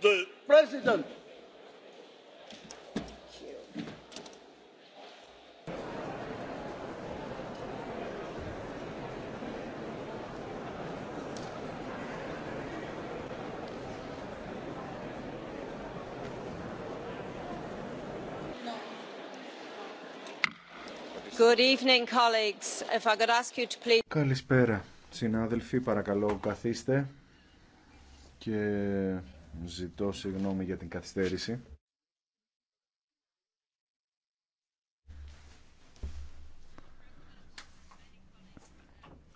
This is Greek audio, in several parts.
the president. Good evening, colleagues. If I could ask you to please... Καλησπέρα, συνάδελφοι, παρακαλώ καθίστε και Ζητώ συγγνώμη για την καθυστέρηση.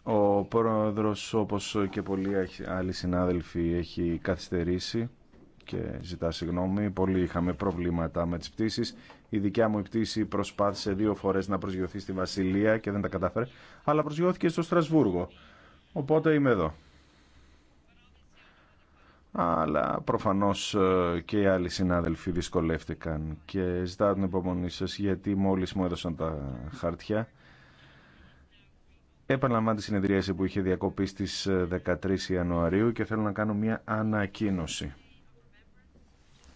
Ο πρόεδρος, όπως και πολλοί άλλοι συνάδελφοι, έχει καθυστερήσει και ζητά συγγνώμη. Πολλοί είχαμε προβλήματα με τις πτήσεις. Η δικιά μου πτήση προσπάθησε δύο φορές να προσγειωθεί στη Βασιλεία και δεν τα κατάφερε, αλλά προσγειώθηκε στο Στρασβούργο. Οπότε είμαι εδώ αλλά προφανώς ε, και οι άλλοι συνάδελφοι δυσκολεύτηκαν και ζητάω την υπομονή σας γιατί μόλις μου έδωσαν τα χαρτιά επαναλαμβάνω τη συνεδρίαση που είχε διακοπεί στις 13 ε, Ιανουαρίου και θέλω να κάνω μια ανακοίνωση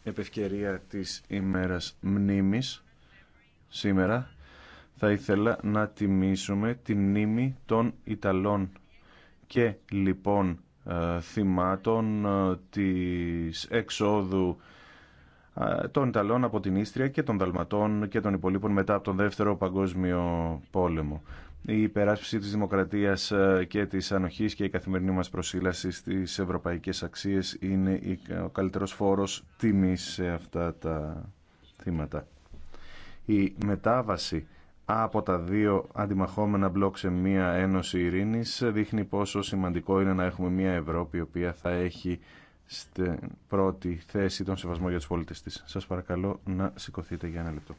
επευκαιρία της ημέρας μνήμης σήμερα θα ήθελα να τιμήσουμε τη μνήμη των Ιταλών και λοιπόν ε, θυμάτων ε, της εξόδου ε, των Ιταλών από την Ίστρια και των Δαλματών και των υπολείπων μετά από τον Δεύτερο Παγκόσμιο Πόλεμο. Η υπεράσπιση της δημοκρατίας και της ανοχής και η καθημερινή μας προσήλαση στις ευρωπαϊκές αξίες είναι ο καλύτερος φόρος τιμής σε αυτά τα θύματα. Η μετάβαση από τα δύο αντιμαχόμενα μπλοκ σε μία ένωση ειρήνης δείχνει πόσο σημαντικό είναι να έχουμε μία Ευρώπη η οποία θα έχει στην πρώτη θέση τον σεβασμό για τους πολίτες της. Σας παρακαλώ να σηκωθείτε για ένα λεπτό.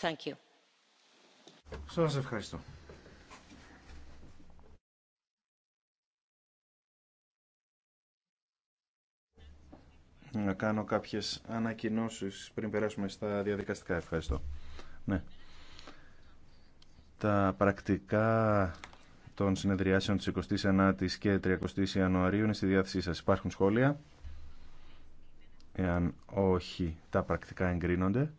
Thank you. Σας ευχαριστώ. Να κάνω κάποιες ανακοινώσεις πριν περάσουμε στα διαδικαστικά. Ευχαριστώ. Ναι. Τα πρακτικά των συνεδριάσεων της 29ης και 30ης Ιανουαρίου είναι στη διάθεσή σας. Υπάρχουν σχόλια. Εάν όχι, τα πρακτικά εγκρίνονται.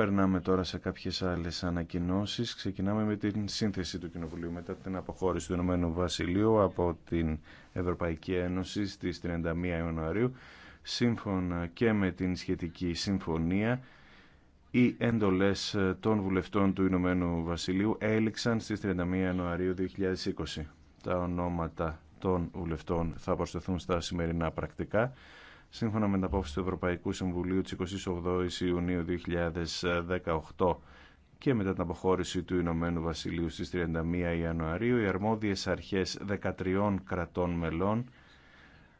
Περνάμε τώρα σε κάποιες άλλες ανακοινώσεις. Ξεκινάμε με την σύνθεση του Κοινοβουλίου μετά την αποχώρηση του Ηνωμένου Βασιλείου από την Ευρωπαϊκή Ένωση στις 31 Ιανουαρίου. Σύμφωνα και με την σχετική συμφωνία, οι έντολες των βουλευτών του Ηνωμένου Βασιλείου έληξαν στις 31 Ιανουαρίου 2020. Τα ονόματα των βουλευτών θα προσθεθούν στα σημερινά πρακτικά σύμφωνα με την απόφαση του Ευρωπαϊκού Συμβουλίου της 28 Ιουνίου 2018 και μετά την αποχώρηση του Ηνωμένου Βασιλείου στις 31 Ιανουαρίου, οι αρμόδιες αρχές 13 κρατών μελών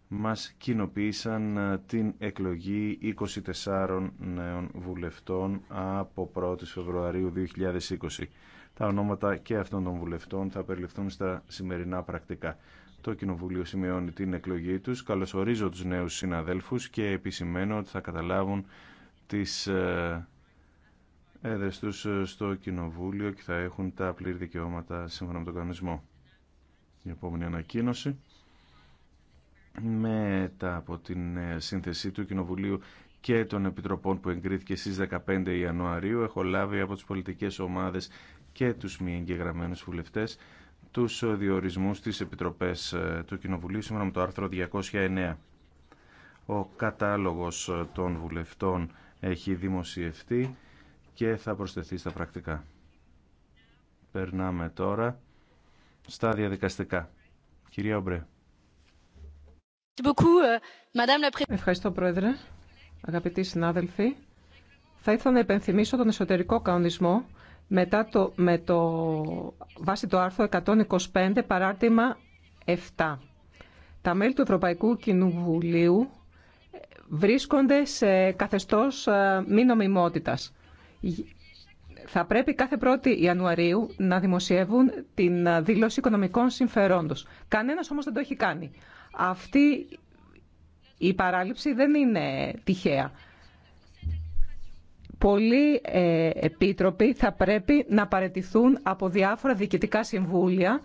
μας κοινοποίησαν ε, την εκλογή 24 νέων βουλευτών από 1η Φεβρουαρίου 2020. Τα ονόματα και αυτών των βουλευτών θα περιληφθούν στα σημερινά πρακτικά. Το Κοινοβούλιο σημειώνει την εκλογή του. Καλωσορίζω του νέου συναδέλφου και επισημαίνω ότι θα καταλάβουν τις ε, έδρε του ε, στο Κοινοβούλιο και θα έχουν τα πλήρη δικαιώματα σύμφωνα με τον κανονισμό. Η επόμενη ανακοίνωση μετά από την ε, σύνθεσή του Κοινοβουλίου και των Επιτροπών που εγκρίθηκε στις 15 Ιανουαρίου έχω λάβει από τις πολιτικές ομάδες και τους μη εγγεγραμμένους βουλευτές τους διορισμούς της Επιτροπές ε, του Κοινοβουλίου σήμερα με το άρθρο 209. Ο κατάλογος ε, των βουλευτών έχει δημοσιευτεί και θα προσθεθεί στα πρακτικά. Περνάμε τώρα στα διαδικαστικά. Κυρία Ομπρέ. Euh, Ευχαριστώ, Πρόεδρε. Αγαπητοί συνάδελφοι, θα ήθελα να επενθυμίσω τον εσωτερικό κανονισμό μετά το, με το, βάση το άρθρο 125 παράρτημα 7. Τα μέλη του Ευρωπαϊκού Κοινοβουλίου ε, βρίσκονται σε καθεστώς ε, μη νομιμότητας. Θα πρέπει κάθε 1η Ιανουαρίου να δημοσιεύουν την ε, δήλωση οικονομικών συμφερόντος. Κανένας όμως δεν το έχει κάνει. Αυτή η παράληψη δεν είναι τυχαία πολλοί ε, επίτροποι θα πρέπει να παρετηθούν από διάφορα διοικητικά συμβούλια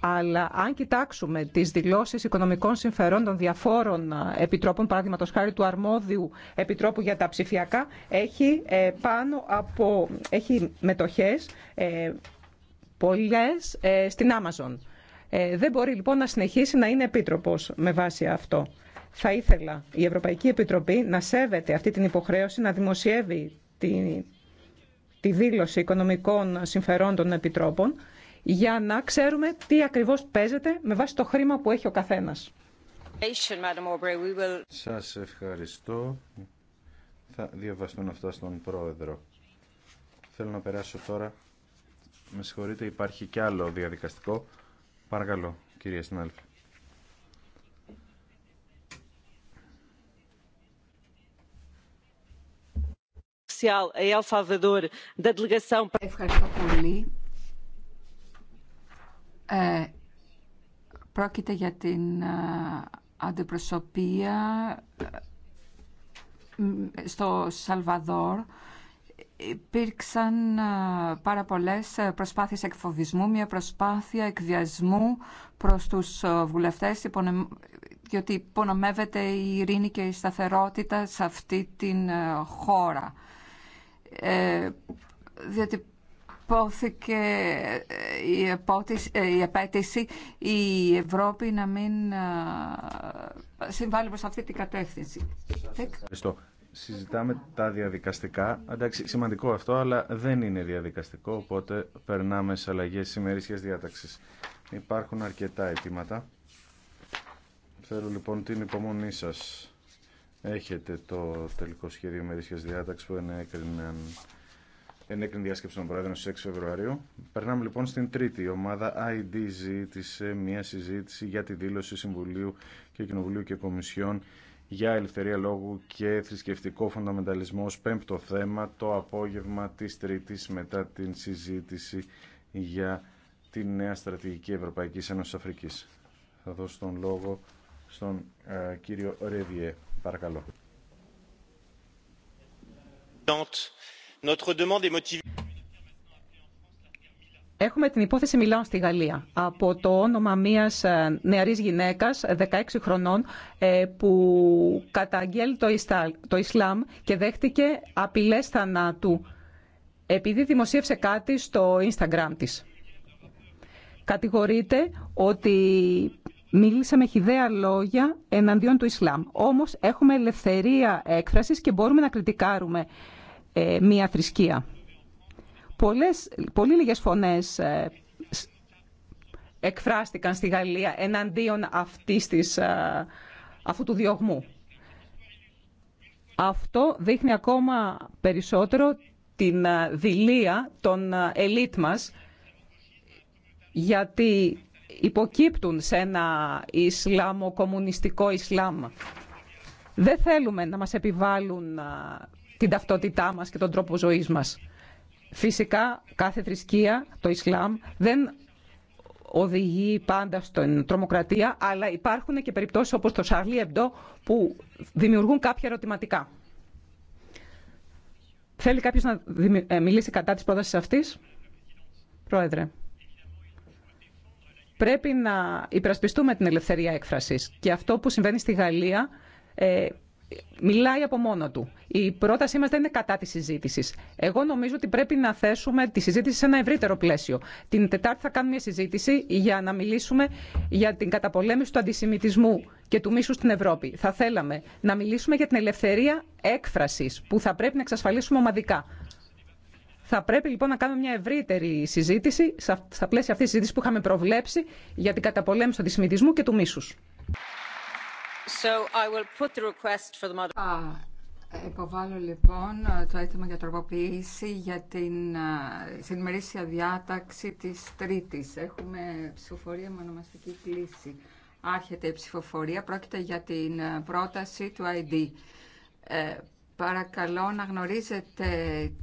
αλλά αν κοιτάξουμε τις δηλώσεις οικονομικών συμφερών των διαφόρων ε, επιτρόπων, παραδείγματος χάρη του αρμόδιου επιτρόπου για τα ψηφιακά, έχει, ε, πάνω από, έχει μετοχές πολλές στην Amazon. δεν μπορεί λοιπόν να συνεχίσει να είναι επίτροπος με βάση αυτό. Θα ήθελα η Ευρωπαϊκή Επιτροπή να σέβεται αυτή την υποχρέωση να δημοσιεύει τη, τη δήλωση οικονομικών συμφερόντων επιτρόπων για να ξέρουμε τι ακριβώς παίζεται με βάση το χρήμα που έχει ο καθένας. Σας ευχαριστώ. Θα διαβαστούν αυτά στον Πρόεδρο. Θέλω να περάσω τώρα. Με συγχωρείτε, υπάρχει κι άλλο διαδικαστικό. Παρακαλώ, κυρία Σνάλφη. especial a El Salvador da delegação. Ευχαριστώ πολύ. Ε, πρόκειται για την ε, αντιπροσωπεία ε, στο Σαλβαδόρ υπήρξαν πάρα πολλέ προσπάθειες εκφοβισμού, μια προσπάθεια εκβιασμού προς τους βουλευτές, διότι υπονομεύεται η ειρήνη και η σταθερότητα σε αυτή την χώρα ε, πόθηκε ε, η, ε, η απέτηση η Ευρώπη να μην ε, συμβάλλει προς αυτή την κατεύθυνση. Ευχαριστώ. Συζητάμε τα διαδικαστικά. Εντάξει, σημαντικό αυτό, αλλά δεν είναι διαδικαστικό, οπότε περνάμε σε αλλαγές ημερήσιας διάταξης. Υπάρχουν αρκετά αιτήματα. Θέλω λοιπόν την υπομονή σας. Έχετε το τελικό σχέδιο μερίσιας διάταξη που ενέκριναν ενέκρινε διάσκεψη των Προέδρων στις 6 Φεβρουαρίου. Περνάμε λοιπόν στην τρίτη ομάδα. ID ζήτησε μια συζήτηση για τη δήλωση Συμβουλίου και Κοινοβουλίου και Κομισιών για ελευθερία λόγου και θρησκευτικό φονταμενταλισμό ως πέμπτο θέμα το απόγευμα της Τρίτης μετά την συζήτηση για τη νέα στρατηγική Ευρωπαϊκής Ένωσης Αφρικής. Θα δώσω τον λόγο στον ε, κύριο Ρεβιέ. Έχουμε την υπόθεση Μιλάν στη Γαλλία από το όνομα μιας ε, νεαρής γυναίκας 16 χρονών ε, που καταγγέλει το Ισλάμ και δέχτηκε απειλές θανάτου επειδή δημοσίευσε κάτι στο Instagram της. Κατηγορείται ότι Μίλησα με χιδέα λόγια εναντίον του Ισλάμ. Όμως έχουμε ελευθερία έκφρασης και μπορούμε να κριτικάρουμε ε, μία θρησκεία. Πολλές, πολύ λίγες φωνές ε, εκφράστηκαν στη Γαλλία εναντίον αυτής της, ε, αυτού του διωγμού. Αυτό δείχνει ακόμα περισσότερο την ε, δηλία των ελίτ μας, γιατί υποκύπτουν σε ένα Ισλάμο-κομμουνιστικό Ισλάμ. Δεν θέλουμε να μας επιβάλλουν την ταυτότητά μας και τον τρόπο ζωής μας. Φυσικά κάθε θρησκεία, το Ισλάμ, δεν οδηγεί πάντα στην τρομοκρατία, αλλά υπάρχουν και περιπτώσεις όπως το Σαρλί Εμπτό που δημιουργούν κάποια ερωτηματικά. Θέλει κάποιος να ε, μιλήσει κατά της πρότασης αυτής. Πρόεδρε. Πρέπει να υπερασπιστούμε την ελευθερία έκφρασης και αυτό που συμβαίνει στη Γαλλία ε, μιλάει από μόνο του. Η πρότασή μας δεν είναι κατά τη συζήτηση. Εγώ νομίζω ότι πρέπει να θέσουμε τη συζήτηση σε ένα ευρύτερο πλαίσιο. Την Τετάρτη θα κάνουμε μια συζήτηση για να μιλήσουμε για την καταπολέμηση του αντισημιτισμού και του μίσου στην Ευρώπη. Θα θέλαμε να μιλήσουμε για την ελευθερία έκφρασης που θα πρέπει να εξασφαλίσουμε ομαδικά. Θα πρέπει λοιπόν να κάνουμε μια ευρύτερη συζήτηση στα πλαίσια αυτή τη συζήτηση που είχαμε προβλέψει για την καταπολέμηση του αντισημιτισμού και του μίσους. So λοιπόν το αίτημα για τροποποίηση για την συνημερήσια διάταξη της Τρίτης. Έχουμε ψηφοφορία με ονομαστική κλίση. Άρχεται η ψηφοφορία. Πρόκειται για την ε, πρόταση του ID. Ε, Παρακαλώ να γνωρίζετε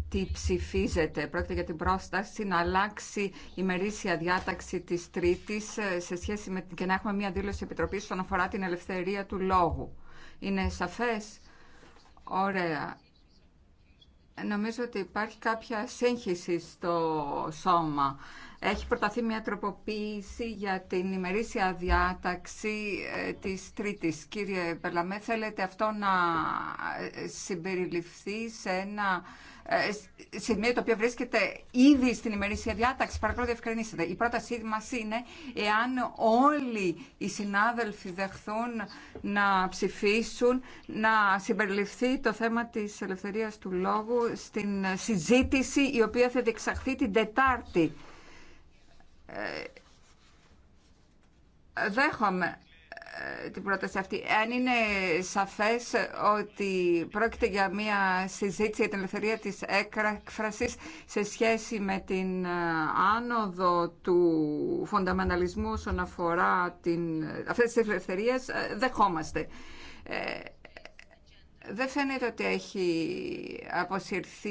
τι ψηφίζετε. Πρόκειται για την πρόσταση να αλλάξει η μερίσια διάταξη της Τρίτης ε, σε σχέση με, και να έχουμε μια δήλωση επιτροπής όσον αφορά την ελευθερία του λόγου. Είναι σαφές. Ωραία. Νομίζω ότι υπάρχει κάποια σύγχυση στο σώμα. Έχει προταθεί μια τροποποίηση για την ημερήσια διάταξη ε, της Τρίτης. Κύριε Περλαμέ, θέλετε αυτό να ε, συμπεριληφθεί σε ένα ε, σημείο το οποίο βρίσκεται ήδη στην ημερήσια διάταξη. Παρακαλώ, διευκρινίσετε. Η πρότασή μας είναι εάν όλοι οι συνάδελφοι δεχθούν να ψηφίσουν, να συμπεριληφθεί το θέμα της ελευθερίας του λόγου στην συζήτηση η οποία θα διεξαχθεί την Τετάρτη. Ε, δέχομαι ε, την πρόταση αυτή. Αν είναι σαφές ότι πρόκειται για μια συζήτηση για την ελευθερία της έκφρασης σε σχέση με την ε, άνοδο του φονταμεναλισμού όσον αφορά την, αυτές τις ελευθερίες, δεχόμαστε δεν φαίνεται ότι έχει αποσυρθεί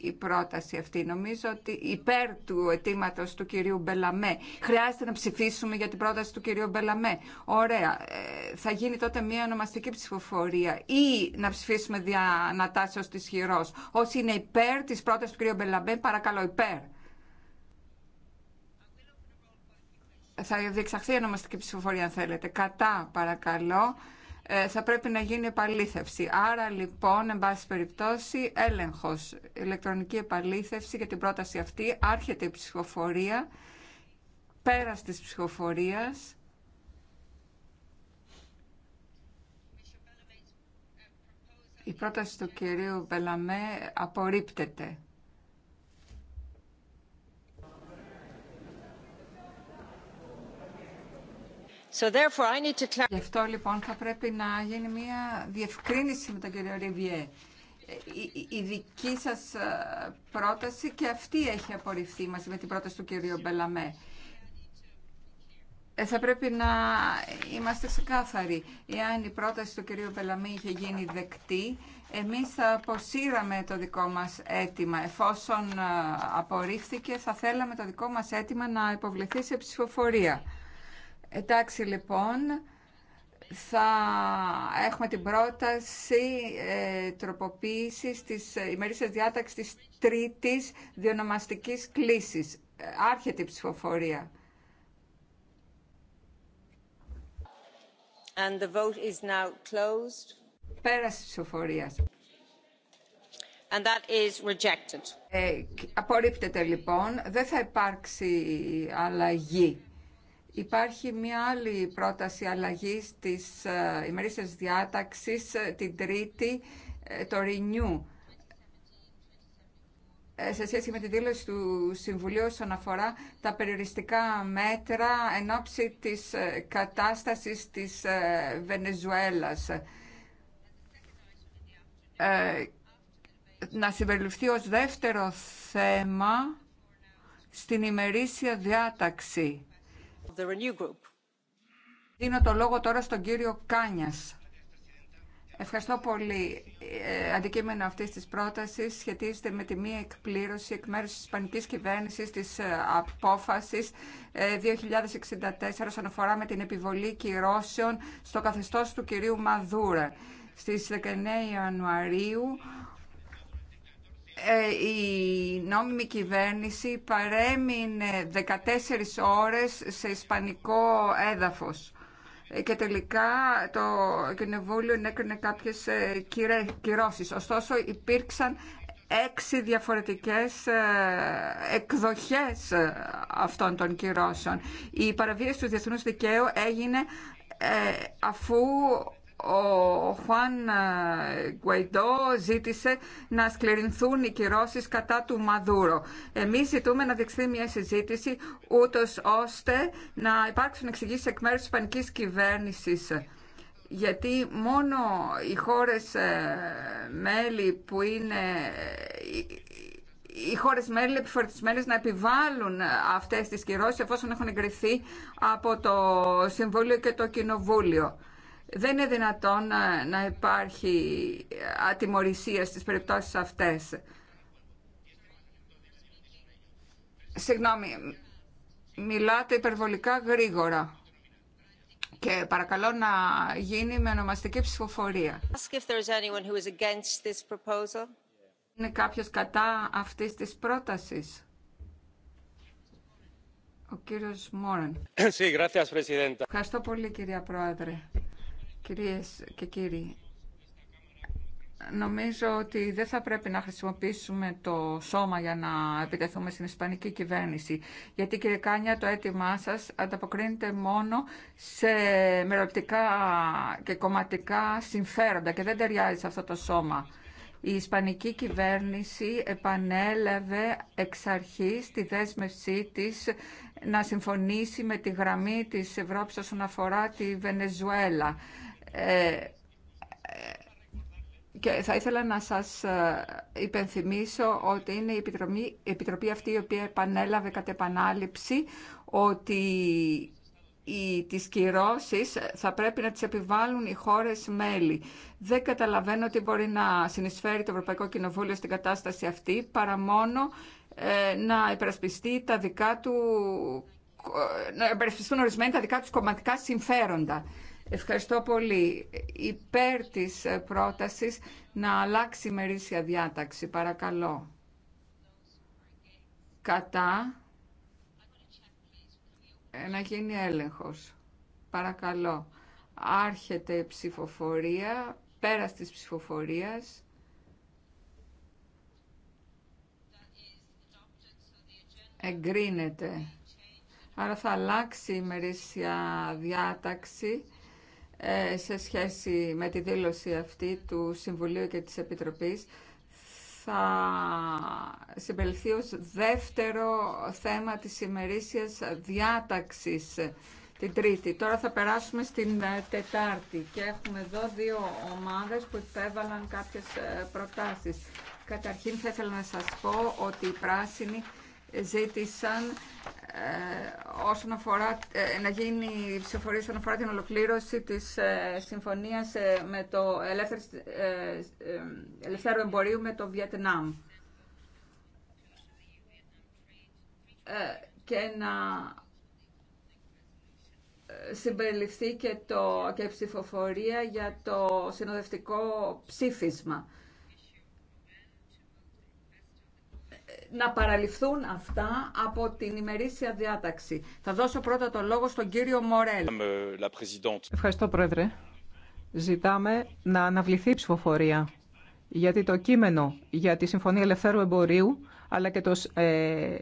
η πρόταση αυτή. Νομίζω ότι υπέρ του αιτήματο του κυρίου Μπελαμέ. Χρειάζεται να ψηφίσουμε για την πρόταση του κυρίου Μπελαμέ. Ωραία. Ε, θα γίνει τότε μια ονομαστική ψηφοφορία ή να ψηφίσουμε δια ανατάσεω τη χειρό. Όσοι είναι υπέρ τη πρόταση του κυρίου Μπελαμέ, παρακαλώ υπέρ. Θα διεξαχθεί η να ψηφισουμε δια ανατασσεω τη χειρο οσοι ειναι υπερ τη προταση ψηφοφορία αν θέλετε. Κατά παρακαλώ. Ε, θα πρέπει να γίνει επαλήθευση. Άρα λοιπόν, εν πάση περιπτώσει, έλεγχος, ηλεκτρονική επαλήθευση για την πρόταση αυτή. Άρχεται η ψηφοφορία, πέρας της ψυχοφορίας, Η πρόταση του κυρίου Μπελαμέ απορρίπτεται. Γι' αυτό λοιπόν θα πρέπει να γίνει μια διευκρίνηση με τον κύριο Ριβιέ. Η, δική σας ε, πρόταση και αυτή έχει απορριφθεί μαζί με την πρόταση του κυρίου Μπελαμέ. Ε, θα πρέπει να είμαστε ξεκάθαροι. Εάν η πρόταση του κυρίου Μπελαμέ είχε γίνει δεκτή, εμείς θα αποσύραμε το δικό μας αίτημα. Εφόσον ε, απορρίφθηκε, θα θέλαμε το δικό μας αίτημα να υποβληθεί σε ψηφοφορία. Εντάξει λοιπόν, θα έχουμε την πρόταση ε, τροποποίησης της ημερήσιας διάταξης της τρίτης διονομαστικής κλήσης. Ε, άρχεται η ψηφοφορία. And the Πέραση ψηφοφορία. Ε, απορρίπτεται λοιπόν. Δεν θα υπάρξει αλλαγή. Υπάρχει μια άλλη πρόταση αλλαγής της ε, ημερήσιας διάταξης ε, την Τρίτη, ε, το Renew, σε σχέση με τη δήλωση του Συμβουλίου όσον αφορά τα περιοριστικά μέτρα εν ώψη της κατάστασης της Βενεζουέλας. Να συμπεριληφθεί ως δεύτερο θέμα στην ημερήσια διάταξη the Group. Δίνω το λόγο τώρα στον κύριο Κάνιας. Ευχαριστώ πολύ. Ε, αντικείμενο αυτή τη πρόταση σχετίζεται με τη μία εκπλήρωση εκ μέρου τη Ισπανική κυβέρνηση τη ε, απόφαση 2064 ε, σαν αφορά με την επιβολή κυρώσεων στο καθεστώ του κυρίου Μαδούρα. Στι 19 Ιανουαρίου ε, η νόμιμη κυβέρνηση παρέμεινε 14 ώρες σε ισπανικό έδαφος ε, και τελικά το Κοινοβούλιο ενέκρινε κάποιες ε, κυρώσεις. Ωστόσο υπήρξαν έξι διαφορετικές εκδοχές αυτών των κυρώσεων. Η παραβίαση του διεθνούς δικαίου έγινε αφού ο Χουάν ε, Γκουαϊντό ζήτησε να σκληρινθούν οι κυρώσεις κατά του Μαδούρο. Εμείς ζητούμε να δεξιθεί μια συζήτηση ούτως ώστε να υπάρξουν εξηγήσεις εκ μέρους της πανικής Κυβέρνησης γιατί μόνο οι χώρες ε, μέλη που είναι οι χώρε μέλη επιφορτισμένε να επιβάλλουν αυτέ τι κυρώσει εφόσον έχουν εγκριθεί από το Συμβούλιο και το Κοινοβούλιο. Δεν είναι δυνατόν ε, να, υπάρχει ατιμορρησία στις περιπτώσεις αυτές. Συγγνώμη, μιλάτε υπερβολικά γρήγορα. Και παρακαλώ να γίνει με ονομαστική ψηφοφορία. Είναι κάποιος κατά αυτής της πρότασης. Ο κύριος Μόρεν. Ευχαριστώ πολύ κυρία Πρόεδρε. Κυρίες και κύριοι, νομίζω ότι δεν θα πρέπει να χρησιμοποιήσουμε το σώμα για να επιτεθούμε στην Ισπανική κυβέρνηση. Γιατί κύριε Κάνια, το αίτημά σας ανταποκρίνεται μόνο σε μεροπτικά και κομματικά συμφέροντα και δεν ταιριάζει σε αυτό το σώμα. Η Ισπανική κυβέρνηση επανέλαβε εξ αρχής τη δέσμευσή της να συμφωνήσει με τη γραμμή της Ευρώπης όσον αφορά τη Βενεζουέλα. Ε, ε, και θα ήθελα να σας ε, υπενθυμίσω ότι είναι η Επιτροπή, αυτή η οποία επανέλαβε κατ' επανάληψη ότι οι, τις κυρώσεις θα πρέπει να τις επιβάλλουν οι χώρες μέλη. Δεν καταλαβαίνω τι μπορεί να συνεισφέρει το Ευρωπαϊκό Κοινοβούλιο στην κατάσταση αυτή παρά μόνο να υπερασπιστεί τα δικά του να υπερασπιστούν ορισμένα τα δικά τους κομματικά συμφέροντα. Ευχαριστώ πολύ. Υπέρ της ε, πρότασης να αλλάξει η μερίσια διάταξη, παρακαλώ. Κατά ε, να γίνει έλεγχος. Παρακαλώ. Άρχεται η ψηφοφορία, πέρας της ψηφοφορίας. Εγκρίνεται. Άρα θα αλλάξει η μερίσια διάταξη ε, σε σχέση με τη δήλωση αυτή του Συμβουλίου και της Επιτροπής θα συμπεριληφθεί ως δεύτερο θέμα της ημερήσιας διάταξης την Τρίτη. Τώρα θα περάσουμε στην ε, Τετάρτη και έχουμε εδώ δύο ομάδες που υπέβαλαν κάποιες ε, προτάσεις. Καταρχήν θα ήθελα να σας πω ότι οι πράσινοι ζήτησαν ε, όσον αφορά, ε, να γίνει ψηφοφορία όσον αφορά την ολοκλήρωση της ε, συμφωνίας με το ελεύθερο εμπορίου με το Βιετνάμ. και να συμπεριληφθεί και, το, και η ψηφοφορία για το συνοδευτικό ψήφισμα. να παραλυφθούν αυτά από την ημερήσια διάταξη. Θα δώσω πρώτα το λόγο στον κύριο Μορέλ. Euh, Ευχαριστώ, Πρόεδρε. Ζητάμε να αναβληθεί η ψηφοφορία, γιατί το κείμενο για τη Συμφωνία Ελευθέρου Εμπορίου, αλλά και το ε,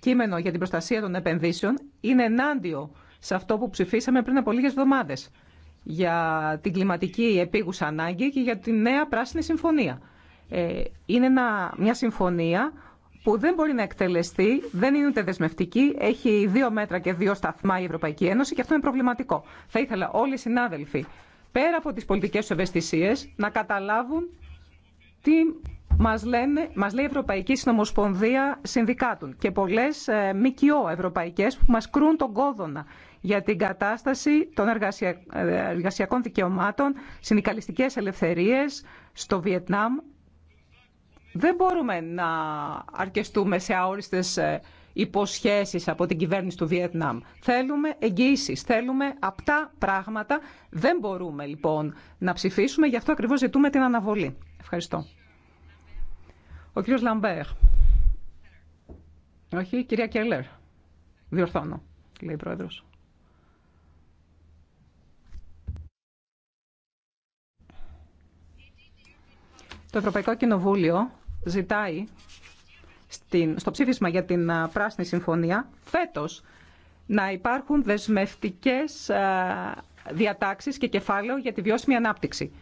κείμενο για την προστασία των επενδύσεων, είναι ενάντιο σε αυτό που ψηφίσαμε πριν από λίγες εβδομάδες για την κλιματική επίγουσα ανάγκη και για τη νέα πράσινη συμφωνία. Ε, είναι μια συμφωνία που δεν μπορεί να εκτελεστεί, δεν είναι ούτε δεσμευτική, έχει δύο μέτρα και δύο σταθμά η Ευρωπαϊκή Ένωση και αυτό είναι προβληματικό. Θα ήθελα όλοι οι συνάδελφοι, πέρα από τις πολιτικές του ευαισθησίες, να καταλάβουν τι μας, λένε, μας λέει η Ευρωπαϊκή Συνομοσπονδία Συνδικάτων και πολλές ε, ΜΚΟ ευρωπαϊκές που μας κρούν τον κόδωνα για την κατάσταση των ε, εργασιακών δικαιωμάτων, συνδικαλιστικές ελευθερίες στο Βιετνάμ, δεν μπορούμε να αρκεστούμε σε αόριστες ε, υποσχέσεις από την κυβέρνηση του Βιετνάμ. Θέλουμε εγγύησεις, θέλουμε απτά πράγματα. Δεν μπορούμε λοιπόν να ψηφίσουμε, γι' αυτό ακριβώς ζητούμε την αναβολή. Ευχαριστώ. Ο κύριος Λαμπέρ. Όχι, η κυρία Κέλλερ. Διορθώνω, λέει η πρόεδρος. Το Ευρωπαϊκό Κοινοβούλιο ζητάει στην, στο ψήφισμα για την Πράσινη Συμφωνία φέτος να υπάρχουν δεσμευτικές διατάξεις και κεφάλαιο για τη βιώσιμη ανάπτυξη.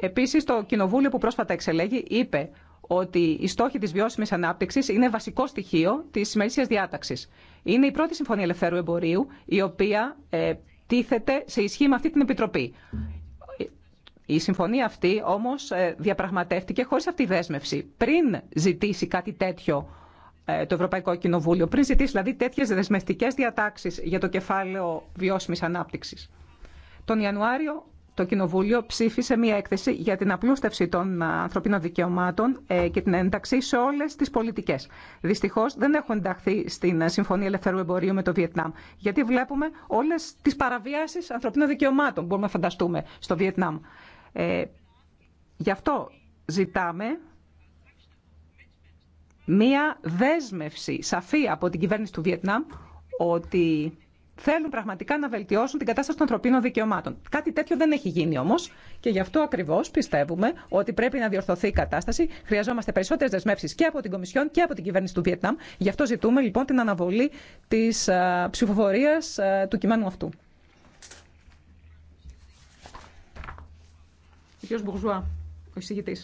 Επίσης, το Κοινοβούλιο που πρόσφατα εξελέγει είπε ότι οι στόχοι της βιώσιμης ανάπτυξης είναι βασικό στοιχείο της σημερισίας διάταξης. Είναι η πρώτη Συμφωνία Ελευθέρου Εμπορίου η οποία ε, τίθεται σε ισχύ με αυτή την Επιτροπή. Η συμφωνία αυτή όμω ε, διαπραγματεύτηκε χωρί αυτή τη δέσμευση. Πριν ζητήσει κάτι τέτοιο ε, το Ευρωπαϊκό Κοινοβούλιο, πριν ζητήσει δηλαδή τέτοιε δεσμευτικές διατάξει για το κεφάλαιο βιώσιμη ανάπτυξη. Τον Ιανουάριο το Κοινοβούλιο ψήφισε μία έκθεση για την απλούστευση των ε, ανθρωπίνων δικαιωμάτων και την ένταξη σε όλε τι πολιτικέ. Δυστυχώ δεν έχουν ενταχθεί στην Συμφωνία Ελευθερού Εμπορίου με το Βιετνάμ. Γιατί βλέπουμε όλε τι παραβιάσει ανθρωπίνων δικαιωμάτων, μπορούμε να φανταστούμε, στο Βιετνάμ. Ε, γι' αυτό ζητάμε μία δέσμευση σαφή από την κυβέρνηση του Βιετνάμ ότι θέλουν πραγματικά να βελτιώσουν την κατάσταση των ανθρωπίνων δικαιωμάτων. Κάτι τέτοιο δεν έχει γίνει όμω και γι' αυτό ακριβώ πιστεύουμε ότι πρέπει να διορθωθεί η κατάσταση. Χρειαζόμαστε περισσότερε δεσμεύσει και από την Κομισιόν και από την κυβέρνηση του Βιετνάμ. Γι' αυτό ζητούμε λοιπόν την αναβολή τη ε, ψηφοφορία ε, του κειμένου αυτού. Ο κ. Μπουρζουά, ο εισηγητή.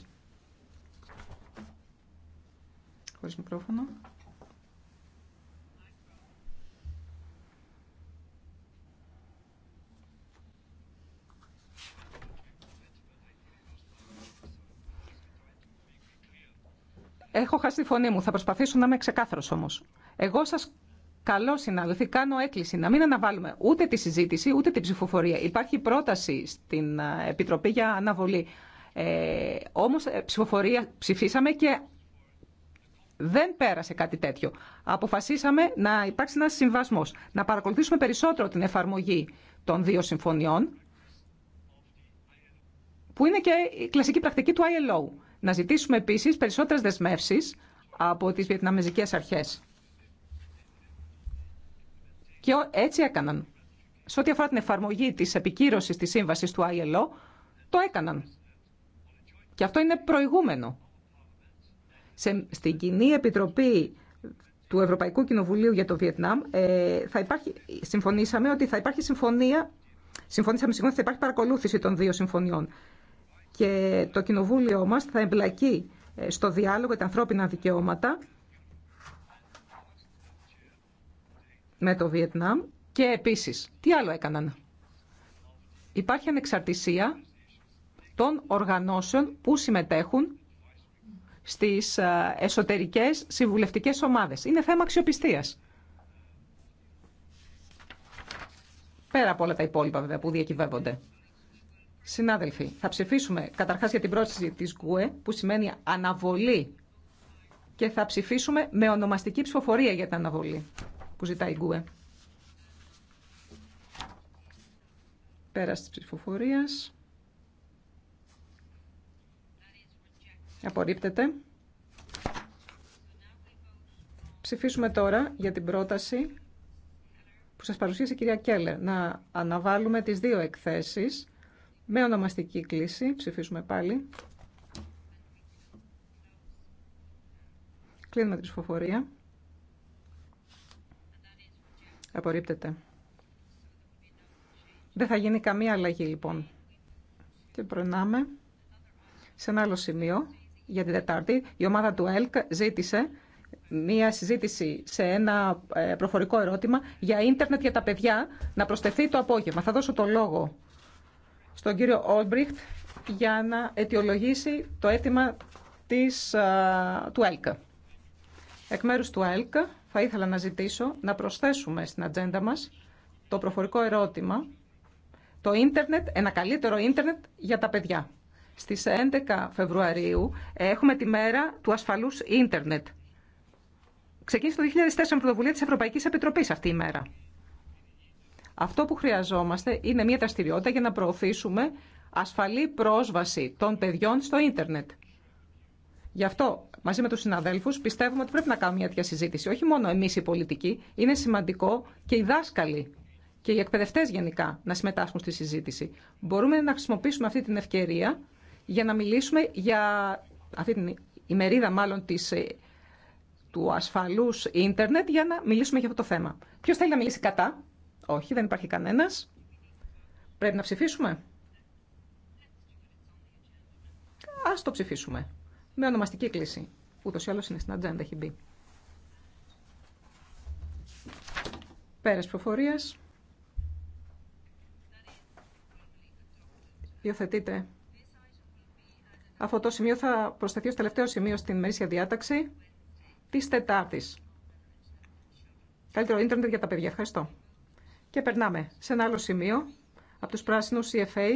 μικρόφωνο. Έχω χάσει τη φωνή μου. Θα προσπαθήσω να είμαι ξεκάθαρο όμω. Εγώ σα. Καλό συνάδελφοι, κάνω έκκληση να μην αναβάλουμε ούτε τη συζήτηση ούτε την ψηφοφορία. Υπάρχει πρόταση στην ε, Επιτροπή για αναβολή. Ε, όμως ε, ψηφοφορία ψηφίσαμε και δεν πέρασε κάτι τέτοιο. Αποφασίσαμε να υπάρξει ένα συμβασμό, να παρακολουθήσουμε περισσότερο την εφαρμογή των δύο συμφωνιών, που είναι και η κλασική πρακτική του ILO. Να ζητήσουμε επίση περισσότερε δεσμεύσει από τι βιετναμεζικέ αρχέ. Και έτσι έκαναν. Σε ό,τι αφορά την εφαρμογή τη επικύρωση της σύμβασης του ILO, το έκαναν. Και αυτό είναι προηγούμενο. στην κοινή επιτροπή του Ευρωπαϊκού Κοινοβουλίου για το Βιετνάμ ε, θα υπάρχει, συμφωνήσαμε ότι θα υπάρχει συμφωνία, συμφωνήσαμε συγγνώμη, θα υπάρχει παρακολούθηση των δύο συμφωνιών. Και το Κοινοβούλιο μας θα εμπλακεί ε, στο διάλογο για τα ανθρώπινα δικαιώματα με το Βιετνάμ και επίσης τι άλλο έκαναν. Υπάρχει ανεξαρτησία των οργανώσεων που συμμετέχουν στις ε, εσωτερικές συμβουλευτικές ομάδες. Είναι θέμα αξιοπιστίας. Πέρα από όλα τα υπόλοιπα βέβαια που διακυβεύονται. Συνάδελφοι, θα ψηφίσουμε καταρχάς για την πρόσθεση της ΓΟΕ που σημαίνει αναβολή και θα ψηφίσουμε με ονομαστική ψηφοφορία για την αναβολή που ζητάει η Γκουε. Πέρας ψηφοφορίας. Απορρίπτεται. Ψηφίσουμε τώρα για την πρόταση που σας παρουσίασε η κυρία Κέλλερ. Να αναβάλουμε τις δύο εκθέσεις με ονομαστική κλίση. Ψηφίσουμε πάλι. Κλείνουμε την ψηφοφορία. Απορρίπτεται. Δεν θα γίνει καμία αλλαγή λοιπόν. Και προνάμε σε ένα άλλο σημείο για την Τετάρτη. Η ομάδα του ΕΛΚ ζήτησε μία συζήτηση σε ένα ε, προφορικό ερώτημα για ίντερνετ για τα παιδιά να προστεθεί το απόγευμα. Θα δώσω το λόγο στον κύριο Όλμπριχτ για να αιτιολογήσει το αίτημα της, ε, του ΕΛΚ. Εκ μέρους του ΕΛΚ θα ήθελα να ζητήσω να προσθέσουμε στην ατζέντα μας το προφορικό ερώτημα το ίντερνετ, ένα καλύτερο ίντερνετ για τα παιδιά. Στις 11 Φεβρουαρίου έχουμε τη μέρα του ασφαλούς ίντερνετ. Ξεκίνησε το 2004 με πρωτοβουλία της Ευρωπαϊκής Επιτροπής αυτή η μέρα. Αυτό που χρειαζόμαστε είναι μια δραστηριότητα για να προωθήσουμε ασφαλή πρόσβαση των παιδιών στο ίντερνετ. Γι' αυτό μαζί με του συναδέλφου πιστεύουμε ότι πρέπει να κάνουμε μια τέτοια συζήτηση. Όχι μόνο εμεί οι πολιτικοί, είναι σημαντικό και οι δάσκαλοι και οι εκπαιδευτέ γενικά να συμμετάσχουν στη συζήτηση. Μπορούμε να χρησιμοποιήσουμε αυτή την ευκαιρία για να μιλήσουμε για αυτή την ημερίδα μάλλον της, ε, του ασφαλούς ίντερνετ για να μιλήσουμε για αυτό το θέμα. Ποιο θέλει να μιλήσει κατά? Όχι, δεν υπάρχει κανένα. Πρέπει να ψηφίσουμε. Ας το ψηφίσουμε με ονομαστική κλίση. Ούτως ή άλλως είναι στην ατζέντα, έχει μπει. Πέρας προφορίας. Υιοθετείτε. Αυτό το σημείο θα προσθεθεί ως τελευταίο σημείο στην μερίσια διάταξη της Τετάρτης. Καλύτερο ίντερνετ για τα παιδιά. Ευχαριστώ. Και περνάμε σε ένα άλλο σημείο από τους πράσινους CFA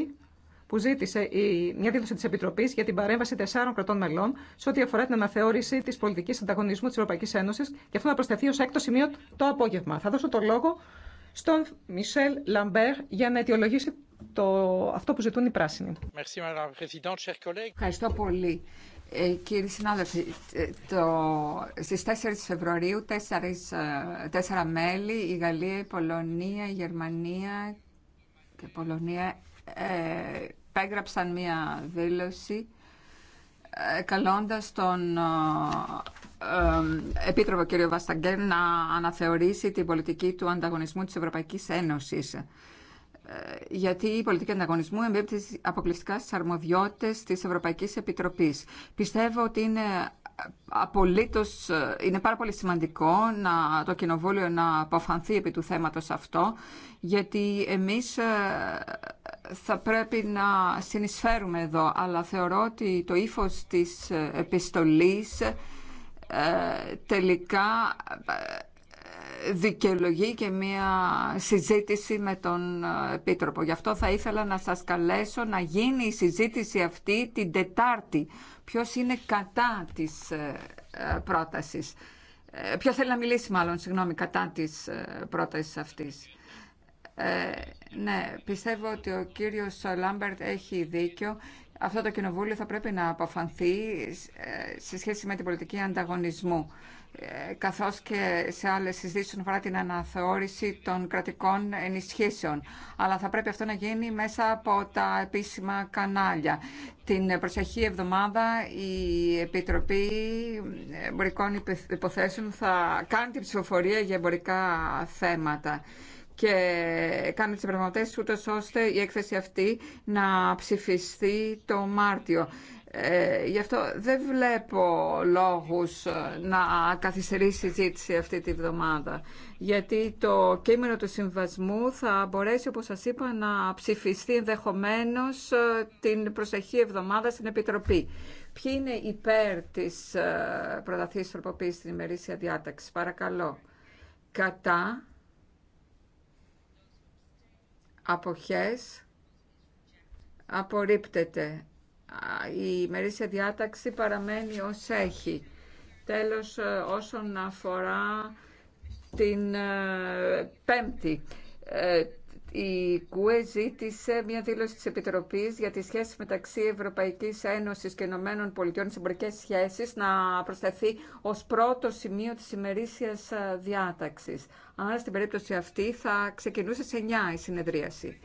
που ζήτησε η, μια δήλωση τη Επιτροπή για την παρέμβαση τεσσάρων κρατών μελών σε ό,τι αφορά την αναθεώρηση τη πολιτική ανταγωνισμού τη Ευρωπαϊκή Ένωση και αυτό να προσθεθεί ω έκτο σημείο το απόγευμα. Θα δώσω το λόγο στον Μισελ Λαμπέρ για να αιτιολογήσει το, αυτό που ζητούν οι πράσινοι. Ευχαριστώ πολύ. Ε, κύριοι συνάδελφοι, ε, το, στις 4 Φεβρουαρίου ε, τέσσερα μέλη, η Γαλλία, η Πολωνία, η Γερμανία και η Πολωνία ε, υπέγραψαν μία δήλωση ε, καλώντας τον ε, ε, Επίτροπο κ. Βασταγκέρ να αναθεωρήσει την πολιτική του ανταγωνισμού της Ευρωπαϊκής Ένωσης. Γιατί η πολιτική ανταγωνισμού εμπίπτει αποκλειστικά στις αρμοδιότητες της Ευρωπαϊκής Επιτροπής. Πιστεύω ότι είναι απολύτως, ε, είναι πάρα πολύ σημαντικό να, το Κοινοβούλιο να αποφανθεί επί του θέματος αυτό, γιατί εμείς ε, θα πρέπει να συνεισφέρουμε εδώ, αλλά θεωρώ ότι το ύφος της ε, επιστολής τελικά δικαιολογεί και μία συζήτηση με τον ε, Επίτροπο. Γι' αυτό θα ήθελα να σας καλέσω να γίνει η συζήτηση αυτή την Τετάρτη. Ποιος είναι κατά της ε, ε, πρότασης. Ποιο θέλει να μιλήσει μάλλον, συγγνώμη, κατά της πρότασης αυτής. Ε, ναι, πιστεύω ότι ο κύριος Λάμπερτ έχει δίκιο. Αυτό το κοινοβούλιο θα πρέπει να αποφανθεί σε σχέση με την πολιτική ανταγωνισμού. Ε, καθώς και σε άλλες συζητήσεις όσον αφορά την αναθεώρηση των κρατικών ενισχύσεων. Αλλά θα πρέπει αυτό να γίνει μέσα από τα επίσημα κανάλια. Την προσεχή εβδομάδα η Επιτροπή Εμπορικών Υποθέσεων θα κάνει την ψηφοφορία για εμπορικά θέματα και κάνει τις πραγματεύσεις ούτως ώστε η έκθεση αυτή να ψηφιστεί το Μάρτιο. Ε, γι' αυτό δεν βλέπω λόγους ε, να καθυστερεί η συζήτηση αυτή τη βδομάδα. Γιατί το κείμενο του συμβασμού θα μπορέσει, όπως σας είπα, να ψηφιστεί ενδεχομένω ε, την προσεχή εβδομάδα στην Επιτροπή. Ποιοι είναι υπέρ της ε, προταθής τροποποίησης στην ημερήσια διάταξη. Παρακαλώ. Κατά αποχές απορρίπτεται η ημερήσια διάταξη παραμένει ως έχει. Τέλος, ε, όσον αφορά την ε, Πέμπτη, ε, η ΚΟΕ ζήτησε μια δήλωση της Επιτροπής για τις σχέσεις μεταξύ Ευρωπαϊκής Ένωσης και Ηνωμένων Πολιτειών σε εμπορικές σχέσεις να προσθεθεί ως πρώτο σημείο της ημερήσιας διάταξης. Άρα στην περίπτωση αυτή θα ξεκινούσε σε 9 η συνεδρίαση.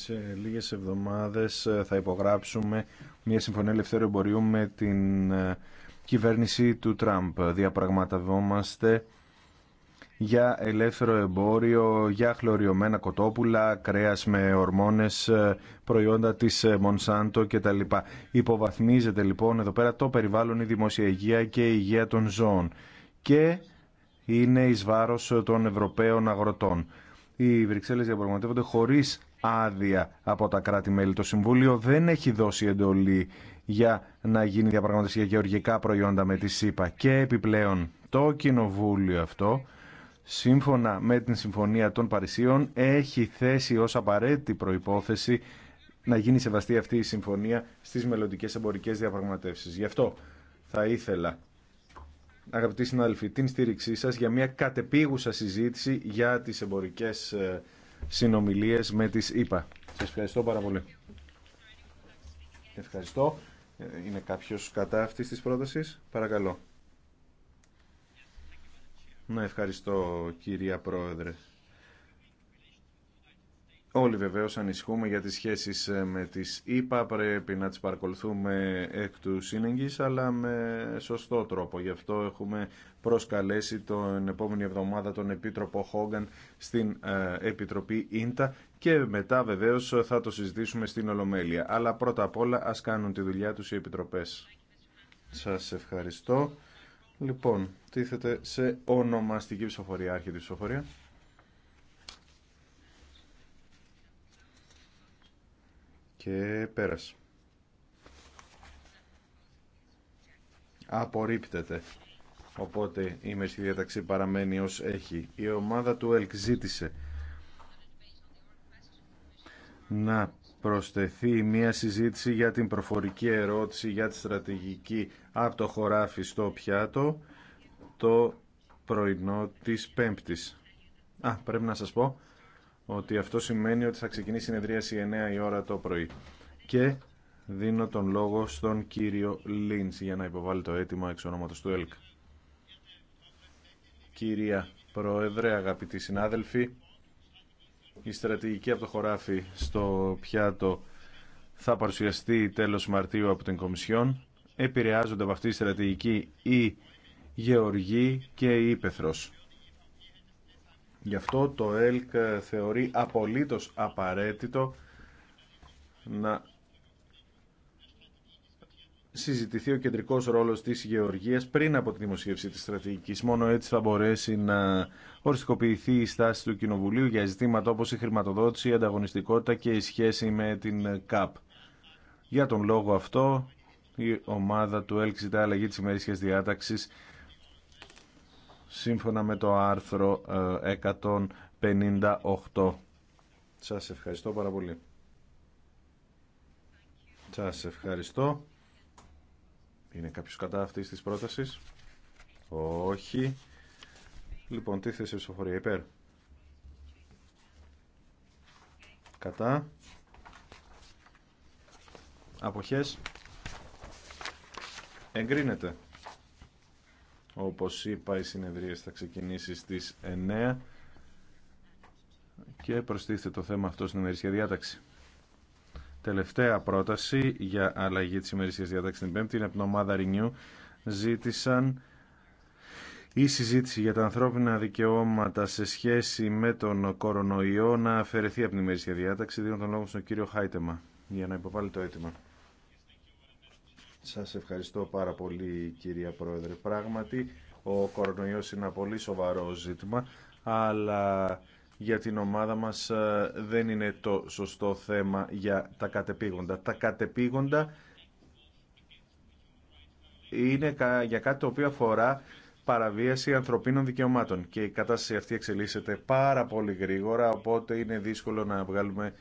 Σε λίγες εβδομάδες ε, θα υπογράψουμε μια συμφωνία ελευθέρου εμπορίου με την ε, κυβέρνηση του Τραμπ. Διαπραγματευόμαστε για ελεύθερο εμπόριο, για χλωριωμένα κοτόπουλα, κρέας με ορμόνες, ε, προϊόντα της Μονσάντο κτλ. Υποβαθμίζεται λοιπόν εδώ πέρα το περιβάλλον, η δημόσια υγεία και η υγεία των ζώων. Και είναι εις βάρος των Ευρωπαίων αγροτών. Οι Βρυξέλλες διαπραγματεύονται χωρίς άδεια από τα κράτη-μέλη. Το Συμβούλιο δεν έχει δώσει εντολή για να γίνει διαπραγμάτευση για γεωργικά προϊόντα με τη ΣΥΠΑ και επιπλέον το Κοινοβούλιο αυτό σύμφωνα με την Συμφωνία των Παρισίων έχει θέσει ως απαραίτητη προϋπόθεση να γίνει σεβαστή αυτή η συμφωνία στις μελλοντικέ εμπορικές διαπραγματεύσεις. Γι' αυτό θα ήθελα, αγαπητοί συνάδελφοι, την στήριξή σας για μια κατεπίγουσα συζήτηση για τις εμπορικές ε, συνομιλίες με τις ΗΠΑ. Σας ευχαριστώ πάρα πολύ. Ευχαριστώ. Είναι κάποιος κατά αυτής της πρότασης. Παρακαλώ. Να ευχαριστώ κυρία Πρόεδρε. Όλοι βεβαίως ανησυχούμε για τις σχέσεις ε, με τις ΗΠΑ, πρέπει να τις παρακολουθούμε εκ του σύνεγγης, αλλά με σωστό τρόπο. Γι' αυτό έχουμε προσκαλέσει τον επόμενη εβδομάδα τον Επίτροπο Χόγκαν στην ε, Επιτροπή Ίντα και μετά βεβαίως θα το συζητήσουμε στην Ολομέλεια. Αλλά πρώτα απ' όλα ας κάνουν τη δουλειά τους οι Επιτροπές. Σας ευχαριστώ. Λοιπόν, τίθεται σε ονομαστική ψηφοφορία, άρχιτη ψηφοφορία. και πέρασε. Απορρίπτεται. Οπότε η μερική διαταξή παραμένει ως έχει. Η ομάδα του ΕΛΚ ζήτησε να προσθεθεί μια συζήτηση για την προφορική ερώτηση για τη στρατηγική από το χωράφι στο πιάτο το πρωινό της Πέμπτης. Α, πρέπει να σας πω ότι αυτό σημαίνει ότι θα ξεκινήσει η συνεδρίαση 9 η ώρα το πρωί. Και δίνω τον λόγο στον κύριο Λίντς για να υποβάλει το αίτημα εξ ονόματος του ΕΛΚ. Κυρία Πρόεδρε, αγαπητοί συνάδελφοι, η στρατηγική από το χωράφι στο πιάτο θα παρουσιαστεί τέλος Μαρτίου από την Κομισιόν. Επηρεάζονται από αυτή η στρατηγική η Γεωργή και η Ήπεθρος. Γι' αυτό το ΕΛΚ θεωρεί απολύτως απαραίτητο να συζητηθεί ο κεντρικός ρόλος της γεωργίας πριν από τη δημοσίευση της στρατηγικής. Μόνο έτσι θα μπορέσει να οριστικοποιηθεί η στάση του Κοινοβουλίου για ζητήματα όπως η χρηματοδότηση, η ανταγωνιστικότητα και η σχέση με την ΚΑΠ. Για τον λόγο αυτό η ομάδα του ΕΛΚ ζητά αλλαγή της ημερήσιας διάταξης σύμφωνα με το άρθρο 158. Ε, Σας ευχαριστώ πάρα πολύ. Σας ευχαριστώ. Είναι κάποιο κατά αυτή τη πρότασης. Όχι. Λοιπόν, τι θέση ψηφοφορία υπέρ. Κατά. Αποχές. Εγκρίνεται. Όπως είπα, οι συνεδρίες θα ξεκινήσει στις 9 και προστίθεται το θέμα αυτό στην ημερήσια διάταξη. Τελευταία πρόταση για αλλαγή της ημερήσια διάταξης την Πέμπτη είναι από την ομάδα Renew. Ζήτησαν η συζήτηση για τα ανθρώπινα δικαιώματα σε σχέση με τον κορονοϊό να αφαιρεθεί από την ημερήσια διάταξη. Δίνω τον λόγο στον κύριο Χάιτεμα για να υποβάλει το αίτημα. Σας ευχαριστώ πάρα πολύ κυρία Πρόεδρε. Πράγματι, ο κορονοϊός είναι ένα πολύ σοβαρό ζήτημα, αλλά για την ομάδα μας ε, δεν είναι το σωστό θέμα για τα κατεπήγοντα. Τα κατεπήγοντα είναι για κάτι το οποίο αφορά παραβίαση ανθρωπίνων δικαιωμάτων και η κατάσταση αυτή εξελίσσεται πάρα πολύ γρήγορα, οπότε είναι δύσκολο να βγάλουμε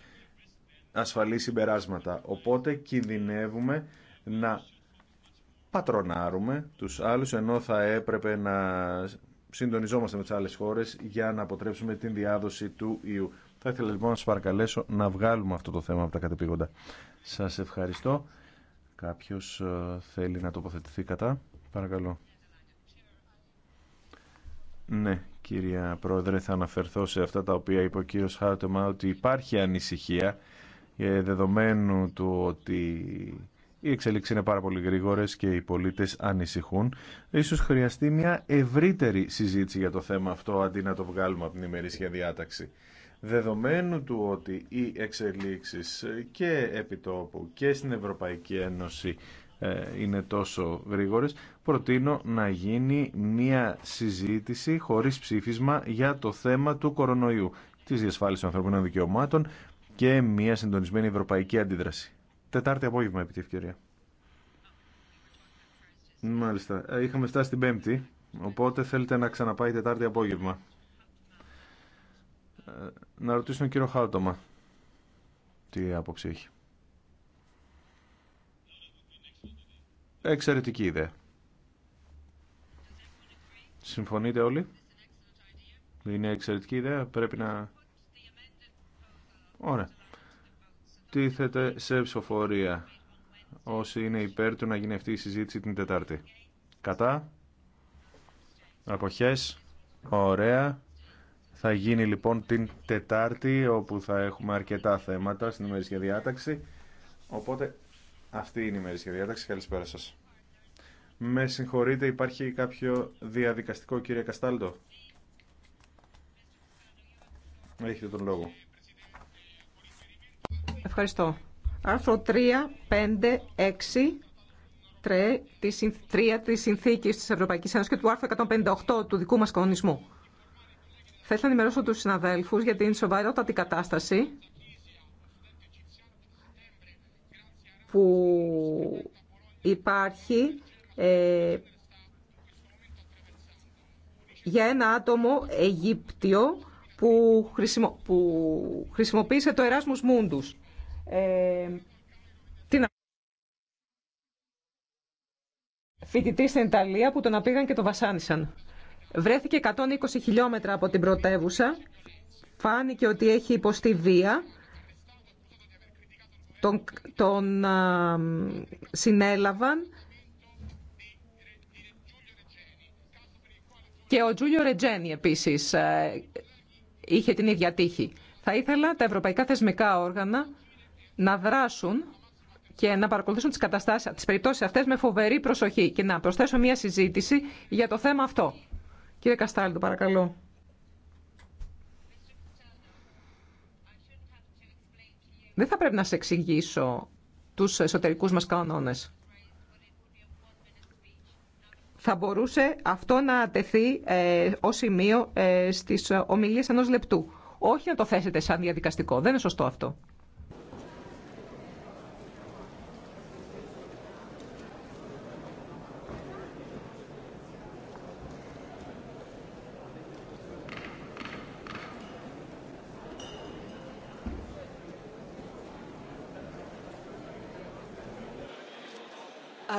ασφαλή συμπεράσματα. Οπότε κινδυνεύουμε να πατρονάρουμε τους άλλους ενώ θα έπρεπε να συντονιζόμαστε με τις άλλες χώρες για να αποτρέψουμε την διάδοση του ιού. Θα ήθελα λοιπόν να σας παρακαλέσω να βγάλουμε αυτό το θέμα από τα κατεπήγοντα. Σας ευχαριστώ. Κάποιος ε, θέλει να τοποθετηθεί κατά. Παρακαλώ. Ναι, κυρία Πρόεδρε, θα αναφερθώ σε αυτά τα οποία είπε ο κύριος Χάουτεμα ότι υπάρχει ανησυχία ε, δεδομένου του ότι οι εξελίξει είναι πάρα πολύ γρήγορε και οι πολίτε ανησυχούν. σω χρειαστεί μια ευρύτερη συζήτηση για το θέμα αυτό αντί να το βγάλουμε από την ημερήσια διάταξη. Δεδομένου του ότι οι εξελίξει και επί τόπου και στην Ευρωπαϊκή Ένωση ε, είναι τόσο γρήγορες, προτείνω να γίνει μια συζήτηση χωρίς ψήφισμα για το θέμα του κορονοϊού, τη διασφάλιση των ανθρωπίνων δικαιωμάτων και μια συντονισμένη ευρωπαϊκή αντίδραση. Τετάρτη απόγευμα επί τη ευκαιρία. Μάλιστα. Ε, είχαμε φτάσει την Πέμπτη, οπότε θέλετε να ξαναπάει Τετάρτη απόγευμα. Ε, να ρωτήσω τον κύριο Χάλτομα τι άποψη έχει. Εξαιρετική ιδέα. Συμφωνείτε όλοι. Είναι εξαιρετική ιδέα. Πρέπει να... Ωραία τίθεται σε ψηφοφορία. Όσοι είναι υπέρ του να γίνει αυτή η συζήτηση την Τετάρτη. Κατά. Αποχές. Ωραία. Θα γίνει λοιπόν την Τετάρτη όπου θα έχουμε αρκετά θέματα στην ημερήσια διάταξη. Οπότε αυτή είναι η ημερήσια διάταξη. Καλησπέρα σας. Με συγχωρείτε υπάρχει κάποιο διαδικαστικό κύριε Καστάλτο. Έχετε τον λόγο. Ευχαριστώ. Άρθρο 3, 5, 6, 3 της Συνθήκης της Ευρωπαϊκής Ένωσης και του άρθρου 158 του δικού μας κανονισμού. Θέλω να ενημερώσω τους συναδέλφους για την σοβαρότατη κατάσταση που υπάρχει ε, για ένα άτομο Αιγύπτιο που, χρησιμο, που χρησιμοποίησε το Erasmus Mundus. Ε, φοιτητή στην Ιταλία που τον απήγαν και τον βασάνισαν. Βρέθηκε 120 χιλιόμετρα από την πρωτεύουσα, φάνηκε ότι έχει υποστεί βία, τον, συνέλαβαν και ο Τζούλιο Ρετζένι επίσης ε, είχε την ίδια τύχη. Θα ήθελα τα ευρωπαϊκά θεσμικά όργανα να δράσουν και να παρακολουθήσουν τις, καταστάσεις, τις περιπτώσεις αυτές με φοβερή προσοχή και να προσθέσω μια συζήτηση για το θέμα αυτό. Κύριε Καστάλτο, παρακαλώ. Δεν θα πρέπει να σε εξηγήσω τους εσωτερικούς μας κανόνες. Θα μπορούσε αυτό να τεθεί ε, ως σημείο ε, στις ομιλίες ενός λεπτού. Όχι να το θέσετε σαν διαδικαστικό. Δεν είναι σωστό αυτό.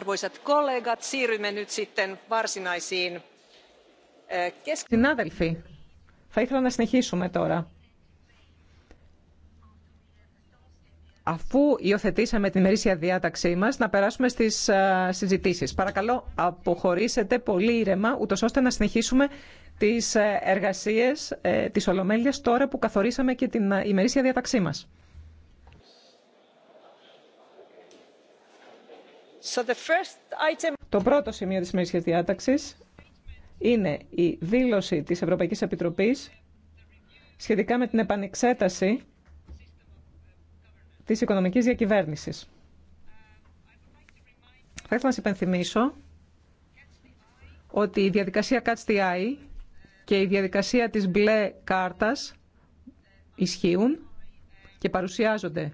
Arvoisat kollegat, eh, Συνάδελφοι, θα ήθελα να συνεχίσουμε τώρα. Αφού υιοθετήσαμε την μερίσια διάταξή μας, να περάσουμε στις ε, συζητήσεις. Παρακαλώ, αποχωρήσετε πολύ ήρεμα, ούτως ώστε να συνεχίσουμε τις ε, εργασίες ε, της Ολομέλειας τώρα που καθορίσαμε και την ημερήσια διάταξή μας. Το πρώτο σημείο της μερικής διάταξης είναι η δήλωση της Ευρωπαϊκής Επιτροπής σχετικά με την επανεξέταση της οικονομικής διακυβέρνησης. Θα ήθελα να σας υπενθυμίσω ότι η διαδικασία Catch the Eye και η διαδικασία της μπλε κάρτας ισχύουν και παρουσιάζονται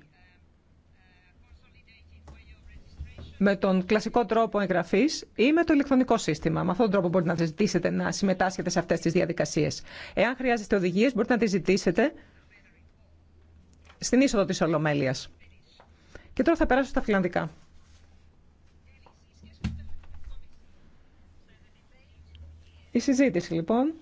με τον κλασικό τρόπο εγγραφή ή με το ηλεκτρονικό σύστημα. Με αυτόν τον τρόπο μπορείτε να ζητήσετε να συμμετάσχετε σε αυτέ τι διαδικασίε. Εάν χρειάζεστε οδηγίε, μπορείτε να τι ζητήσετε στην είσοδο τη Ολομέλεια. Και τώρα θα περάσω στα φιλανδικά. Η συζήτηση λοιπόν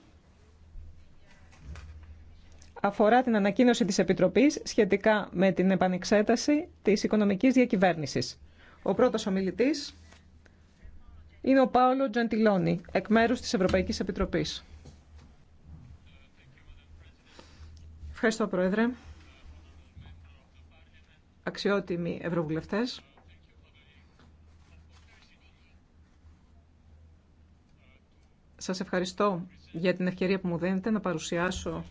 αφορά την ανακοίνωση της Επιτροπής σχετικά με την επανεξέταση της οικονομικής διακυβέρνησης. Ο πρώτος ομιλητής είναι ο Πάολο Τζαντιλόνι, εκ μέρους της Ευρωπαϊκής Επιτροπής. Ευχαριστώ, Πρόεδρε. Αξιότιμοι Ευρωβουλευτές. Σας ευχαριστώ για την ευκαιρία που μου δίνετε να παρουσιάσω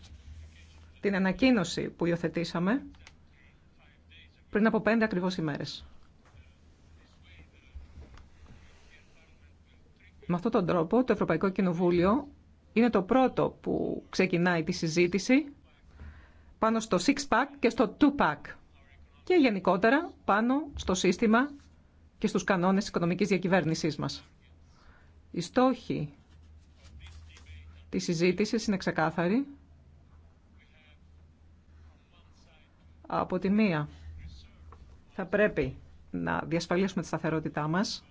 την ανακοίνωση που υιοθετήσαμε πριν από πέντε ακριβώς ημέρες. Με αυτόν τον τρόπο το Ευρωπαϊκό Κοινοβούλιο είναι το πρώτο που ξεκινάει τη συζήτηση πάνω στο six-pack και στο two-pack και γενικότερα πάνω στο σύστημα και στους κανόνες οικονομικής διακυβέρνησής μας. Οι στόχοι της συζήτηση είναι ξεκάθαροι. Από τη μία θα πρέπει να διασφαλίσουμε τη σταθερότητά μας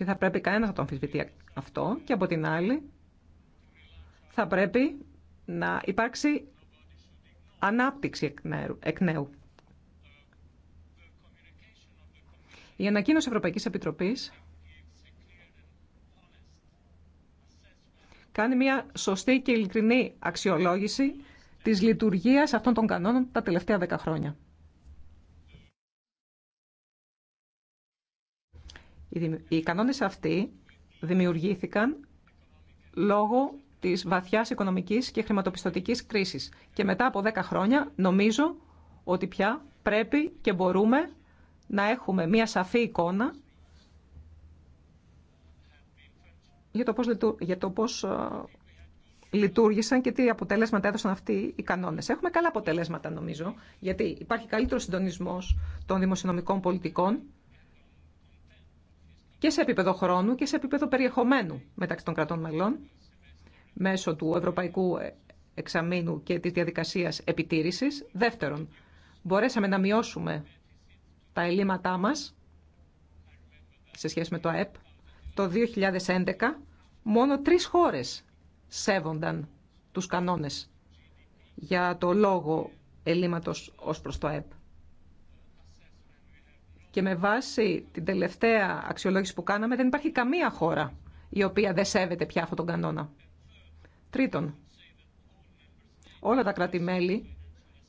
και θα πρέπει κανένα να το αμφισβητεί αυτό και από την άλλη θα πρέπει να υπάρξει ανάπτυξη εκ νέου. Η ανακοίνωση Ευρωπαϊκής Επιτροπής κάνει μια σωστή και ειλικρινή αξιολόγηση της λειτουργίας αυτών των κανόνων τα τελευταία δέκα χρόνια. Οι κανόνες αυτοί δημιουργήθηκαν λόγω της βαθιάς οικονομικής και χρηματοπιστωτικής κρίσης. Και μετά από 10 χρόνια νομίζω ότι πια πρέπει και μπορούμε να έχουμε μια σαφή εικόνα για το πώς, για το πώς λειτουργήσαν και τι αποτελέσματα έδωσαν αυτοί οι κανόνες. Έχουμε καλά αποτελέσματα νομίζω, γιατί υπάρχει καλύτερο συντονισμός των δημοσιονομικών πολιτικών και σε επίπεδο χρόνου και σε επίπεδο περιεχομένου μεταξύ των κρατών μελών μέσω του Ευρωπαϊκού Εξαμήνου και της διαδικασίας επιτήρησης. Δεύτερον, μπορέσαμε να μειώσουμε τα ελλείμματά μας σε σχέση με το ΑΕΠ. Το 2011 μόνο τρεις χώρες σέβονταν τους κανόνες για το λόγο ελλείμματος ως προς το ΑΕΠ. Και με βάση την τελευταία αξιολόγηση που κάναμε, δεν υπάρχει καμία χώρα η οποία δεν σέβεται πια αυτόν τον κανόνα. Τρίτον, όλα τα κρατη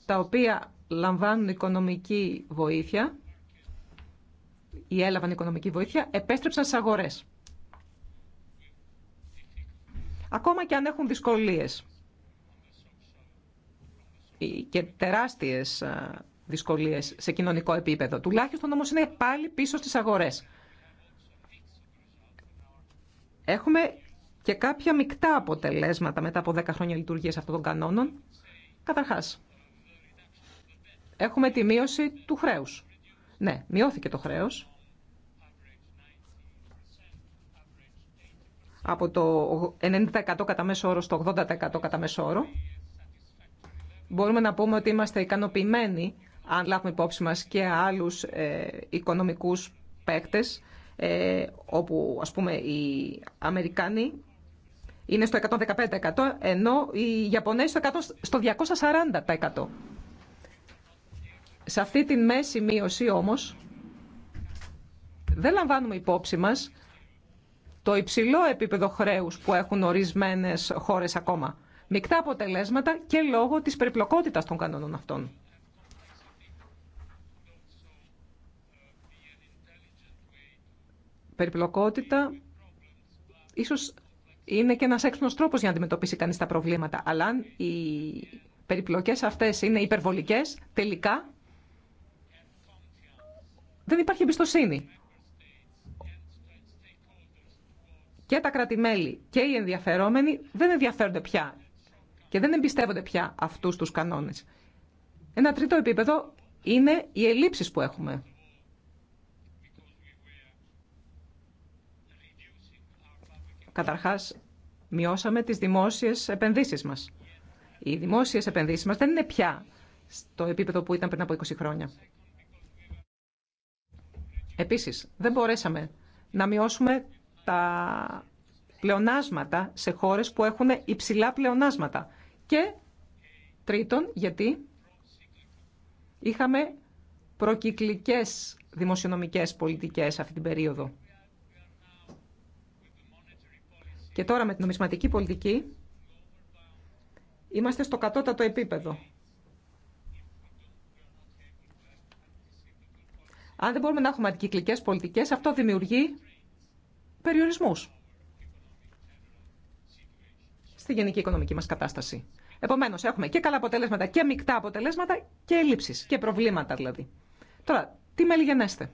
τα οποία λαμβάνουν οικονομική βοήθεια ή έλαβαν οικονομική βοήθεια, επέστρεψαν στις αγορές. Ακόμα και αν έχουν δυσκολίες και τεράστιες δυσκολίες σε κοινωνικό επίπεδο. Τουλάχιστον όμως είναι πάλι πίσω στις αγορές. Έχουμε και κάποια μεικτά αποτελέσματα μετά από 10 χρόνια λειτουργία αυτών των κανόνων. Καταρχά. έχουμε τη μείωση του χρέους. Ναι, μειώθηκε το χρέος. Από το 90% κατά μέσο όρο στο 80% κατά μέσο όρο. Μπορούμε να πούμε ότι είμαστε ικανοποιημένοι αν λάβουμε υπόψη μας και άλλους ε, οικονομικούς παίκτες, ε, όπου ας πούμε οι Αμερικάνοι είναι στο 115% ενώ οι Ιαπωνέοι στο 240%. Σε αυτή τη μέση μείωση όμως δεν λαμβάνουμε υπόψη μας το υψηλό επίπεδο χρέους που έχουν ορισμένες χώρες ακόμα. Μικτά αποτελέσματα και λόγω της περιπλοκότητας των κανόνων αυτών. περιπλοκότητα ίσως είναι και ένας έξυπνος τρόπος για να αντιμετωπίσει κανείς τα προβλήματα. Αλλά αν οι περιπλοκές αυτές είναι υπερβολικές, τελικά δεν υπάρχει εμπιστοσύνη. Και τα κρατημέλη και οι ενδιαφερόμενοι δεν ενδιαφέρονται πια και δεν εμπιστεύονται πια αυτούς τους κανόνες. Ένα τρίτο επίπεδο είναι οι ελλείψεις που έχουμε. Καταρχάς, μειώσαμε τις δημόσιες επενδύσεις μας. Οι δημόσιες επενδύσεις μας δεν είναι πια στο επίπεδο που ήταν πριν από 20 χρόνια. Επίσης, δεν μπορέσαμε να μειώσουμε τα πλεονάσματα σε χώρες που έχουν υψηλά πλεονάσματα. Και τρίτον, γιατί είχαμε προκυκλικές δημοσιονομικές πολιτικές αυτή την περίοδο. Και τώρα με την νομισματική πολιτική είμαστε στο κατώτατο επίπεδο. Αν δεν μπορούμε να έχουμε αντικυκλικές πολιτικές, αυτό δημιουργεί περιορισμούς στη γενική οικονομική μας κατάσταση. Επομένως, έχουμε και καλά αποτελέσματα και μεικτά αποτελέσματα και ελλείψεις και προβλήματα δηλαδή. Τώρα, τι μελιγενέστε.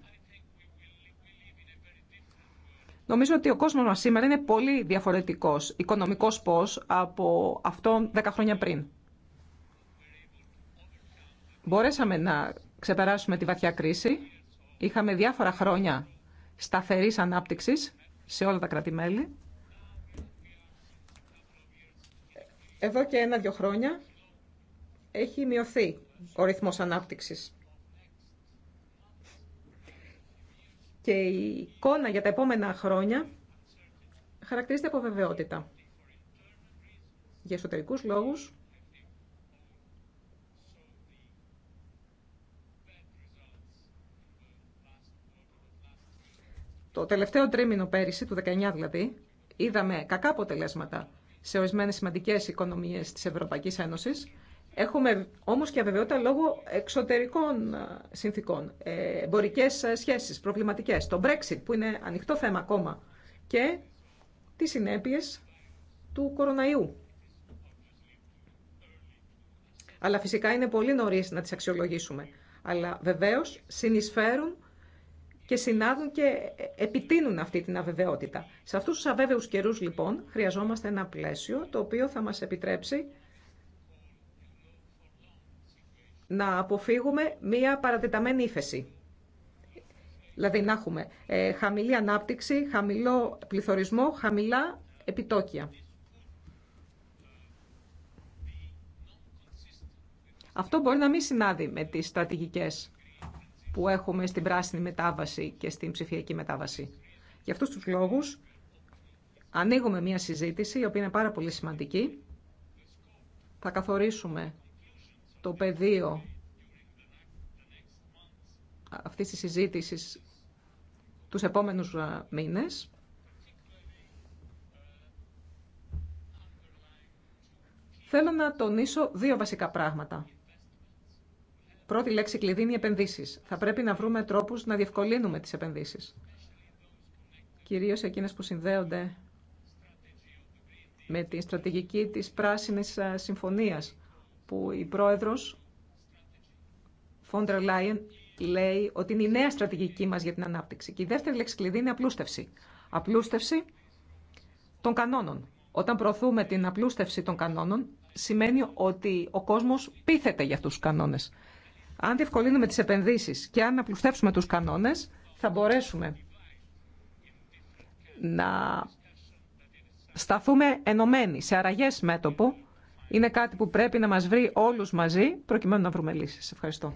Νομίζω ότι ο κόσμος μας σήμερα είναι πολύ διαφορετικός, οικονομικός πώς, από αυτό 10 χρόνια πριν. Μπορέσαμε να ξεπεράσουμε τη βαθιά κρίση. Είχαμε διάφορα χρόνια σταθερή ανάπτυξης σε όλα τα κράτη-μέλη. Εδώ και ένα-δύο χρόνια έχει μειωθεί ο ρυθμός ανάπτυξης. και η εικόνα για τα επόμενα χρόνια χαρακτηρίζεται από βεβαιότητα. Για εσωτερικούς λόγους, το τελευταίο τρίμηνο πέρυσι, του 19 δηλαδή, είδαμε κακά αποτελέσματα σε ορισμένες σημαντικές οικονομίες της Ευρωπαϊκής Ένωσης, Έχουμε όμως και αβεβαιότητα λόγω εξωτερικών ε, συνθήκων, ε, εμπορικές ε, σχέσεις, προβληματικές, το Brexit που είναι ανοιχτό θέμα ακόμα και τις συνέπειες του κοροναϊού. Αλλά φυσικά είναι πολύ νωρίς να τις αξιολογήσουμε. Αλλά βεβαίως συνεισφέρουν και συνάδουν και επιτείνουν αυτή την αβεβαιότητα. Σε αυτούς τους αβέβαιους καιρούς λοιπόν χρειαζόμαστε ένα πλαίσιο το οποίο θα μας επιτρέψει να αποφύγουμε μία παρατεταμένη ύφεση. Δηλαδή να έχουμε ε, χαμηλή ανάπτυξη, χαμηλό πληθωρισμό, χαμηλά επιτόκια. Αυτό μπορεί να μην συνάδει με τις στρατηγικές που έχουμε στην πράσινη μετάβαση και στην ψηφιακή μετάβαση. Γι' αυτούς τους λόγους ανοίγουμε μία συζήτηση, η οποία είναι πάρα πολύ σημαντική. Θα καθορίσουμε το πεδίο αυτής της συζήτησης τους επόμενους ε, μήνες. Θέλω να τονίσω δύο βασικά πράγματα. Πρώτη λέξη κλειδί είναι οι επενδύσεις. Θα πρέπει να βρούμε τρόπους να διευκολύνουμε τις επενδύσεις. Κυρίως εκείνες που συνδέονται με τη στρατηγική της πράσινης ε, συμφωνίας που η πρόεδρος Φόντρα Λάιεν λέει ότι είναι η νέα στρατηγική μας για την ανάπτυξη. Και η δεύτερη λέξη κλειδί είναι απλούστευση. Απλούστευση των κανόνων. Όταν προωθούμε την απλούστευση των κανόνων, σημαίνει ότι ο κόσμος πείθεται για αυτούς τους κανόνες. Αν διευκολύνουμε τις επενδύσεις και αν απλουστεύσουμε τους κανόνες, θα μπορέσουμε να σταθούμε ενωμένοι σε αραγές μέτωπο είναι κάτι που πρέπει να μας βρει όλους μαζί προκειμένου να βρούμε λύσεις. Ευχαριστώ.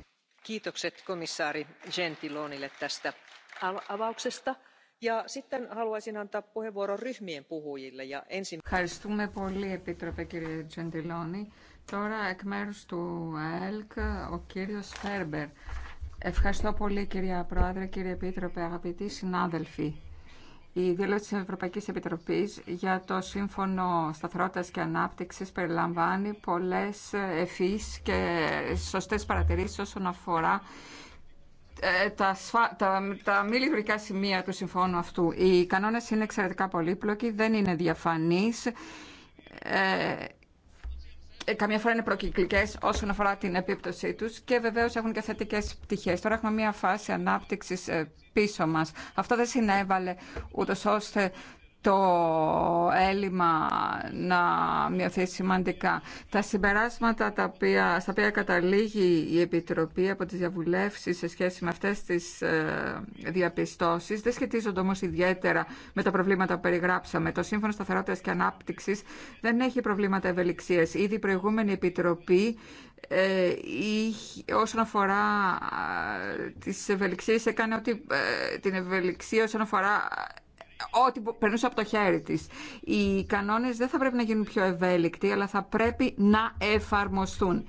Ευχαριστούμε πολύ, Επίτροπε, κύριε Τζεντιλόνι. Τώρα, εκ μέρου του ΕΛΚ, ο κύριο Φέρμπερ. Ευχαριστώ πολύ, κυρία Πρόεδρε, κύριε Επίτροπε, αγαπητοί συνάδελφοι. Η δήλωση της Ευρωπαϊκής Επιτροπής για το Σύμφωνο Σταθερότητας και Ανάπτυξης περιλαμβάνει πολλές ευφύς και σωστές παρατηρήσεις όσον αφορά ε, τα, τα, μη λειτουργικά σημεία του συμφώνου αυτού. Οι κανόνες είναι εξαιρετικά πολύπλοκοι, δεν είναι διαφανείς. Ε, ε, καμιά φορά είναι προκυκλικές όσον αφορά την επίπτωσή τους και βεβαίω έχουν και θετικέ πτυχές. Τώρα έχουμε μια φάση ανάπτυξης ε, πίσω μας. Αυτό δεν συνέβαλε ούτω ώστε το έλλειμμα να μειωθεί σημαντικά. Τα συμπεράσματα τα οποία, στα οποία καταλήγει η Επιτροπή από τις διαβουλεύσεις σε σχέση με αυτές τις ε, διαπιστώσεις δεν σχετίζονται όμως ιδιαίτερα με τα προβλήματα που περιγράψαμε. Το Σύμφωνο Σταθερότητας και Ανάπτυξης δεν έχει προβλήματα ευελιξίας. Ήδη η προηγούμενη Επιτροπή ε, όσον αφορά ε, τις ευελιξίες έκανε ότι, ε, την ευελιξία όσον αφορά ό,τι περνούσε από το χέρι της. Οι κανόνες δεν θα πρέπει να γίνουν πιο ευέλικτοι, αλλά θα πρέπει να εφαρμοστούν.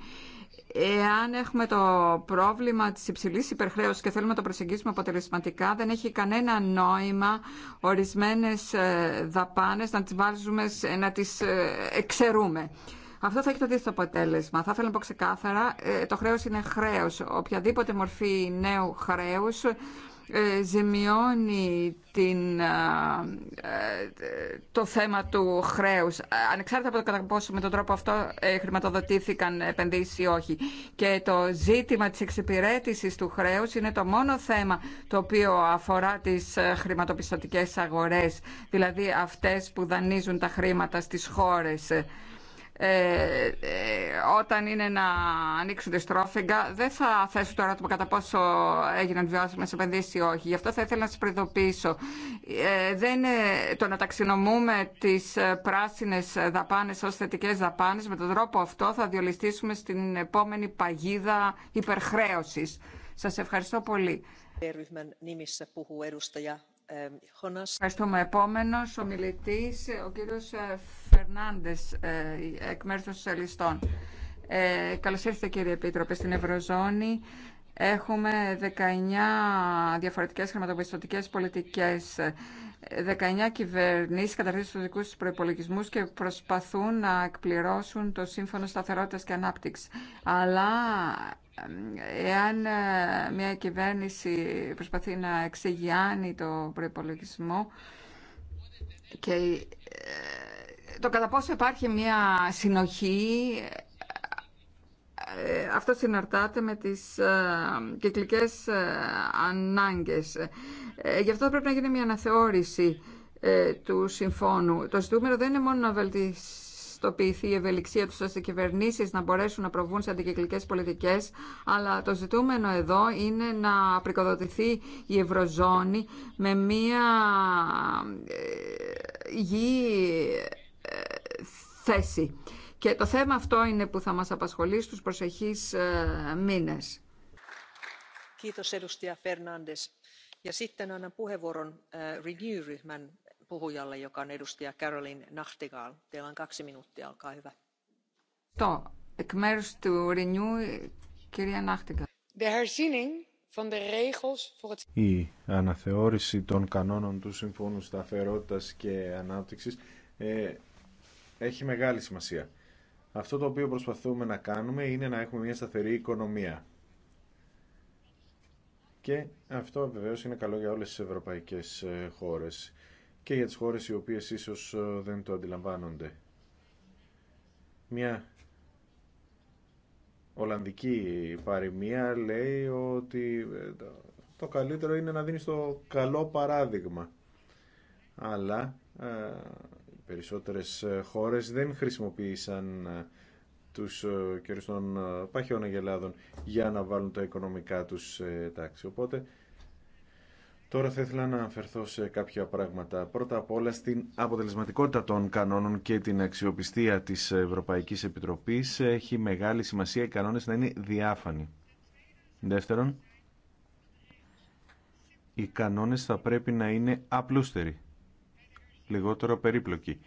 Εάν έχουμε το πρόβλημα της υψηλής υπερχρέωσης και θέλουμε να το προσεγγίσουμε αποτελεσματικά, δεν έχει κανένα νόημα ορισμένες ε, δαπάνες να τις, βάζουμε, να τις ε, εξαιρούμε. Αυτό θα έχει το αντίθετο αποτέλεσμα. Θα ήθελα να πω ξεκάθαρα, ε, το χρέος είναι χρέος. Οποιαδήποτε μορφή νέου χρέους ε, ζημιώνει την, ε, το θέμα του χρέους ε, ανεξάρτητα από το κατά πόσο με τον τρόπο αυτό χρηματοδοτήθηκαν επενδύσεις ή όχι και το ζήτημα της εξυπηρέτησης του χρέους είναι το μόνο θέμα το οποίο αφορά τις χρηματοπιστωτικές αγορές δηλαδή αυτές που δανείζουν τα χρήματα στις χώρες ε, ε, όταν είναι να ανοίξουν στρόφιγγα, δεν θα θέσω το ερώτημα κατά πόσο έγιναν βιώσιμε επενδύσει ή όχι. Γι' αυτό θα ήθελα να σα προειδοποιήσω. Ε, δεν είναι το να ταξινομούμε τι ε, πράσινε δαπάνε ω θετικέ δαπάνε. Με τον τρόπο αυτό θα διολυστήσουμε στην επόμενη παγίδα υπερχρέωση. Σα ευχαριστώ πολύ. Ε, Ευχαριστούμε. Επόμενο ομιλητή, ο κύριο ε, Φερνάντε, ε, εκ μέρου των Σοσιαλιστών. Ε, Καλώ ήρθατε, κύριε Επίτροπε, στην Ευρωζώνη. Έχουμε 19 διαφορετικές χρηματοπιστωτικέ πολιτικές 19 κυβερνήσεις καταρτίζουν τους δικούς τους προϋπολογισμούς και προσπαθούν να εκπληρώσουν το Σύμφωνο Σταθερότητας και Ανάπτυξης. Αλλά εάν ε, μια κυβέρνηση προσπαθεί να εξηγιάνει το προϋπολογισμό και ε, το κατά πόσο υπάρχει μια συνοχή ε, αυτό συναρτάται με τις ε, κυκλικές ε, ανάγκες. Γι' αυτό πρέπει να γίνει μια αναθεώρηση του συμφώνου. Το ζητούμενο δεν είναι μόνο να βελτιστοποιηθεί η ευελιξία τους ώστε οι να μπορέσουν να προβούν σε αντικυκλικές πολιτικές, αλλά το ζητούμενο εδώ είναι να πρικοδοτηθεί η Ευρωζώνη με μια γη θέση. Και το θέμα αυτό είναι που θα μας απασχολεί στους προσεχείς μήνες. Το εκ μέρους του Renew, κυρία Η αναθεώρηση των κανόνων του Συμφώνου Σταθερότητας και Ανάπτυξης ε, έχει μεγάλη σημασία. Αυτό το οποίο προσπαθούμε να κάνουμε είναι να έχουμε μια σταθερή οικονομία. Και αυτό βεβαίως είναι καλό για όλες τις ευρωπαϊκές ε, χώρες και για τις χώρες οι οποίες ίσως ε, δεν το αντιλαμβάνονται. Μια Ολλανδική παροιμία λέει ότι ε, το καλύτερο είναι να δίνεις το καλό παράδειγμα. Αλλά περισσότερες ε, χώρες δεν χρησιμοποίησαν ε, τους ε, καιρούς των παχιών αγελάδων για να βάλουν τα οικονομικά τους τάξη. Οπότε τώρα θα ήθελα να αναφερθώ σε κάποια πράγματα. Πρώτα απ' όλα στην αποτελεσματικότητα των κανόνων και την αξιοπιστία της Ευρωπαϊκής Επιτροπής έχει μεγάλη σημασία οι κανόνες να είναι διάφανοι. Δεύτερον, οι κανόνες θα πρέπει να είναι απλούστεροι λιγότερο περίπλοκη.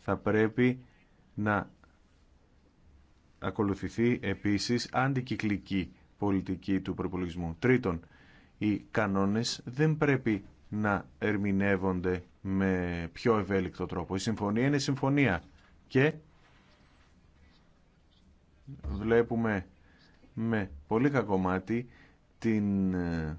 Θα πρέπει να ακολουθηθεί επίσης αντικυκλική πολιτική του προπολογισμού. Τρίτον, οι κανόνες δεν πρέπει να ερμηνεύονται με πιο ευέλικτο τρόπο. Η συμφωνία είναι συμφωνία και βλέπουμε με πολύ κακό μάτι την ε,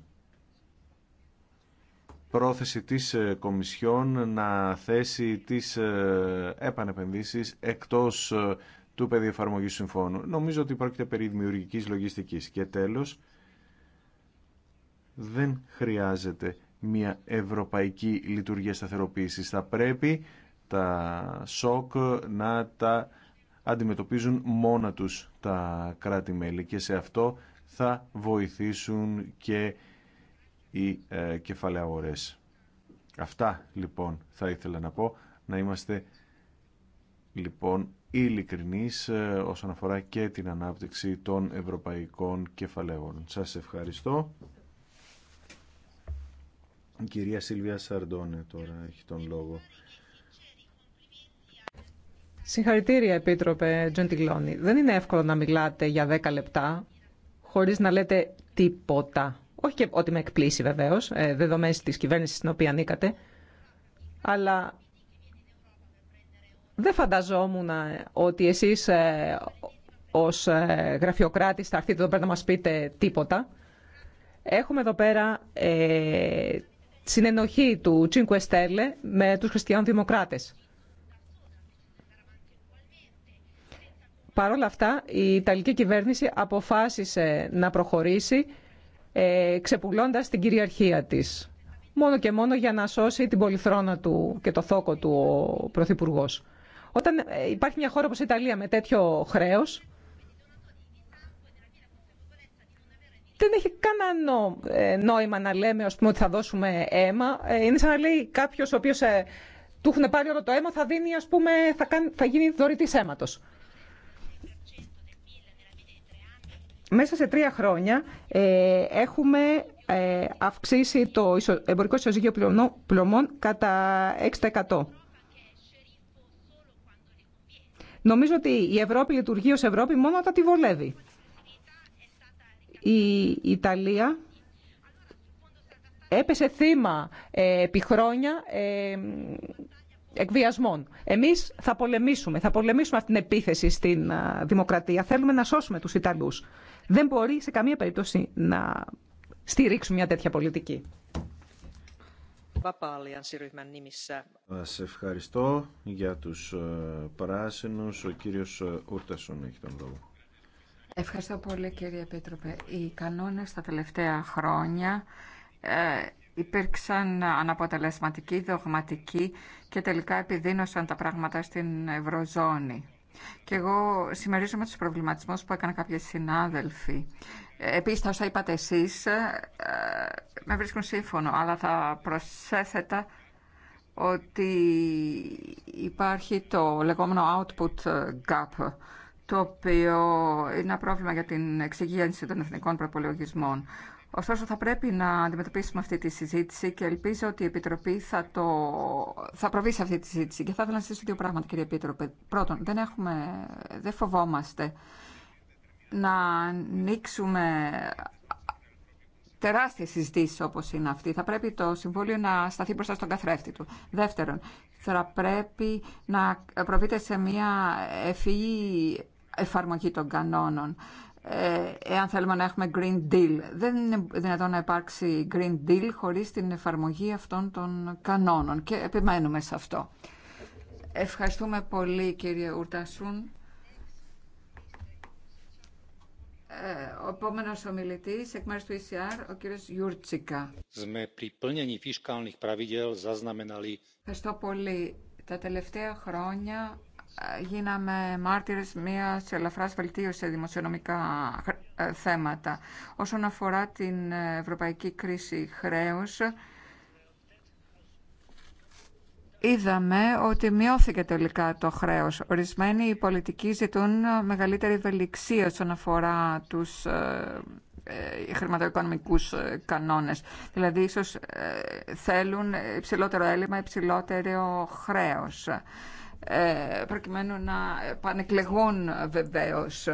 πρόθεση της ε, Κομισιόν να θέσει τις ε, επανεπενδύσεις εκτός ε, του πεδίου εφαρμογή συμφώνου. Νομίζω ότι πρόκειται περί δημιουργικής λογιστικής. Και τέλος, δεν χρειάζεται μια ευρωπαϊκή λειτουργία σταθεροποίησης. Θα πρέπει τα σοκ να τα αντιμετωπίζουν μόνα τους τα κράτη-μέλη και σε αυτό θα βοηθήσουν και ή ε, αγορές. Αυτά λοιπόν θα ήθελα να πω, να είμαστε λοιπόν ειλικρινείς ε, όσον αφορά και την ανάπτυξη των ευρωπαϊκών κεφαλαίων. Σας ευχαριστώ. Η κυρία Σίλβια Σαρντόνε τώρα έχει τον λόγο. Συγχαρητήρια, Επίτροπε Τζοντιγλόνη. Δεν είναι εύκολο να μιλάτε για 10 λεπτά χωρίς να λέτε τίποτα. Όχι και ότι με εκπλήσει βεβαίω, ε, δεδομένη τη κυβέρνηση στην οποία ανήκατε, αλλά δεν φανταζόμουν ε, ότι εσεί ε, ως ω ε, γραφειοκράτη θα έρθετε εδώ πέρα να μα πείτε τίποτα. Έχουμε εδώ πέρα ε, συνενοχή του Τσίνκου Εστέλε με τους χριστιανοδημοκράτες. Παρ' όλα αυτά, η Ιταλική κυβέρνηση αποφάσισε να προχωρήσει ε, ξεπουλώντας την κυριαρχία της. Μόνο και μόνο για να σώσει την πολυθρόνα του και το θόκο του ο Πρωθυπουργό. Όταν ε, υπάρχει μια χώρα όπως η Ιταλία με τέτοιο χρέος, δεν έχει κανένα ε, νόημα να λέμε πούμε, ότι θα δώσουμε αίμα. Ε, είναι σαν να λέει κάποιο ο οποίο του έχουν πάρει όλο το αίμα θα, δίνει, ας πούμε, θα, θα γίνει δωρητή αίματος. Μέσα σε τρία χρόνια ε, έχουμε ε, αυξήσει το εμπορικό ισοζύγιο πλωμών κατά 6%. Νομίζω ότι η Ευρώπη λειτουργεί ως Ευρώπη μόνο όταν τη βολεύει. Η Ιταλία έπεσε θύμα ε, επί χρόνια εκβιασμών. Εμείς θα πολεμήσουμε, θα πολεμήσουμε αυτή την επίθεση στην δημοκρατία. Θέλουμε να σώσουμε τους Ιταλούς. Δεν μπορεί σε καμία περίπτωση να στηρίξουμε μια τέτοια πολιτική. Σα ευχαριστώ για τους ε, πράσινου. Ο κύριος ε, Ούρτασον έχει τον λόγο. Ευχαριστώ πολύ κύριε Επίτροπε. Οι κανόνες τα τελευταία χρόνια ε, υπήρξαν αναποτελεσματικοί, δογματικοί και τελικά επιδίνωσαν τα πράγματα στην Ευρωζώνη. Και εγώ συμμερίζομαι τους προβληματισμούς που έκανα κάποιοι συνάδελφοι. Επίσης, τα όσα είπατε εσείς, ε, με βρίσκουν σύμφωνο, αλλά θα προσέθετα ότι υπάρχει το λεγόμενο output gap, το οποίο είναι ένα πρόβλημα για την εξυγίανση των εθνικών προπολογισμών. Ωστόσο θα πρέπει να αντιμετωπίσουμε αυτή τη συζήτηση και ελπίζω ότι η Επιτροπή θα, το... θα προβεί σε αυτή τη συζήτηση. Και θα ήθελα να συζητήσω δύο πράγματα, κύριε Επίτροπε. Πρώτον, δεν, έχουμε... δεν φοβόμαστε να ανοίξουμε τεράστιε συζητήσεις όπως είναι αυτή. Θα πρέπει το Συμβούλιο να σταθεί μπροστά στον καθρέφτη του. Δεύτερον, θα πρέπει να προβείτε σε μια ευφυή εφαρμογή των κανόνων. Ε, εάν θέλουμε να έχουμε Green Deal. Δεν είναι δυνατόν να υπάρξει Green Deal χωρίς την εφαρμογή αυτών των κανόνων και επιμένουμε σε αυτό. Ευχαριστούμε πολύ κύριε Ουρτασούν. Ε, ο επόμενο ομιλητή εκ μέρου του ECR, ο κύριο Γιούρτσικα. Ευχαριστώ πολύ. Τα τελευταία χρόνια γίναμε μάρτυρες μιας ελαφράς βελτίωσης σε δημοσιονομικά ε, θέματα. Όσον αφορά την ε, ευρωπαϊκή κρίση χρέους, είδαμε ότι μειώθηκε τελικά το χρέος. Ορισμένοι οι πολιτικοί ζητούν μεγαλύτερη ευελιξία όσον αφορά τους ε, χρηματοοικονομικούς κανόνες. Δηλαδή, ίσως θέλουν υψηλότερο έλλειμμα, υψηλότερο χρέος. Ε, προκειμένου να πανεκλεγούν βεβαίως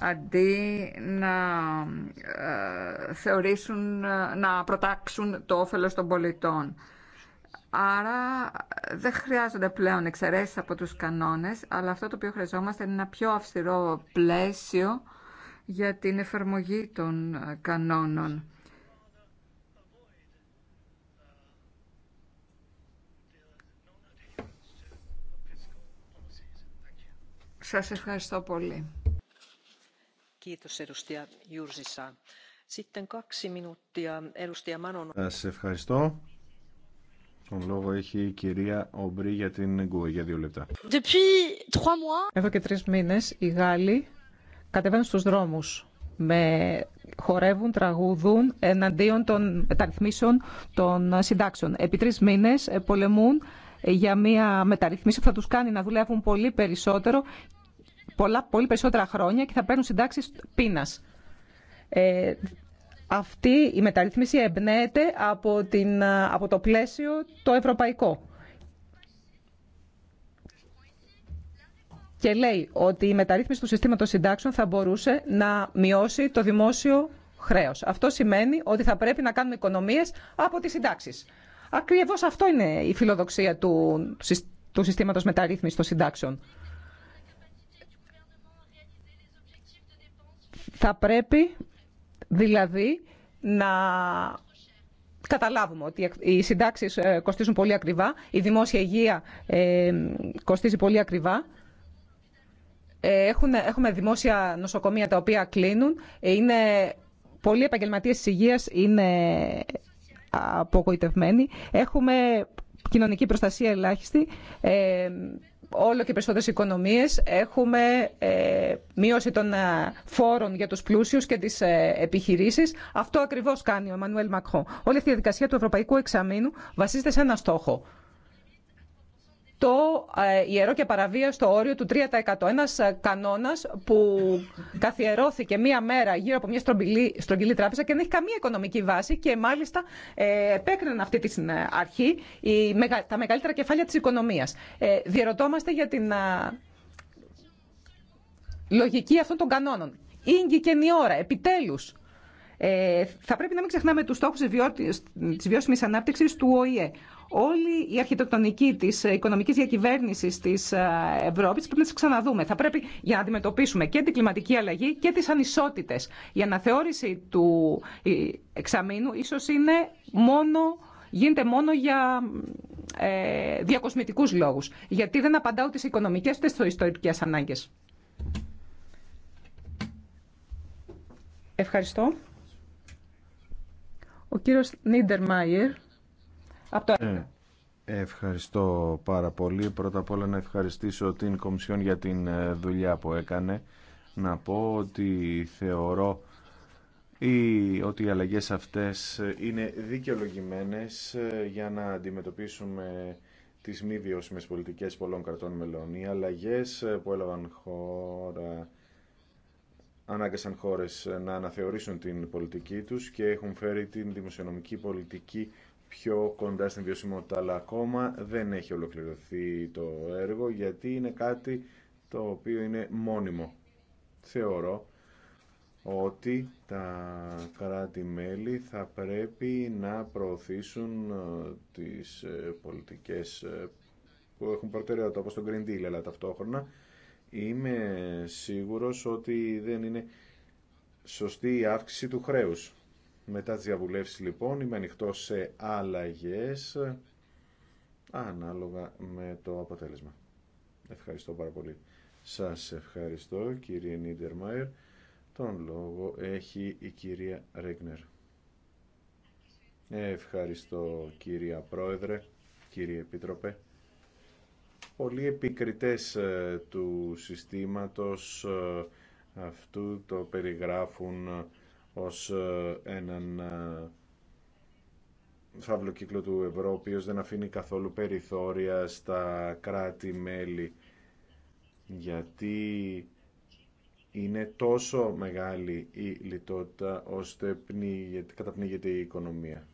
αντί να ε, θεωρήσουν, να προτάξουν το όφελος των πολιτών. Άρα δεν χρειάζονται πλέον εξαιρέσεις από τους κανόνες, αλλά αυτό το οποίο χρειαζόμαστε είναι ένα πιο αυστηρό πλαίσιο για την εφαρμογή των κανόνων. Σας ευχαριστώ πολύ. Σας ευχαριστώ. Τον λόγο έχει η κυρία Ομπρί για την Εγκούε για δύο λεπτά. Εδώ και τρεις μήνες οι Γάλλοι κατεβαίνουν στους δρόμους με χορεύουν, τραγούδουν εναντίον των μεταρρυθμίσεων των συντάξεων. Επί τρεις μήνες ε, πολεμούν για μια μεταρρυθμίση που θα τους κάνει να δουλεύουν πολύ περισσότερο πολλά, πολύ περισσότερα χρόνια και θα παίρνουν συντάξει πείνα. Ε, αυτή η μεταρρύθμιση εμπνέεται από, την, από το πλαίσιο το ευρωπαϊκό. Και λέει ότι η μεταρρύθμιση του συστήματος συντάξεων θα μπορούσε να μειώσει το δημόσιο χρέος. Αυτό σημαίνει ότι θα πρέπει να κάνουμε οικονομίες από τις συντάξεις. Ακριβώς αυτό είναι η φιλοδοξία του, του συστήματος μεταρρύθμισης των συντάξεων. Θα πρέπει δηλαδή να καταλάβουμε ότι οι συντάξεις ε, κοστίζουν πολύ ακριβά, η δημόσια υγεία ε, κοστίζει πολύ ακριβά. Ε, έχουν, έχουμε δημόσια νοσοκομεία τα οποία κλείνουν. Είναι πολλοί επαγγελματίες της υγείας είναι απογοητευμένοι. Έχουμε κοινωνική προστασία ελάχιστη όλο και περισσότερες οικονομίες. Έχουμε ε, μείωση των ε, φόρων για τους πλούσιους και τις ε, επιχειρήσεις. Αυτό ακριβώς κάνει ο Εμμανουέλ Μακρόν. Όλη αυτή η διαδικασία του Ευρωπαϊκού Εξαμήνου βασίζεται σε ένα στόχο το ε, ιερό και παραβία στο όριο του 3%. Ένας ε, κανόνας που καθιερώθηκε μία μέρα γύρω από μια στρογγυλή, στρογγυλή τραπεζα και δεν έχει καμία οικονομική βάση και μάλιστα ε, επέκριναν αυτή την ε, αρχή η, τα μεγαλύτερα κεφάλια της οικονομίας. Ε, διερωτώμαστε για την λογική αυτών των κανόνων. Ήγκη και η ώρα, επιτέλους. Ε, θα πρέπει να μην ξεχνάμε τους στόχους της βιώσιμης ανάπτυξης του ΟΗΕ όλη η αρχιτεκτονική της ε, οικονομικής διακυβέρνησης της ε, Ευρώπης πρέπει να τι ξαναδούμε. Θα πρέπει για να αντιμετωπίσουμε και την κλιματική αλλαγή και τις ανισότητες. Η αναθεώρηση του ε, εξαμήνου ίσως είναι μόνο γίνεται μόνο για ε, διακοσμητικούς λόγους. Γιατί δεν απαντά ούτε στις οικονομικές ούτε στις ιστορικές ανάγκες. Ευχαριστώ. Ο κύριος Μάιερ. Ε, ευχαριστώ πάρα πολύ. Πρώτα απ' όλα να ευχαριστήσω την Κομισιόν για την ε, δουλειά που έκανε. Να πω ότι θεωρώ ή ότι οι αλλαγές αυτές είναι δικαιολογημένες ε, για να αντιμετωπίσουμε τις μη βιώσιμες πολιτικές πολλών κρατών μελών. Οι αλλαγές που έλαβαν χώρα ανάγκασαν χώρες να αναθεωρήσουν την πολιτική τους και έχουν φέρει την δημοσιονομική πολιτική πιο κοντά στην βιωσιμότητα, αλλά ακόμα δεν έχει ολοκληρωθεί το έργο γιατί είναι κάτι το οποίο είναι μόνιμο. Θεωρώ ότι τα κράτη-μέλη θα πρέπει να προωθήσουν ε, τις ε, πολιτικές ε, που έχουν προτεραιότητα όπως το Green Deal, αλλά ταυτόχρονα είμαι σίγουρος ότι δεν είναι σωστή η αύξηση του χρέους. Μετά τις διαβουλεύσεις λοιπόν είμαι ανοιχτό σε αλλαγές ανάλογα με το αποτέλεσμα. Ευχαριστώ πάρα πολύ. Σας ευχαριστώ κύριε Νίντερμαϊρ. Τον λόγο έχει η κυρία Ρέγνερ. Ευχαριστώ κύρια Πρόεδρε, κύριε Επίτροπε. Πολλοί επικριτές ε, του συστήματος ε, αυτού το περιγράφουν ε, ως ε, έναν ε, φαύλο κύκλο του ευρώ, ο οποίος δεν αφήνει καθόλου περιθώρια στα κράτη-μέλη, γιατί είναι τόσο μεγάλη η λιτότητα, ώστε πνίγεται, καταπνίγεται η οικονομία.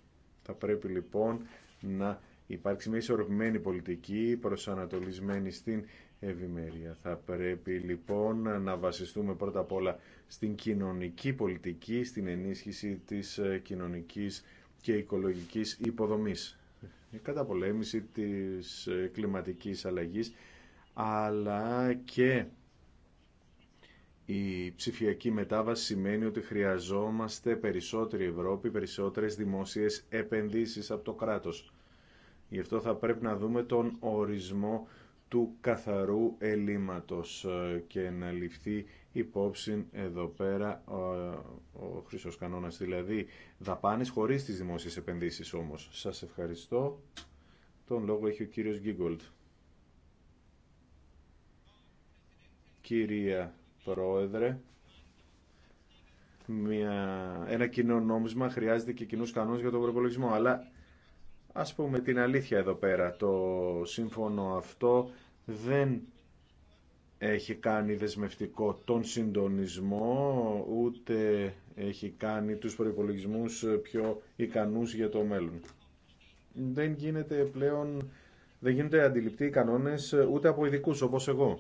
Θα πρέπει λοιπόν να υπάρξει μια ισορροπημένη πολιτική, προσανατολισμένη στην ευημερία. Θα πρέπει λοιπόν να βασιστούμε πρώτα απ' όλα στην κοινωνική πολιτική, στην ενίσχυση της ε, κοινωνικής και οικολογικής υποδομής. Η καταπολέμηση της ε, κλιματικής αλλαγής, αλλά και η ψηφιακή μετάβαση σημαίνει ότι χρειαζόμαστε περισσότερη Ευρώπη, περισσότερες δημόσιες επενδύσεις από το κράτος. Γι' αυτό θα πρέπει να δούμε τον ορισμό του καθαρού ελίματος ε, και να ληφθεί υπόψη εδώ πέρα ο χρυσός κανόνας, δηλαδή δαπάνες χωρίς τις δημόσιες επενδύσεις όμως. Σας ευχαριστώ. Τον λόγο έχει ο κύριος Γκίγκολτ. Κυρία Πρόεδρε, μια, ένα κοινό νόμισμα χρειάζεται και κοινού κανόνε για τον προπολογισμό. Αλλά Ας πούμε την αλήθεια εδώ πέρα, το σύμφωνο αυτό δεν έχει κάνει δεσμευτικό τον συντονισμό, ούτε έχει κάνει τους προϋπολογισμούς πιο ικανούς για το μέλλον. Δεν γίνεται πλέον, δεν γίνονται αντιληπτοί οι κανόνες ούτε από ειδικού όπως εγώ.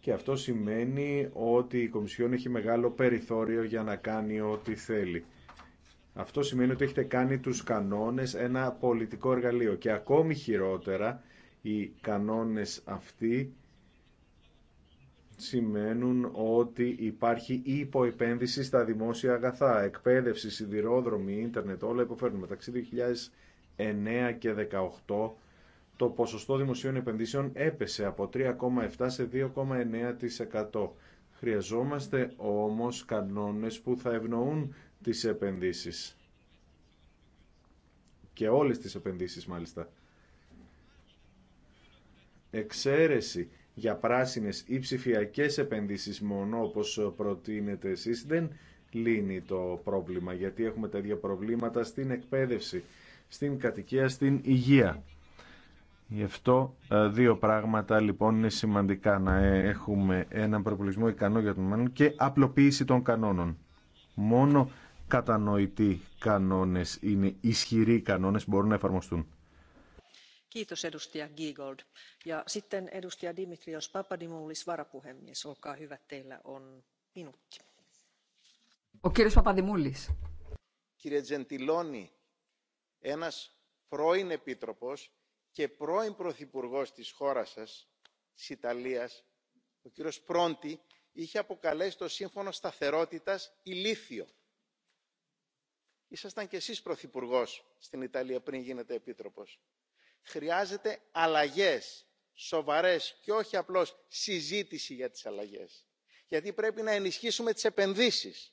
Και αυτό σημαίνει ότι η Κομισιόν έχει μεγάλο περιθώριο για να κάνει ό,τι θέλει. Αυτό σημαίνει ότι έχετε κάνει τους κανόνες ένα πολιτικό εργαλείο και ακόμη χειρότερα οι κανόνες αυτοί σημαίνουν ότι υπάρχει υποεπένδυση στα δημόσια αγαθά, εκπαίδευση, σιδηρόδρομοι, ίντερνετ, όλα υποφέρουν. Μεταξύ 2009 και 2018 το ποσοστό δημοσίων επενδύσεων έπεσε από 3,7 σε 2,9%. Χρειαζόμαστε όμως κανόνες που θα ευνοούν τις επενδύσεις. Και όλες τις επενδύσεις μάλιστα. Εξαίρεση για πράσινες ή ψηφιακές επενδύσεις μόνο όπως προτείνετε εσείς δεν λύνει το πρόβλημα γιατί έχουμε τα ίδια προβλήματα στην εκπαίδευση, στην κατοικία, στην υγεία. Γι' αυτό ε, δύο πράγματα λοιπόν είναι σημαντικά να ε, έχουμε έναν προπολισμό ικανό για τον μέλλον και απλοποίηση των κανόνων. Μόνο κατανοητοί κανόνες, είναι ισχυροί κανόνες που μπορούν να εφαρμοστούν. Ο κύριος Παπαδημούλης. Κύριε Τζεντιλόνι, ένας πρώην επίτροπος και πρώην πρωθυπουργός της χώρας σας, της Ιταλίας, ο κύριος Πρόντι, είχε αποκαλέσει το σύμφωνο σταθερότητας ηλίθιο ήσασταν κι εσείς πρωθυπουργό στην Ιταλία πριν γίνετε επίτροπος. Χρειάζεται αλλαγές σοβαρές και όχι απλώς συζήτηση για τις αλλαγές. Γιατί πρέπει να ενισχύσουμε τις επενδύσεις.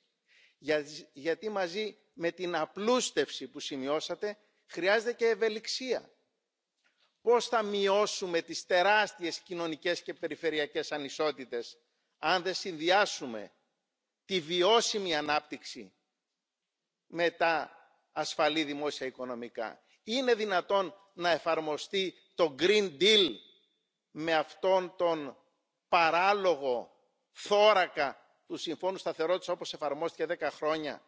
γιατί μαζί με την απλούστευση που σημειώσατε χρειάζεται και ευελιξία. Πώς θα μειώσουμε τις τεράστιες κοινωνικές και περιφερειακές ανισότητες αν δεν συνδυάσουμε τη βιώσιμη ανάπτυξη με τα ασφαλή δημόσια οικονομικά. Είναι δυνατόν να εφαρμοστεί το Green Deal με αυτόν τον παράλογο θώρακα του Συμφώνου Σταθερότητας όπως εφαρμόστηκε 10 χρόνια.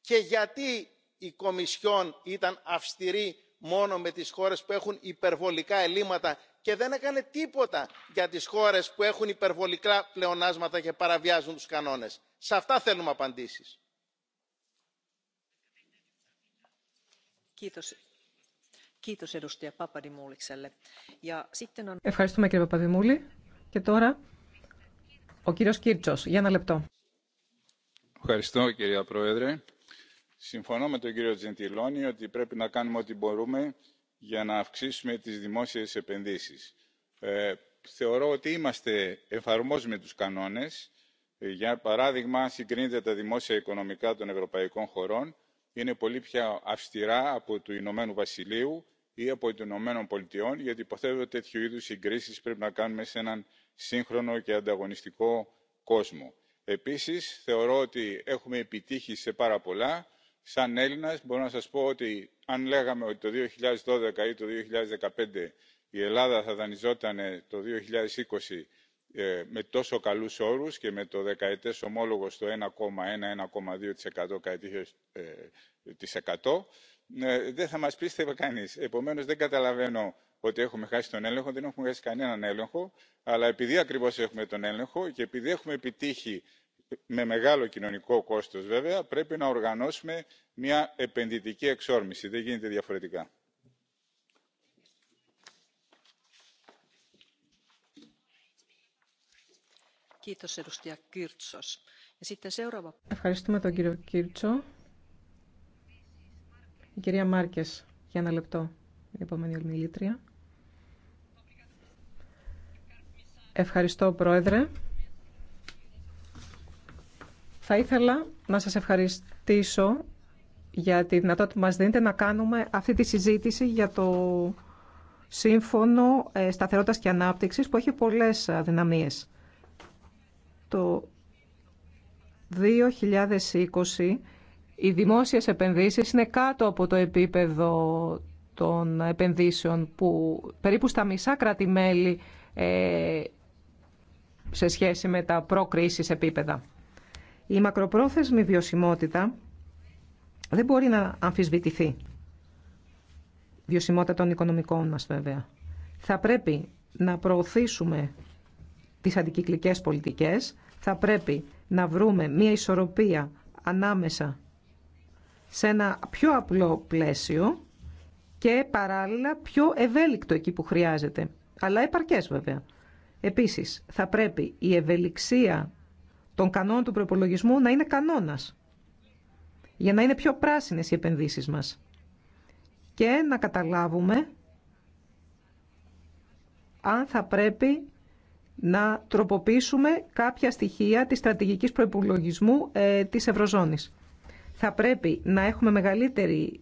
Και γιατί η Κομισιόν ήταν αυστηρή μόνο με τις χώρες που έχουν υπερβολικά ελλείμματα και δεν έκανε τίποτα για τις χώρες που έχουν υπερβολικά πλεονάσματα και παραβιάζουν τους κανόνες. Σε αυτά θέλουμε απαντήσεις. Ευχαριστούμε κύριε Παπαδημούλη. Και τώρα ο κύριος Κίρτσος. Για ένα λεπτό. Ευχαριστώ κυρία Πρόεδρε. Συμφωνώ με τον κύριο Τζεντιλόνι ότι πρέπει να κάνουμε ό,τι μπορούμε για να αυξήσουμε τις δημόσιες επενδύσεις. Ε, θεωρώ ότι είμαστε εφαρμόζουμε τους κανόνες. Ε, για παράδειγμα, συγκρίνεται τα δημόσια οικονομικά των ευρωπαϊκών χωρών είναι πολύ πιο αυστηρά από του ηνωμένου βασιλείου ή από των ηνωμένων πολιτειών γιατί υποθέτω ότι τέτοιου είδους συγκρίσεις πρέπει να κάνουμε σε έναν σύγχρονο και ανταγωνιστικό κόσμο. επίσης θεωρώ ότι έχουμε επιτύχει σε πάρα πολλά. σαν έλληνας μπορώ να σας πω ότι αν λέγαμε ότι το 2012 ή το 2015 η ελλάδα θα δανειζόταν το 2020 ε, με τόσο καλούς όρους και με το δεκαετές ομόλογο στο 11 εκατό ε, ε, δεν θα μας πίστευε κανείς. Επομένως δεν καταλαβαίνω ότι έχουμε χάσει τον έλεγχο, δεν έχουμε χάσει κανέναν έλεγχο, αλλά επειδή ακριβώς έχουμε τον έλεγχο και επειδή έχουμε επιτύχει με μεγάλο κοινωνικό κόστος βέβαια, πρέπει να οργανώσουμε μια επενδυτική εξόρμηση. Δεν γίνεται διαφορετικά. Ευχαριστούμε τον κύριο Κίρτσο. Η κυρία Μάρκες, για ένα λεπτό, η επόμενη ομιλήτρια. Ευχαριστώ, Πρόεδρε. Θα ήθελα να σας ευχαριστήσω για τη δυνατότητα που μας δίνετε να κάνουμε αυτή τη συζήτηση για το Σύμφωνο ε, Σταθερότητας και Ανάπτυξης που έχει πολλές ε, δυναμίες. Το 2020 οι δημόσιες επενδύσεις είναι κάτω από το επίπεδο των επενδύσεων που περίπου στα μισά κράτη-μέλη ε, σε σχέση με τα προκρίσεις επίπεδα. Η μακροπρόθεσμη βιωσιμότητα δεν μπορεί να αμφισβητηθεί. Βιωσιμότητα των οικονομικών μας βέβαια. Θα πρέπει να προωθήσουμε τις αντικυκλικές πολιτικές. Θα πρέπει να βρούμε μια ισορροπία ανάμεσα σε ένα πιο απλό πλαίσιο και παράλληλα πιο ευέλικτο εκεί που χρειάζεται. Αλλά επαρκέ, βέβαια. Επίσης, θα πρέπει η ευελιξία των κανόνων του προπολογισμού να είναι κανόνας για να είναι πιο πράσινες οι επενδύσεις μας και να καταλάβουμε αν θα πρέπει να τροποποιήσουμε κάποια στοιχεία της στρατηγικής προϋπολογισμού ε, της Ευρωζώνης. Θα πρέπει να έχουμε μεγαλύτερη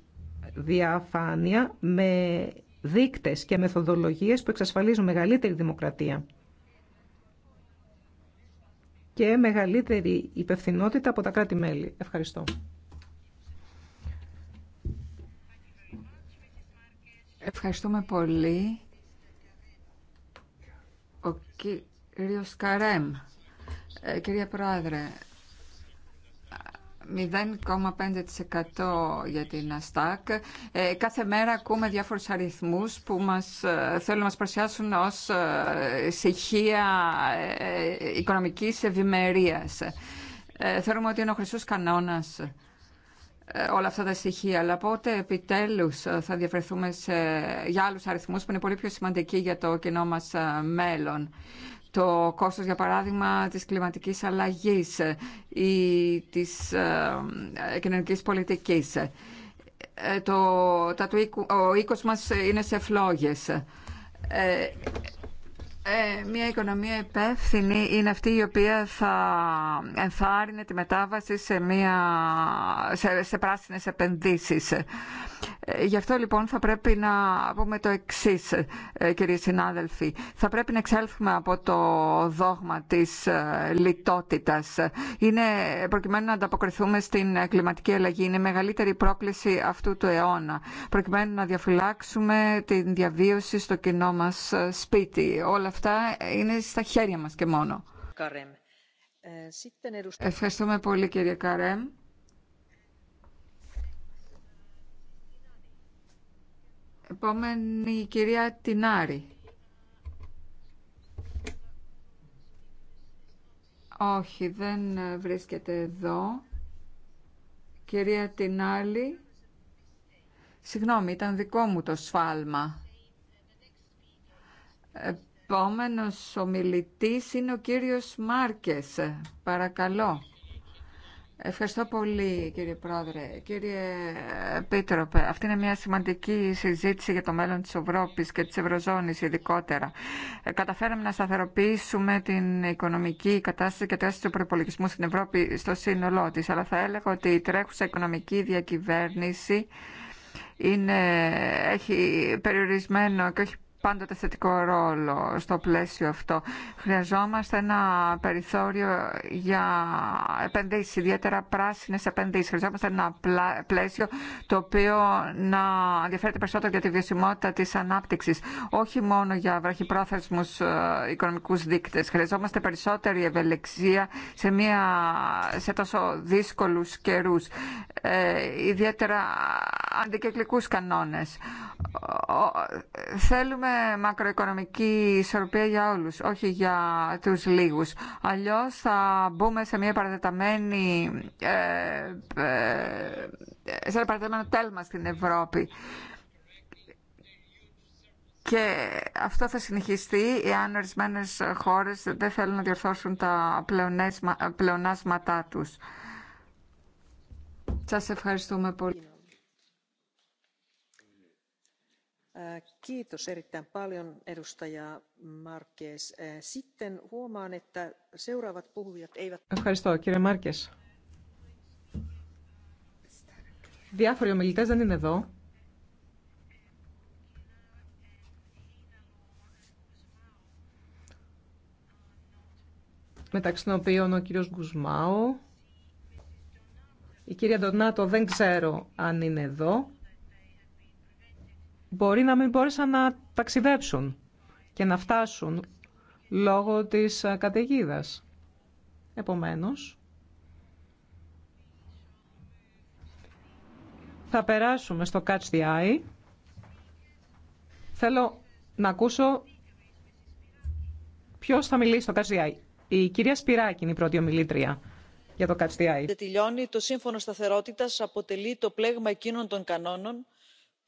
διαφάνεια με δείκτες και μεθοδολογίες που εξασφαλίζουν μεγαλύτερη δημοκρατία και μεγαλύτερη υπευθυνότητα από τα κράτη-μέλη. Ευχαριστώ. Ευχαριστούμε πολύ. Ο, Κύριε Καρέμ. Ε, κύριε Πρόεδρε, 0,5% για την ΑΣΤΑΚ. Ε, κάθε μέρα ακούμε διάφορους αριθμούς που μας, ε, θέλουν να μας παρουσιάσουν ως στοιχεία οικονομικής ευημερίας. θεωρούμε ότι είναι ο χρυσός κανόνας όλα αυτά τα στοιχεία. Αλλά πότε επιτέλους θα διαφερθούμε για άλλους αριθμούς που είναι πολύ πιο σημαντικοί για το κοινό μας μέλλον το κόστος για παράδειγμα της κλιματικής αλλαγής ή της ε, κοινωνικής πολιτικής. Ε, το, τα, το, ο οίκος μας είναι σε φλόγες. Ε, ε, μια οικονομία υπεύθυνη είναι αυτή η οποία θα ενθάρρυνε τη μετάβαση σε, μια, σε, σε πράσινες επενδύσεις. Ε, γι' αυτό λοιπόν θα πρέπει να πούμε το εξή, ε, συνάδελφοι. Θα πρέπει να εξέλθουμε από το δόγμα της ε, λιτότητας. Είναι προκειμένου να ανταποκριθούμε στην κλιματική αλλαγή. Είναι η μεγαλύτερη πρόκληση αυτού του αιώνα. Προκειμένου να διαφυλάξουμε την διαβίωση στο κοινό μας ε, σπίτι. Όλα αυτά είναι στα χέρια μας και μόνο. Ε, Ευχαριστούμε πολύ κύριε Καρέμ. Επόμενη κυρία Τινάρη. Όχι, δεν βρίσκεται εδώ. Κυρία Τινάλη. Συγγνώμη, ήταν δικό μου το σφάλμα. Ε, επόμενος ομιλητής είναι ο κύριος Μάρκες. Παρακαλώ. Ευχαριστώ πολύ κύριε Πρόεδρε. Κύριε Πίτροπε, αυτή είναι μια σημαντική συζήτηση για το μέλλον της Ευρώπης και της Ευρωζώνης ειδικότερα. Ε, καταφέραμε να σταθεροποιήσουμε την οικονομική κατάσταση και τέσσερις του προπολογισμού στην Ευρώπη στο σύνολό της, αλλά θα έλεγα ότι η τρέχουσα οικονομική διακυβέρνηση είναι, έχει περιορισμένο και όχι πάντοτε θετικό ρόλο στο πλαίσιο αυτό. Χρειαζόμαστε ένα περιθώριο για επενδύσεις, ιδιαίτερα πράσινες επενδύσεις. Χρειαζόμαστε ένα πλαίσιο το οποίο να ενδιαφέρεται περισσότερο για τη βιωσιμότητα της ανάπτυξης, όχι μόνο για βραχυπρόθεσμους ε, οικονομικούς δείκτες. Χρειαζόμαστε περισσότερη ευελεξία σε, μια, τόσο δύσκολους καιρούς, ε, ιδιαίτερα αντικεκλικούς κανόνες. Θέλουμε μακροοικονομική ισορροπία για όλους, όχι για τους λίγους. Αλλιώς θα μπούμε σε μια παρατεταμένη, ε, ε, σε τέλμα στην Ευρώπη. Και αυτό θα συνεχιστεί εάν ορισμένε χώρες δεν θέλουν να διορθώσουν τα πλεονάσματά τους. Σας ευχαριστούμε πολύ. Kiitos erittäin paljon edustaja Marques. Sitten huomaan, että seuraavat puhujat eivät... Ευχαριστώ κύριε Μάρκες. Διάφοροι ομιλητές δεν είναι εδώ. μεταξύ των οποίων ο κύριος Γκουσμάου. Η κυρία Ντονάτο δεν ξέρω αν είναι εδώ μπορεί να μην μπόρεσαν να ταξιδέψουν και να φτάσουν λόγω της ε, καταιγίδα. Επομένως, θα περάσουμε στο Catch the Eye. Θέλω να ακούσω ποιος θα μιλήσει στο Catch the Eye. Η κυρία Σπυράκη είναι η πρώτη ομιλήτρια για το Catch the Eye. το σύμφωνο σταθερότητας αποτελεί το πλέγμα εκείνων των κανόνων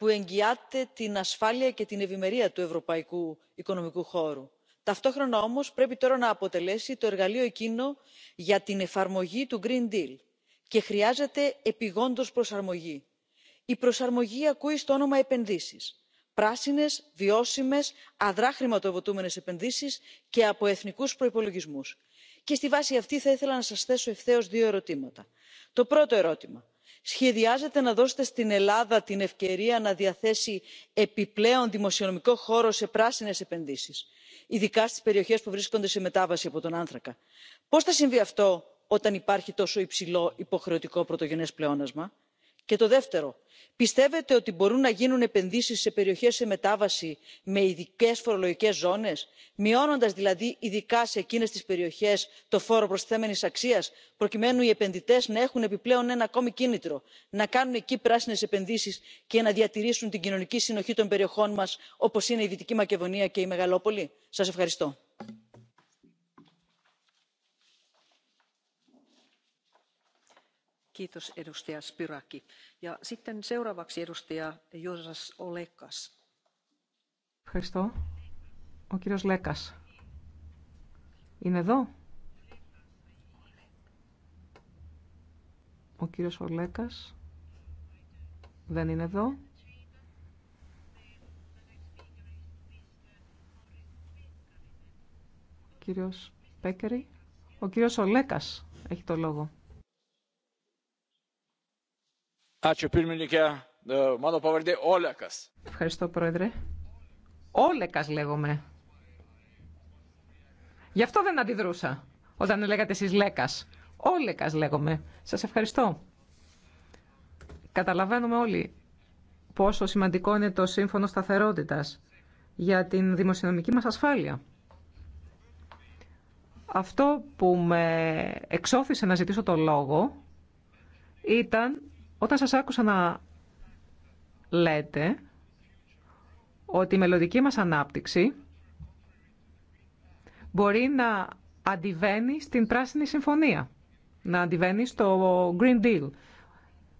που εγγυάται την ασφάλεια και την ευημερία του ευρωπαϊκού οικονομικού χώρου. ταυτόχρονα όμως πρέπει τώρα να αποτελέσει το εργαλείο εκείνο για την εφαρμογή του green deal και χρειάζεται επιγόντως προσαρμογή. η προσαρμογή ακούει στο όνομα επενδύσεις πράσινες βιώσιμες αδρά χρηματοδοτούμενες επενδύσεις και από εθνικούς προϋπολογισμούς. και στη βάση αυτή θα ήθελα να σας θέσω ευθέως δύο ερωτήματα. το πρώτο ερώτημα σχεδιάζετε να δώσετε στην ελλάδα την ευκαιρία να διαθέσει επιπλέον δημοσιονομικό χώρο σε πράσινες επενδύσεις ειδικά στις περιοχές που βρίσκονται σε μετάβαση από τον άνθρακα. πώς θα συμβεί αυτό όταν υπάρχει τόσο υψηλό υποχρεωτικό πρωτογενές πλεόνασμα; και το δεύτερο πιστεύετε ότι μπορούν να γίνουν επενδύσεις σε περιοχές σε μετάβαση με ειδικές φορολογικές ζώνες μειώνοντας δηλαδή ειδικά σε εκείνες τις περιοχές το φόρο προστιθέμενης αξίας προκειμένου οι επενδυτές να έχουν επιπλέον ένα ακόμη κίνητρο να κάνουν εκεί πράσινες επενδύσεις και να διατηρήσουν την κοινωνική συνοχή των περιοχών μας όπως είναι η δυτική μακεδονία και η μεγαλόπολη. σας ευχαριστώ. Ευχαριστώ. Ο κύριος Λέκας. Είναι εδώ. Ο κύριος Ολέκας δεν είναι εδώ. Ο κύριος Πέκερη. Ο κύριος Ολέκας έχει το λόγο. E, ευχαριστώ, Πρόεδρε. Όλεκας λέγομαι. Γι' αυτό δεν αντιδρούσα όταν λέγατε εσείς Λέκας. Όλεκας λέγομαι. Σας ευχαριστώ. Καταλαβαίνουμε όλοι πόσο σημαντικό είναι το σύμφωνο σταθερότητας για την δημοσιονομική μας ασφάλεια. Αυτό που με εξώθησε να ζητήσω το λόγο ήταν όταν σας άκουσα να λέτε ότι η μελλοντική μας ανάπτυξη μπορεί να αντιβαίνει στην Πράσινη Συμφωνία, να αντιβαίνει στο Green Deal.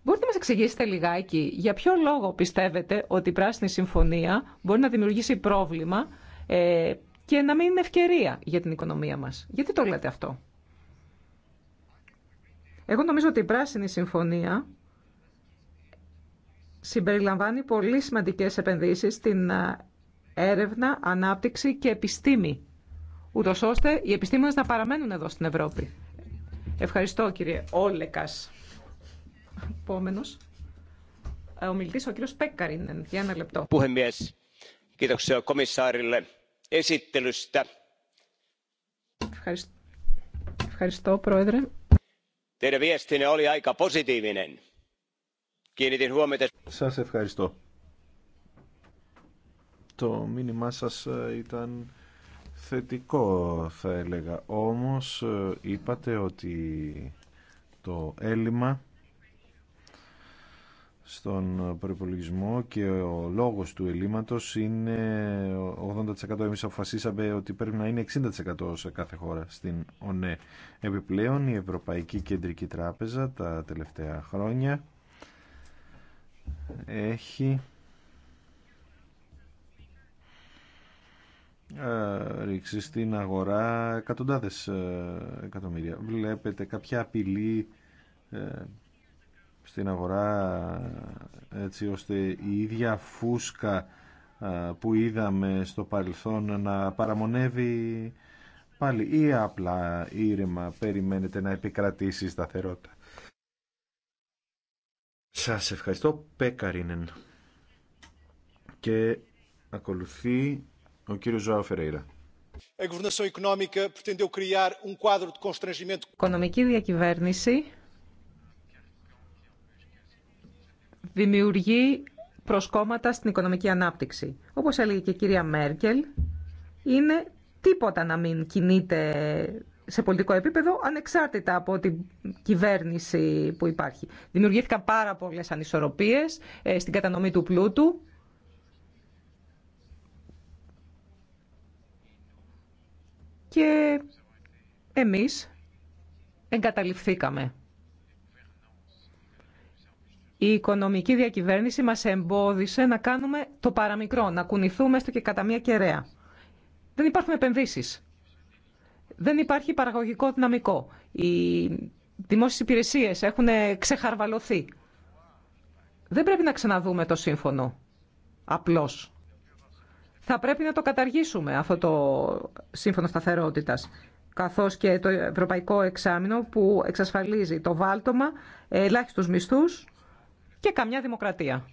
Μπορείτε να μας εξηγήσετε λιγάκι για ποιο λόγο πιστεύετε ότι η Πράσινη Συμφωνία μπορεί να δημιουργήσει πρόβλημα ε, και να μην είναι ευκαιρία για την οικονομία μας. Γιατί το λέτε αυτό. Εγώ νομίζω ότι η Πράσινη Συμφωνία συμπεριλαμβάνει πολύ σημαντικές επενδύσεις στην ε, έρευνα, ανάπτυξη και επιστήμη, ούτως ώστε οι επιστήμονες να παραμένουν εδώ στην Ευρώπη. Ευχαριστώ κύριε Όλεκας. Επόμενος. Ε, ο μιλητής ο κύριος Πέκκαρινεν. Για ένα λεπτό. Puhemies. ο εσύ τελούστα. Ευχαριστώ, Πρόεδρε. Teidän viestinne oli aika positiivinen. Σας ευχαριστώ. Το μήνυμά σας ε, ήταν θετικό θα έλεγα. Όμως ε, είπατε ότι το έλλειμμα στον προπολογισμό και ο λόγος του ελλείμματος είναι 80% εμείς αποφασίσαμε ότι πρέπει να είναι 60% σε κάθε χώρα στην ΟΝΕ. Επιπλέον η Ευρωπαϊκή Κεντρική Τράπεζα τα τελευταία χρόνια έχει ε, ρίξει στην αγορά εκατοντάδες ε, εκατομμύρια. Βλέπετε κάποια απειλή ε, στην αγορά έτσι ώστε η ίδια φούσκα που είδαμε στο παρελθόν να παραμονεύει πάλι ή απλά ήρεμα περιμένετε να επικρατήσει η σταθερότητα. Σας ευχαριστώ, Πέκαρινεν. Και ακολουθεί ο κύριος Ζωάο Φερέιρα. Η um οικονομική διακυβέρνηση δημιουργεί προσκόμματα στην οικονομική ανάπτυξη. Όπως έλεγε και η κυρία Μέρκελ, είναι τίποτα να μην κινείται σε πολιτικό επίπεδο ανεξάρτητα από την κυβέρνηση που υπάρχει. Δημιουργήθηκαν πάρα πολλές ανισορροπίες ε, στην κατανομή του πλούτου. Και εμείς εγκαταληφθήκαμε. Η οικονομική διακυβέρνηση μας εμπόδισε να κάνουμε το παραμικρό, να κουνηθούμε έστω και κατά μία κεραία. Δεν υπάρχουν επενδύσεις δεν υπάρχει παραγωγικό δυναμικό. Οι δημόσιες υπηρεσίες έχουν ξεχαρβαλωθεί. Δεν πρέπει να ξαναδούμε το σύμφωνο απλώς. Θα πρέπει να το καταργήσουμε αυτό το σύμφωνο σταθερότητας καθώς και το ευρωπαϊκό εξάμεινο που εξασφαλίζει το βάλτομα, ελάχιστους μισθούς και καμιά δημοκρατία.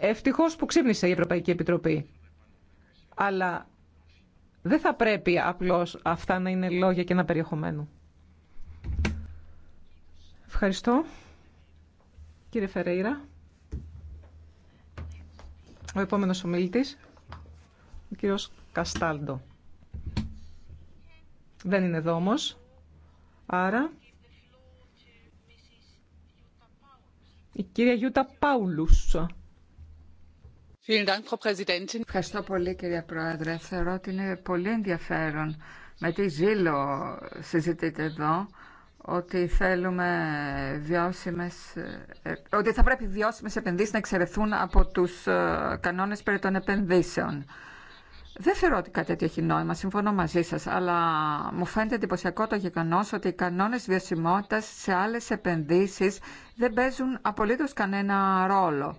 Ευτυχώς που ξύπνησε η Ευρωπαϊκή Επιτροπή. Αλλά δεν θα πρέπει απλώς αυτά να είναι λόγια και ένα περιεχομένου. Ευχαριστώ. Κύριε Φερέιρα. Ο επόμενος ομιλητής, ο κύριος Καστάλντο. Δεν είναι εδώ όμως. Άρα, η κυρία Γιούτα Πάουλους. Ευχαριστώ πολύ κυρία Πρόεδρε. Θεωρώ ότι είναι πολύ ενδιαφέρον με τι ζήλο συζητείτε εδώ ότι θέλουμε βιώσιμες, ε, ότι θα πρέπει βιώσιμες επενδύσεις να εξαιρεθούν από τους ε, κανόνες περί των επενδύσεων. Δεν θεωρώ ότι κάτι τέτοιο έχει νόημα, συμφωνώ μαζί σας, αλλά μου φαίνεται εντυπωσιακό το γεγονός ότι οι κανόνες βιωσιμότητας σε άλλες επενδύσεις δεν παίζουν απολύτως κανένα ρόλο.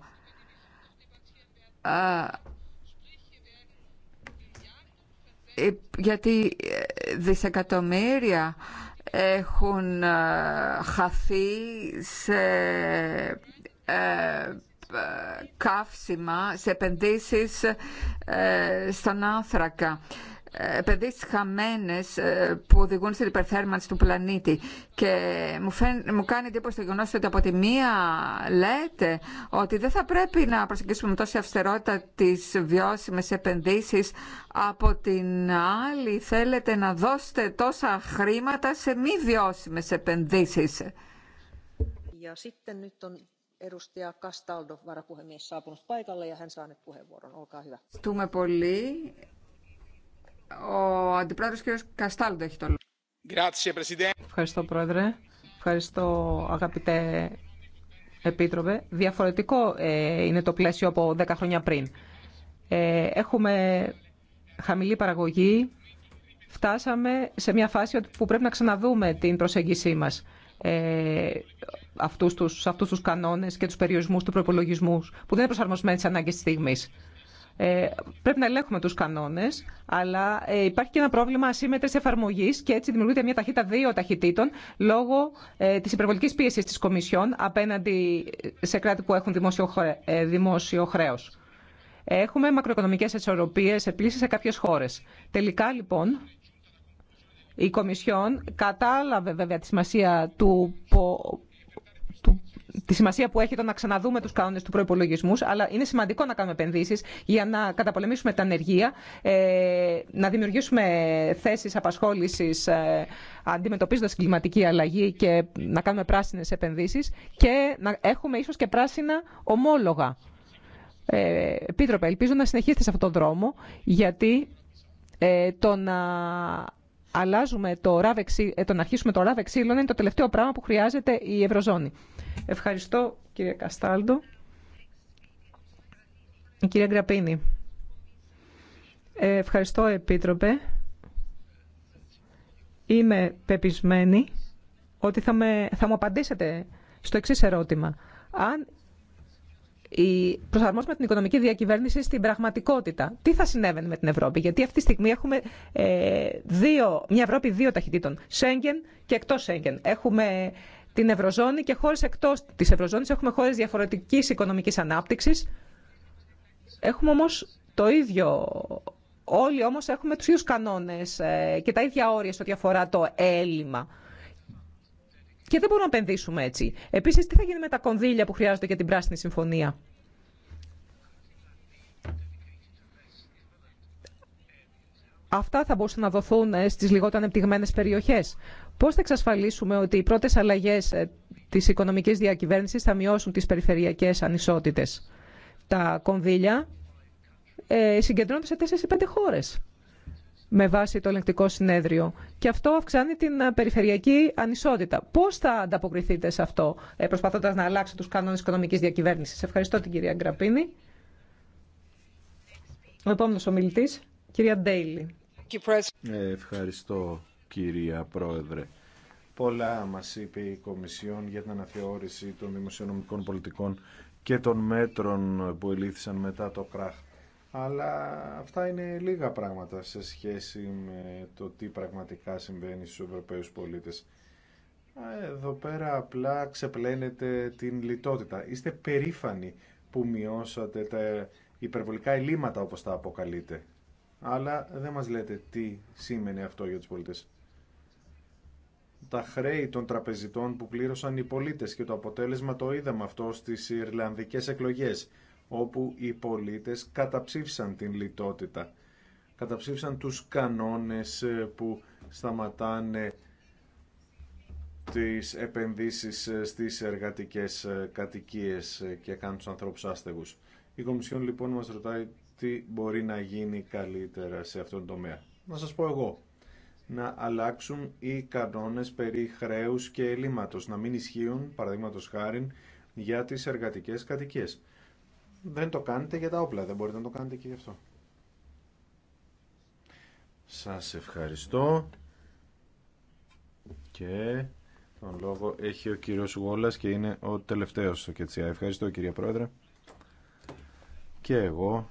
Ε, γιατί ε, δισεκατομμύρια έχουν ε, χαθεί σε καύσιμα, σε επενδύσεις στον άνθρακα επενδύσεις χαμένες ε, που οδηγούν στην υπερθέρμανση του πλανήτη. Και μου, φαίν, μου κάνει εντύπωση το γεγονό ότι από τη μία λέτε ότι δεν θα πρέπει να προσεγγίσουμε με τόση αυστερότητα τις βιώσιμες επενδύσεις. Από την άλλη θέλετε να δώσετε τόσα χρήματα σε μη βιώσιμες επενδύσεις. Ja sitten nyt on edustaja Castaldo, varapuhemies, saapunut paikalle ja hän πολύ. Ο Αντιπρόεδρος κ. Καστάλντο έχει το λόγο. Ευχαριστώ, Πρόεδρε. Ευχαριστώ, αγαπητέ Επίτροπε. Διαφορετικό ε, είναι το πλαίσιο από 10 χρόνια πριν. Ε, έχουμε χαμηλή παραγωγή. Φτάσαμε σε μια φάση που πρέπει να ξαναδούμε την προσέγγισή μας ε, αυτούς τους, αυτούς κανόνες και τους περιορισμούς του προπολογισμού που δεν είναι προσαρμοσμένοι στις ανάγκες της στιγμής. Ε, πρέπει να ελέγχουμε τους κανόνες, αλλά ε, υπάρχει και ένα πρόβλημα ασύμμετρης εφαρμογής και έτσι δημιουργείται μια ταχύτητα δύο ταχυτήτων λόγω ε, της υπερβολικής πίεσης της Κομισιόν απέναντι σε κράτη που έχουν δημόσιο χρέος. Έχουμε μακροοικονομικές ισορροπίε επίση σε κάποιες χώρες. Τελικά λοιπόν η Κομισιόν κατάλαβε βέβαια τη σημασία του τη σημασία που έχει το να ξαναδούμε του κανόνε του προπολογισμού, αλλά είναι σημαντικό να κάνουμε επενδύσει για να καταπολεμήσουμε τα ανεργία, ε, να δημιουργήσουμε θέσεις απασχόλησης ε, αντιμετωπίζοντας κλιματική αλλαγή και να κάνουμε πράσινε επενδύσει και να έχουμε ίσω και πράσινα ομόλογα. Ε, Επίτροπε, ελπίζω να συνεχίσετε σε αυτόν τον δρόμο, γιατί ε, το να αλλάζουμε το ράβεξι, το να αρχίσουμε το ράβεξι είναι το τελευταίο πράγμα που χρειάζεται η Ευρωζώνη. Ευχαριστώ κύριε Καστάλντο. Κύριε κυρία Γκραπίνη. Ε, ευχαριστώ Επίτροπε. Είμαι πεπισμένη ότι θα, με, θα μου απαντήσετε στο εξή ερώτημα. Αν η, προσαρμόσουμε την οικονομική διακυβέρνηση στην πραγματικότητα. Τι θα συνέβαινε με την Ευρώπη, γιατί αυτή τη στιγμή έχουμε ε, δύο, μια Ευρώπη δύο ταχυτήτων, Σέγγεν και εκτός Σέγγεν. Έχουμε την Ευρωζώνη και χώρες εκτός της Ευρωζώνης. Έχουμε χώρες διαφορετικής οικονομικής ανάπτυξης. Έχουμε όμως το ίδιο. Όλοι όμως έχουμε τους ίδιους κανόνες ε, και τα ίδια όρια στο διαφορά το έλλειμμα. Και δεν μπορούμε να επενδύσουμε έτσι. Επίσης, τι θα γίνει με τα κονδύλια που χρειάζονται για την Πράσινη Συμφωνία. Αυτά θα μπορούσαν να δοθούν ε, στις λιγότερο ανεπτυγμένες περιοχές. Πώ θα εξασφαλίσουμε ότι οι πρώτε αλλαγέ ε, τη οικονομική διακυβέρνηση θα μειώσουν τι περιφερειακέ ανισότητε Τα κονδύλια ε, συγκεντρώνονται σε 4-5 χώρε με βάση το ελεγκτικό συνέδριο. Και αυτό αυξάνει την ε, περιφερειακή ανισότητα. Πώ θα ανταποκριθείτε σε αυτό, ε, προσπαθώντα να αλλάξετε του κανόνε οικονομική διακυβέρνηση. Ευχαριστώ την κυρία Γκραπίνη. Ο επόμενο ομιλητή, κυρία Ντέιλι. Ευχαριστώ, κυρία Πρόεδρε. Πολλά μας είπε η Κομισιόν για την αναθεώρηση των δημοσιονομικών πολιτικών και των μέτρων που ελήφθησαν μετά το κράχ. Αλλά αυτά είναι λίγα πράγματα σε σχέση με το τι πραγματικά συμβαίνει στους Ευρωπαίους πολίτες. Εδώ πέρα απλά ξεπλένετε την λιτότητα. Είστε περήφανοι που μειώσατε τα υπερβολικά ελλείμματα όπως τα αποκαλείτε. Αλλά δεν μας λέτε τι σήμαινε αυτό για τους πολίτες τα χρέη των τραπεζιτών που πλήρωσαν οι πολίτες και το αποτέλεσμα το είδαμε αυτό στις Ιρλανδικές εκλογές όπου οι πολίτες καταψήφισαν την λιτότητα. Καταψήφισαν τους κανόνες ε, που σταματάνε τις επενδύσεις ε, στις εργατικές ε, κατοικίες και κάνουν τους ανθρώπους άστεγους. Η Κομισιόν λοιπόν μας ρωτάει τι μπορεί να γίνει καλύτερα σε αυτόν τον τομέα. Να σας πω εγώ να αλλάξουν οι κανόνες περί χρέους και ελλείμματος, να μην ισχύουν, παραδείγματος χάρη, για τις εργατικές κατοικίες. Δεν το κάνετε για τα όπλα, δεν μπορείτε να το κάνετε και γι' αυτό. Σας ευχαριστώ. Και τον λόγο έχει ο κύριος Γόλας και είναι ο τελευταίος στο Κετσιά. Ευχαριστώ κύριε Πρόεδρε. Και εγώ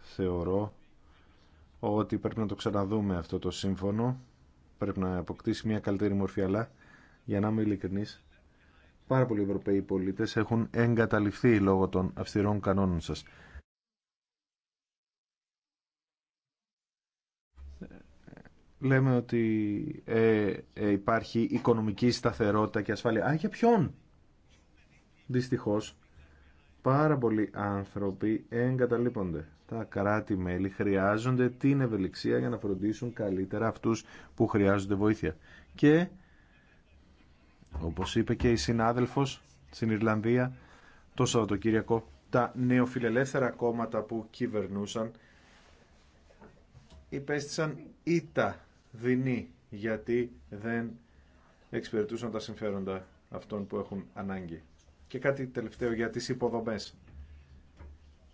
θεωρώ ότι πρέπει να το ξαναδούμε αυτό το σύμφωνο πρέπει να αποκτήσει μια καλύτερη μορφή, αλλά για να είμαι ειλικρινή, πάρα πολλοί Ευρωπαίοι πολίτε έχουν εγκαταληφθεί λόγω των αυστηρών κανόνων σας. Λέμε ότι ε, ε υπάρχει οικονομική σταθερότητα και ασφάλεια. Α, για ποιον! Δυστυχώς, πάρα πολλοί άνθρωποι εγκαταλείπονται τα κράτη-μέλη χρειάζονται την ευελιξία για να φροντίσουν καλύτερα αυτούς που χρειάζονται βοήθεια. Και, όπως είπε και η συνάδελφος στην Ιρλανδία, το Σαββατοκύριακο, τα νεοφιλελεύθερα κόμματα που κυβερνούσαν υπέστησαν ήττα δεινή γιατί δεν εξυπηρετούσαν τα συμφέροντα αυτών που έχουν ανάγκη. Και κάτι τελευταίο για τις υποδομές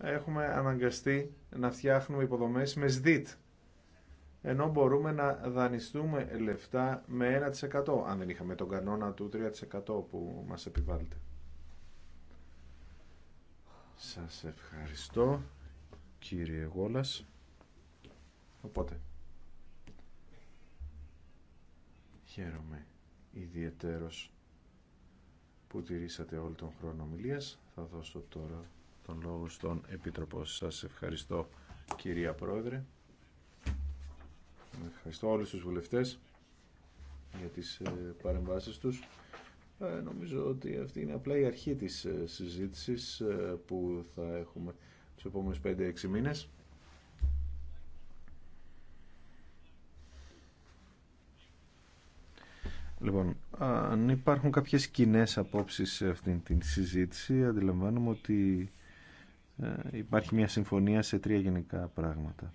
έχουμε αναγκαστεί να φτιάχνουμε υποδομές με ΣΔΙΤ ενώ μπορούμε να δανειστούμε λεφτά με 1% αν δεν είχαμε τον κανόνα του 3% που μας επιβάλλεται. Σας ευχαριστώ κύριε Γόλας. Οπότε χαίρομαι ιδιαίτερος που τηρήσατε όλο τον χρόνο ομιλίας. Θα δώσω τώρα τον λόγο στον Επίτροπο. Σας ευχαριστώ κυρία Πρόεδρε. Ευχαριστώ όλους τους βουλευτές για τις ε, παρεμβάσεις τους. Ε, νομίζω ότι αυτή είναι απλά η αρχή της ε, συζήτησης που θα έχουμε τους επόμενους 5-6 μήνες. Λοιπόν, αν υπάρχουν κάποιες κοινέ απόψεις σε αυτήν την συζήτηση, αντιλαμβάνομαι ότι ε, υπάρχει μια συμφωνία σε τρία γενικά πράγματα.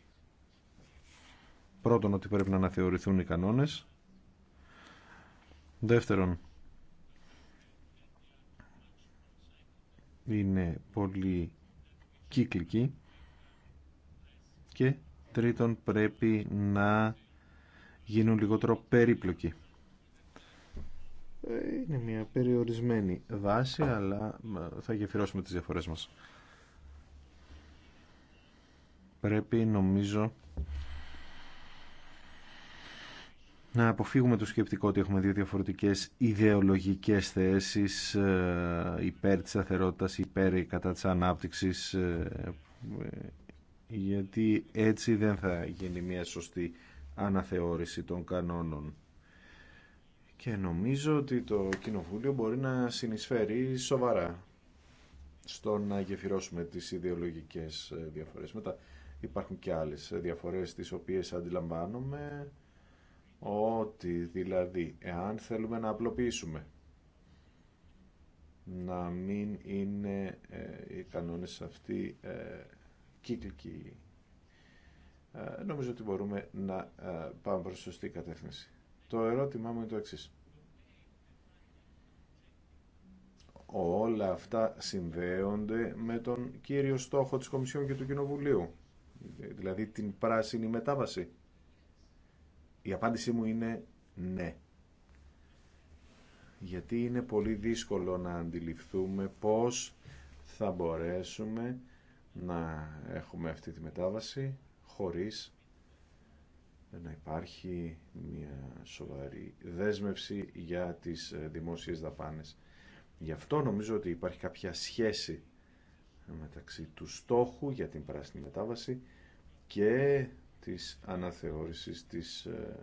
Πρώτον, ότι πρέπει να αναθεωρηθούν οι κανόνες. Δεύτερον, είναι πολύ κύκλικη. Και τρίτον, πρέπει να γίνουν λιγότερο περίπλοκοι. Ε, είναι μια περιορισμένη βάση, αλλά ε, θα γεφυρώσουμε τις διαφορές μας πρέπει νομίζω να αποφύγουμε το σκεπτικό ότι έχουμε δύο διαφορετικές ιδεολογικές θέσεις ε, υπέρ της σταθερότητας, υπέρ κατά της ανάπτυξης ε, ε, γιατί έτσι δεν θα γίνει μια σωστή αναθεώρηση των κανόνων. Και νομίζω ότι το Κοινοβούλιο μπορεί να συνεισφέρει σοβαρά στο να γεφυρώσουμε τις ιδεολογικές διαφορές. Μετά Υπάρχουν και άλλες διαφορές τις οποίες αντιλαμβάνομαι ότι δηλαδή εάν θέλουμε να απλοποιήσουμε να μην είναι ε, οι κανόνες αυτοί ε, κύκλικοι ε, νομίζω ότι μπορούμε να ε, πάμε προς σωστή κατεύθυνση. Το ερώτημά μου είναι το εξής. Όλα αυτά συνδέονται με τον κύριο στόχο της Κομισιόν και του Κοινοβουλίου δηλαδή την πράσινη μετάβαση. Η απάντησή μου είναι ναι. Γιατί είναι πολύ δύσκολο να αντιληφθούμε πώς θα μπορέσουμε να έχουμε αυτή τη μετάβαση χωρίς να υπάρχει μια σοβαρή δέσμευση για τις ε, δημόσιες δαπάνες. Γι' αυτό νομίζω ότι υπάρχει κάποια σχέση μεταξύ του στόχου για την πράσινη μετάβαση και της αναθεώρησης της ε,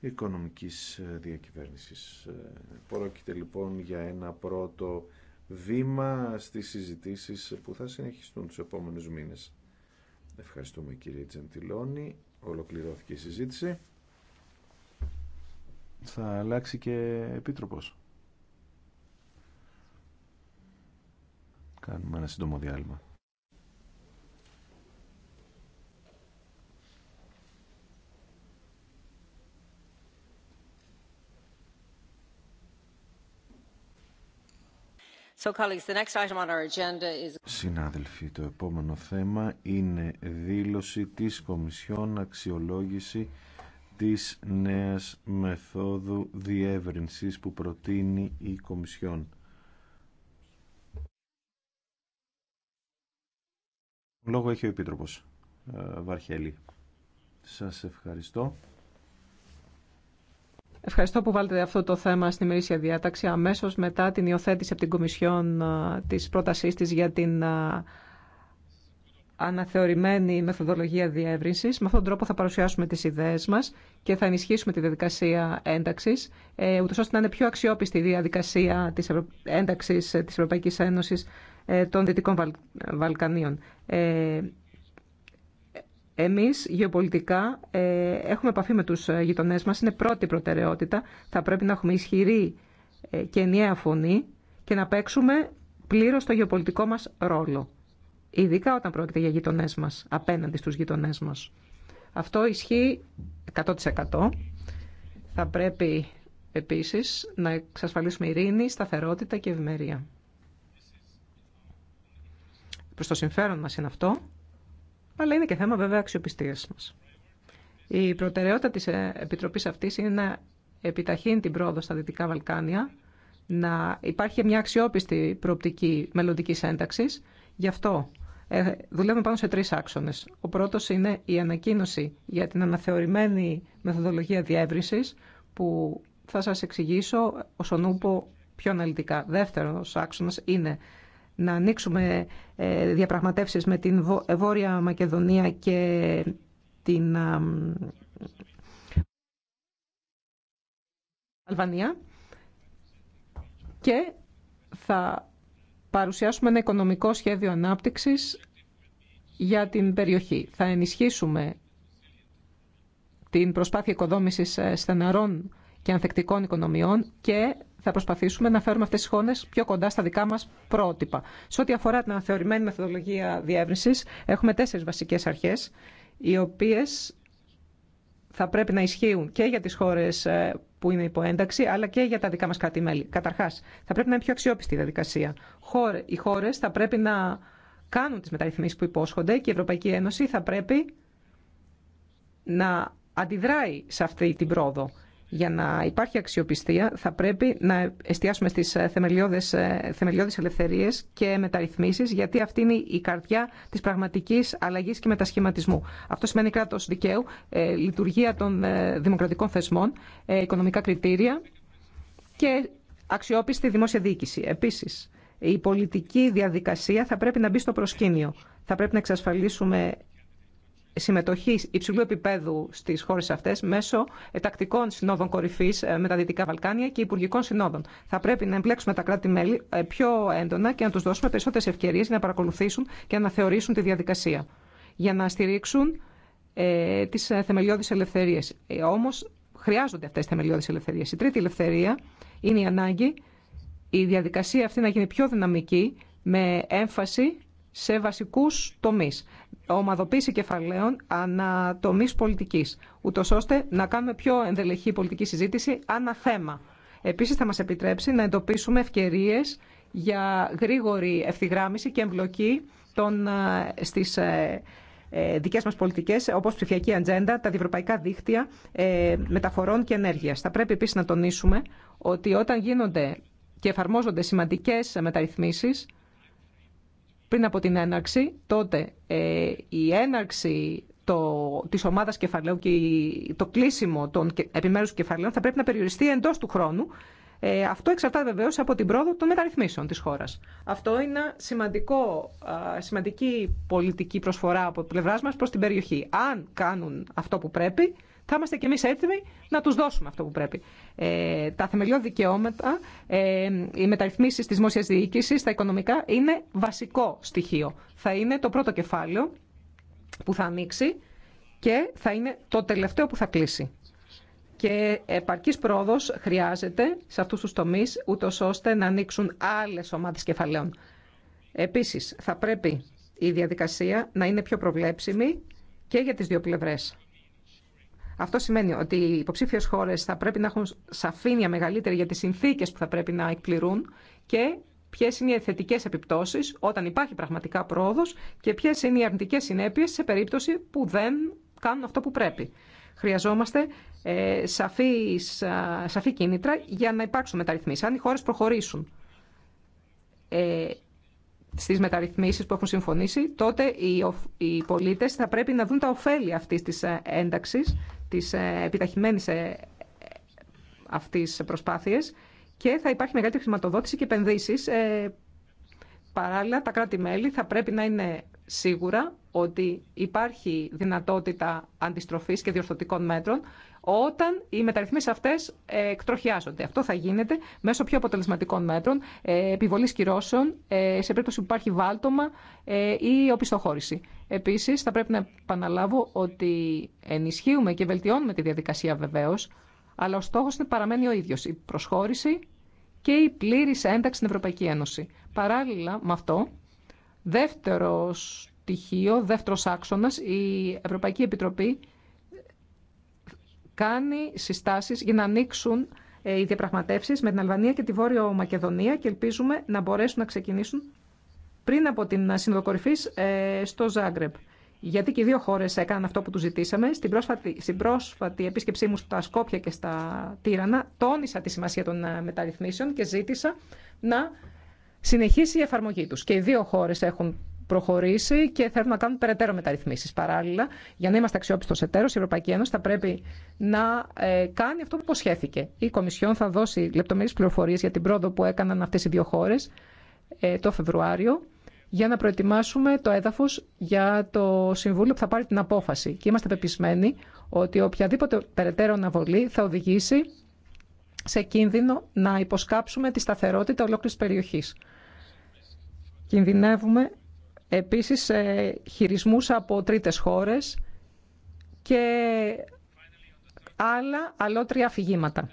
οικονομικής ε, διακυβέρνησης. Ε, πρόκειται λοιπόν για ένα πρώτο βήμα στις συζητήσεις που θα συνεχιστούν τους επόμενους μήνες. Ευχαριστούμε κύριε Τζεντιλόνη. Ολοκληρώθηκε η συζήτηση. Θα αλλάξει και επίτροπος. κάνουμε ένα σύντομο διάλειμμα. Συνάδελφοι, το επόμενο θέμα είναι δήλωση της Κομισιόν Αξιολόγηση της νέας μεθόδου διεύρυνσης που προτείνει η Κομισιόν. Λόγο έχει ο Επίτροπος ε, Βαρχέλη. Σας ευχαριστώ. Ευχαριστώ που βάλετε αυτό το θέμα στη ημερήσια διάταξη αμέσως μετά την υιοθέτηση από την Κομισιόν ε, της πρότασής της για την ε, αναθεωρημένη μεθοδολογία διεύρυνση. Με αυτόν τον τρόπο θα παρουσιάσουμε τι ιδέες μα και θα ενισχύσουμε τη διαδικασία ένταξης, ε, ούτω ώστε να είναι πιο αξιόπιστη η διαδικασία της ένταξης ε, της Ευρωπαϊκή Ένωσης ε, των Δυτικών Βαλκανίων. Εμείς γεωπολιτικά έχουμε επαφή με τους γειτονές μας, είναι πρώτη προτεραιότητα. Θα πρέπει να έχουμε ισχυρή και ενιαία φωνή και να παίξουμε πλήρως το γεωπολιτικό μας ρόλο ειδικά όταν πρόκειται για γειτονέ μα, απέναντι στου γειτονέ μα. Αυτό ισχύει 100%. Θα πρέπει επίσης να εξασφαλίσουμε ειρήνη, σταθερότητα και ευημερία. Προς το συμφέρον μας είναι αυτό, αλλά είναι και θέμα βέβαια αξιοπιστίας μας. Η προτεραιότητα της ε, Επιτροπής αυτής είναι να επιταχύνει την πρόοδο στα Δυτικά Βαλκάνια, να υπάρχει μια αξιόπιστη προοπτική μελλοντική ένταξης, Γι' αυτό ε, δουλεύουμε πάνω σε τρεις άξονες. Ο πρώτο είναι η ανακοίνωση για την αναθεωρημένη μεθοδολογία διεύρυνση, που θα σα εξηγήσω όσον ούπο πιο αναλυτικά. Δεύτερος άξονας είναι να ανοίξουμε ε, διαπραγματεύσεις με την ε, Βόρεια Μακεδονία και την Αλβανία και θα παρουσιάσουμε ένα οικονομικό σχέδιο ανάπτυξης για την περιοχή. Θα ενισχύσουμε την προσπάθεια οικοδόμησης ε, στεναρών και ανθεκτικών οικονομιών και θα προσπαθήσουμε να φέρουμε αυτές τις χώρες πιο κοντά στα δικά μας πρότυπα. Σε ό,τι αφορά την αναθεωρημένη μεθοδολογία διεύρυνσης, έχουμε τέσσερις βασικές αρχές, οι οποίες θα πρέπει να ισχύουν και για τις χώρες ε, που είναι υπό ένταξη, αλλά και για τα δικά μα κράτη-μέλη. Καταρχά, θα πρέπει να είναι πιο αξιόπιστη η διαδικασία. Οι χώρε θα πρέπει να κάνουν τι μεταρρυθμίσει που υπόσχονται και η Ευρωπαϊκή Ένωση θα πρέπει να αντιδράει σε αυτή την πρόοδο για να υπάρχει αξιοπιστία θα πρέπει να εστιάσουμε στις ε, θεμελιώδες, ε, θεμελιώδες ελευθερίες και μεταρρυθμίσεις γιατί αυτή είναι η καρδιά της πραγματικής αλλαγής και μετασχηματισμού. Αυτό σημαίνει κράτος δικαίου, ε, λειτουργία των δημοκρατικών θεσμών, οικονομικά κριτήρια και αξιόπιστη δημόσια διοίκηση. Επίσης, η πολιτική διαδικασία θα πρέπει να μπει στο προσκήνιο. Θα πρέπει να εξασφαλίσουμε συμμετοχή υψηλού επίπεδου στι χώρε αυτέ μέσω ε, τακτικών συνόδων κορυφή ε, με τα Δυτικά Βαλκάνια και υπουργικών συνόδων. Θα πρέπει να εμπλέξουμε τα κράτη-μέλη ε, πιο έντονα και να του δώσουμε περισσότερε ευκαιρίε να παρακολουθήσουν και να θεωρήσουν τη διαδικασία για να στηρίξουν ε, τι θεμελιώδει ελευθερίε. Όμω χρειάζονται αυτέ τι θεμελιώδει ελευθερίε. Η τρίτη ελευθερία είναι η ανάγκη η διαδικασία αυτή να γίνει πιο δυναμική με έμφαση σε βασικούς τομείς. Ομαδοποίηση κεφαλαίων τομείς πολιτικής, ούτω ώστε να κάνουμε πιο ενδελεχή πολιτική συζήτηση ανά θέμα. Επίσης θα μας επιτρέψει να εντοπίσουμε ευκαιρίες για γρήγορη ευθυγράμμιση και εμπλοκή των, ε, στις ε, ε, δικές μας πολιτικές, όπως ψηφιακή ατζέντα, τα διευρωπαϊκά δίκτυα μεταφορών και ενέργειας. Θα πρέπει επίσης να τονίσουμε ότι όταν γίνονται και εφαρμόζονται σημαντικές μεταρρυθμίσεις, πριν από την έναρξη, τότε ε, η έναρξη το, της ομάδας κεφαλαίου και το κλείσιμο των επιμέρους κεφαλαίων θα πρέπει να περιοριστεί εντός του χρόνου. Ε, αυτό εξαρτάται βεβαίως από την πρόοδο των μεταρρυθμίσεων της χώρας. Αυτό είναι σημαντικό, σημαντική πολιτική προσφορά από πλευράς μας προς την περιοχή. Αν κάνουν αυτό που πρέπει, θα είμαστε κι εμεί έτοιμοι να του δώσουμε αυτό που πρέπει. Ε, τα θεμελιώδη δικαιώματα, ε, οι μεταρρυθμίσει τη δημόσια διοίκηση, τα οικονομικά είναι βασικό στοιχείο. Θα είναι το πρώτο κεφάλαιο που θα ανοίξει και θα είναι το τελευταίο που θα κλείσει. Και επαρκής πρόοδος χρειάζεται σε αυτούς τους τομείς, ούτω ώστε να ανοίξουν άλλες ομάδες κεφαλαίων. Επίσης, θα πρέπει η διαδικασία να είναι πιο προβλέψιμη και για τις δύο πλευρές. Αυτό σημαίνει ότι οι υποψήφιε χώρε θα πρέπει να έχουν σαφήνεια μεγαλύτερη για τις συνθήκες που θα πρέπει να εκπληρούν και ποιε είναι οι θετικέ επιπτώσεις όταν υπάρχει πραγματικά πρόοδο και ποιε είναι οι αρνητικέ συνέπειες σε περίπτωση που δεν κάνουν αυτό που πρέπει. Χρειαζόμαστε ε, σαφή, κίνητρα για να υπάρξουν μεταρρυθμίσει. αν οι χώρε προχωρήσουν. Ε, Στι μεταρρυθμίσεις που έχουν συμφωνήσει, τότε οι πολίτε θα πρέπει να δουν τα ωφέλη αυτής της ε, ένταξης, της ε, επιταχυμένης ε, αυτής προσπάθειας και θα υπάρχει μεγαλύτερη χρηματοδότηση και επενδύσεις. Παράλληλα, τα κράτη-μέλη θα πρέπει να είναι σίγουρα ότι υπάρχει δυνατότητα αντιστροφής και διορθωτικών μέτρων όταν οι μεταρρυθμίσεις αυτές ε, εκτροχιάζονται. Αυτό θα γίνεται μέσω πιο αποτελεσματικών μέτρων, ε, επιβολής κυρώσεων, ε, σε περίπτωση που υπάρχει βάλτομα ή οπισθοχώρηση. Επίσης, θα πρέπει να επαναλάβω ότι ενισχύουμε και βελτιώνουμε τη διαδικασία βεβαίως, αλλά ο στόχος είναι παραμένει ο ίδιος, η προσχώρηση και η πλήρη ένταξη στην Ευρωπαϊκή Ένωση. Παράλληλα με αυτό, δεύτερο στοιχείο, δεύτερος άξονας, η Ευρωπαϊκή Επιτροπή κάνει συστάσεις για να ανοίξουν ε, οι διαπραγματεύσεις με την Αλβανία και τη Βόρειο Μακεδονία και ελπίζουμε να μπορέσουν να ξεκινήσουν πριν από την Σύνοδο ε, στο Ζάγκρεπ. Γιατί και οι δύο χώρε έκαναν αυτό που του ζητήσαμε. Στην πρόσφατη, στην πρόσφατη επίσκεψή μου στα Σκόπια και στα Τύρανα, τόνισα τη σημασία των ε, μεταρρυθμίσεων και ζήτησα να συνεχίσει η εφαρμογή του. Και οι δύο χώρε έχουν προχωρήσει και θέλουν να κάνουν περαιτέρω μεταρρυθμίσεις. Παράλληλα, για να είμαστε αξιόπιστος εταίρος, η Ευρωπαϊκή Ένωση θα πρέπει να ε, κάνει αυτό που υποσχέθηκε. Η Κομισιόν θα δώσει λεπτομέρειε πληροφορίε για την πρόοδο που έκαναν αυτέ οι δύο χώρες ε, το Φεβρουάριο για να προετοιμάσουμε το έδαφο για το Συμβούλιο που θα πάρει την απόφαση. Και είμαστε πεπισμένοι ότι οποιαδήποτε περαιτέρω αναβολή θα οδηγήσει σε κίνδυνο να υποσκάψουμε τη σταθερότητα ολόκληρη περιοχής. Κινδυνεύουμε επίσης ε, χειρισμούς από τρίτες χώρες και άλλα αλότρια αφηγήματα.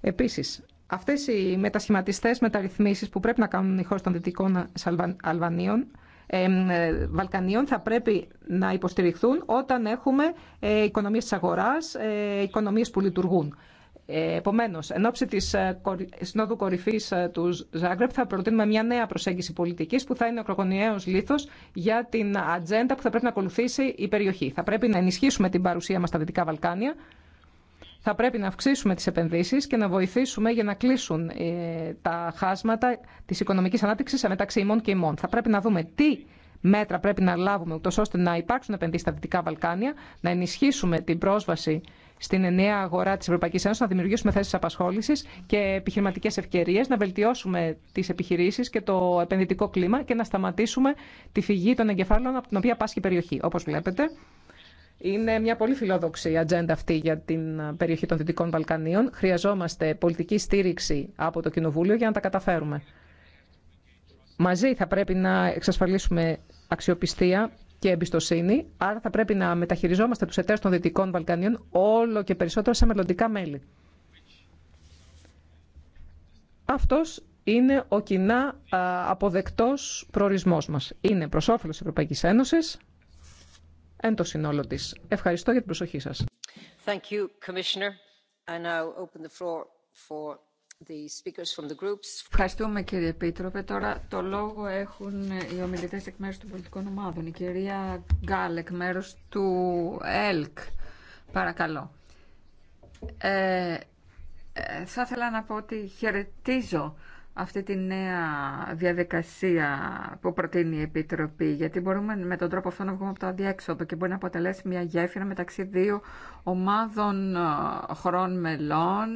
Επίσης, αυτές οι μετασχηματιστές μεταρρυθμίσεις που πρέπει να κάνουν οι χώρες των Δυτικών ε, Βαλκανίων θα πρέπει να υποστηριχθούν όταν έχουμε ε, οικονομίες της αγοράς, ε, οικονομίες που λειτουργούν. Ε, Επομένω, εν ώψη τη ε, Συνόδου Κορυφή ε, του Ζάγκρεπ, θα προτείνουμε μια νέα προσέγγιση πολιτική που θα είναι ο κροκονιαίο λίθο για την ατζέντα που θα πρέπει να ακολουθήσει η περιοχή. Θα πρέπει να ενισχύσουμε την παρουσία μα στα Δυτικά Βαλκάνια, θα πρέπει να αυξήσουμε τι επενδύσει και να βοηθήσουμε για να κλείσουν τα χάσματα τη οικονομική ανάπτυξη μεταξύ ημών και ημών. Θα πρέπει να δούμε τι μέτρα πρέπει να λάβουμε, ούτω ώστε να υπάρξουν επενδύσει στα Δυτικά Βαλκάνια, να ενισχύσουμε την πρόσβαση στην νέα αγορά τη Ευρωπαϊκή Ένωση, να δημιουργήσουμε θέσει απασχόληση και επιχειρηματικέ ευκαιρίε, να βελτιώσουμε τι επιχειρήσει και το επενδυτικό κλίμα και να σταματήσουμε τη φυγή των εγκεφάλων από την οποία πάσχει η περιοχή. Όπω βλέπετε, είναι μια πολύ φιλόδοξη ατζέντα αυτή για την περιοχή των Δυτικών Βαλκανίων. Χρειαζόμαστε πολιτική στήριξη από το Κοινοβούλιο για να τα καταφέρουμε. Μαζί θα πρέπει να εξασφαλίσουμε αξιοπιστία και εμπιστοσύνη, άρα θα πρέπει να μεταχειριζόμαστε του εταίρου των Δυτικών Βαλκανίων όλο και περισσότερο σε μελλοντικά μέλη. Αυτός είναι ο κοινά αποδεκτός προορισμός μας. Είναι προ όφελο τη Ευρωπαϊκή Ένωση εν το σύνολο Ευχαριστώ για την προσοχή σας. Thank you, Commissioner. I now open the floor for Ευχαριστούμε κύριε Επίτροπε. Τώρα το λόγο έχουν οι ομιλητές εκ μέρους των πολιτικών ομάδων. Η κυρία Γκάλ εκ μέρους του ΕΛΚ. Παρακαλώ. Ε, ε, θα ήθελα να πω ότι χαιρετίζω αυτή τη νέα διαδικασία που προτείνει η Επιτροπή, γιατί μπορούμε με τον τρόπο αυτό να βγούμε από το αδιέξοδο και μπορεί να αποτελέσει μια γέφυρα μεταξύ δύο ομάδων ε, χωρών μελών.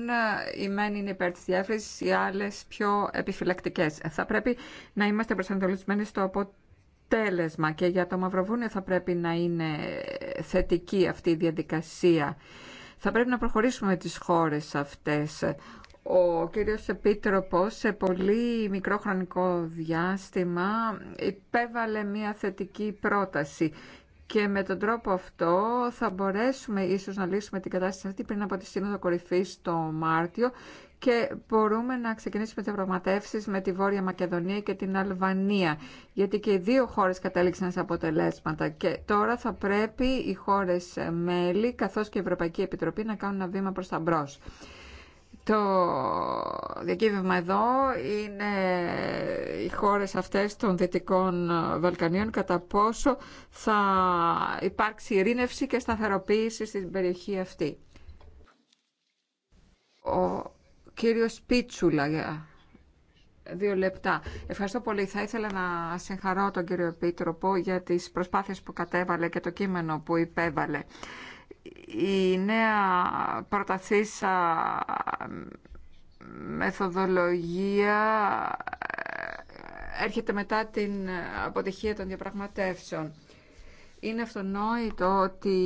Η μεν είναι υπέρ τη διεύρυνσης, οι άλλε πιο επιφυλακτικέ. Ε, θα πρέπει να είμαστε προσανατολισμένοι στο αποτέλεσμα και για το Μαυροβούνιο θα πρέπει να είναι θετική αυτή η διαδικασία. Θα πρέπει να προχωρήσουμε τις χώρες αυτές ο κύριος Επίτροπος σε πολύ μικρό χρονικό διάστημα υπέβαλε μια θετική πρόταση και με τον τρόπο αυτό θα μπορέσουμε ίσως να λύσουμε την κατάσταση αυτή πριν από τη Σύνοδο Κορυφή το Μάρτιο και μπορούμε να ξεκινήσουμε τις ευρωματεύσεις με τη Βόρεια Μακεδονία και την Αλβανία γιατί και οι δύο χώρες κατέληξαν σε αποτελέσματα και τώρα θα πρέπει οι χώρες μέλη καθώς και η Ευρωπαϊκή Επιτροπή να κάνουν ένα βήμα προς τα μπρος. Το διακύβευμα εδώ είναι οι χώρες αυτές των Δυτικών Βαλκανίων κατά πόσο θα υπάρξει ειρήνευση και σταθεροποίηση στην περιοχή αυτή. Ο κύριος Πίτσουλα για δύο λεπτά. Ευχαριστώ πολύ. Θα ήθελα να συγχαρώ τον κύριο Επίτροπο για τις προσπάθειες που κατέβαλε και το κείμενο που υπέβαλε η νέα προταθήσα μεθοδολογία ε, έρχεται μετά την αποτυχία των διαπραγματεύσεων. Είναι αυτονόητο ότι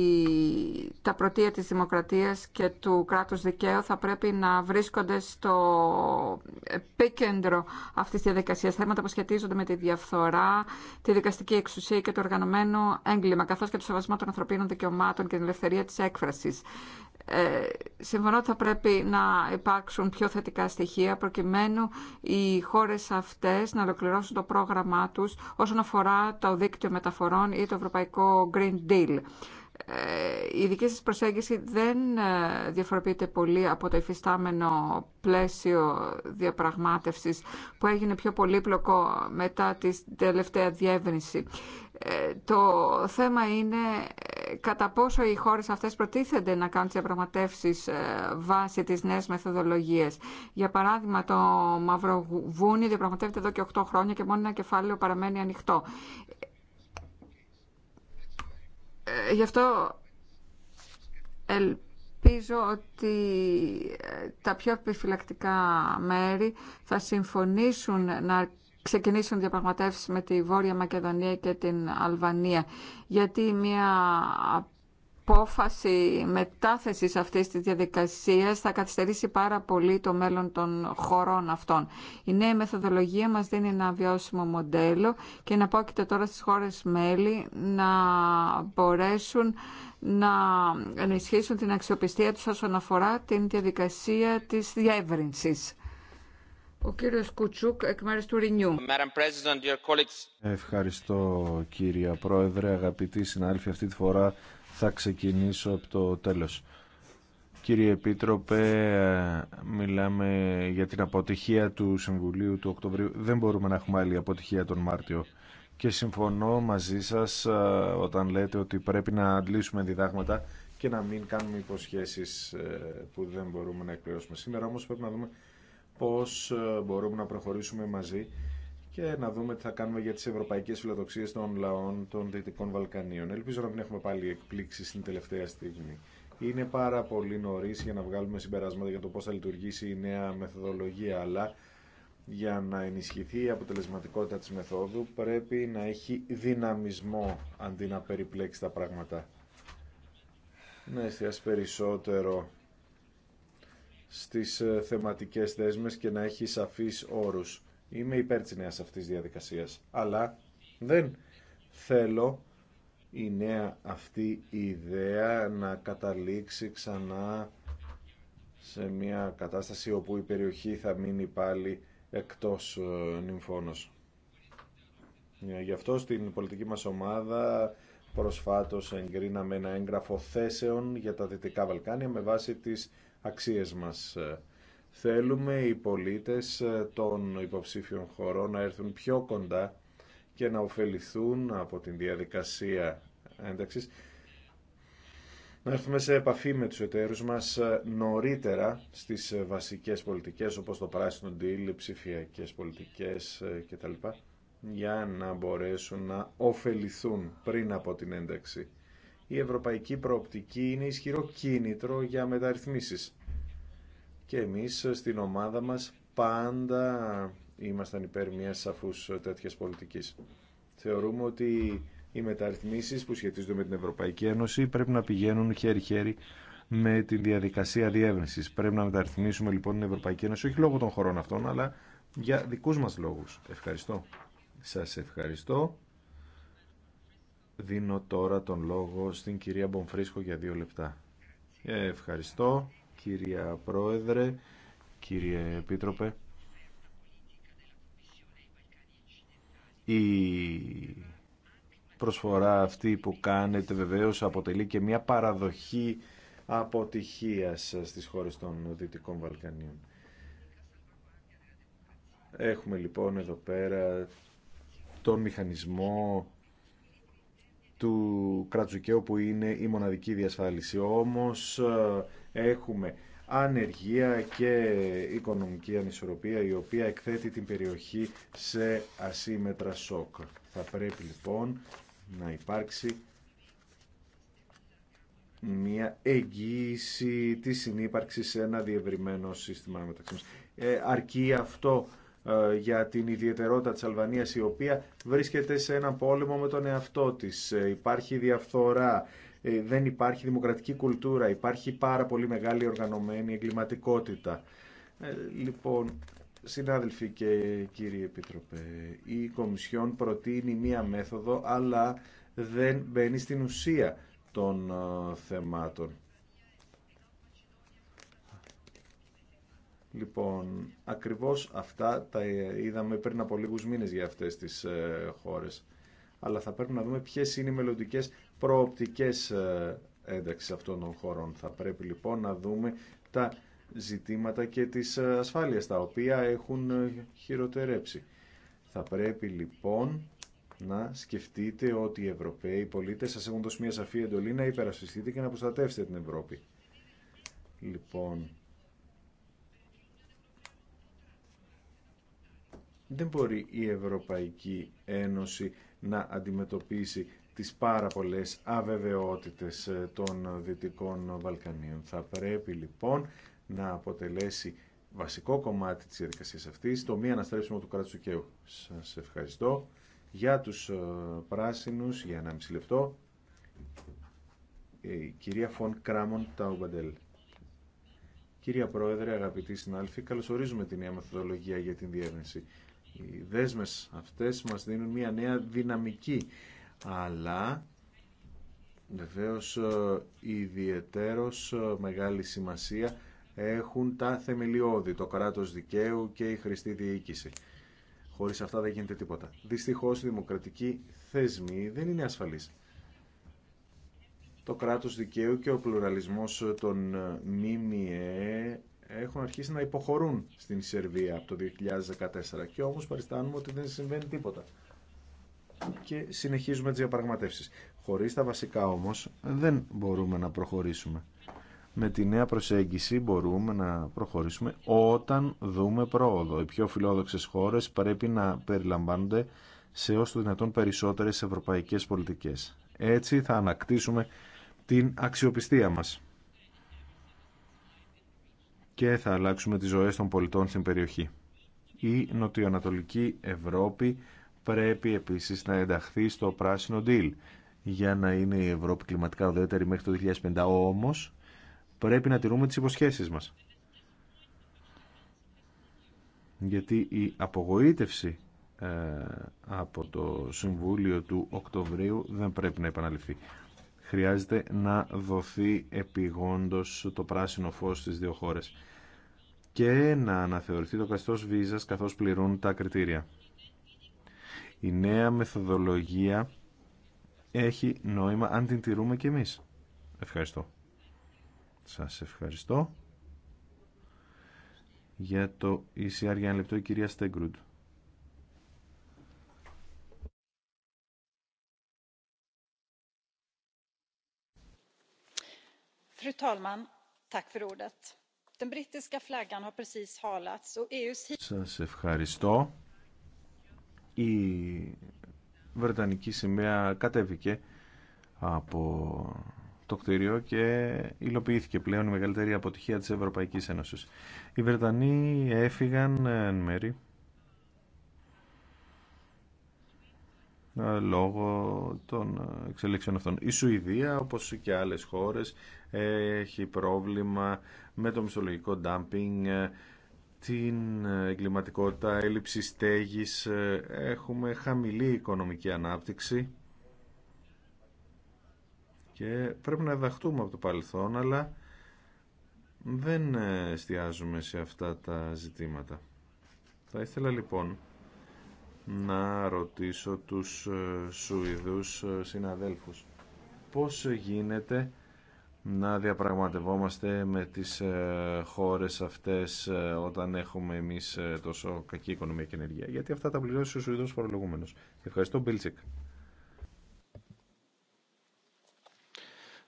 τα πρωτεία της δημοκρατίας και του κράτους δικαίου θα πρέπει να βρίσκονται στο επίκεντρο αυτής της διαδικασίας. Θέματα που σχετίζονται με τη διαφθορά, τη δικαστική εξουσία και το οργανωμένο έγκλημα, καθώς και το σεβασμό των ανθρωπίνων δικαιωμάτων και την ελευθερία της έκφρασης. Ε, συμφωνώ ότι θα πρέπει να υπάρξουν πιο θετικά στοιχεία προκειμένου οι χώρες αυτές να ολοκληρώσουν το πρόγραμμά τους όσον αφορά το δίκτυο μεταφορών ή το Ευρωπαϊκό Green Deal. Ε, η δική σας προσέγγιση δεν ε, διαφοροποιείται πολύ από το υφιστάμενο πλαίσιο διαπραγμάτευσης που έγινε πιο πολύπλοκο μετά τη τελευταία διεύρυνση. Ε, το θέμα είναι κατά πόσο οι χώρες αυτές προτίθενται να κάνουν τις διαπραγματεύσεις βάσει της νέες μεθοδολογίες. Για παράδειγμα, το Μαυροβούνι διαπραγματεύεται εδώ και 8 χρόνια και μόνο ένα κεφάλαιο παραμένει ανοιχτό. Ε, γι' αυτό ελπίζω ότι ε, τα πιο επιφυλακτικά μέρη θα συμφωνήσουν να ξεκινήσουν διαπραγματεύσεις με τη Βόρεια Μακεδονία και την Αλβανία. Γιατί μια απόφαση μετάθεσης αυτής της διαδικασίας θα καθυστερήσει πάρα πολύ το μέλλον των χωρών αυτών. Η νέα μεθοδολογία μας δίνει ένα βιώσιμο μοντέλο και να εναπόκειται τώρα στις χώρες μέλη να μπορέσουν να ενισχύσουν την αξιοπιστία τους όσον αφορά την διαδικασία της διεύρυνσης. Ο κύριος Κουτσούκ, εκ του Ευχαριστώ κύριε Πρόεδρε, αγαπητοί συνάδελφοι. Αυτή τη φορά θα ξεκινήσω από το τέλος. Κύριε Επίτροπε, μιλάμε για την αποτυχία του Συμβουλίου του Οκτωβρίου. Δεν μπορούμε να έχουμε άλλη αποτυχία τον Μάρτιο. Και συμφωνώ μαζί σας όταν λέτε ότι πρέπει να αντλήσουμε διδάγματα και να μην κάνουμε υποσχέσεις ε, που δεν μπορούμε να εκπληρώσουμε. Σήμερα όμως πρέπει να δούμε πώς ε, μπορούμε να προχωρήσουμε μαζί και να δούμε τι θα κάνουμε για τις ευρωπαϊκές φιλοδοξίες των λαών των Δυτικών Βαλκανίων. Ελπίζω να μην έχουμε πάλι εκπλήξεις στην τελευταία στιγμή. Είναι πάρα πολύ νωρί για να βγάλουμε συμπεράσματα για το πώς θα λειτουργήσει η νέα μεθοδολογία, αλλά για να ενισχυθεί η αποτελεσματικότητα της μεθόδου πρέπει να έχει δυναμισμό αντί να περιπλέξει τα πράγματα. Να εστιάσει περισσότερο στις ε, θεματικές δέσμες και να έχει σαφείς όρους Είμαι υπέρ της νέας αυτής διαδικασίας. Αλλά δεν θέλω η νέα αυτή ιδέα να καταλήξει ξανά σε μια κατάσταση όπου η περιοχή θα μείνει πάλι εκτός ε, νυμφώνος. Ε, γι' αυτό στην πολιτική μας ομάδα προσφάτως εγκρίναμε ένα έγγραφο θέσεων για τα Δυτικά Βαλκάνια με βάση τις αξίες μας. Ε. Θέλουμε οι πολίτες ε, των υποψήφιων χωρών να έρθουν πιο κοντά και να ωφεληθούν από την διαδικασία ένταξης. Να έρθουμε σε επαφή με τους εταίρους μας ε, νωρίτερα στις ε, βασικές πολιτικές όπως το πράσινο deal, ψηφιακές πολιτικές κτλ. για να μπορέσουν να ωφεληθούν πριν από την ένταξη. Η ευρωπαϊκή προοπτική είναι ισχυρό κίνητρο για μεταρρυθμίσεις και εμείς στην ομάδα μας πάντα ήμασταν υπέρ μιας σαφούς τέτοιας πολιτικής. Θεωρούμε ότι οι μεταρρυθμίσεις που σχετίζονται με την Ευρωπαϊκή Ένωση πρέπει να πηγαίνουν χέρι-χέρι με τη διαδικασία διεύρυνση. Πρέπει να μεταρρυθμίσουμε λοιπόν την Ευρωπαϊκή Ένωση, όχι λόγω των χωρών αυτών, αλλά για δικούς μας λόγους. Ευχαριστώ. Σας ευχαριστώ. Δίνω τώρα τον λόγο στην κυρία Μπομφρίσκο για δύο λεπτά. Ε, ευχαριστώ κυρία Πρόεδρε, κύριε Επίτροπε. Η προσφορά αυτή που κάνετε βεβαίως αποτελεί και μια παραδοχή αποτυχίας στις χώρες των Δυτικών Βαλκανίων. Έχουμε λοιπόν εδώ πέρα τον μηχανισμό του κράτσου που είναι η μοναδική διασφάλιση. Όμως Έχουμε ανεργία και οικονομική ανισορροπία η οποία εκθέτει την περιοχή σε ασύμετρα σοκ. Θα πρέπει λοιπόν να υπάρξει μια εγγύηση της συνύπαρξης σε ένα διευρυμένο σύστημα μεταξύ ε, αρκεί αυτό ε, για την ιδιαιτερότητα της Αλβανίας η οποία βρίσκεται σε ένα πόλεμο με τον εαυτό της. Ε, υπάρχει διαφθορά, ε, δεν υπάρχει δημοκρατική κουλτούρα, υπάρχει πάρα πολύ μεγάλη οργανωμένη εγκληματικότητα. Ε, λοιπόν, συνάδελφοι και κύριοι Επίτροπε, η Κομισιόν προτείνει μία μέθοδο, αλλά δεν μπαίνει στην ουσία των ε, θεμάτων. Λοιπόν, ακριβώς αυτά τα είδαμε πριν από λίγους μήνες για αυτές τις χώρες αλλά θα πρέπει να δούμε ποιε είναι οι μελλοντικέ προοπτικέ ε, ένταξη αυτών των χωρών. Θα πρέπει λοιπόν να δούμε τα ζητήματα και τις ε, ασφάλειες τα οποία έχουν ε, χειροτερέψει. Θα πρέπει λοιπόν να σκεφτείτε ότι οι Ευρωπαίοι πολίτες σας έχουν δώσει μια σαφή εντολή να υπερασπιστείτε και να προστατεύσετε την Ευρώπη. Λοιπόν, δεν μπορεί η Ευρωπαϊκή Ένωση να αντιμετωπίσει τις πάρα πολλές αβεβαιότητες ε, των Δυτικών Βαλκανίων. Θα πρέπει λοιπόν να αποτελέσει βασικό κομμάτι της διαδικασίας αυτής το μη αναστρέψιμο του κράτους κέου. Σας ευχαριστώ για τους ε, πράσινους για ένα μισή λεπτό. Η κυρία Φων Κράμον Ταουμπαντέλ. Κυρία Πρόεδρε, αγαπητοί συνάλφοι, καλωσορίζουμε τη νέα μεθοδολογία για την διεύρυνση. Οι δέσμες αυτές μας δίνουν μια νέα δυναμική, αλλά βεβαίως ε, ιδιαιτέρως ε, μεγάλη σημασία έχουν τα θεμελιώδη, το κράτος δικαίου και η χρηστή διοίκηση. Χωρίς αυτά δεν γίνεται τίποτα. Δυστυχώς οι δημοκρατικοί θεσμοί δεν είναι ασφαλείς. Το κράτος δικαίου και ο πλουραλισμός των ε, ΜΜΕ έχουν αρχίσει να υποχωρούν στην Σερβία από το 2014 και όμως παριστάνουμε ότι δεν συμβαίνει τίποτα και συνεχίζουμε τις διαπραγματεύσεις. Χωρίς τα βασικά όμως δεν μπορούμε να προχωρήσουμε. Με τη νέα προσέγγιση μπορούμε να προχωρήσουμε όταν δούμε πρόοδο. Οι πιο φιλόδοξες χώρες πρέπει να περιλαμβάνονται σε όσο δυνατόν περισσότερες ευρωπαϊκές πολιτικές. Έτσι θα ανακτήσουμε την αξιοπιστία μας και θα αλλάξουμε τις ζωές των πολιτών στην περιοχή. Η νοτιοανατολική Ευρώπη πρέπει επίσης να ενταχθεί στο πράσινο deal για να είναι η Ευρώπη κλιματικά οδέτερη μέχρι το 2050. Όμως πρέπει να τηρούμε τις υποσχέσεις μας. Γιατί η απογοήτευση ε, από το Συμβούλιο του Οκτωβρίου δεν πρέπει να επαναληφθεί χρειάζεται να δοθεί επιγόντως το πράσινο φως στις δύο χώρες και να αναθεωρηθεί το καθεστώς βίζας καθώς πληρούν τα κριτήρια. Η νέα μεθοδολογία έχει νόημα αν την τηρούμε κι εμείς. Ευχαριστώ. Σας ευχαριστώ. Για το ECR για ένα λεπτό η κυρία Στέγκρουντ. Fru talman! ευχαριστώ. Η Βρετανική σημαία κατέβηκε από το κτίριο και υλοποιήθηκε πλέον η μεγαλύτερη αποτυχία της Ευρωπαϊκής Ένωσης. Οι Βρετανοί έφυγαν εν μέρη Ε, λόγω των ε, εξελίξεων αυτών. Η Σουηδία, όπως και άλλες χώρες, έχει πρόβλημα με το μισθολογικό ντάμπινγκ, ε, την εγκληματικότητα, έλλειψη στέγης, έχουμε χαμηλή οικονομική ανάπτυξη και πρέπει να εδαχτούμε από το παρελθόν, αλλά δεν εστιάζουμε σε αυτά τα ζητήματα. Θα ήθελα λοιπόν να ρωτήσω τους ε, Σουηδούς ε, συναδέλφους πώς γίνεται να διαπραγματευόμαστε με τις ε, χώρες αυτές όταν έχουμε εμείς τόσο κακή οικονομία και ενεργεία. Γιατί αυτά τα πληρώσει ο Σουηδός φορολογούμενος. Ευχαριστώ, Μπίλτσικ.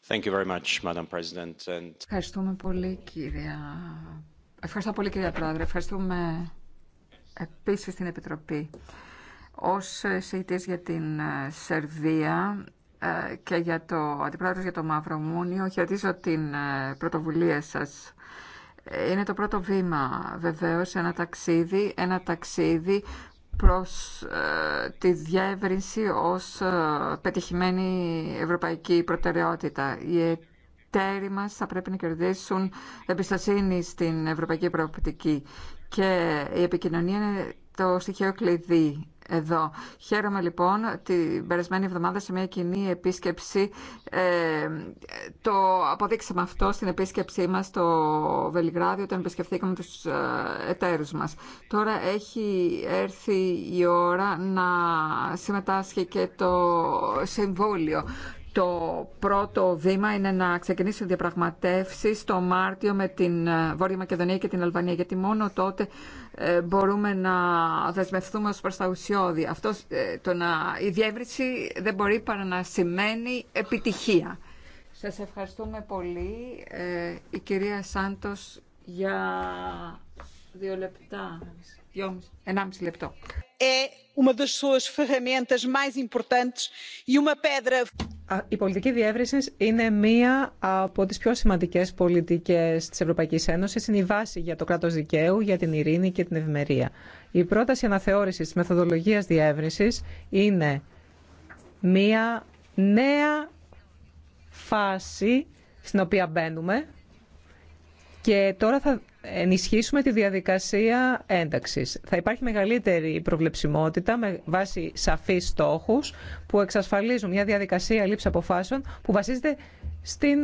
Thank you very much, Madam President. And... Ευχαριστούμε πολύ, κυρία... Ευχαριστώ πολύ, κύριε Πρόεδρε. Ευχαριστούμε επίσης την Επιτροπή ως εισηγητής για την ε, Σερβία ε, και για το αντιπρόεδρος για το Μούνιο, χαιρετίζω την ε, πρωτοβουλία σας. Είναι το πρώτο βήμα βεβαίως ένα ταξίδι, ένα ταξίδι προς τη διεύρυνση ως πετυχημένη ευρωπαϊκή προτεραιότητα. Οι εταίροι μας θα πρέπει να κερδίσουν εμπιστοσύνη στην ευρωπαϊκή προοπτική και η επικοινωνία είναι το στοιχείο κλειδί εδώ. Χαίρομαι λοιπόν την περασμένη εβδομάδα σε μια κοινή επίσκεψη. Ε, το αποδείξαμε αυτό στην επίσκεψή μας στο Βελιγράδι όταν επισκεφθήκαμε τους ε, εταίρους μας. Τώρα έχει έρθει η ώρα να συμμετάσχει και το συμβόλιο το πρώτο βήμα είναι να ξεκινήσουν διαπραγματεύσει το Μάρτιο με την ε, Βόρεια Μακεδονία και την Αλβανία, γιατί μόνο τότε ε, μπορούμε να δεσμευτούμε ως προς τα ουσιώδη. Ε, το να, η διεύρυνση δεν μπορεί παρά να σημαίνει επιτυχία. Σας ευχαριστούμε πολύ. Ε, η κυρία Σάντος για δύο λεπτά, δυόμιση, ενάμιση λεπτό. Η πολιτική διεύρυνση είναι μία από τι πιο σημαντικέ πολιτικέ τη Ευρωπαϊκή Ένωση. Είναι η βάση για το κράτο δικαίου, για την ειρήνη και την ευημερία. Η πρόταση αναθεώρηση τη μεθοδολογία διεύρυνση είναι μία νέα φάση στην οποία μπαίνουμε και τώρα θα ενισχύσουμε τη διαδικασία ένταξης. Θα υπάρχει μεγαλύτερη προβλεψιμότητα με βάση σαφείς στόχους που εξασφαλίζουν μια διαδικασία λήψη αποφάσεων που βασίζεται στην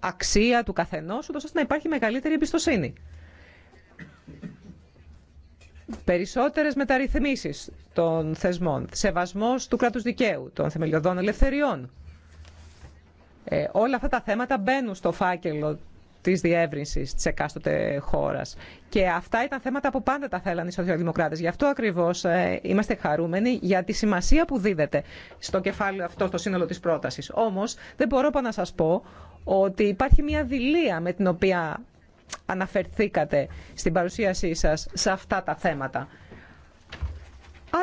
αξία του καθενός, ούτως ώστε να υπάρχει μεγαλύτερη εμπιστοσύνη. Περισσότερες μεταρρυθμίσεις των θεσμών, σεβασμός του κράτους δικαίου, των θεμελιωδών ελευθεριών. Ε, όλα αυτά τα θέματα μπαίνουν στο φάκελο της διεύρυνσης της εκάστοτε χώρας. Και αυτά ήταν θέματα που πάντα τα θέλαν οι σοσιαλδημοκράτες. Γι' αυτό ακριβώς ε, είμαστε χαρούμενοι για τη σημασία που δίδεται στο κεφάλαιο αυτό, στο σύνολο της πρότασης. Όμως δεν μπορώ πάνω να σας πω ότι υπάρχει μια δηλία με την οποία αναφερθήκατε στην παρουσίασή σας σε αυτά τα θέματα.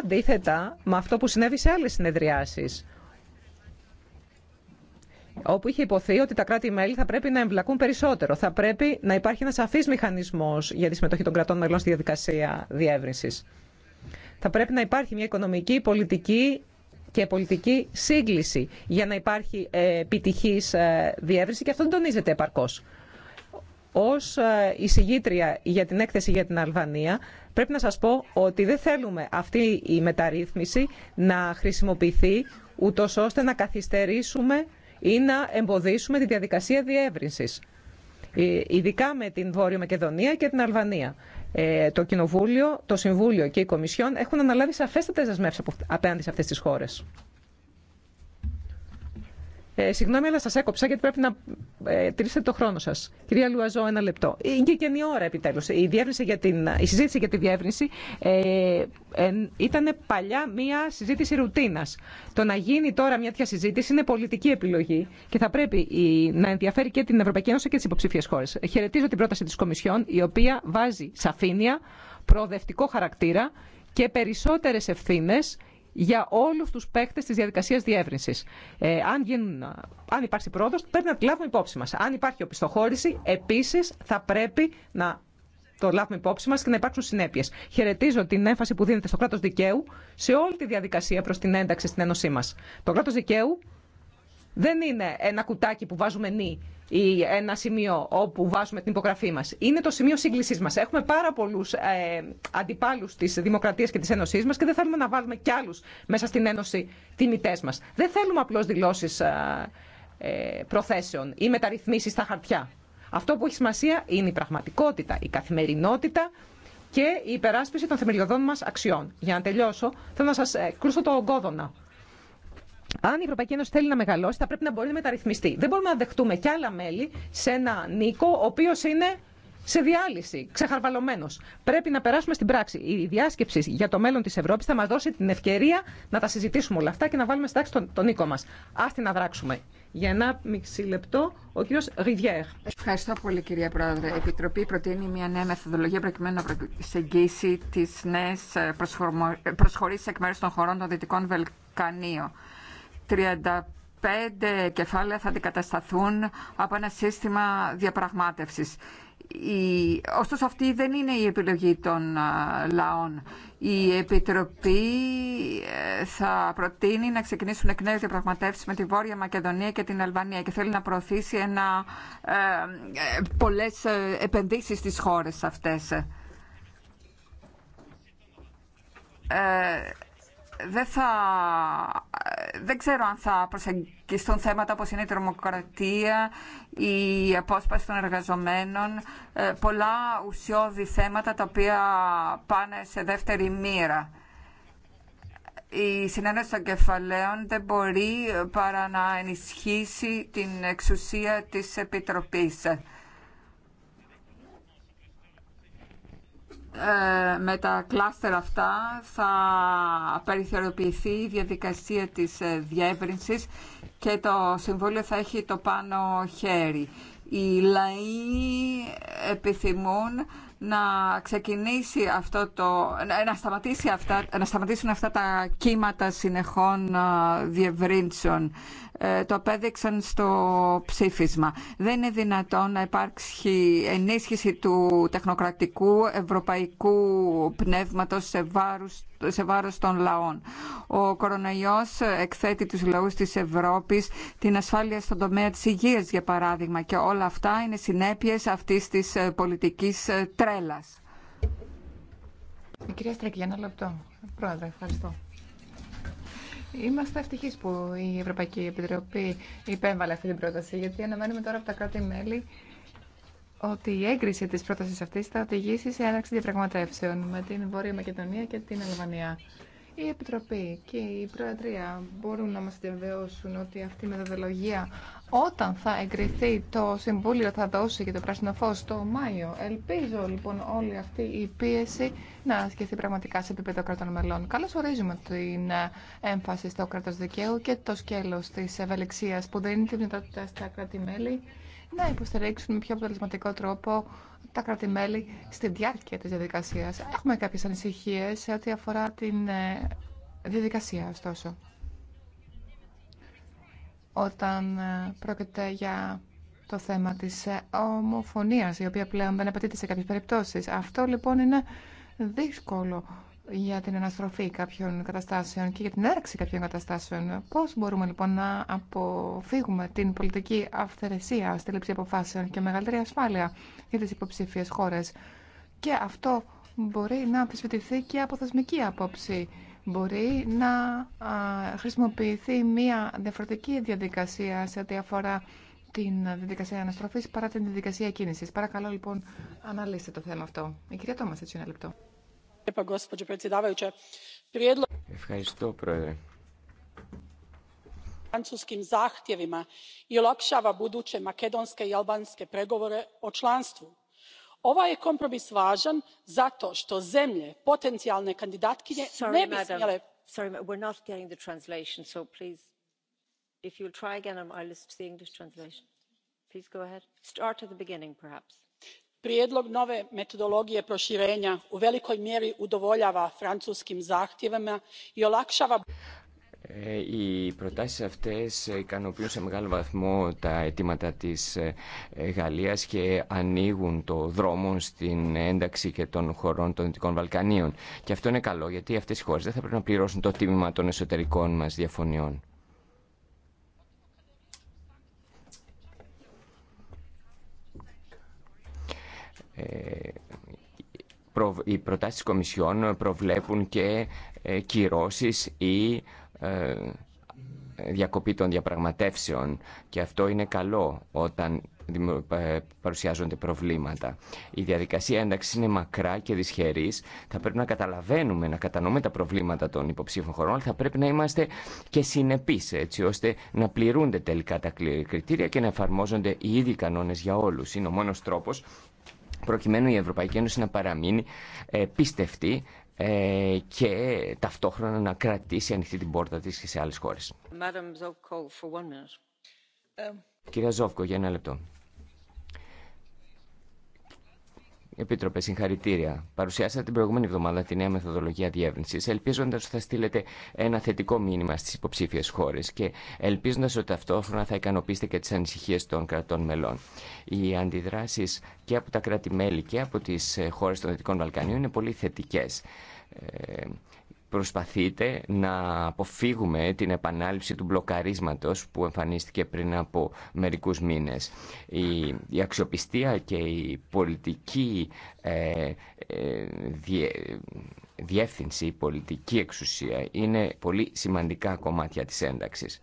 Αντίθετα με αυτό που συνέβη σε άλλες συνεδριάσεις όπου είχε υποθεί ότι τα κράτη-μέλη θα πρέπει να εμπλακούν περισσότερο. Θα πρέπει να υπάρχει ένα σαφή μηχανισμό για τη συμμετοχή των κρατών μελών στη διαδικασία διεύρυνση. Θα πρέπει να υπάρχει μια οικονομική, πολιτική και πολιτική σύγκληση για να υπάρχει ε, επιτυχή ε, διεύρυνση και αυτό δεν τονίζεται επαρκώ. Ως ε, εισηγήτρια για την έκθεση για την Αλβανία πρέπει να σα πω ότι δεν θέλουμε αυτή η μεταρρύθμιση να χρησιμοποιηθεί ούτω ώστε να καθυστερήσουμε ή να εμποδίσουμε τη διαδικασία διεύρυνσης, ε, ειδικά με την Βόρειο Μακεδονία και την Αλβανία. Ε, το Κοινοβούλιο, το Συμβούλιο και η Κομισιόν έχουν αναλάβει σαφέστατες δεσμεύσει απέναντι σε αυτές τις χώρες. Ε, συγγνώμη, αλλά σα έκοψα γιατί πρέπει να ε, τηρήσετε το χρόνο σα. Κυρία Λουαζό, ένα λεπτό. Ε, είναι και η ώρα επιτέλου. Η, η συζήτηση για τη διεύρυνση ε, ε, ήταν παλιά μία συζήτηση ρουτίνα. Το να γίνει τώρα μια τέτοια συζήτηση είναι πολιτική επιλογή και θα πρέπει να ενδιαφέρει και την Ευρωπαϊκή Ένωση και τι υποψήφιε χώρε. Χαιρετίζω την πρόταση τη Κομισιόν, η οποία βάζει σαφήνεια, προοδευτικό χαρακτήρα και περισσότερε ευθύνε για όλου του παίκτε τη διαδικασία διεύρυνση. Ε, αν, αν υπάρξει πρόοδο, πρέπει να τη λάβουμε υπόψη μα. Αν υπάρχει οπισθοχώρηση, επίση θα πρέπει να το λάβουμε υπόψη μα και να υπάρξουν συνέπειε. Χαιρετίζω την έμφαση που δίνεται στο κράτο δικαίου σε όλη τη διαδικασία προ την ένταξη στην Ένωσή μα. Το κράτο δικαίου δεν είναι ένα κουτάκι που βάζουμε νη ή ένα σημείο όπου βάζουμε την υπογραφή μα. Είναι το σημείο σύγκλησή μα. Έχουμε πάρα πολλού ε, αντιπάλου τη Δημοκρατία και τη Ένωσή μα και δεν θέλουμε να βάλουμε κι άλλου μέσα στην Ένωση τιμητέ μα. Δεν θέλουμε απλώ δηλώσει ε, ε, προθέσεων ή μεταρρυθμίσει στα χαρτιά. Αυτό που έχει σημασία είναι η πραγματικότητα, η καθημερινότητα και η υπεράσπιση των θεμελιωδών μα αξιών. Για να τελειώσω, θέλω να σα ε, κρούσω το ογκόδωνα αν η Ευρωπαϊκή Ένωση θέλει να μεγαλώσει, θα πρέπει να μπορεί να μεταρρυθμιστεί. Δεν μπορούμε να δεχτούμε κι άλλα μέλη σε ένα νίκο, ο οποίο είναι σε διάλυση, ξεχαρβαλωμένο. Πρέπει να περάσουμε στην πράξη. Η διάσκεψη για το μέλλον τη Ευρώπη θα μα δώσει την ευκαιρία να τα συζητήσουμε όλα αυτά και να βάλουμε στάξη τον, τον νίκο μα. Α την αδράξουμε. Για ένα μισή λεπτό, ο κύριο Ριβιέρ. Ευχαριστώ πολύ, κυρία Πρόεδρε. Η Επιτροπή προτείνει μια νέα μεθοδολογία προκειμένου να προσεγγίσει τι νέε ε, προσχωρήσει εκ μέρου των χωρών των Δυτικών Βελκανίων. 35 κεφάλαια θα αντικατασταθούν από ένα σύστημα διαπραγμάτευσης. Ωστόσο αυτή δεν είναι η επιλογή των λαών. Η Επιτροπή ε, θα προτείνει να ξεκινήσουν εκ νέου διαπραγματεύσεις με τη Βόρεια Μακεδονία και την Αλβανία και θέλει να προωθήσει ένα, ε, ε πολλές ε, επενδύσεις στις χώρες αυτές. Ε, δεν, θα, δεν ξέρω αν θα προσεγγιστούν θέματα όπως είναι η τρομοκρατία, η απόσπαση των εργαζομένων, ε, πολλά ουσιώδη θέματα τα οποία πάνε σε δεύτερη μοίρα. Η συνέντευξη των κεφαλαίων δεν μπορεί παρά να ενισχύσει την εξουσία της Επιτροπής. Ε, με τα κλάστερ αυτά θα περιθωριοποιηθεί η διαδικασία της ε, διεύρυνσης και το Συμβούλιο θα έχει το πάνω χέρι. Οι λαοί επιθυμούν να ξεκινήσει αυτό το, να, σταματήσει αυτά, να σταματήσουν αυτά τα κύματα συνεχών διευρύνσεων. Ε, το απέδειξαν στο ψήφισμα. Δεν είναι δυνατόν να υπάρξει ενίσχυση του τεχνοκρατικού ευρωπαϊκού πνεύματος σε βάρους σε βάρος των λαών. Ο κοροναϊός εκθέτει τους λαούς της Ευρώπης την ασφάλεια στον τομέα της υγείας για παράδειγμα και όλα αυτά είναι συνέπειες αυτής της ε, πολιτικής ε, τρέλας. Η κυρία Στρέκη, ένα λεπτό. Πρόεδρε, ευχαριστώ. Είμαστε ευτυχεί που η Ευρωπαϊκή Επιτροπή υπέβαλε αυτή την πρόταση, γιατί αναμένουμε τώρα από τα κράτη-μέλη ότι η έγκριση της πρότασης αυτής θα οδηγήσει σε έναρξη διαπραγματεύσεων με την Βόρεια Μακεδονία και την Αλβανία. Η Επιτροπή και η Προεδρία μπορούν να μας διαβεβαιώσουν ότι αυτή η μεθοδολογία όταν θα εγκριθεί το Συμβούλιο θα δώσει και το πράσινο φως το Μάιο. Ελπίζω λοιπόν όλη αυτή η πίεση να ασκηθεί πραγματικά σε επίπεδο κρατών μελών. Καλώς ορίζουμε την έμφαση στο κράτος δικαίου και το σκέλος της ευελιξίας που δίνει τη δυνατότητα στα κράτη-μέλη να υποστηρίξουν με πιο αποτελεσματικό τρόπο τα κράτη-μέλη στη διάρκεια της διαδικασίας. Έχουμε κάποιες ανησυχίες σε ό,τι αφορά την ε, διαδικασία, ωστόσο. Όταν ε, πρόκειται για το θέμα της ε, ομοφωνίας, η οποία πλέον δεν απαιτείται σε κάποιες περιπτώσεις. Αυτό λοιπόν είναι δύσκολο για την αναστροφή κάποιων καταστάσεων και για την έρεξη κάποιων καταστάσεων. Πώς μπορούμε λοιπόν να αποφύγουμε την πολιτική αυθαιρεσία στη λήψη αποφάσεων και μεγαλύτερη ασφάλεια για τις υποψηφίες χώρες. Και αυτό μπορεί να αμφισβητηθεί και από θεσμική άποψη. Μπορεί να χρησιμοποιηθεί μια διαφορετική διαδικασία σε ό,τι αφορά την διαδικασία αναστροφής παρά την διαδικασία κίνησης. Παρακαλώ λοιπόν αναλύστε το θέμα αυτό. Η κυρία Τόμας, έτσι ένα λεπτό gospođo predsjednice prijedlog francuskim zahtjevima i olakšava buduće makedonske i albanske pregovore o članstvu. ovaj je kompromis važan zato što zemlje potencijalne kandidatkinje ne bi smjele Please go ahead. Start at the beginning, perhaps οι προτάσεις αυτές ικανοποιούν σε μεγάλο βαθμό τα αιτήματα της ε, Γαλλίας και ανοίγουν το δρόμο στην ένταξη και των χωρών των Δυτικών Βαλκανίων. Και αυτό είναι καλό γιατί αυτές οι χώρες δεν θα πρέπει να πληρώσουν το τίμημα των εσωτερικών μας διαφωνιών. Ε, οι προτάσεις Κομισιόν προβλέπουν και ε, κυρώσεις ή ε, διακοπή των διαπραγματεύσεων και αυτό είναι καλό όταν παρουσιάζονται προβλήματα. Η διαδικασία ένταξη είναι μακρά και δυσχερής. Θα πρέπει να καταλαβαίνουμε, να κατανοούμε τα προβλήματα των υποψήφων χωρών, αλλά θα πρέπει να είμαστε και συνεπείς, έτσι ώστε να πληρούνται τελικά τα κριτήρια και να εφαρμόζονται οι ίδιοι κανόνες για όλους. Είναι ο μόνος τρόπο προκειμένου η Ευρωπαϊκή Ένωση να παραμείνει ε, πίστευτη ε, και ταυτόχρονα να κρατήσει ανοιχτή την πόρτα της και σε άλλες χώρες. Κυρία Ζόβκο, για ένα λεπτό. Επίτροπε, συγχαρητήρια. Παρουσιάσατε την προηγούμενη εβδομάδα τη νέα μεθοδολογία διεύρυνση, ελπίζοντα ότι θα στείλετε ένα θετικό μήνυμα στι υποψήφιε χώρε και ελπίζοντα ότι ταυτόχρονα θα ικανοποιήσετε και τι ανησυχίε των κρατών μελών. Οι αντιδράσει και από τα κράτη-μέλη και από τι ε, χώρε των Δυτικών Βαλκανίων είναι πολύ θετικέ. Ε, προσπαθείτε να αποφύγουμε την επανάληψη του μπλοκαρίσματος που εμφανίστηκε πριν από μερικούς μήνες. Η, η αξιοπιστία και η πολιτική ε, ε διεύθυνση, η πολιτική εξουσία είναι πολύ σημαντικά κομμάτια της ένταξης.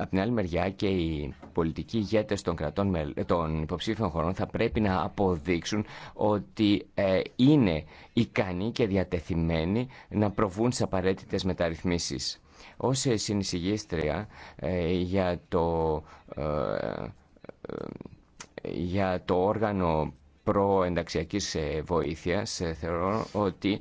Από την άλλη μεριά και οι πολιτικοί ηγέτες των, κρατών, ε, των υποψήφιων χωρών θα πρέπει να αποδείξουν ότι ε, είναι ικανοί και διατεθειμένοι να προβούν σε απαραίτητες μεταρρυθμίσεις. Ως συνεισηγήστρια ε, για το για το όργανο προενταξιακής ε, βοήθειας ε, θεωρώ ότι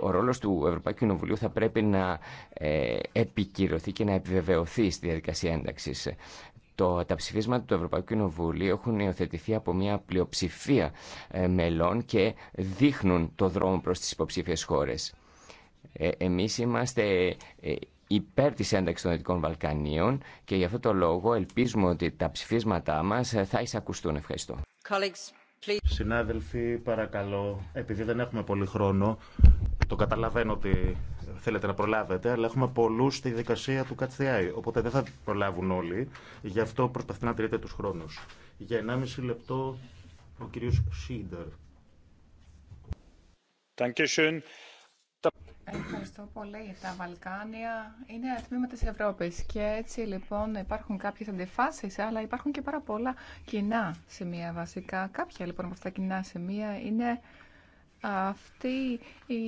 ο ρόλος του Ευρωπαϊκού Κοινοβουλίου θα πρέπει να ε, επικυρωθεί και να επιβεβαιωθεί στη διαδικασία ένταξης. Το, τα ψηφίσματα του Ευρωπαϊκού Κοινοβουλίου έχουν υιοθετηθεί από μια πλειοψηφία μελών και δείχνουν το δρόμο προς τις υποψήφιες χώρες. Ε, εμείς είμαστε υπέρ της ένταξης των Δυτικών Βαλκανίων και γι' αυτό το λόγο ελπίζουμε ότι τα ψηφίσματά μας θα εισακουστούν. Ευχαριστώ. Colleagues. Συνάδελφοι, παρακαλώ, επειδή δεν έχουμε πολύ χρόνο, το καταλαβαίνω ότι θέλετε να προλάβετε, αλλά έχουμε πολλού στη δικασία του ΚΑΤΣΤΙΑΗ. Οπότε δεν θα προλάβουν όλοι. Γι' αυτό προσπαθείτε να τηρείτε του χρόνου. Για 1,5 λεπτό ο κύριος Σίντερ. Ευχαριστώ πολύ. Τα Βαλκάνια είναι τμήμα τη Ευρώπη. και έτσι λοιπόν υπάρχουν κάποιες αντιφάσεις αλλά υπάρχουν και πάρα πολλά κοινά σημεία βασικά. Κάποια λοιπόν από αυτά τα κοινά σημεία είναι αυτή η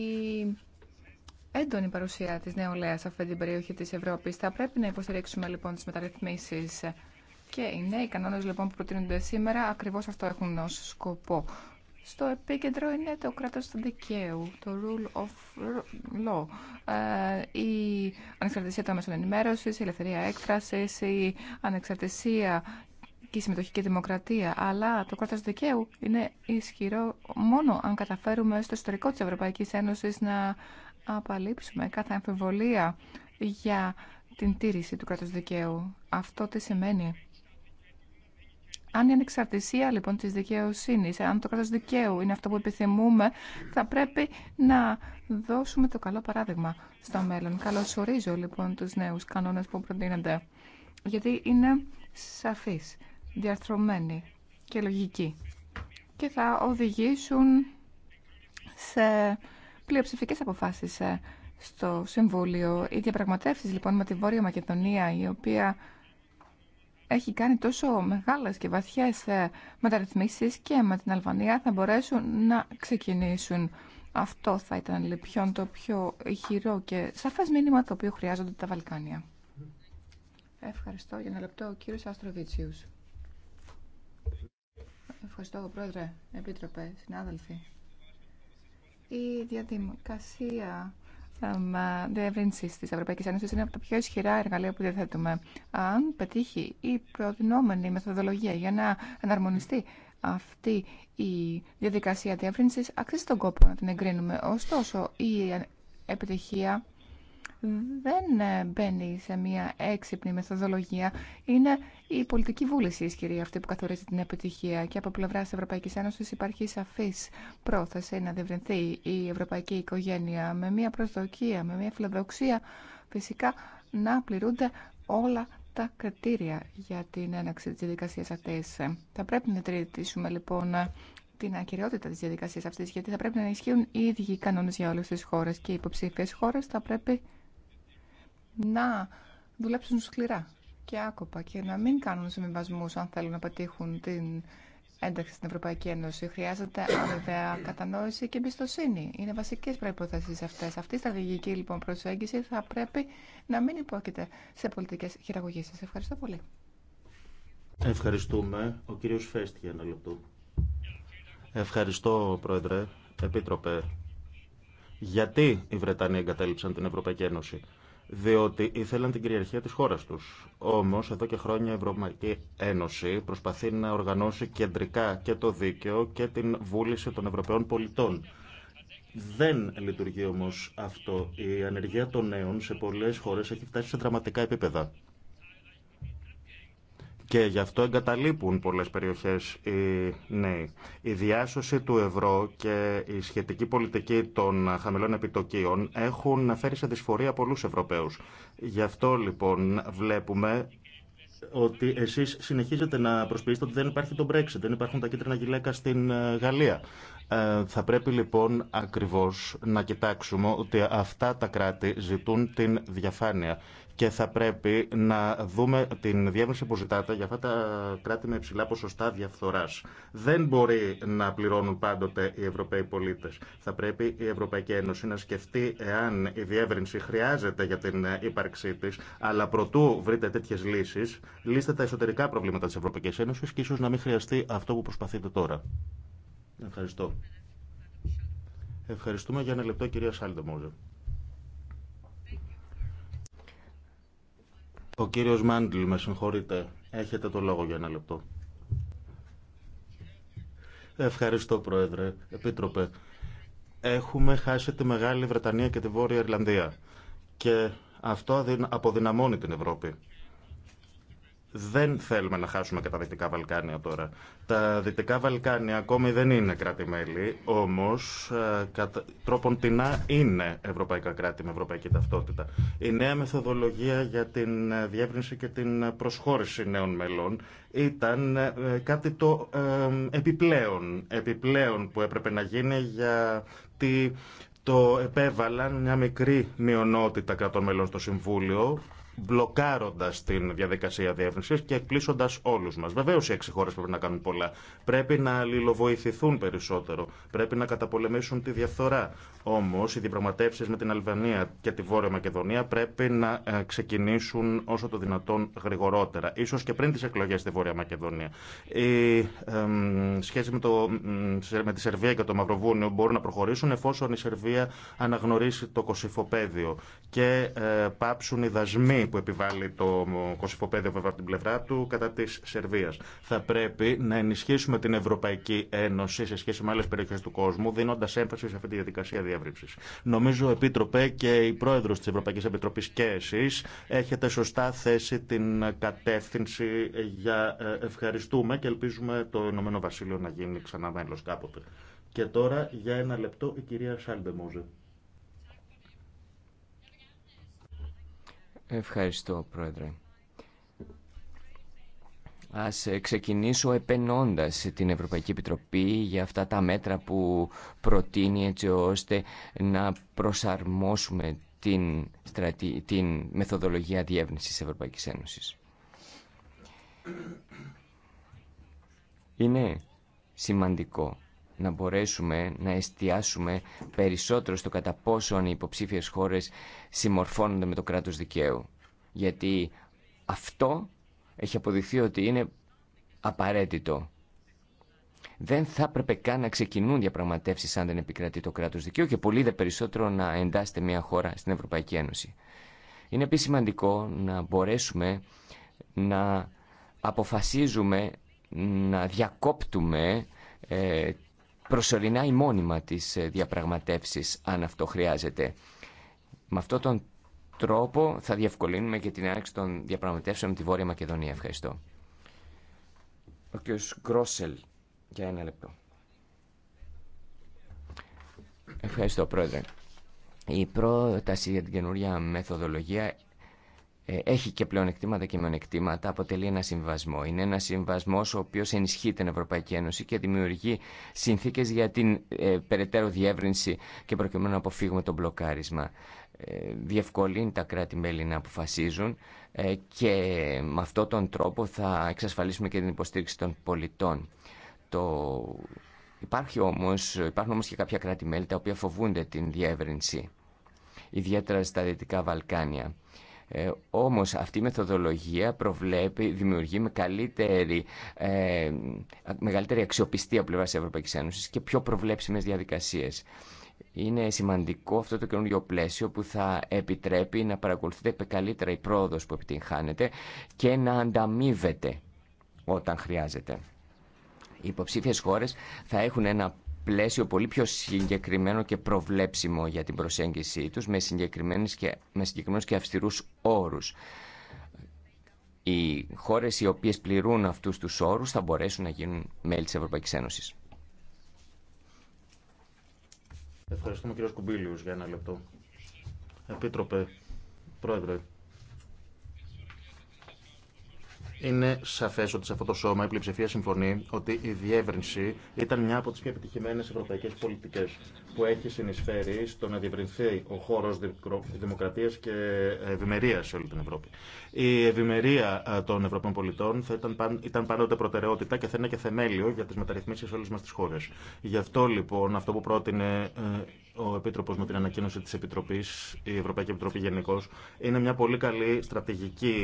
έντονη παρουσία της νεολαίας σε αυτή την περιοχή της Ευρώπης. Θα πρέπει να υποστηρίξουμε λοιπόν τις μεταρρυθμίσεις και οι νέοι κανόνες λοιπόν που προτείνονται σήμερα ακριβώς αυτό έχουν ως σκοπό στο επίκεντρο είναι το κράτος του δικαίου, το rule of law, ε, η ανεξαρτησία των μέσων ενημέρωση, η ελευθερία έκφρασης, η ανεξαρτησία και η συμμετοχική δημοκρατία. Αλλά το κράτος του δικαίου είναι ισχυρό μόνο αν καταφέρουμε στο ιστορικό της Ευρωπαϊκής Ένωσης να απαλείψουμε κάθε αμφιβολία για την τήρηση του κράτους δικαίου. Αυτό τι σημαίνει αν η ανεξαρτησία λοιπόν της δικαιοσύνης, αν το κράτος δικαίου είναι αυτό που επιθυμούμε, θα πρέπει να δώσουμε το καλό παράδειγμα στο μέλλον. Καλωσορίζω λοιπόν τους νέους κανόνες που προτείνονται, γιατί είναι σαφείς, διαρθρωμένοι και λογικοί και θα οδηγήσουν σε πλειοψηφικές αποφάσεις ε, στο Συμβούλιο. Οι διαπραγματεύσεις λοιπόν με τη Βόρεια Μακεδονία, η οποία έχει κάνει τόσο μεγάλες και βαθιές ε, μεταρρυθμίσεις και με την Αλβανία θα μπορέσουν να ξεκινήσουν. Αυτό θα ήταν λοιπόν το πιο χειρό και σαφές μήνυμα το οποίο χρειάζονται τα Βαλκάνια. Ευχαριστώ. Για ένα λεπτό ο κύριος Αστροβίτσιους. Ευχαριστώ, Πρόεδρε, Επίτροπε, συνάδελφοι. Η διαδικασία διευρύνσει τη Ευρωπαϊκή Ένωση είναι από τα πιο ισχυρά εργαλεία που διαθέτουμε. Αν πετύχει η προτινόμενη μεθοδολογία για να εναρμονιστεί αυτή η διαδικασία διεύρυνση, αξίζει τον κόπο να την εγκρίνουμε. Ωστόσο, η επιτυχία δεν ε, μπαίνει σε μια έξυπνη μεθοδολογία. Είναι η πολιτική βούληση ισχυρή αυτή που καθορίζει την επιτυχία και από πλευρά τη Ευρωπαϊκή Ένωση υπάρχει σαφή πρόθεση να διευρυνθεί η ευρωπαϊκή οικογένεια με μια προσδοκία, με μια φιλοδοξία φυσικά να πληρούνται όλα τα κριτήρια για την έναξη τη διαδικασία αυτή. Θα πρέπει να τριετήσουμε λοιπόν την ακυριότητα τη διαδικασία αυτή, γιατί θα πρέπει να ισχύουν οι ίδιοι οι για όλε τι χώρε και οι υποψήφιε χώρε θα πρέπει να δουλέψουν σκληρά και άκοπα και να μην κάνουν συμβιβασμού αν θέλουν να πετύχουν την ένταξη στην Ευρωπαϊκή Ένωση. Χρειάζεται βέβαια, κατανόηση και εμπιστοσύνη. Είναι βασικέ προποθέσει αυτέ. Αυτή η στρατηγική λοιπόν προσέγγιση θα πρέπει να μην υπόκειται σε πολιτικέ χειραγωγήσει. Ευχαριστώ πολύ. Ευχαριστούμε. Ο κύριος Φέστη για ένα λεπτό. Ευχαριστώ, Πρόεδρε. Επίτροπε, γιατί οι Βρετανοί εγκατέλειψαν την Ευρωπαϊκή Ένωση διότι ήθελαν την κυριαρχία της χώρας τους. Όμως, εδώ και χρόνια η Ευρωπαϊκή Ένωση προσπαθεί να οργανώσει κεντρικά και το δίκαιο και την βούληση των Ευρωπαίων πολιτών. Δεν λειτουργεί όμως αυτό. Η ανεργία των νέων σε πολλές χώρες έχει φτάσει σε δραματικά επίπεδα. Και γι' αυτό εγκαταλείπουν πολλές περιοχές οι νέοι. Η διάσωση του ευρώ και η σχετική πολιτική των χαμηλών επιτοκίων έχουν φέρει σε δυσφορία πολλούς Ευρωπαίους. Γι' αυτό λοιπόν βλέπουμε ότι εσείς συνεχίζετε να προσποιήσετε ότι δεν υπάρχει το Brexit, δεν υπάρχουν τα κίτρινα γυλαίκα στην ε, Γαλλία. Ε, θα πρέπει λοιπόν ακριβώς να κοιτάξουμε ότι αυτά τα κράτη ζητούν την διαφάνεια και θα πρέπει να δούμε την διεύρυνση που ζητάτε για αυτά τα κράτη με υψηλά ποσοστά διαφθορά. Δεν μπορεί να πληρώνουν πάντοτε οι Ευρωπαίοι πολίτε. Θα πρέπει η Ευρωπαϊκή Ένωση να σκεφτεί εάν η διεύρυνση χρειάζεται για την ύπαρξή τη, αλλά προτού βρείτε τέτοιε λύσει, λύστε τα εσωτερικά προβλήματα τη Ευρωπαϊκή Ένωση και ίσω να μην χρειαστεί αυτό που προσπαθείτε τώρα. Ευχαριστώ. Ευχαριστούμε για ένα λεπτό, κυρία Σάλντε Μόζε. Ο κύριος Μάντλ, με συγχωρείτε. Έχετε το λόγο για ένα λεπτό. Ευχαριστώ, Πρόεδρε. Επίτροπε. Έχουμε χάσει τη Μεγάλη Βρετανία και τη Βόρεια Ιρλανδία. Και αυτό αποδυναμώνει την Ευρώπη. Δεν θέλουμε να χάσουμε και τα Δυτικά Βαλκάνια τώρα. Τα Δυτικά Βαλκάνια ακόμη δεν είναι κράτη-μέλη, όμως ε, κατα... τρόπον τεινά είναι ευρωπαϊκά κράτη με ευρωπαϊκή ταυτότητα. Η νέα μεθοδολογία για την ε, διεύρυνση και την προσχώρηση νέων μελών ήταν ε, κάτι το επιπλέον, επιπλέον που έπρεπε να γίνει για τη το επέβαλαν μια μικρή μειονότητα κρατών μελών στο Συμβούλιο μπλοκάροντα την διαδικασία διεύρυνση και εκπλήσοντα όλου μα. Βεβαίω οι έξι χώρε πρέπει να κάνουν πολλά. Πρέπει να αλληλοβοηθηθούν περισσότερο. Πρέπει να καταπολεμήσουν τη διαφθορά. Όμω οι διαπραγματεύσει με την Αλβανία και τη Βόρεια Μακεδονία πρέπει να ε, ξεκινήσουν όσο το δυνατόν γρηγορότερα. ίσως και πριν τι εκλογέ στη Βόρεια Μακεδονία. Η ε, ε, σχέση με, το, με τη Σερβία και το Μαυροβούνιο μπορούν να προχωρήσουν εφόσον η Σερβία αναγνωρίσει το κοσυφοπαίδιο και ε, πάψουν οι δασμοί που επιβάλλει το Κωσυφοπέδιο, βέβαια από την πλευρά του κατά τη Σερβία. Θα πρέπει να ενισχύσουμε την Ευρωπαϊκή Ένωση σε σχέση με άλλε περιοχέ του κόσμου, δίνοντα έμφαση σε αυτή τη διαδικασία διαβρύψη. Νομίζω, Επίτροπε και η Πρόεδρο τη Ευρωπαϊκή Επιτροπή και εσεί έχετε σωστά θέσει την κατεύθυνση για ε, ευχαριστούμε και ελπίζουμε το Ηνωμένο Βασίλειο να γίνει ξανά μέλο κάποτε. Και τώρα για ένα λεπτό η κυρία Σάλντε Μόζε. Ευχαριστώ, Πρόεδρε. Ας ε, ξεκινήσω επενώντας την Ευρωπαϊκή Επιτροπή για αυτά τα μέτρα που προτείνει έτσι ώστε να προσαρμόσουμε την, την μεθοδολογία διεύνησης της Ευρωπαϊκής Ένωσης. Είναι σημαντικό να μπορέσουμε να εστιάσουμε περισσότερο στο κατά πόσο οι υποψήφιες χώρες συμμορφώνονται με το κράτος δικαίου. Γιατί αυτό έχει αποδειχθεί ότι είναι απαραίτητο. Δεν θα έπρεπε καν να ξεκινούν διαπραγματεύσεις αν δεν επικρατεί το κράτος δικαίου και πολύ δε περισσότερο να εντάσσεται μια χώρα στην Ευρωπαϊκή Ένωση. Είναι επίσης σημαντικό να μπορέσουμε να αποφασίζουμε να διακόπτουμε ε, προσωρινά ή μόνιμα τις ε, διαπραγματεύσεις αν αυτό χρειάζεται. Με αυτόν τον τρόπο θα διευκολύνουμε και την έναρξη των διαπραγματεύσεων με τη Βόρεια Μακεδονία. Ευχαριστώ. Ο κ. Γκρόσελ, για ένα λεπτό. Ευχαριστώ, Πρόεδρε. Η πρόταση για την καινούρια μεθοδολογία ε, έχει και πλεονεκτήματα και μειονεκτήματα, αποτελεί ένα συμβασμό. Είναι ένα συμβασμό ο οποίο ενισχύει την Ευρωπαϊκή Ένωση και δημιουργεί συνθήκε για την ε, περαιτέρω διεύρυνση και προκειμένου να αποφύγουμε τον μπλοκάρισμα. Ε, διευκολύνει τα κράτη-μέλη να αποφασίζουν ε, και με αυτόν τον τρόπο θα εξασφαλίσουμε και την υποστήριξη των πολιτών. Το... Υπάρχει όμως, υπάρχουν όμως και κάποια κράτη-μέλη τα οποία φοβούνται την διεύρυνση, ιδιαίτερα στα Δυτικά Βαλκάνια ε, όμως αυτή η μεθοδολογία προβλέπει, δημιουργεί με καλύτερη, ε, μεγαλύτερη αξιοπιστία από πλευράς της Ευρωπαϊκής Ένωσης και πιο προβλέψιμες διαδικασίες. Είναι σημαντικό αυτό το καινούργιο πλαίσιο που θα επιτρέπει να παρακολουθείτε καλύτερα η πρόοδος που επιτυγχάνεται και να ανταμείβεται όταν χρειάζεται. Οι υποψήφιες χώρες θα έχουν ένα πλαίσιο πολύ πιο συγκεκριμένο και προβλέψιμο για την προσέγγιση τους με, συγκεκριμένους και, με συγκεκριμένους και αυστηρούς όρους. Οι χώρες οι οποίες πληρούν αυτούς τους όρους θα μπορέσουν να γίνουν μέλη της Ευρωπαϊκής Ένωσης. Ευχαριστούμε κύριο Σκουμπίλιους για ένα λεπτό. Επίτροπε, πρόεδρε, είναι σαφέ ότι σε αυτό το σώμα η πλειοψηφία συμφωνεί ότι η διεύρυνση ήταν μια από τι πιο επιτυχημένε ευρωπαϊκέ πολιτικέ που έχει συνεισφέρει στο να διευρυνθεί ο χώρο δημοκρατία και ευημερία σε όλη την Ευρώπη. Η ευημερία ε, των Ευρωπαίων πολιτών θα ήταν, ήταν πάντοτε προτεραιότητα και θα είναι και θεμέλιο για τι μεταρρυθμίσει όλε μα τι χώρε. Γι' αυτό λοιπόν αυτό που πρότεινε ε, ο Επίτροπο με την ανακοίνωση τη Επιτροπή, η Ευρωπαϊκή Επιτροπή γενικώ, είναι μια πολύ καλή στρατηγική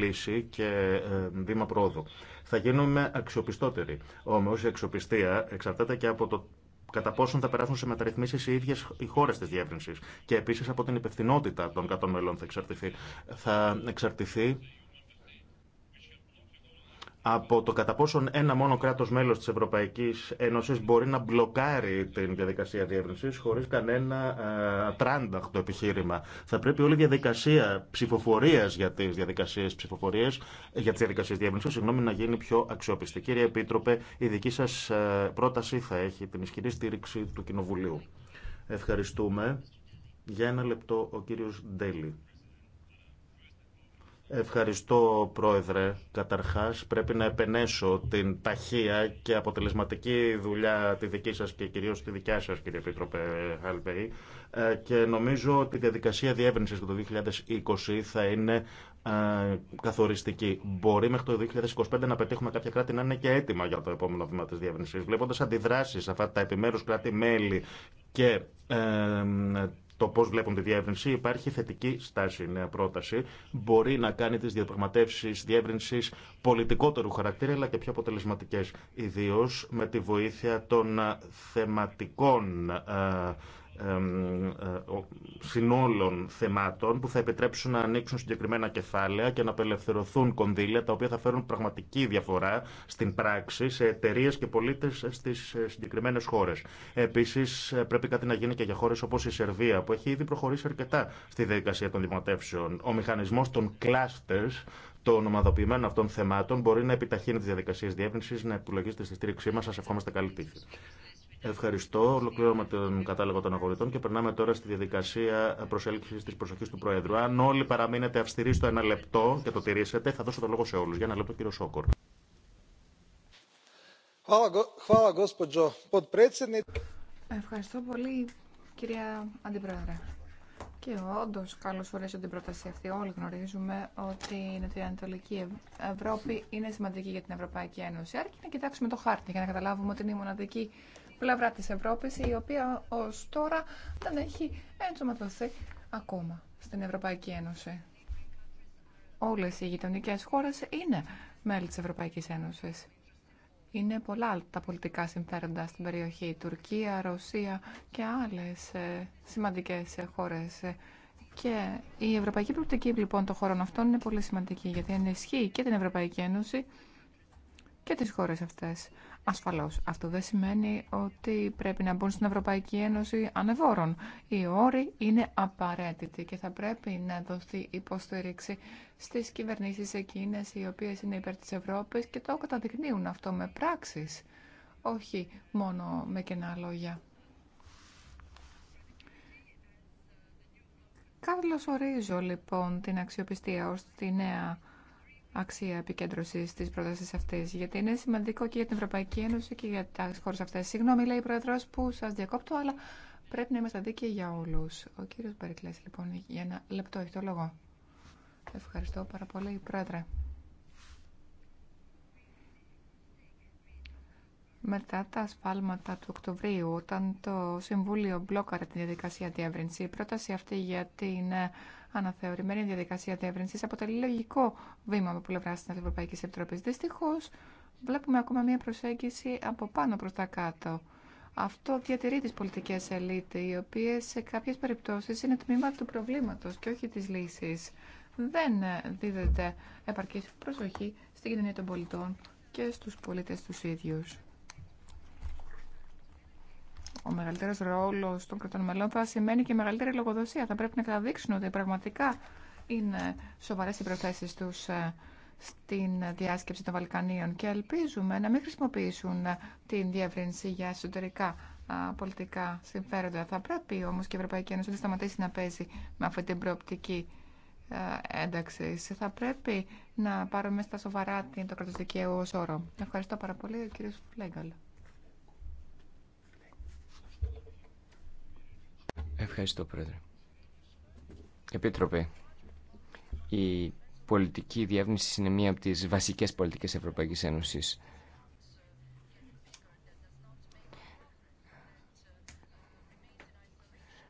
λύση και ε, βήμα πρόοδου. Θα γίνουμε αξιοπιστότεροι. Όμω η αξιοπιστία εξαρτάται και από το κατά πόσον θα περάσουν σε μεταρρυθμίσει οι ίδιε οι χώρε τη διεύρυνση. Και επίση από την υπευθυνότητα των κατών μελών θα εξαρτηθεί. Θα εξαρτηθεί από το κατά πόσον ένα μόνο κράτο μέλο τη Ευρωπαϊκή Ένωση μπορεί να μπλοκάρει την διαδικασία διεύρυνση χωρί κανένα ε, τράνταχτο επιχείρημα. Θα πρέπει όλη η διαδικασία ψηφοφορία για τι διαδικασίε ψηφοφορία για τι διαδικασίε διεύρυνση, συγγνώμη, να γίνει πιο αξιόπιστη. Κύριε Επίτροπε, η δική σα ε, πρόταση θα έχει την ισχυρή στήριξη του Κοινοβουλίου. Ευχαριστούμε. Για ένα λεπτό ο κύριος Ντέλη. Ευχαριστώ, Πρόεδρε. Καταρχάς, πρέπει να επενέσω την ταχεία και αποτελεσματική δουλειά τη δική σας και κυρίως τη δικιά σας, κύριε Επίτροπε Χαλπέη. Ε, και νομίζω ότι η διαδικασία διεύρυνσης του το 2020 θα είναι ε, καθοριστική. Μπορεί μέχρι το 2025 να πετύχουμε κάποια κράτη να είναι και έτοιμα για το επόμενο βήμα της διεύρυνσης. Βλέποντας αντιδράσεις αυτά τα επιμέρου κράτη-μέλη και ε, το πώ βλέπουν τη διεύρυνση. Υπάρχει θετική στάση η νέα πρόταση. Μπορεί να κάνει τι διαπραγματεύσει διεύρυνση πολιτικότερου χαρακτήρα αλλά και πιο αποτελεσματικέ. Ιδίω με τη βοήθεια των θεματικών ε, ε, συνόλων θεμάτων που θα επιτρέψουν να ανοίξουν συγκεκριμένα κεφάλαια και να απελευθερωθούν κονδύλια τα οποία θα φέρουν πραγματική διαφορά στην πράξη σε εταιρείε και πολίτε στι ε, συγκεκριμένε χώρε. Επίση, ε, πρέπει κάτι να γίνει και για χώρε όπω η Σερβία που έχει ήδη προχωρήσει αρκετά στη διαδικασία των δημοτεύσεων. Ο μηχανισμό των clusters των ομαδοποιημένων αυτών θεμάτων μπορεί να επιταχύνει τι διαδικασίε διεύρυνση, να επιλογήσετε στη στήριξή μα. Σα ευχόμαστε καλή τύχη. Ευχαριστώ. Ολοκληρώνουμε τον κατάλογο των αγορητών και περνάμε τώρα στη διαδικασία προσέλκυση τη προσοχή του Προέδρου. Αν όλοι παραμείνετε αυστηροί στο ένα λεπτό και το τηρήσετε, θα δώσω το λόγο σε όλου. Για ένα λεπτό, κύριο Σόκορ. Ευχαριστώ πολύ, κυρία Αντιπρόεδρε. Και όντω, καλώ ορίσατε την πρόταση αυτή. Όλοι γνωρίζουμε ότι η Νοτιοανατολική Ευρώπη είναι σημαντική για την Ευρωπαϊκή Ένωση. και να κοιτάξουμε το χάρτη για να καταλάβουμε ότι είναι η μοναδική πλευρά της Ευρώπης, η οποία ως τώρα δεν έχει ενσωματωθεί ακόμα στην Ευρωπαϊκή Ένωση. Όλες οι γειτονικέ χώρες είναι μέλη της Ευρωπαϊκής Ένωσης. Είναι πολλά τα πολιτικά συμφέροντα στην περιοχή. Τουρκία, Ρωσία και άλλες ε, σημαντικές ε, χώρες. Και η ευρωπαϊκή προοπτική λοιπόν των χωρών αυτών είναι πολύ σημαντική γιατί ενισχύει και την Ευρωπαϊκή Ένωση και τις χώρες αυτές. Ασφαλώς, αυτό δεν σημαίνει ότι πρέπει να μπουν στην Ευρωπαϊκή Ένωση ανεβόρων. Οι όροι είναι απαραίτητοι και θα πρέπει να δοθεί υποστήριξη στις κυβερνήσεις εκείνες οι οποίες είναι υπέρ τη Ευρώπης και το καταδεικνύουν αυτό με πράξεις, όχι μόνο με κενά λόγια. Κάρλος ορίζω λοιπόν την αξιοπιστία ως τη νέα αξία επικέντρωση τη πρόταση αυτή, γιατί είναι σημαντικό και για την Ευρωπαϊκή Ένωση και για τι χώρε αυτέ. Συγγνώμη, λέει η Πρόεδρο, που σα διακόπτω, αλλά πρέπει να είμαστε δίκαιοι για όλου. Ο κύριο Μπερικλέ, λοιπόν, για ένα λεπτό, έχει το λόγο. Ευχαριστώ πάρα πολύ, Πρόεδρε. Μετά τα ασφάλματα του Οκτωβρίου, όταν το Συμβούλιο μπλόκαρε τη διαδικασία διεύρυνση, η πρόταση αυτή για την ε, αναθεωρημένη διαδικασία διεύρυνση αποτελεί λογικό βήμα από πλευρά τη Ευρωπαϊκή Επιτροπή. Δυστυχώ, βλέπουμε ακόμα μία προσέγγιση από πάνω προ τα κάτω. Αυτό διατηρεί τι πολιτικέ ελίτ, οι οποίε σε κάποιε περιπτώσει είναι τμήμα του προβλήματο και όχι τη λύση. Δεν δίδεται επαρκή προσοχή στην κοινωνία των πολιτών και στους πολίτες τους ίδιους ο μεγαλύτερο ρόλο των κρατών μελών θα σημαίνει και μεγαλύτερη λογοδοσία. Θα πρέπει να καταδείξουν ότι πραγματικά είναι σοβαρέ οι προθέσει του ε, στην διάσκεψη των Βαλκανίων και ελπίζουμε να μην χρησιμοποιήσουν ε, την διεύρυνση για εσωτερικά πολιτικά συμφέροντα. Θα πρέπει όμως και η Ευρωπαϊκή Ένωση να σταματήσει να παίζει με αυτή την προοπτική ε, ένταξη. Θα πρέπει να πάρουμε στα σοβαρά την το κρατοδικαίου ως όρο. Ευχαριστώ πάρα πολύ, κύριε Φλέγκαλ. Ευχαριστώ, Πρόεδρε. Επίτροπε, η πολιτική διεύνηση είναι μία από τις βασικές πολιτικές Ευρωπαϊκής Ένωσης.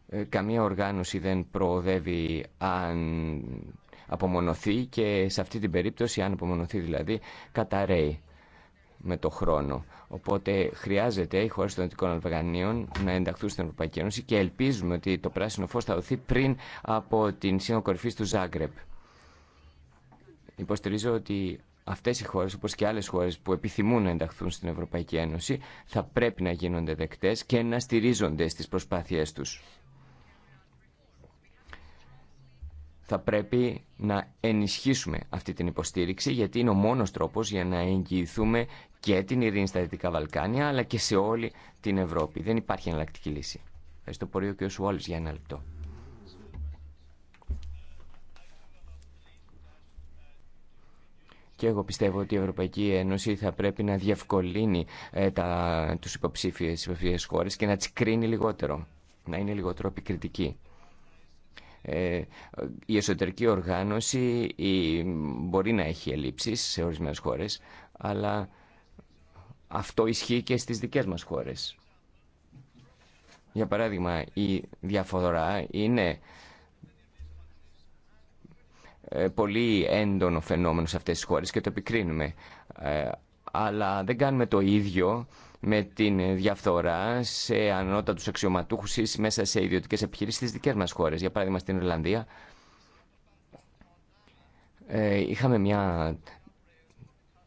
Ε, καμία οργάνωση δεν προοδεύει αν απομονωθεί και σε αυτή την περίπτωση, αν απομονωθεί δηλαδή, καταραίει με το χρόνο. Οπότε χρειάζεται οι χώρε των Δυτικών Αλβανίων να ενταχθούν στην Ευρωπαϊκή Ένωση και ελπίζουμε ότι το πράσινο φω θα δοθεί πριν από την σύνοδο κορυφή του Ζάγκρεπ. Υποστηρίζω ότι αυτέ οι χώρε, όπω και άλλε χώρε που επιθυμούν να ενταχθούν στην Ευρωπαϊκή Ένωση, θα πρέπει να γίνονται δεκτέ και να στηρίζονται στι προσπάθειέ του. θα πρέπει να ενισχύσουμε αυτή την υποστήριξη γιατί είναι ο μόνος τρόπος για να εγγυηθούμε και την ειρήνη στα Δυτικά Βαλκάνια αλλά και σε όλη την Ευρώπη. Δεν υπάρχει εναλλακτική λύση. Ευχαριστώ πολύ ο κ. Σουόλης για ένα λεπτό. Και εγώ πιστεύω ότι η Ευρωπαϊκή Ένωση θα πρέπει να διευκολύνει ε, τα, τους υποψήφιες, υποψήφιες χώρες και να τις κρίνει λιγότερο, να είναι λιγότερο επικριτική. Ε, η εσωτερική οργάνωση μπορεί να έχει ελλείψεις σε ορισμένες χώρες, αλλά αυτό ισχύει και στις δικές μας χώρες. Για παράδειγμα, η διαφορά είναι ε, πολύ έντονο φαινόμενο σε αυτές τις χώρες και το επικρίνουμε. Ε, αλλά δεν κάνουμε το ίδιο με την διαφθορά σε ανώτατου αξιωματούχου ή μέσα σε ιδιωτικέ επιχειρήσει στι δικέ μα χώρε. Για παράδειγμα, στην Ιρλανδία ε, είχαμε μια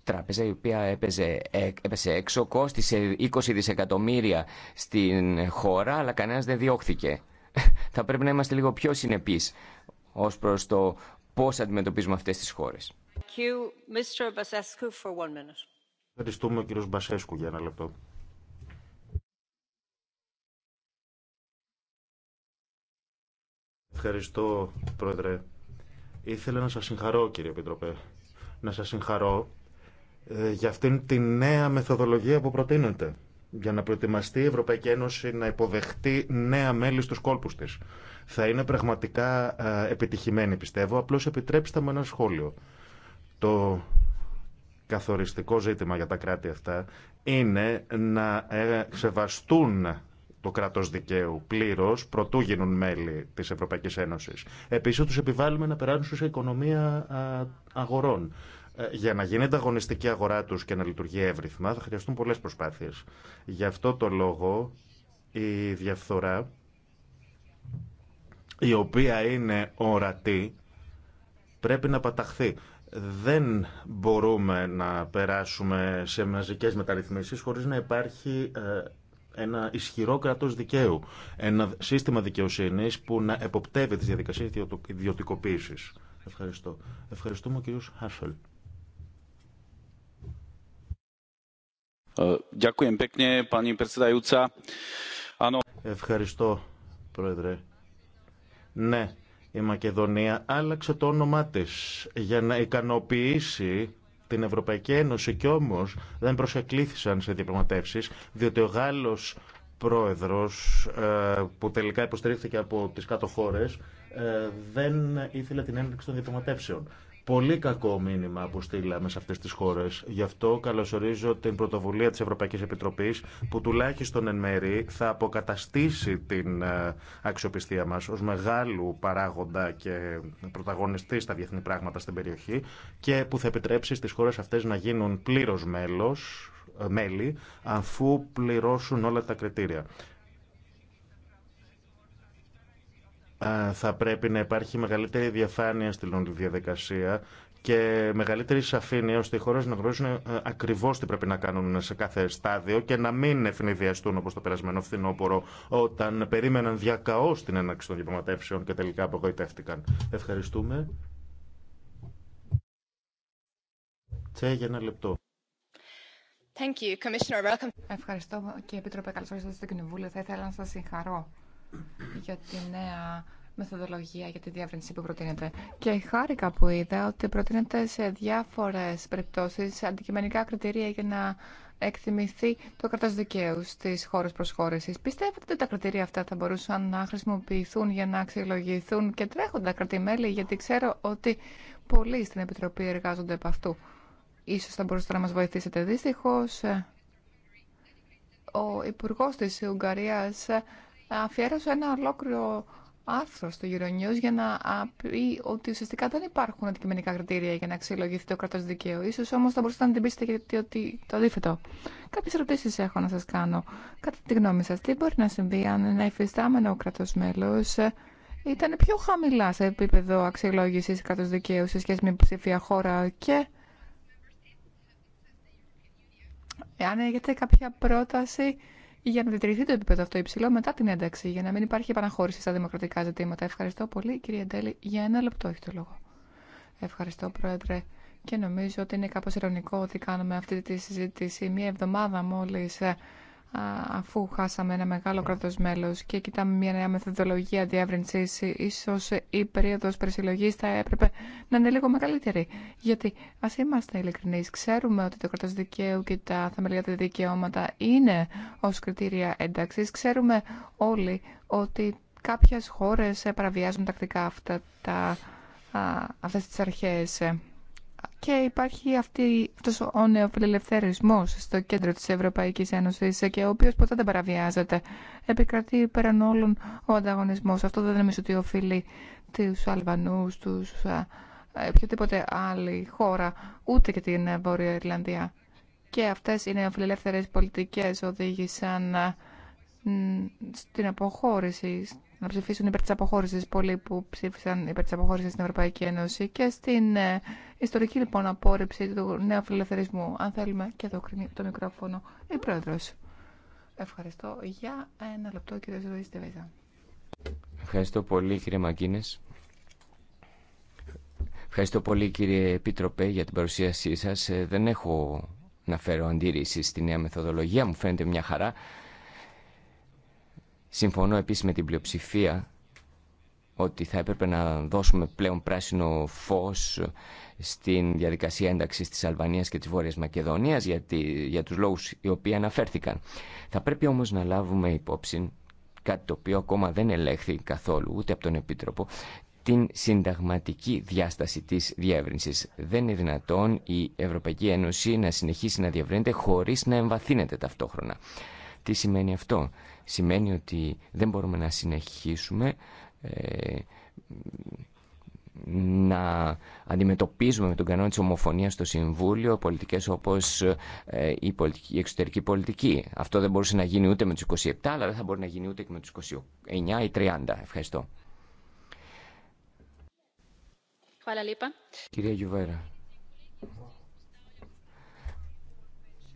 τράπεζα η οποία ιδιωτικέ επιχειρησεις στι δικέ μα χώρε. 20 δισεκατομμύρια στην χώρα επαιζε επεσε εξω κοστησε 20 κανένας δεν διώχθηκε. Θα πρέπει να είμαστε λίγο πιο συνεπείς ως προς το πώς αντιμετωπίζουμε αυτές τις χώρες. Thank you, Mr. Ευχαριστούμε ο κύριος Μπασέσκου για ένα λεπτό. Ευχαριστώ, Πρόεδρε. Ήθελα να σας συγχαρώ, κύριε Επιτροπέ. Να σας συγχαρώ ε, για αυτήν τη νέα μεθοδολογία που προτείνεται για να προετοιμαστεί η Ευρωπαϊκή Ένωση να υποδεχτεί νέα μέλη στους κόλπους της. Θα είναι πραγματικά ε, επιτυχημένη, πιστεύω. Απλώς επιτρέψτε μου ένα σχόλιο. Το καθοριστικό ζήτημα για τα κράτη αυτά είναι να ε, ξεβαστούν το κράτος δικαίου πλήρως προτού γίνουν μέλη της Ευρωπαϊκής Ένωσης. Επίσης τους επιβάλλουμε να περάσουν σε οικονομία αγορών. Ε, για να γίνεται αγωνιστική αγορά τους και να λειτουργεί εύρυθμα θα χρειαστούν πολλές προσπάθειες. Γι' αυτό το λόγο η διαφθορά η οποία είναι ορατή πρέπει να παταχθεί δεν μπορούμε να περάσουμε σε μαζικές μεταρρυθμίσεις χωρίς να υπάρχει ε, ένα ισχυρό κράτος δικαίου, ένα σύστημα δικαιοσύνης που να εποπτεύει τις διαδικασίες ιδιωτικοποίησης. Ευχαριστώ. Ευχαριστούμε ο κύριος Χάσολ. Ε, Ευχαριστώ, Πρόεδρε. Ναι, η Μακεδονία άλλαξε το όνομά της για να ικανοποιήσει την Ευρωπαϊκή Ένωση και όμως δεν προσεκλήθησαν σε διαπραγματεύσεις διότι ο Γάλλος πρόεδρος ε, που τελικά υποστηρίχθηκε από τις κάτω χώρες ε, δεν ήθελε την έναρξη των διαπραγματεύσεων. Πολύ κακό μήνυμα που στείλαμε σε αυτές τις χώρες. Γι' αυτό καλωσορίζω την πρωτοβουλία της Ευρωπαϊκής Επιτροπής που τουλάχιστον εν μέρη θα αποκαταστήσει την ε, αξιοπιστία μας ως μεγάλου παράγοντα και πρωταγωνιστή στα διεθνή πράγματα στην περιοχή και που θα επιτρέψει στις χώρες αυτές να γίνουν πλήρως μέλος ε, μέλη αφού πληρώσουν όλα τα κριτήρια. θα πρέπει να υπάρχει μεγαλύτερη διαφάνεια στην όλη διαδικασία και μεγαλύτερη σαφήνεια ώστε οι χώρε να γνωρίζουν ε, ακριβώ τι πρέπει να κάνουν σε κάθε στάδιο και να μην ευνηδιαστούν όπω το περασμένο φθινόπωρο όταν περίμεναν διακαώ την έναρξη των διαπραγματεύσεων και τελικά απογοητεύτηκαν. Ευχαριστούμε. Τσε για ένα λεπτό. Thank you, Welcome. Ευχαριστώ και Επίτροπε, καλώς ήρθατε στο Κοινοβούλιο. Θα ήθελα να σας συγχαρώ για τη νέα μεθοδολογία για τη διεύρυνση που προτείνεται. Και χάρηκα που είδα ότι προτείνεται σε διάφορε περιπτώσει, αντικειμενικά κριτήρια για να εκτιμηθεί το κράτο δικαίου στι χώρε προσχώρηση. Πιστεύετε ότι τα κριτήρια αυτά θα μπορούσαν να χρησιμοποιηθούν για να αξιολογηθούν και τρέχοντα κρατημέλη, γιατί ξέρω ότι πολλοί στην Επιτροπή εργάζονται από αυτού. Ίσως θα μπορούσατε να μα βοηθήσετε. Δυστυχώ, ο υπουργό τη Ουγγαρία. Θα αφιέρωσω ένα ολόκληρο άρθρο στο Euronews για να πει ότι ουσιαστικά δεν υπάρχουν αντικειμενικά κριτήρια για να αξιολογηθεί το κράτο δικαίου. Σω όμω θα μπορούσατε να την πείσετε γιατί ότι το αντίθετο. Κάποιε ερωτήσει έχω να σα κάνω. Κατά τη γνώμη σα, τι μπορεί να συμβεί αν ένα υφιστάμενο κράτο μέλο ε, ήταν πιο χαμηλά σε επίπεδο αξιολόγηση κράτου δικαίου σε σχέση με ψηφία χώρα και. Αν έχετε κάποια πρόταση για να διατηρηθεί το επίπεδο αυτό υψηλό μετά την ένταξη, για να μην υπάρχει επαναχώρηση στα δημοκρατικά ζητήματα. Ευχαριστώ πολύ, κύριε Ντέλη. Για ένα λεπτό έχει το λόγο. Ευχαριστώ, Πρόεδρε. Και νομίζω ότι είναι κάπως ειρωνικό ότι κάνουμε αυτή τη συζήτηση μία εβδομάδα μόλις ε, αφού χάσαμε ένα μεγάλο κράτος μέλος και κοιτάμε μια νέα μεθοδολογία διεύρυνσης, ίσως η περίοδος περισυλλογής θα έπρεπε να είναι λίγο μεγαλύτερη. Γιατί ας είμαστε ειλικρινείς, ξέρουμε ότι το κράτος δικαίου και τα θεμελιώδη δικαιώματα είναι ως κριτήρια ένταξης. Ξέρουμε όλοι ότι κάποιες χώρες παραβιάζουν τακτικά αυτά τα, αυτές και υπάρχει αυτή, αυτός ο νεοφιλελευθερισμός στο κέντρο της Ευρωπαϊκής Ένωσης και ο οποίος ποτέ δεν παραβιάζεται. Επικρατεί πέραν όλων ο ανταγωνισμός. Αυτό δεν νομίζω ότι οφείλει τους Αλβανούς, τους ε, οποιοδήποτε άλλη χώρα, ούτε και την Βόρεια Ιρλανδία. Και αυτές οι νεοφιλελεύθερες πολιτικές οδήγησαν στην αποχώρηση, να ψηφίσουν υπέρ της αποχώρησης πολλοί που ψήφισαν υπέρ της αποχώρησης στην Ευρωπαϊκή Ένωση και στην ε, Ιστορική λοιπόν απόρριψη του νέου φιλελευθερισμού. Αν θέλουμε και εδώ κρίνει το μικρόφωνο η πρόεδρο. Ευχαριστώ για ένα λεπτό κύριε Ζωή Τεβέζα. Ευχαριστώ πολύ κύριε Μαγκίνες. Ευχαριστώ πολύ κύριε Επίτροπε για την παρουσίασή σας. Ε, δεν έχω να φέρω αντίρρηση στη νέα μεθοδολογία, μου φαίνεται μια χαρά. Συμφωνώ επίσης με την πλειοψηφία ότι θα έπρεπε να δώσουμε πλέον πράσινο φως στην διαδικασία ένταξης της Αλβανίας και της Βόρειας Μακεδονίας για, τη, για τους λόγους οι οποίοι αναφέρθηκαν. Θα πρέπει όμως να λάβουμε υπόψη κάτι το οποίο ακόμα δεν ελέγχθη καθόλου ούτε από τον Επίτροπο την συνταγματική διάσταση της διεύρυνσης. Δεν είναι δυνατόν η Ευρωπαϊκή Ένωση να συνεχίσει να διευρύνεται χωρίς να εμβαθύνεται ταυτόχρονα. Τι σημαίνει αυτό. Σημαίνει ότι δεν μπορούμε να συνεχίσουμε ε, να αντιμετωπίζουμε με τον κανόνα της ομοφωνίας στο Συμβούλιο πολιτικές όπως ε, η, πολιτική, εξωτερική πολιτική. Αυτό δεν μπορούσε να γίνει ούτε με τους 27, αλλά δεν θα μπορεί να γίνει ούτε και με τους 29 ή 30. Ευχαριστώ. Κυρία Γιουβέρα.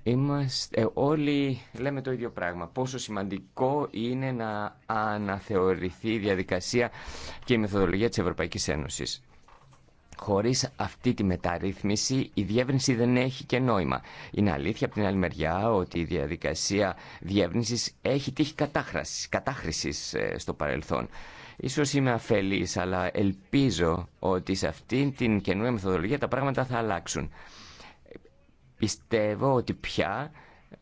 Είμαστε ε, όλοι λέμε το ίδιο πράγμα. Πόσο σημαντικό είναι να αναθεωρηθεί η διαδικασία και η μεθοδολογία της Ευρωπαϊκής Ένωσης. Χωρίς αυτή τη μεταρρύθμιση η διεύρυνση δεν έχει και νόημα. Είναι αλήθεια από την άλλη μεριά ότι η διαδικασία διεύρυνσης έχει τύχει κατάχρασης, κατάχρησης ε, στο παρελθόν. Ίσως είμαι αφελής, αλλά ελπίζω ότι σε αυτήν την καινούργια μεθοδολογία τα πράγματα θα αλλάξουν. Πιστεύω ότι πια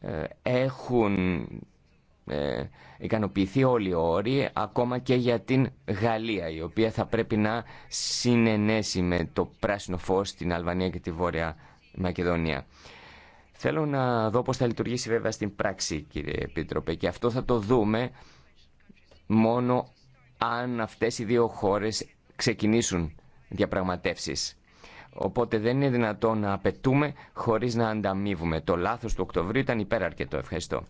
ε, έχουν ε, ικανοποιηθεί όλοι οι όροι, ακόμα και για την Γαλλία, η οποία θα πρέπει να συνενέσει με το πράσινο φως στην Αλβανία και τη Βόρεια Μακεδονία. Θέλω να δω πώς θα λειτουργήσει βέβαια στην πράξη, κύριε Επίτροπε, και αυτό θα το δούμε μόνο αν αυτές οι δύο χώρες ξεκινήσουν διαπραγματεύσεις. Οπότε δεν είναι δυνατό να απαιτούμε χωρίς να ανταμείβουμε. Το λάθος του Οκτωβρίου ήταν υπεραρκετό. Ευχαριστώ.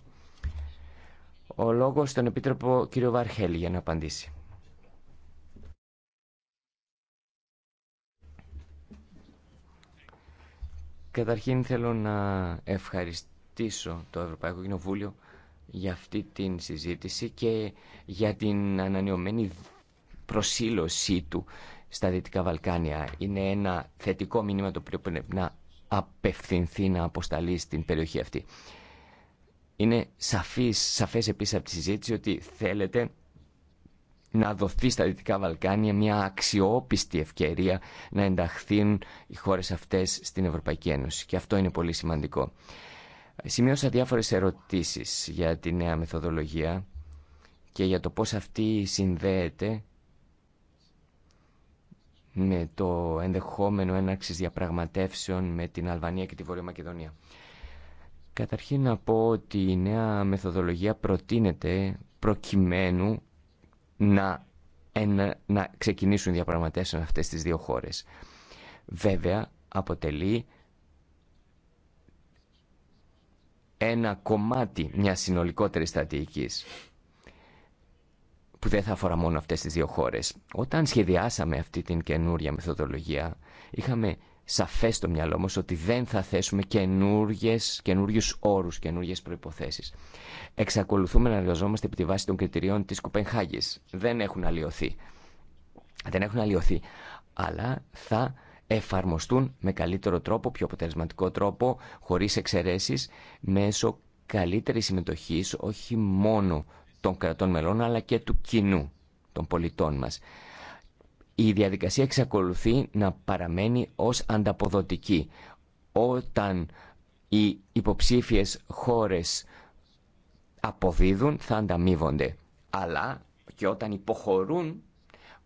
Ο λόγος στον Επίτροπο κύριο Βαρχέλη για να απαντήσει. Καταρχήν θέλω να ευχαριστήσω το Ευρωπαϊκό Κοινοβούλιο για αυτή την συζήτηση και για την ανανεωμένη προσήλωσή του στα Δυτικά Βαλκάνια. Είναι ένα θετικό μήνυμα το οποίο πρέπει να απευθυνθεί, να αποσταλεί στην περιοχή αυτή. Είναι σαφής, σαφές επίσης από τη συζήτηση ότι θέλετε να δοθεί στα Δυτικά Βαλκάνια μια αξιόπιστη ευκαιρία να ενταχθούν οι χώρες αυτές στην Ευρωπαϊκή Ένωση. Και αυτό είναι πολύ σημαντικό. Σημείωσα διάφορες ερωτήσεις για τη νέα μεθοδολογία και για το πώς αυτή συνδέεται με το ενδεχόμενο έναρξης διαπραγματεύσεων με την Αλβανία και τη Βόρεια Μακεδονία. Καταρχήν να πω ότι η νέα μεθοδολογία προτείνεται προκειμένου να, να ξεκινήσουν διαπραγματεύσεις με αυτές τις δύο χώρες. Βέβαια, αποτελεί ένα κομμάτι μιας συνολικότερης στρατηγικής που δεν θα αφορά μόνο αυτές τις δύο χώρες. Όταν σχεδιάσαμε αυτή την καινούρια μεθοδολογία, είχαμε σαφές στο μυαλό μας ότι δεν θα θέσουμε καινούργιες, καινούργιους όρους, καινούργιες προϋποθέσεις. Εξακολουθούμε να εργαζόμαστε επί τη βάση των κριτηρίων της Κουπενχάγης. Δεν έχουν αλλοιωθεί. Δεν έχουν αλλοιωθεί. Αλλά θα εφαρμοστούν με καλύτερο τρόπο, πιο αποτελεσματικό τρόπο, χωρίς εξαιρέσεις, μέσω καλύτερη συμμετοχής όχι μόνο των κρατών μελών αλλά και του κοινού των πολιτών μας. Η διαδικασία εξακολουθεί να παραμένει ως ανταποδοτική. Όταν οι υποψήφιες χώρες αποδίδουν θα ανταμείβονται. Αλλά και όταν υποχωρούν,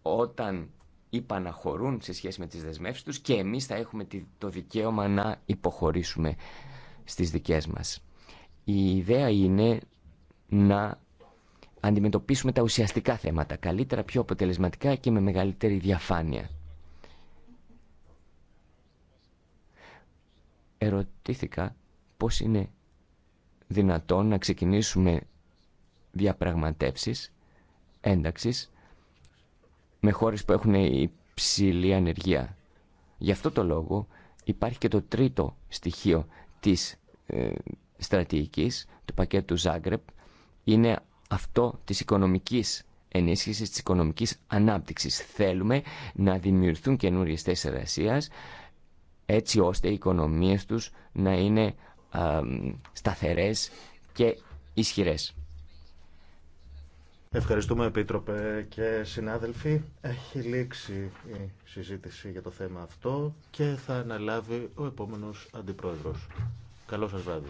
όταν υπαναχωρούν σε σχέση με τις δεσμεύσεις τους και εμείς θα έχουμε το δικαίωμα να υποχωρήσουμε στις δικές μας. Η ιδέα είναι να αντιμετωπίσουμε τα ουσιαστικά θέματα καλύτερα, πιο αποτελεσματικά και με μεγαλύτερη διαφάνεια. Ερωτήθηκα πώς είναι δυνατόν να ξεκινήσουμε διαπραγματεύσεις ένταξης με χώρες που έχουν υψηλή ανεργία. Γι' αυτό το λόγο υπάρχει και το τρίτο στοιχείο της ε, στρατηγικής του πακέτου Ζάγκρεπ είναι αυτό της οικονομικής ενίσχυσης, της οικονομικής ανάπτυξης. Θέλουμε να δημιουργηθούν καινούριες θέσεις εργασία έτσι ώστε οι οικονομίες τους να είναι σταθερές και ισχυρές. Ευχαριστούμε Επίτροπε και συνάδελφοι. Έχει λήξει η συζήτηση για το θέμα αυτό και θα αναλάβει ο επόμενος Αντιπρόεδρος. Καλό σας βράδυ.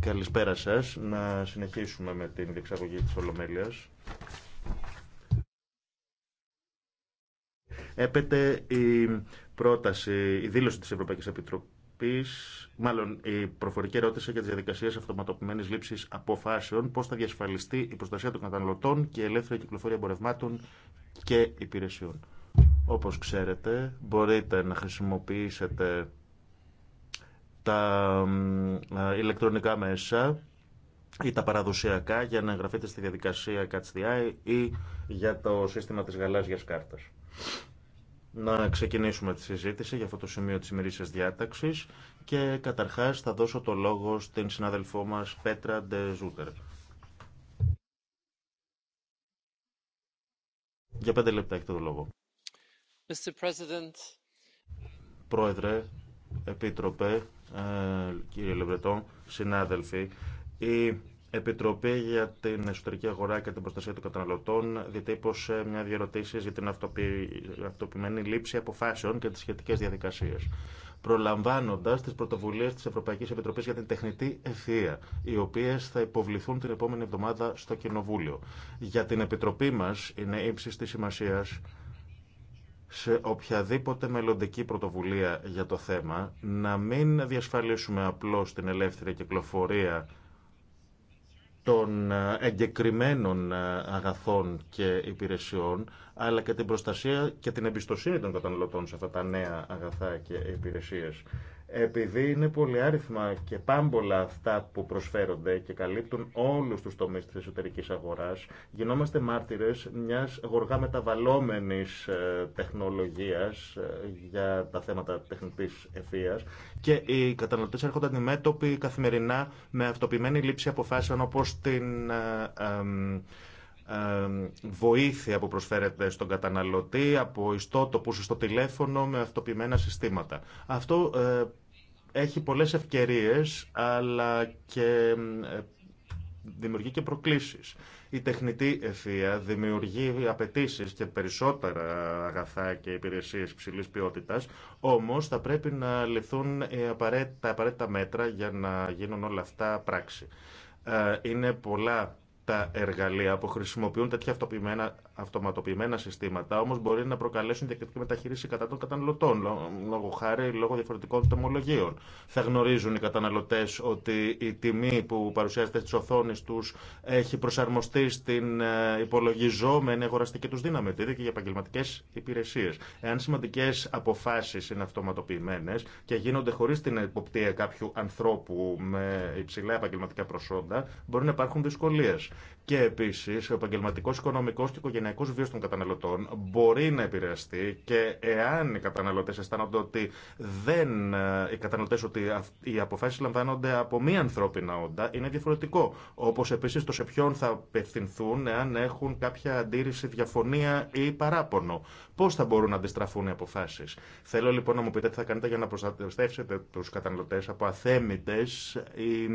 Καλησπέρα σας. Να συνεχίσουμε με την διεξαγωγή της Ολομέλειας. Έπεται η πρόταση, η δήλωση της Ευρωπαϊκής Επιτροπής, μάλλον η προφορική ερώτηση για τις διαδικασίες αυτοματοποιημένης λήψης αποφάσεων, πώς θα διασφαλιστεί η προστασία των καταναλωτών και η ελεύθερη κυκλοφορία εμπορευμάτων και υπηρεσιών. Όπως ξέρετε, μπορείτε να χρησιμοποιήσετε τα ηλεκτρονικά μέσα ή τα παραδοσιακά για να εγγραφείτε στη διαδικασία CatchDI ή για το σύστημα της γαλάζιας κάρτας. Να ξεκινήσουμε τη συζήτηση για αυτό το σημείο της ημερήσιας διάταξης και καταρχάς θα δώσω το λόγο στην συνάδελφό μας Πέτρα Ντεζούτερ. Για πέντε λεπτά έχετε το λόγο. Πρόεδρε, Επίτροπε, ε, κύριε Λεβρετό, συνάδελφοι, η Επιτροπή για την Εσωτερική Αγορά και την Προστασία των Καταναλωτών διατύπωσε μια διαρωτήση για την αυτοποιημένη λήψη αποφάσεων και τις σχετικές διαδικασίες προλαμβάνοντα τι πρωτοβουλίε τη Ευρωπαϊκή Επιτροπή για την τεχνητή ευθεία, οι οποίε θα υποβληθούν την επόμενη εβδομάδα στο Κοινοβούλιο. Για την Επιτροπή μα είναι ύψη τη σημασία σε οποιαδήποτε μελλοντική πρωτοβουλία για το θέμα να μην διασφαλίσουμε απλώς την ελεύθερη κυκλοφορία των ε, εγκεκριμένων ε, αγαθών και υπηρεσιών, αλλά και την προστασία και την εμπιστοσύνη των καταναλωτών σε αυτά τα νέα αγαθά και υπηρεσίες επειδή είναι πολυάριθμα και πάμπολα αυτά που προσφέρονται και καλύπτουν όλους τους τομείς της εσωτερικής αγοράς, γινόμαστε μάρτυρες μιας γοργά μεταβαλλόμενης ε, τεχνολογίας ε, για τα θέματα τεχνητής ευθείας και οι καταναλωτές έρχονται αντιμέτωποι καθημερινά με αυτοποιημένη λήψη αποφάσεων όπως την ε, βοήθεια που προσφέρεται στον καταναλωτή από ιστότοπους στο τηλέφωνο με αυτοποιημένα συστήματα. Αυτό έχει πολλές ευκαιρίες αλλά και ε, δημιουργεί και προκλήσεις. Η τεχνητή ευθεία δημιουργεί απαιτήσει και περισσότερα αγαθά και υπηρεσίε υψηλή ποιότητα, όμω θα πρέπει να ληφθούν τα απαραίτητα μέτρα για να γίνουν όλα αυτά πράξη. Ε, είναι πολλά τα εργαλεία που χρησιμοποιούν τέτοια αυτοποιημένα αυτοματοποιημένα συστήματα όμω μπορεί να προκαλέσουν διακριτική μεταχείριση κατά των καταναλωτών, λόγω χάρη λόγω διαφορετικών τομολογίων. Θα γνωρίζουν οι καταναλωτέ ότι η τιμή που παρουσιάζεται στι οθόνε του έχει προσαρμοστεί στην ε, υπολογιζόμενη αγοραστική του δύναμη, το και για επαγγελματικέ υπηρεσίε. Εάν σημαντικέ αποφάσει είναι αυτοματοποιημένε και γίνονται χωρί την εποπτεία κάποιου ανθρώπου με υψηλά επαγγελματικά προσόντα, μπορεί να υπάρχουν δυσκολίε. Και επίση, ο επαγγελματικό, οικονομικό και οικογενειακό βίο των καταναλωτών μπορεί να επηρεαστεί και εάν οι καταναλωτέ αισθάνονται ότι δεν. Ε, οι καταναλωτέ ότι οι αποφάσει λαμβάνονται από μη ανθρώπινα όντα, είναι διαφορετικό. Όπω επίση το σε ποιον θα απευθυνθούν εάν έχουν κάποια αντίρρηση, διαφωνία ή παράπονο. Πώ θα μπορούν να αντιστραφούν οι αποφάσει. Θέλω λοιπόν να μου πείτε τι θα κάνετε για να προστατεύσετε του καταναλωτέ από αθέμητε ή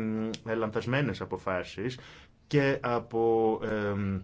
λανθασμένε αποφάσει και από ε,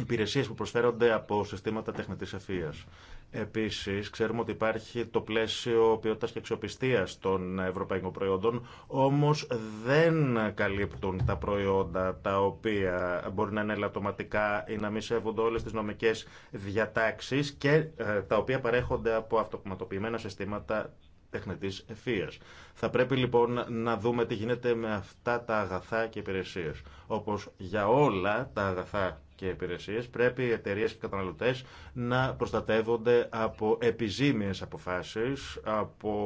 υπηρεσίες που προσφέρονται από συστήματα τεχνητής ευφύειας. Επίσης, ξέρουμε ότι υπάρχει το πλαίσιο ποιότητας και αξιοπιστίας των ευρωπαϊκών προϊόντων, όμως δεν καλύπτουν τα προϊόντα τα οποία μπορεί να είναι ελαττωματικά ή να μη σέβονται όλες τις νομικές διατάξεις και ε, τα οποία παρέχονται από αυτοκομματοποιημένα συστήματα Τεχνητή ευθεία. Θα πρέπει λοιπόν να δούμε τι γίνεται με αυτά τα αγαθά και υπηρεσίε. Όπως για όλα τα αγαθά και υπηρεσίε, πρέπει οι εταιρείε και οι καταναλωτέ να προστατεύονται από επιζήμιε αποφάσει, από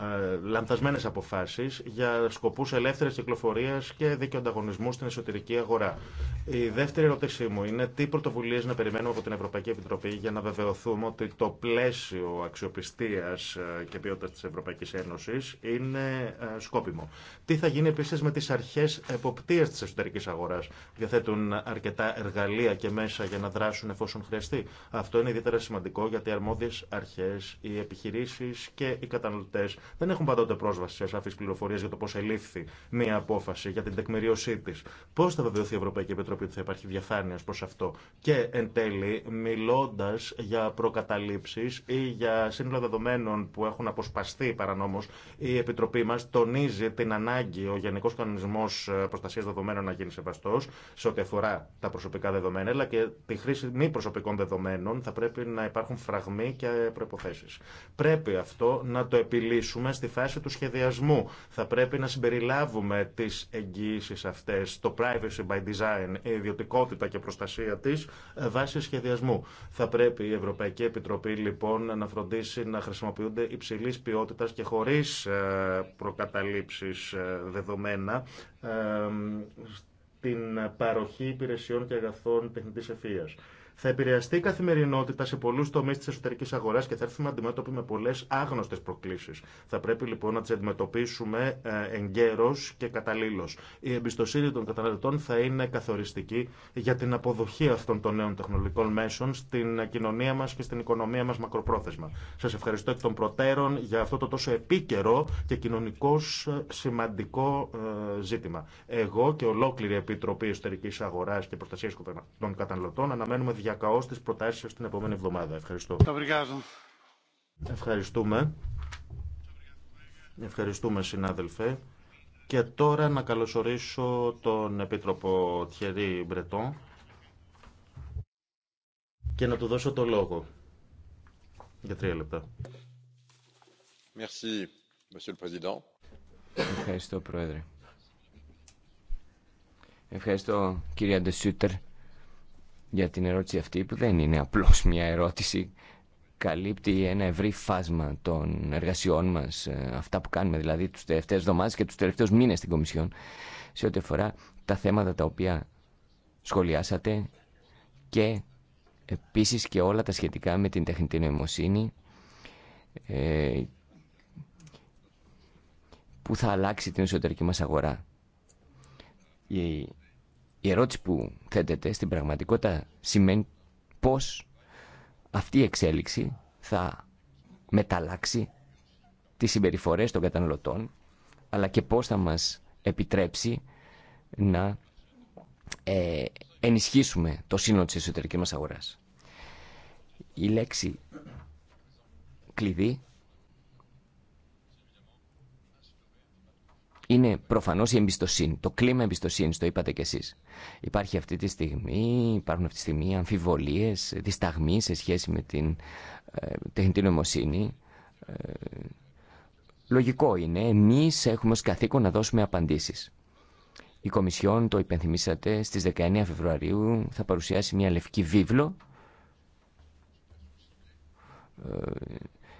ε, λανθασμένες αποφάσεις για σκοπούς ελεύθερης κυκλοφορίας και δίκαιο ανταγωνισμού στην εσωτερική αγορά. Η δεύτερη ερώτησή μου είναι τι πρωτοβουλίε να περιμένουμε από την Ευρωπαϊκή Επιτροπή για να βεβαιωθούμε ότι το πλαίσιο αξιοπιστίας ε, και ποιότητας της Ευρωπαϊκής Ένωσης είναι ε, σκόπιμο. Τι θα γίνει επίσης με τις αρχές εποπτείας της εσωτερικής αγοράς. Διαθέτουν αρκετά εργαλεία και μέσα για να δράσουν εφόσον χρειαστεί. Αυτό είναι ιδιαίτερα σημαντικό γιατί οι αρμόδιες αρχές, οι επιχειρήσει και οι καταναλωτές δεν έχουν παντότε πρόσβαση σε σαφεί πληροφορίε για το πώ ελήφθη μία απόφαση, για την τεκμηρίωσή τη. Πώ θα βεβαιωθεί η Ευρωπαϊκή Επιτροπή ότι θα υπάρχει διαφάνεια προ αυτό. Και εν τέλει, μιλώντα για προκαταλήψει ή για σύνολα δεδομένων που έχουν αποσπαστεί παρανόμω, η Επιτροπή μα τονίζει την ανάγκη ο Γενικό Κανονισμό ε, Προστασία Δεδομένων να γίνει σεβαστό σε ό,τι αφορά τα προσωπικά δεδομένα, αλλά και τη χρήση μη προσωπικών δεδομένων θα πρέπει να υπάρχουν φραγμοί και προποθέσει. Πρέπει αυτό να το επιλύσουμε στη φάση του σχεδιασμού. Θα πρέπει να συμπεριλάβουμε τις εγγύησει αυτές, το privacy by design, η ιδιωτικότητα και προστασία της ε, βάσει σχεδιασμού. Θα πρέπει η Ευρωπαϊκή Επιτροπή λοιπόν να φροντίσει να χρησιμοποιούνται υψηλή ποιότητα και χωρί ε, προκαταλήψει ε, δεδομένα την παροχή υπηρεσιών και αγαθών τεχνητής ευφύειας. Θα επηρεαστεί η καθημερινότητα σε πολλού τομεί τη εσωτερική αγορά και θα έρθουμε αντιμέτωποι με πολλέ άγνωστε προκλήσει. Θα πρέπει λοιπόν να τι αντιμετωπίσουμε ε, εγκαίρω και καταλήλω. Η εμπιστοσύνη των καταναλωτών θα είναι καθοριστική για την αποδοχή αυτών των νέων τεχνολογικών μέσων στην κοινωνία μα και στην οικονομία μα μακροπρόθεσμα. Σα ευχαριστώ εκ των προτέρων για αυτό το τόσο επίκαιρο και κοινωνικώ ε, σημαντικό ε, ζήτημα. Εγώ και ολόκληρη Επιτροπή Εσωτερική Αγορά και Προστασία των Καταναλωτών αναμένουμε διακαώ τι προτάσει σα την επόμενη εβδομάδα. Ευχαριστώ. Ευχαριστούμε. Ευχαριστούμε, συνάδελφε. Και τώρα να καλωσορίσω τον Επίτροπο Τιερή Μπρετόν και να του δώσω το λόγο για τρία λεπτά. Merci, Monsieur le Président. Ευχαριστώ, Πρόεδρε. Ευχαριστώ, κύριε Αντεσούτερ για την ερώτηση αυτή που δεν είναι απλώς μια ερώτηση καλύπτει ένα ευρύ φάσμα των εργασιών μας ε, αυτά που κάνουμε δηλαδή τους τελευταίες εβδομάδες και τους τελευταίους μήνες στην Κομισιόν σε ό,τι αφορά τα θέματα τα οποία σχολιάσατε και επίσης και όλα τα σχετικά με την τεχνητή νοημοσύνη ε, που θα αλλάξει την εσωτερική μας αγορά. Η η ερώτηση που θέτεται στην πραγματικότητα σημαίνει πώς αυτή η εξέλιξη θα μεταλλάξει τις συμπεριφορές των καταναλωτών αλλά και πώς θα μας επιτρέψει να ε, ενισχύσουμε το σύνολο της εσωτερικής μας αγοράς. Η λέξη κλειδί είναι προφανώς η εμπιστοσύνη, το κλίμα εμπιστοσύνης, το είπατε κι εσείς. Υπάρχει αυτή τη στιγμή, υπάρχουν αυτή τη στιγμή αμφιβολίες, δισταγμοί σε σχέση με την ε, τεχνητή νοημοσύνη. Ε, λογικό είναι, εμείς έχουμε ως καθήκον να δώσουμε απαντήσεις. Η Κομισιόν, το υπενθυμίσατε, στις 19 Φεβρουαρίου θα παρουσιάσει μια λευκή βίβλο ε,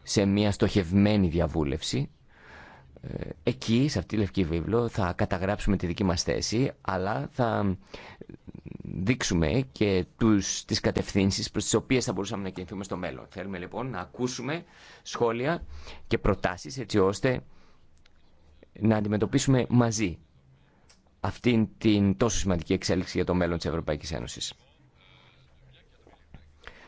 σε μια στοχευμένη διαβούλευση ε, εκεί, σε αυτή τη λευκή βίβλο, θα καταγράψουμε τη δική μας θέση, αλλά θα δείξουμε και τους, τις κατευθύνσεις προς τις οποίες θα μπορούσαμε να κινηθούμε στο μέλλον. Θέλουμε λοιπόν να ακούσουμε σχόλια και προτάσεις έτσι ώστε να αντιμετωπίσουμε μαζί αυτήν την τόσο σημαντική εξέλιξη για το μέλλον της Ευρωπαϊκής Ένωσης.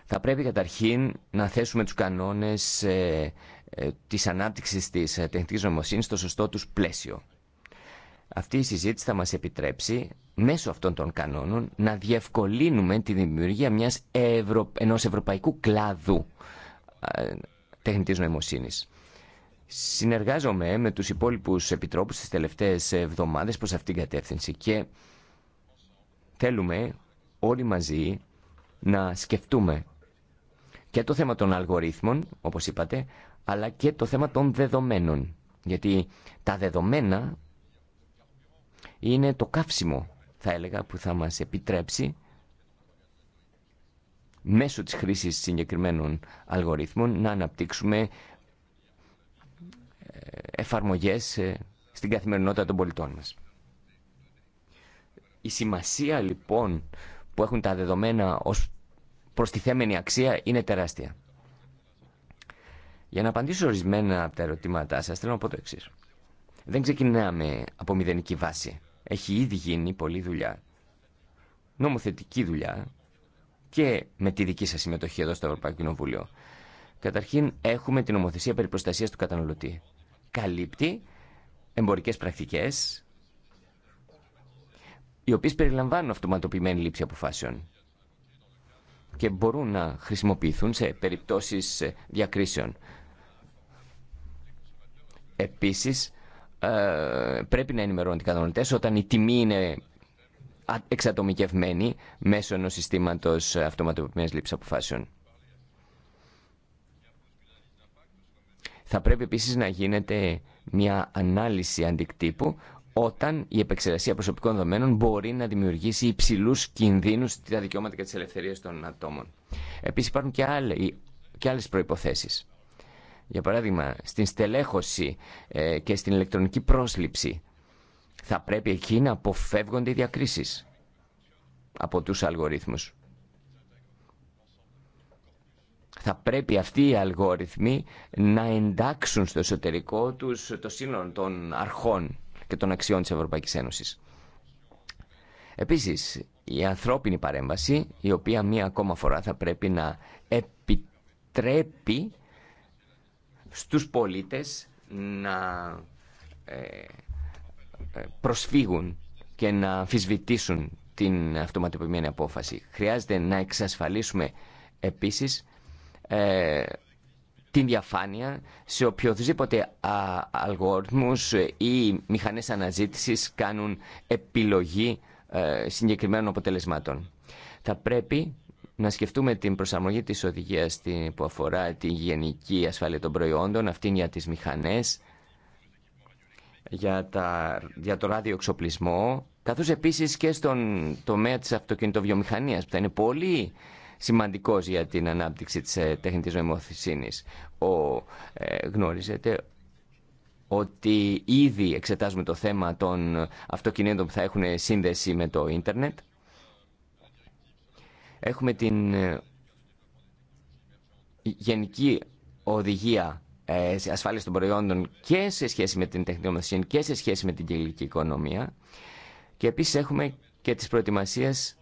Θα πρέπει καταρχήν να θέσουμε τους κανόνες ε, ε, της ανάπτυξης της ε, τεχνητής νοημοσύνης στο σωστό τους πλαίσιο. Αυτή η συζήτηση θα μας επιτρέψει μέσω αυτών των κανόνων να διευκολύνουμε τη δημιουργία μιας ενός ευρωπαϊκού κλάδου ε, τεχνητής νοημοσύνης. Συνεργάζομαι με τους υπόλοιπους επιτρόπους τις τελευταίες εβδομάδες προς αυτήν την κατεύθυνση και θέλουμε όλοι μαζί να σκεφτούμε και το θέμα των αλγορίθμων, όπως είπατε, αλλά και το θέμα των δεδομένων. Γιατί τα δεδομένα είναι το καύσιμο, θα έλεγα, που θα μας επιτρέψει μέσω της χρήσης συγκεκριμένων αλγορίθμων να αναπτύξουμε ε, εφαρμογές ε, στην καθημερινότητα των πολιτών μας. Η σημασία λοιπόν που έχουν τα δεδομένα ως προστιθέμενη αξία είναι τεράστια. Για να απαντήσω ορισμένα από τα ερωτήματά σας, θέλω να πω το εξή. Δεν ξεκινάμε από μηδενική βάση. Έχει ήδη γίνει πολλή δουλειά. Νομοθετική δουλειά και με τη δική σα συμμετοχή εδώ στο Ευρωπαϊκό Κοινοβούλιο. Καταρχήν έχουμε την νομοθεσία περί προστασία του καταναλωτή. Καλύπτει εμπορικέ πρακτικέ, οι οποίε περιλαμβάνουν αυτοματοποιημένη λήψη αποφάσεων και μπορούν να χρησιμοποιηθούν σε περιπτώσεις ε, διακρίσεων. Επίσης, ε, πρέπει να ενημερώνουν οι κατανοητέ όταν η τιμή είναι εξατομικευμένη μέσω ενός συστήματος αυτοματοποιημένη λήψης αποφάσεων. Θα πρέπει επίσης να γίνεται μια ανάλυση αντικτύπου όταν η επεξεργασία προσωπικών δεδομένων μπορεί να δημιουργήσει υψηλού κινδύνους στα δικαιώματα και τι ελευθερίε των ατόμων. Επίση υπάρχουν και, άλλε προποθέσει για παράδειγμα, στην στελέχωση ε, και στην ηλεκτρονική πρόσληψη, θα πρέπει εκεί να αποφεύγονται οι διακρίσεις από τους αλγορίθμους. Θα πρέπει αυτοί οι αλγόριθμοι να εντάξουν στο εσωτερικό τους το σύνολο των αρχών και των αξιών της Ευρωπαϊκής Ένωσης. Επίσης, η ανθρώπινη παρέμβαση, η οποία μία ακόμα φορά θα πρέπει να επιτρέπει στους πολίτες να ε, ε, προσφύγουν και να αμφισβητήσουν την αυτοματοποιημένη απόφαση. Χρειάζεται να εξασφαλίσουμε επίσης ε, την διαφάνεια σε οποιοδήποτε αλγόριθμους ή μηχανές αναζήτησης κάνουν επιλογή ε, συγκεκριμένων αποτελεσμάτων. Θα πρέπει να σκεφτούμε την προσαρμογή της οδηγίας που αφορά τη γενική ασφάλεια των προϊόντων, αυτήν για τις μηχανές, για, τα, για το ράδιο εξοπλισμό, καθώς επίσης και στον τομέα της αυτοκινητοβιομηχανίας, που θα είναι πολύ σημαντικός για την ανάπτυξη της ε, τέχνητης νοημοθυσίνης. Ο, ε, γνωρίζετε ότι ήδη εξετάζουμε το θέμα των αυτοκινήτων που θα έχουν σύνδεση με το ίντερνετ Έχουμε την ε, γενική οδηγία ε, ασφάλεια των προϊόντων και σε σχέση με την τεχνητή και σε σχέση με την κυκλική οικονομία. Και επίσης έχουμε και τις προετοιμασίες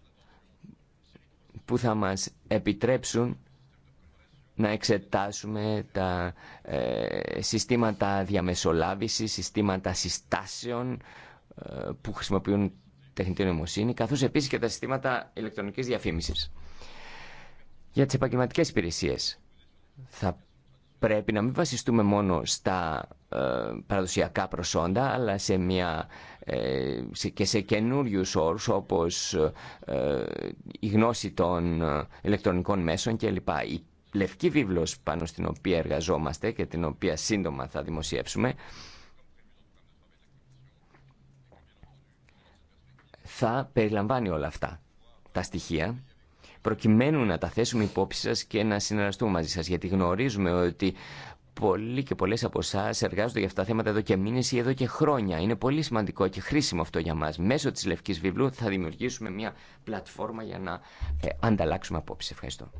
που θα μας επιτρέψουν να εξετάσουμε τα ε, συστήματα διαμεσολάβησης, συστήματα συστάσεων που χρησιμοποιούν τεχνητή νοημοσύνη, καθώς επίσης και τα συστήματα ηλεκτρονικής διαφήμισης. Για τις επαγγελματικέ υπηρεσίε θα πρέπει να μην βασιστούμε μόνο στα ε, παραδοσιακά προσόντα, αλλά σε μια, ε, σε, και σε καινούριους όρους όπως ε, η γνώση των ε, ηλεκτρονικών μέσων κλπ. Η λευκή βίβλος πάνω στην οποία εργαζόμαστε και την οποία σύντομα θα δημοσιεύσουμε, θα περιλαμβάνει όλα αυτά τα στοιχεία προκειμένου να τα θέσουμε υπόψη σας και να συνεργαστούμε μαζί σας γιατί γνωρίζουμε ότι πολλοί και πολλές από εσά εργάζονται για αυτά τα θέματα εδώ και μήνες ή εδώ και χρόνια. Είναι πολύ σημαντικό και χρήσιμο αυτό για μας. Μέσω της Λευκής Βιβλίου θα δημιουργήσουμε μια πλατφόρμα για να ε, ανταλλάξουμε απόψεις. Ευχαριστώ.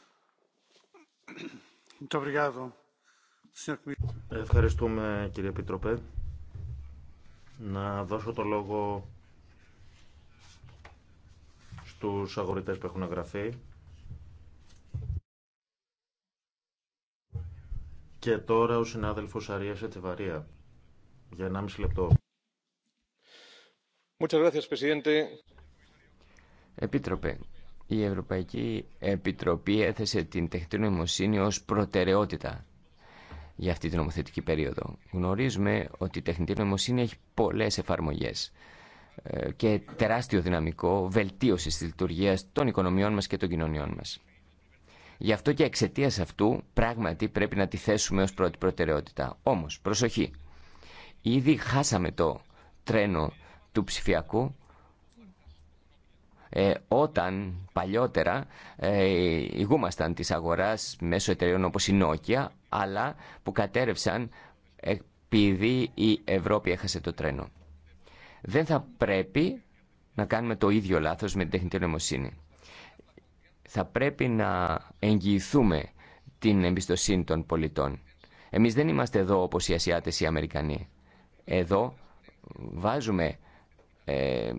Ευχαριστούμε κύριε Επιτροπέ. Να δώσω το λόγο τους αγορητές που έχουν εγγραφεί. Και τώρα ο συνάδελφος Αρίας Ετσεβαρία. Για 1,5 λεπτό. Επίτροπε, η Ευρωπαϊκή Επιτροπή έθεσε την τεχνητή νοημοσύνη ως προτεραιότητα για αυτή την νομοθετική περίοδο. Γνωρίζουμε ότι η τεχνητή νοημοσύνη έχει πολλές εφαρμογές. Ε, και τεράστιο δυναμικό βελτίωσης της λειτουργία των οικονομιών μας και των κοινωνιών μας. Γι' αυτό και εξαιτία αυτού πράγματι πρέπει να τη θέσουμε ως πρώτη προτεραιότητα. Όμως, προσοχή, ήδη χάσαμε το τρένο του ψηφιακού ε, όταν παλιότερα ε, ηγούμασταν της αγοράς μέσω εταιρεών όπως η Nokia αλλά που κατέρευσαν επειδή η Ευρώπη έχασε το τρένο. Δεν θα πρέπει να κάνουμε το ίδιο λάθος με την τεχνητή νοημοσύνη. Θα πρέπει να εγγυηθούμε την εμπιστοσύνη των πολιτών. Εμείς δεν είμαστε εδώ όπως οι Ασιάτες ή οι Αμερικανοί. Εδώ βάζουμε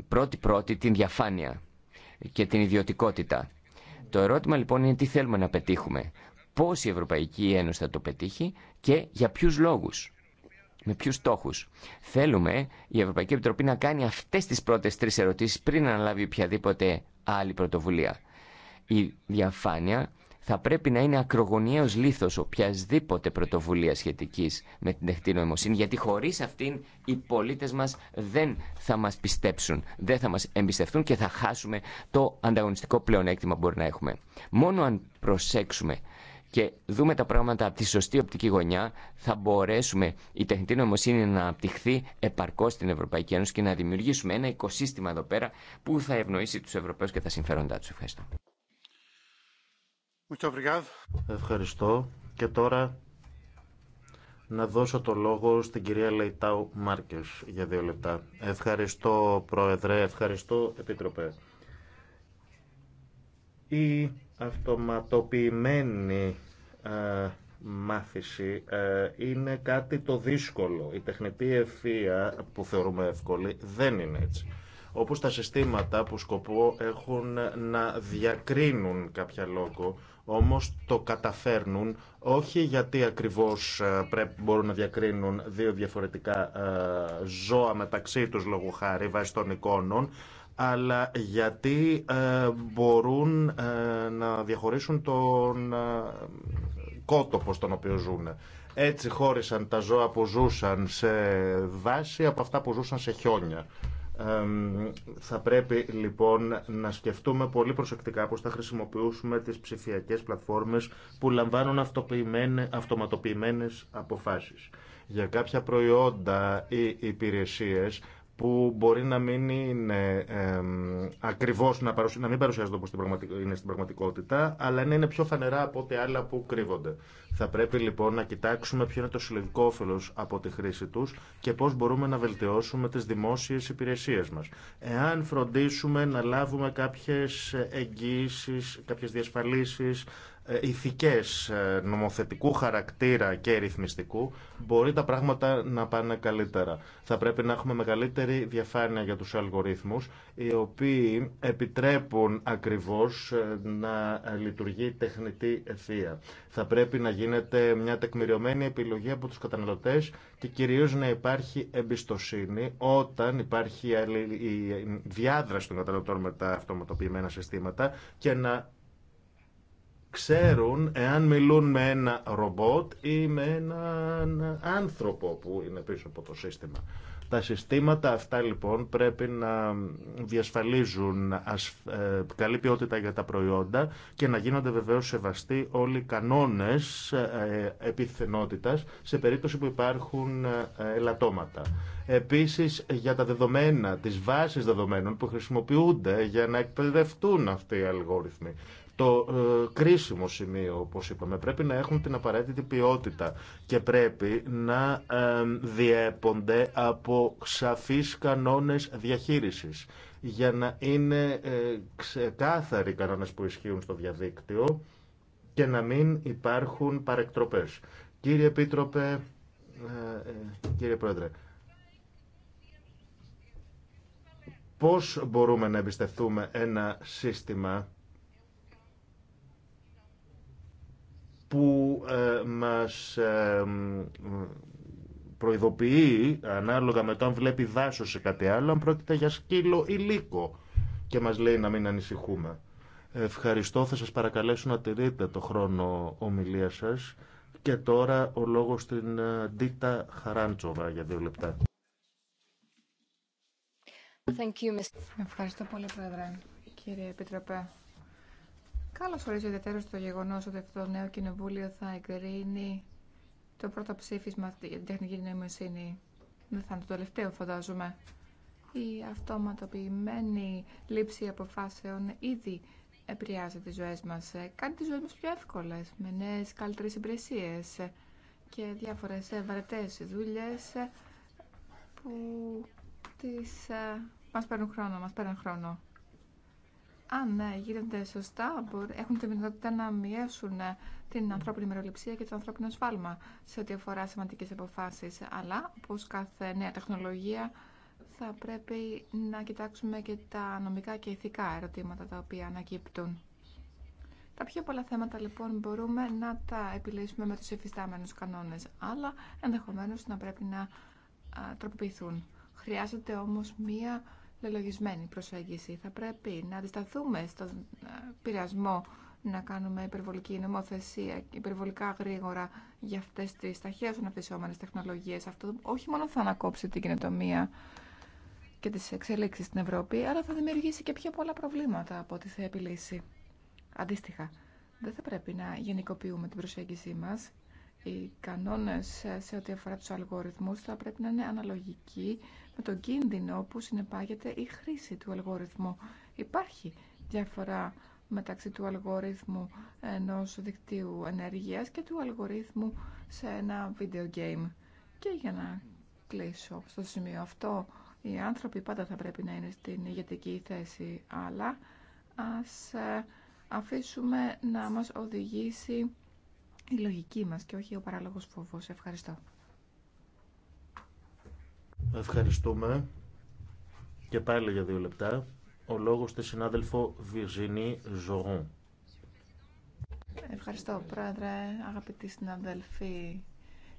πρώτη-πρώτη ε, την διαφάνεια και την ιδιωτικότητα. Το ερώτημα λοιπόν είναι τι θέλουμε να πετύχουμε. Πώς η Ευρωπαϊκή Ένωση θα το πετύχει και για ποιους λόγους με ποιου στόχου. Θέλουμε η Ευρωπαϊκή Επιτροπή να κάνει αυτέ τι πρώτε τρει ερωτήσει πριν αναλάβει οποιαδήποτε άλλη πρωτοβουλία. Η διαφάνεια θα πρέπει να είναι ακρογωνιαίος λίθος οποιασδήποτε πρωτοβουλία σχετικής με την τεχνητή νοημοσύνη, γιατί χωρίς αυτήν οι πολίτες μας δεν θα μας πιστέψουν, δεν θα μας εμπιστευτούν και θα χάσουμε το ανταγωνιστικό πλεονέκτημα που μπορεί να έχουμε. Μόνο αν προσέξουμε και δούμε τα πράγματα από τη σωστή οπτική γωνιά, θα μπορέσουμε η τεχνητή νομοσύνη να αναπτυχθεί επαρκώς στην Ευρωπαϊκή Ένωση και να δημιουργήσουμε ένα οικοσύστημα εδώ πέρα που θα ευνοήσει του Ευρωπαίου και τα συμφέροντά του. Ευχαριστώ. Ευχαριστώ. Και τώρα να δώσω το λόγο στην κυρία Λεϊτάου Μάρκες για δύο λεπτά. Ευχαριστώ Πρόεδρε, ευχαριστώ Επίτροπε. Η αυτοματοποιημένη ε, μάθηση ε, είναι κάτι το δύσκολο. Η τεχνητή ευθεία που θεωρούμε εύκολη δεν είναι έτσι. Όπως τα συστήματα που σκοπό έχουν να διακρίνουν κάποια λόγο, όμως το καταφέρνουν όχι γιατί ακριβώς ε, πρέπει, μπορούν να διακρίνουν δύο διαφορετικά ζώα μεταξύ τους λόγω χάρη βάσει των εικόνων, αλλά γιατί ε, μπορούν ε, να διαχωρίσουν τον ε, κότοπο στον οποίο ζουν. Έτσι χώρισαν τα ζώα που ζούσαν σε βάση από αυτά που ζούσαν σε χιόνια. Θα πρέπει λοιπόν να σκεφτούμε πολύ προσεκτικά πώς θα χρησιμοποιήσουμε τις ψηφιακές πλατφόρμες που λαμβάνουν αυτοματοποιημένες αποφάσεις. Για κάποια προϊόντα ή υπηρεσίες που μπορεί να μην είναι ε, ακριβώ, να, να, μην παρουσιάζονται όπω είναι στην πραγματικότητα, αλλά να είναι πιο φανερά από ό,τι άλλα που κρύβονται. Θα πρέπει λοιπόν να κοιτάξουμε ποιο είναι το συλλογικό όφελο από τη χρήση του και πώ μπορούμε να βελτιώσουμε τι δημόσιε υπηρεσίες μα. Εάν φροντίσουμε να λάβουμε κάποιε εγγυήσει, κάποιε διασφαλίσει ε, ηθικές ε, νομοθετικού χαρακτήρα και ρυθμιστικού μπορεί τα πράγματα να πάνε καλύτερα. Θα πρέπει να έχουμε μεγαλύτερη διαφάνεια για τους αλγορίθμους οι οποίοι επιτρέπουν ακριβώς ε, να λειτουργεί τεχνητή ευθεία. Θα πρέπει να γίνεται μια τεκμηριωμένη επιλογή από τους καταναλωτές και κυρίως να υπάρχει εμπιστοσύνη όταν υπάρχει η διάδραση των καταναλωτών με τα αυτοματοποιημένα συστήματα και να ξέρουν εάν μιλούν με ένα ρομπότ ή με έναν άνθρωπο που είναι πίσω από το σύστημα. Τα συστήματα αυτά λοιπόν πρέπει να διασφαλίζουν ε, καλή ποιότητα για τα προϊόντα και να γίνονται βεβαίως σεβαστοί όλοι οι κανόνες ε, επιθενότητας σε περίπτωση που υπάρχουν ε, ελαττώματα. Επίσης για τα δεδομένα, τις βάσεις δεδομένων που χρησιμοποιούνται για να εκπαιδευτούν αυτοί οι αλγόριθμοι το ε, κρίσιμο σημείο, όπως είπαμε, πρέπει να έχουν την απαραίτητη ποιότητα και πρέπει να ε, διέπονται από σαφείς κανόνες διαχείρισης για να είναι ε, ξεκάθαροι οι κανόνες που ισχύουν στο διαδίκτυο και να μην υπάρχουν παρεκτροπές. Κύριε Επίτροπε, κύριε Πρόεδρε, πώς μπορούμε να εμπιστευτούμε ένα σύστημα που ε, μας ε, προειδοποιεί ανάλογα με το αν βλέπει δάσος ή κάτι άλλο, αν πρόκειται για σκύλο ή λύκο και μας λέει να μην ανησυχούμε. Ευχαριστώ, θα σας παρακαλέσω να τηρείτε το χρόνο ομιλία σας και τώρα ο λόγος στην ε, Ντίτα Χαράντσοβα για δύο λεπτά. Thank you, Ευχαριστώ πολύ, Πρόεδρε, κύριε Επιτροπέ. Καλώς ορίζω ιδιαίτερο το γεγονός ότι αυτό το νέο κοινοβούλιο θα εγκρίνει το πρώτο ψήφισμα για την τεχνική νοημοσύνη. Δεν θα είναι το τελευταίο, φαντάζομαι. Η αυτοματοποιημένη λήψη αποφάσεων ήδη επηρεάζει τις ζωές μας. Κάνει τις ζωές μας πιο εύκολες, με νέες καλύτερες υπηρεσίε και διάφορες βαρετές δουλειέ που τις, ε, μας παίρνουν χρόνο, μας παίρνουν χρόνο αν ναι, γίνεται σωστά, έχουν τη δυνατότητα να μειώσουν ε, την ανθρώπινη μεροληψία και το ανθρώπινο σφάλμα σε ό,τι αφορά σημαντικέ αποφάσει. Αλλά, όπω κάθε νέα τεχνολογία, θα πρέπει να κοιτάξουμε και τα νομικά και ηθικά ερωτήματα τα οποία ανακύπτουν. Τα πιο πολλά θέματα λοιπόν μπορούμε να τα επιλύσουμε με τους εφιστάμενους κανόνες, αλλά ενδεχομένως να πρέπει να τροποποιηθούν. Χρειάζεται όμως μία λελογισμένη προσέγγιση. Θα πρέπει να αντισταθούμε στον ε, πειρασμό να κάνουμε υπερβολική νομοθεσία υπερβολικά γρήγορα για αυτές τις ταχαίω αναπτυσσόμενε τεχνολογίες. Αυτό όχι μόνο θα ανακόψει την κοινοτομία και τις εξελίξεις στην Ευρώπη, αλλά θα δημιουργήσει και πιο πολλά προβλήματα από ό,τι θα επιλύσει. Αντίστοιχα, δεν θα πρέπει να γενικοποιούμε την προσέγγιση μα οι κανόνες σε ό,τι αφορά τους αλγοριθμούς θα πρέπει να είναι αναλογικοί με τον κίνδυνο που συνεπάγεται η χρήση του αλγοριθμού. Υπάρχει διαφορά μεταξύ του αλγορίθμου ενός δικτύου ενέργειας και του αλγορίθμου σε ένα video game. Και για να κλείσω στο σημείο αυτό, οι άνθρωποι πάντα θα πρέπει να είναι στην ηγετική θέση, αλλά ας ε, αφήσουμε να μας οδηγήσει η λογική μας και όχι ο παράλογος φόβος. Ευχαριστώ. Ευχαριστούμε. Και πάλι για δύο λεπτά. Ο λόγος στη συνάδελφο Βιζίνη Ζωγόν. Ευχαριστώ, Πρόεδρε, αγαπητοί συναδελφοί.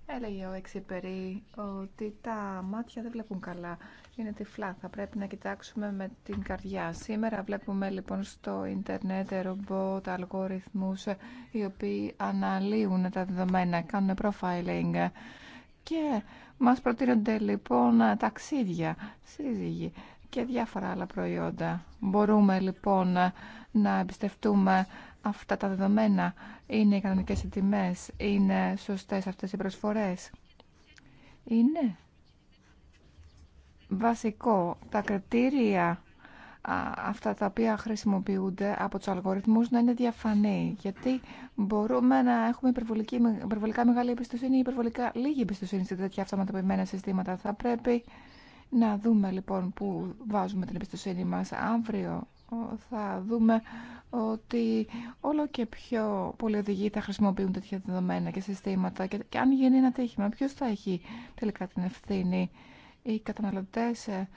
Έλεγε ο Εξυπηρή ότι τα μάτια δεν βλέπουν καλά. Είναι τυφλά. Θα πρέπει να κοιτάξουμε με την καρδιά. Σήμερα βλέπουμε λοιπόν στο ίντερνετ ρομπότ, αλγόριθμους οι οποίοι αναλύουν τα δεδομένα, κάνουν profiling και μας προτείνονται λοιπόν ταξίδια, σύζυγοι και διάφορα άλλα προϊόντα. Μπορούμε λοιπόν να εμπιστευτούμε αυτά τα δεδομένα, είναι οι κανονικές τιμές, είναι σωστές αυτές οι προσφορές. Είναι βασικό τα κριτήρια αυτά τα οποία χρησιμοποιούνται από τους αλγοριθμούς να είναι διαφανή. Γιατί μπορούμε να έχουμε υπερβολικά μεγάλη εμπιστοσύνη ή υπερβολικά λίγη εμπιστοσύνη σε τέτοια αυτοματοποιημένα συστήματα. Θα πρέπει να δούμε λοιπόν πού βάζουμε την εμπιστοσύνη μας αύριο θα δούμε ότι όλο και πιο πολλοί οδηγοί θα χρησιμοποιούν τέτοια δεδομένα και συστήματα και, και αν γίνει ένα τύχημα, ποιος θα έχει τελικά την ευθύνη. Οι καταναλωτές ε,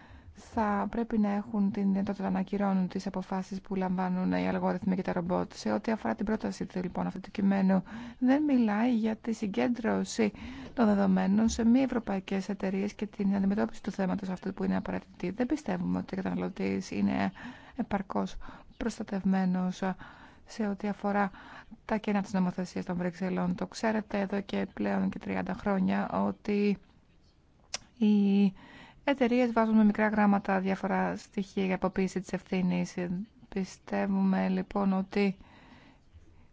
θα πρέπει να έχουν την δυνατότητα να ακυρώνουν τις αποφάσεις που λαμβάνουν οι αλγόριθμοι και τα ρομπότ. Σε ό,τι αφορά την πρόταση του λοιπόν αυτού του κειμένου, δεν μιλάει για τη συγκέντρωση των δεδομένων σε μη ευρωπαϊκές εταιρείε και την αντιμετώπιση του θέματος αυτού που είναι απαραίτητη. Δεν πιστεύουμε ότι οι καταναλωτές είναι επαρκώς προστατευμένος ε, σε ό,τι αφορά τα κενά της νομοθεσίας των Βρυξελών. Το ξέρετε εδώ και πλέον και 30 χρόνια ότι οι εταιρείε βάζουν με μικρά γράμματα διάφορα στοιχεία για αποποίηση της ευθύνη. Πιστεύουμε λοιπόν ότι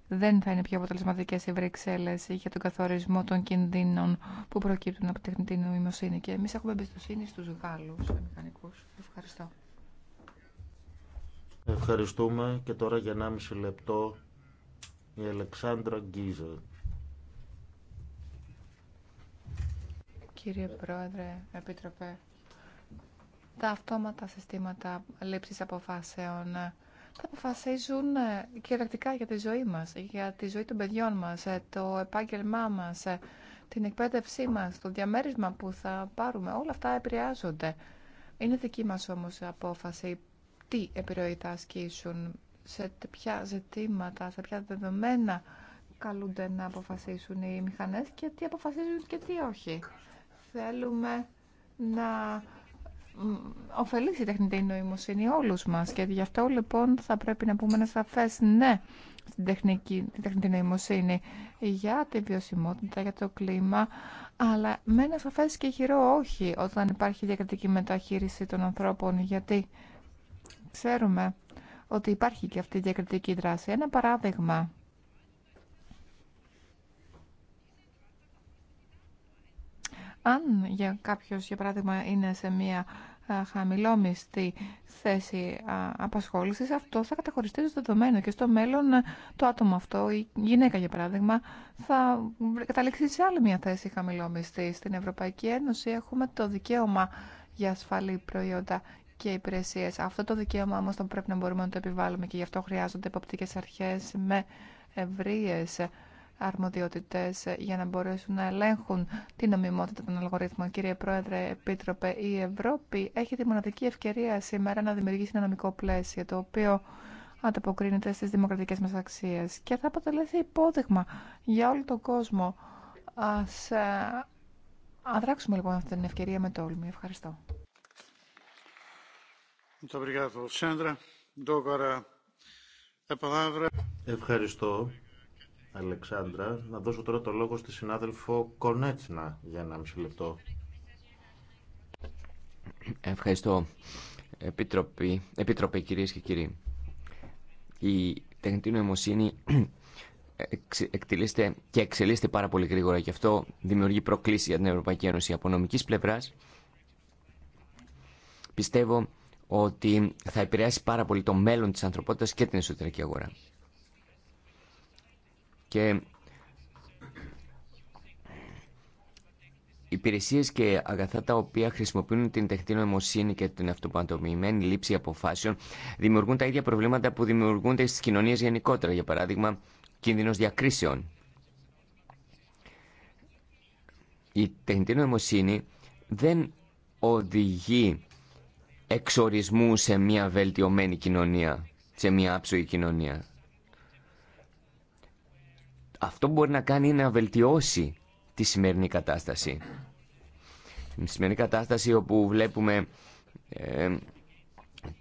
δεν θα είναι πιο αποτελεσματικές οι Βρυξέλλες για τον καθορισμό των κινδύνων που προκύπτουν από τεχνητή νοημοσύνη. Και εμείς έχουμε εμπιστοσύνη στους Γάλλους μηχανικούς. Ευχαριστώ. Ευχαριστούμε και τώρα για 1,5 λεπτό η Αλεξάνδρα Γκίζα. Κύριε Πρόεδρε, Επίτροπε, τα αυτόματα συστήματα λήψης αποφάσεων θα αποφασίζουν ε, κυριαρχικά για τη ζωή μας, για τη ζωή των παιδιών μας, ε, το επάγγελμά μας, ε, την εκπαίδευσή μας, το διαμέρισμα που θα πάρουμε. Όλα αυτά επηρεάζονται. Είναι δική μας όμως απόφαση τι επιρροή θα ασκήσουν, σε ποια ζητήματα, σε ποια δεδομένα καλούνται να αποφασίσουν οι μηχανές και τι αποφασίζουν και τι όχι. Θέλουμε να ωφελήσει η τεχνητή νοημοσύνη όλους μας και γι' αυτό λοιπόν θα πρέπει να πούμε ένα σαφές ναι στην τεχνική, τεχνητή νοημοσύνη για τη βιωσιμότητα, για το κλίμα αλλά με ένα σαφές και χειρό όχι όταν υπάρχει διακριτική μεταχείριση των ανθρώπων γιατί Ξέρουμε ότι υπάρχει και αυτή η διακριτική δράση. Ένα παράδειγμα. Αν για κάποιος, για παράδειγμα, είναι σε μία χαμηλόμιστη θέση απασχόλησης, αυτό θα καταχωριστεί στο δεδομένο και στο μέλλον το άτομο αυτό, η γυναίκα για παράδειγμα, θα καταλήξει σε άλλη μια θέση χαμηλόμιστη. Στην Ευρωπαϊκή Ένωση έχουμε το δικαίωμα για ασφαλή προϊόντα και υπηρεσίε. Αυτό το δικαίωμα όμω το πρέπει να μπορούμε να το επιβάλλουμε και γι' αυτό χρειάζονται υποπτικέ αρχέ με ευρείε αρμοδιότητε για να μπορέσουν να ελέγχουν την νομιμότητα των αλγορίθμων. Κύριε Πρόεδρε, Επίτροπε, η Ευρώπη έχει τη μοναδική ευκαιρία σήμερα να δημιουργήσει ένα νομικό πλαίσιο το οποίο ανταποκρίνεται στις δημοκρατικές μας αξίες και θα αποτελέσει υπόδειγμα για όλο τον κόσμο. Ας ε, αδράξουμε λοιπόν αυτή την ευκαιρία με το Ευχαριστώ. Ευχαριστώ, Αλεξάνδρα. Να δώσω τώρα το λόγο στη συνάδελφο Κονέτσνα για ένα μισή λεπτό. Ευχαριστώ, Επίτροπη, Επίτροπε, κυρίες και κύριοι. Η τεχνητή νοημοσύνη εκτελείστε και εξελίσσεται πάρα πολύ γρήγορα και αυτό δημιουργεί προκλήσεις για την Ευρωπαϊκή Ένωση. Από νομικής πλευράς πιστεύω ότι θα επηρεάσει πάρα πολύ το μέλλον της ανθρωπότητας και την εσωτερική αγορά. Και Υπηρεσίε και αγαθά τα οποία χρησιμοποιούν την τεχνητή νοημοσύνη και την αυτοπαντομημένη λήψη αποφάσεων δημιουργούν τα ίδια προβλήματα που δημιουργούνται στι κοινωνίε γενικότερα. Για παράδειγμα, κίνδυνο διακρίσεων. Η τεχνητή νοημοσύνη δεν οδηγεί εξορισμού σε μια βελτιωμένη κοινωνία, σε μια άψογη κοινωνία. Αυτό που μπορεί να κάνει είναι να βελτιώσει τη σημερινή κατάσταση. Τη σημερινή κατάσταση όπου βλέπουμε ε,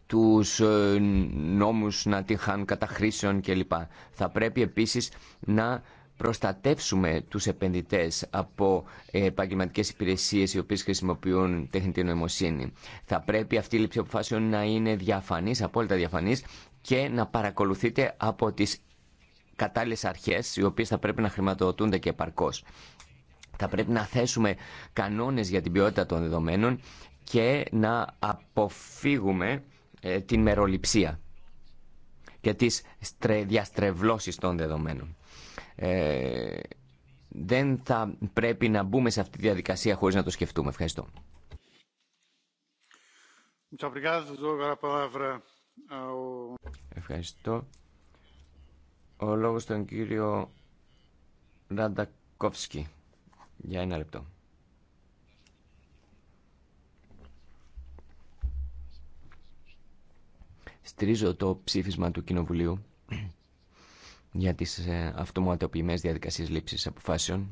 τους ε, νόμους να τυχάνουν χάνουν καταχρήσεων κλπ. Θα πρέπει επίσης να προστατεύσουμε τους επενδυτές από ε, επαγγελματικέ υπηρεσίες οι οποίες χρησιμοποιούν τεχνητή νοημοσύνη. Θα πρέπει αυτή η λήψη αποφάσεων να είναι διαφανής, απόλυτα διαφανής και να παρακολουθείτε από τις κατάλληλες αρχές οι οποίες θα πρέπει να χρηματοδοτούνται και επαρκώς. Θα πρέπει να θέσουμε κανόνες για την ποιότητα των δεδομένων και να αποφύγουμε ε, την μεροληψία και τις διαστρεβλώσεις των δεδομένων. Ε, δεν θα πρέπει να μπούμε σε αυτή τη διαδικασία χωρίς να το σκεφτούμε. Ευχαριστώ. Ευχαριστώ. Ο λόγος στον κύριο Ραντακόφσκι. Για ένα λεπτό. Στηρίζω το ψήφισμα του Κοινοβουλίου για τις ε, αυτοματοποιημένες διαδικασίες λήψης αποφάσεων.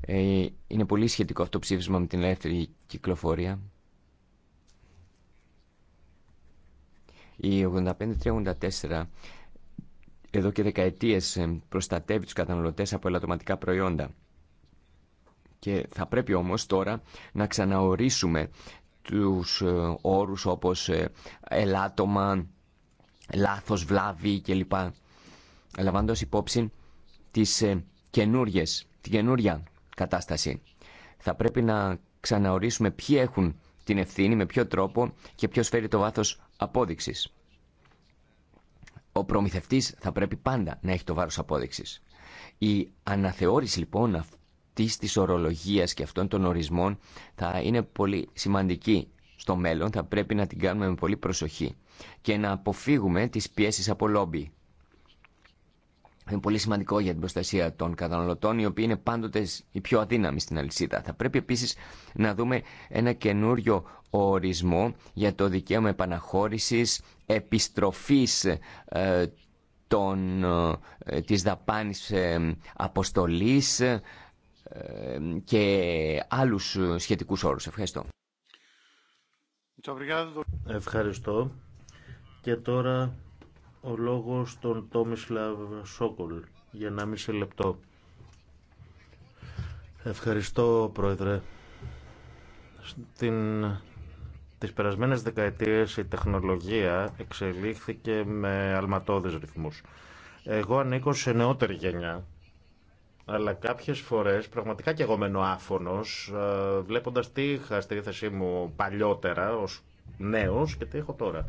Ε, είναι πολύ σχετικό αυτό το ψήφισμα με την ελεύθερη κυκλοφορία. Η 8534 εδώ και δεκαετίες ε, προστατεύει τους καταναλωτές από ελαττωματικά προϊόντα. Και θα πρέπει όμως τώρα να ξαναορίσουμε τους όρους όπως ελάττωμα, λάθος, βλάβη κλπ λαμβάνοντας υπόψη τις ε, καινούριες, την καινούρια κατάσταση. Θα πρέπει να ξαναορίσουμε ποιοι έχουν την ευθύνη, με ποιο τρόπο και ποιος φέρει το βάθος απόδειξης. Ο προμηθευτής θα πρέπει πάντα να έχει το βάρος απόδειξης. Η αναθεώρηση λοιπόν αυτή της ορολογία και αυτών των ορισμών θα είναι πολύ σημαντική στο μέλλον. Θα πρέπει να την κάνουμε με πολύ προσοχή και να αποφύγουμε τις πιέσεις από λόμπι είναι πολύ σημαντικό για την προστασία των καταναλωτών, οι οποίοι είναι πάντοτε οι πιο αδύναμοι στην αλυσίδα. Θα πρέπει επίση να δούμε ένα καινούριο ορισμό για το δικαίωμα επαναχώρηση, επιστροφή ε, των, ε, της δαπάνης ε, αποστολής ε, και άλλους σχετικούς όρους. Ευχαριστώ. Ευχαριστώ. Και τώρα ο λόγος των Τόμισλαβ Σόκολ για σε λεπτό. Ευχαριστώ, Πρόεδρε. Στην... Τις περασμένες δεκαετίες η τεχνολογία εξελίχθηκε με αλματώδεις ρυθμούς. Εγώ ανήκω σε νεότερη γενιά, αλλά κάποιες φορές πραγματικά και εγώ μένω άφωνος, ε, βλέποντας τι είχα στη θέση μου παλιότερα ως νέο και τι έχω τώρα.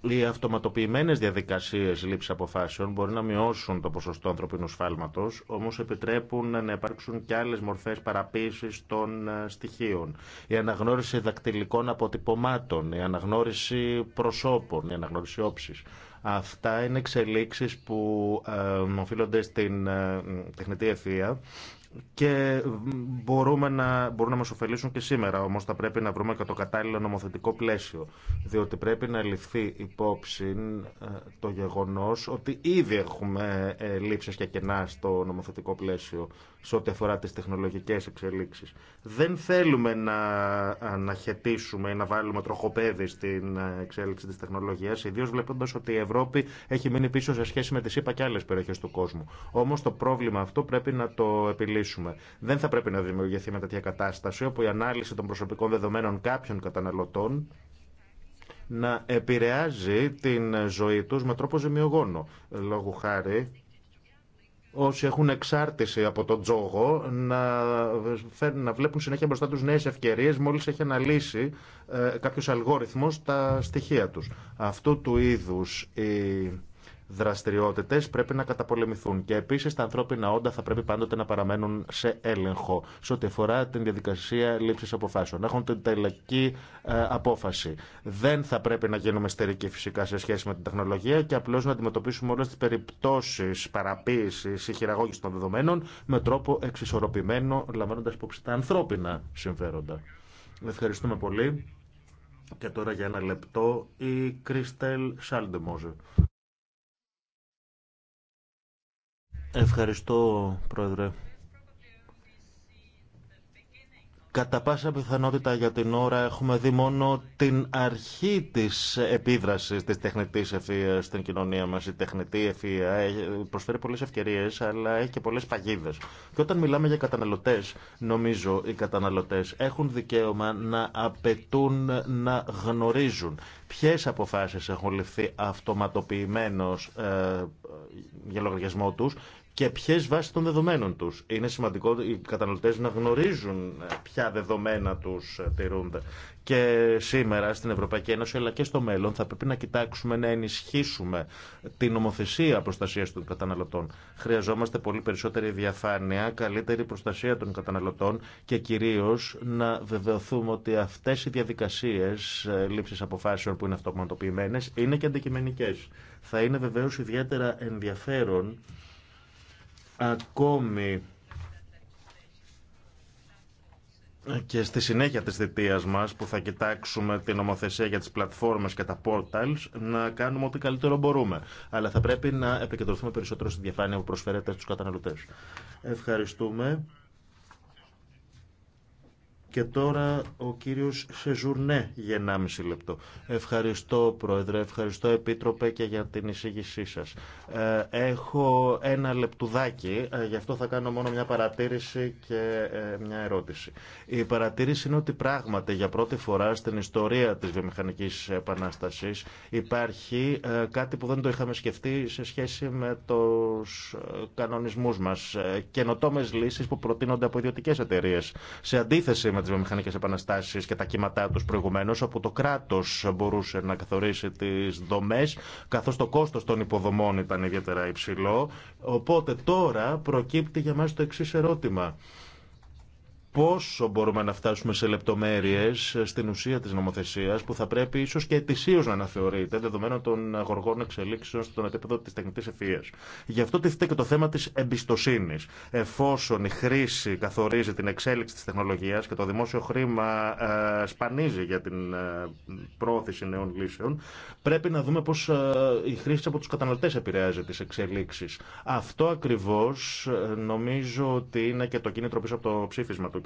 οι αυτοματοποιημένες διαδικασίες λήψη αποφάσεων μπορεί να μειώσουν το ποσοστό ανθρωπίνου σφάλματος, όμως επιτρέπουν να υπάρξουν και άλλες μορφές παραποίηση των ε, στοιχείων. Η αναγνώριση δακτυλικών αποτυπωμάτων, η αναγνώριση προσώπων, η αναγνώριση όψης. Αυτά είναι εξελίξει που ε, οφείλονται στην ε, τεχνητή ευθεία και μπορούμε να, μπορούν να μας ωφελήσουν και σήμερα. Όμως θα πρέπει να βρούμε και το κατάλληλο νομοθετικό πλαίσιο, διότι πρέπει να ληφθεί υπόψη ε, το γεγονός ότι ήδη έχουμε ε, λήψεις και κενά στο νομοθετικό πλαίσιο σε ό,τι αφορά τις τεχνολογικές εξελίξεις. Δεν θέλουμε να αναχαιτήσουμε ή να βάλουμε τροχοπέδι στην ε, εξέλιξη της τεχνολογίας, ιδίως βλέποντας ότι η Ευρώπη εξελιξη της τεχνολογιας ιδίω μείνει πίσω σε σχέση με τις είπα και άλλες περιοχές του κόσμου. Όμως το πρόβλημα αυτό πρέπει να το επιλύσουμε. Δεν θα πρέπει να δημιουργηθεί με τέτοια κατάσταση όπου η ανάλυση των προσωπικών δεδομένων κάποιων καταναλωτών να επηρεάζει την ζωή τους με τρόπο ζημιογόνο. Λόγου χάρη όσοι έχουν εξάρτηση από τον τζόγο να, να βλέπουν συνέχεια μπροστά τους νέες ευκαιρίες μόλις έχει αναλύσει ε, κάποιος αλγόριθμος τα στοιχεία τους. Αυτού του είδους δραστηριότητε πρέπει να καταπολεμηθούν. Και επίση τα ανθρώπινα όντα θα πρέπει πάντοτε να παραμένουν σε έλεγχο σε ό,τι αφορά την διαδικασία λήψη αποφάσεων. Έχουν την τελική ε, απόφαση. Δεν θα πρέπει να γίνουμε στερικοί φυσικά σε σχέση με την τεχνολογία και απλώ να αντιμετωπίσουμε όλε τι περιπτώσει παραποίηση ή χειραγώγηση των δεδομένων με τρόπο εξισορροπημένο, λαμβάνοντα υπόψη τα ανθρώπινα συμφέροντα. Ευχαριστούμε πολύ. Και τώρα για ένα λεπτό η Κρίστελ Σάλντεμόζε. Ευχαριστώ, Πρόεδρε. Κατά πάσα πιθανότητα για την ώρα έχουμε δει μόνο την αρχή της επίδρασης της τεχνητής ευφύειας στην κοινωνία μας. Η τεχνητή ευφυΐα προσφέρει πολλές ευκαιρίες αλλά έχει και πολλές παγίδες. Και όταν μιλάμε για καταναλωτές, νομίζω οι καταναλωτές έχουν δικαίωμα να απαιτούν να γνωρίζουν ποιες αποφάσεις έχουν ληφθεί αυτοματοποιημένως ε, για λογαριασμό τους και ποιε βάσει των δεδομένων του. Είναι σημαντικό οι καταναλωτέ να γνωρίζουν ε, ποια δεδομένα του ε, τηρούνται. Και σήμερα στην Ευρωπαϊκή Ένωση αλλά και στο μέλλον θα πρέπει να κοιτάξουμε να ενισχύσουμε την νομοθεσία προστασία των καταναλωτών. Χρειαζόμαστε πολύ περισσότερη διαφάνεια, καλύτερη προστασία των καταναλωτών και κυρίω να βεβαιωθούμε ότι αυτέ οι διαδικασίε ε, λήψη αποφάσεων που είναι αυτοματοποιημένε είναι και αντικειμενικέ. Θα είναι βεβαίω ιδιαίτερα ενδιαφέρον Ακόμη και στη συνέχεια της θητείας μας που θα κοιτάξουμε την νομοθεσία για τις πλατφόρμες και τα portals να κάνουμε ό,τι καλύτερο μπορούμε. Αλλά θα πρέπει να επικεντρωθούμε περισσότερο στη διαφάνεια που προσφέρεται στους καταναλωτές. Ευχαριστούμε. Και τώρα ο κύριος Σεζουρνέ ναι, για 1,5 λεπτό. Ευχαριστώ Πρόεδρε, ευχαριστώ Επίτροπε και για την εισήγησή σας. Ε, έχω ένα λεπτουδάκι, ε, γι' αυτό θα κάνω μόνο μια παρατήρηση και ε, μια ερώτηση. Η παρατήρηση είναι ότι πράγματι για πρώτη φορά στην ιστορία της βιομηχανικής επανάστασης υπάρχει κάτι που δεν το είχαμε σκεφτεί σε σχέση με τους κανονισμούς μας. Καινοτόμες λύσεις που προτείνονται από ιδιωτικέ εταιρείε. Σε αντίθεση με τι βιομηχανικέ επαναστάσει και τα κύματά του προηγουμένω, όπου το κράτο μπορούσε να καθορίσει τι δομέ, καθώ το κόστο των υποδομών ήταν ιδιαίτερα υψηλό. Οπότε τώρα προκύπτει για μα το εξή ερώτημα πόσο μπορούμε να φτάσουμε σε λεπτομέρειε στην ουσία τη νομοθεσία, που θα πρέπει ίσω και ετησίω να αναθεωρείται δεδομένων των αγοργών εξελίξεων στον επίπεδο τη τεχνητή ευθεία. Γι' αυτό τίθεται και το θέμα τη εμπιστοσύνη, Εφόσον η χρήση καθορίζει την εξέλιξη τη τεχνολογία και το δημόσιο χρήμα ε, σπανίζει για την ε, πρόθεση νέων λύσεων, πρέπει να δούμε πώς ε, η χρήση από του καταναλωτέ επηρεάζει τι εξελίξει. Αυτό ακριβώ νομίζω ότι είναι και το κίνητρο πίσω από το ψήφισμα του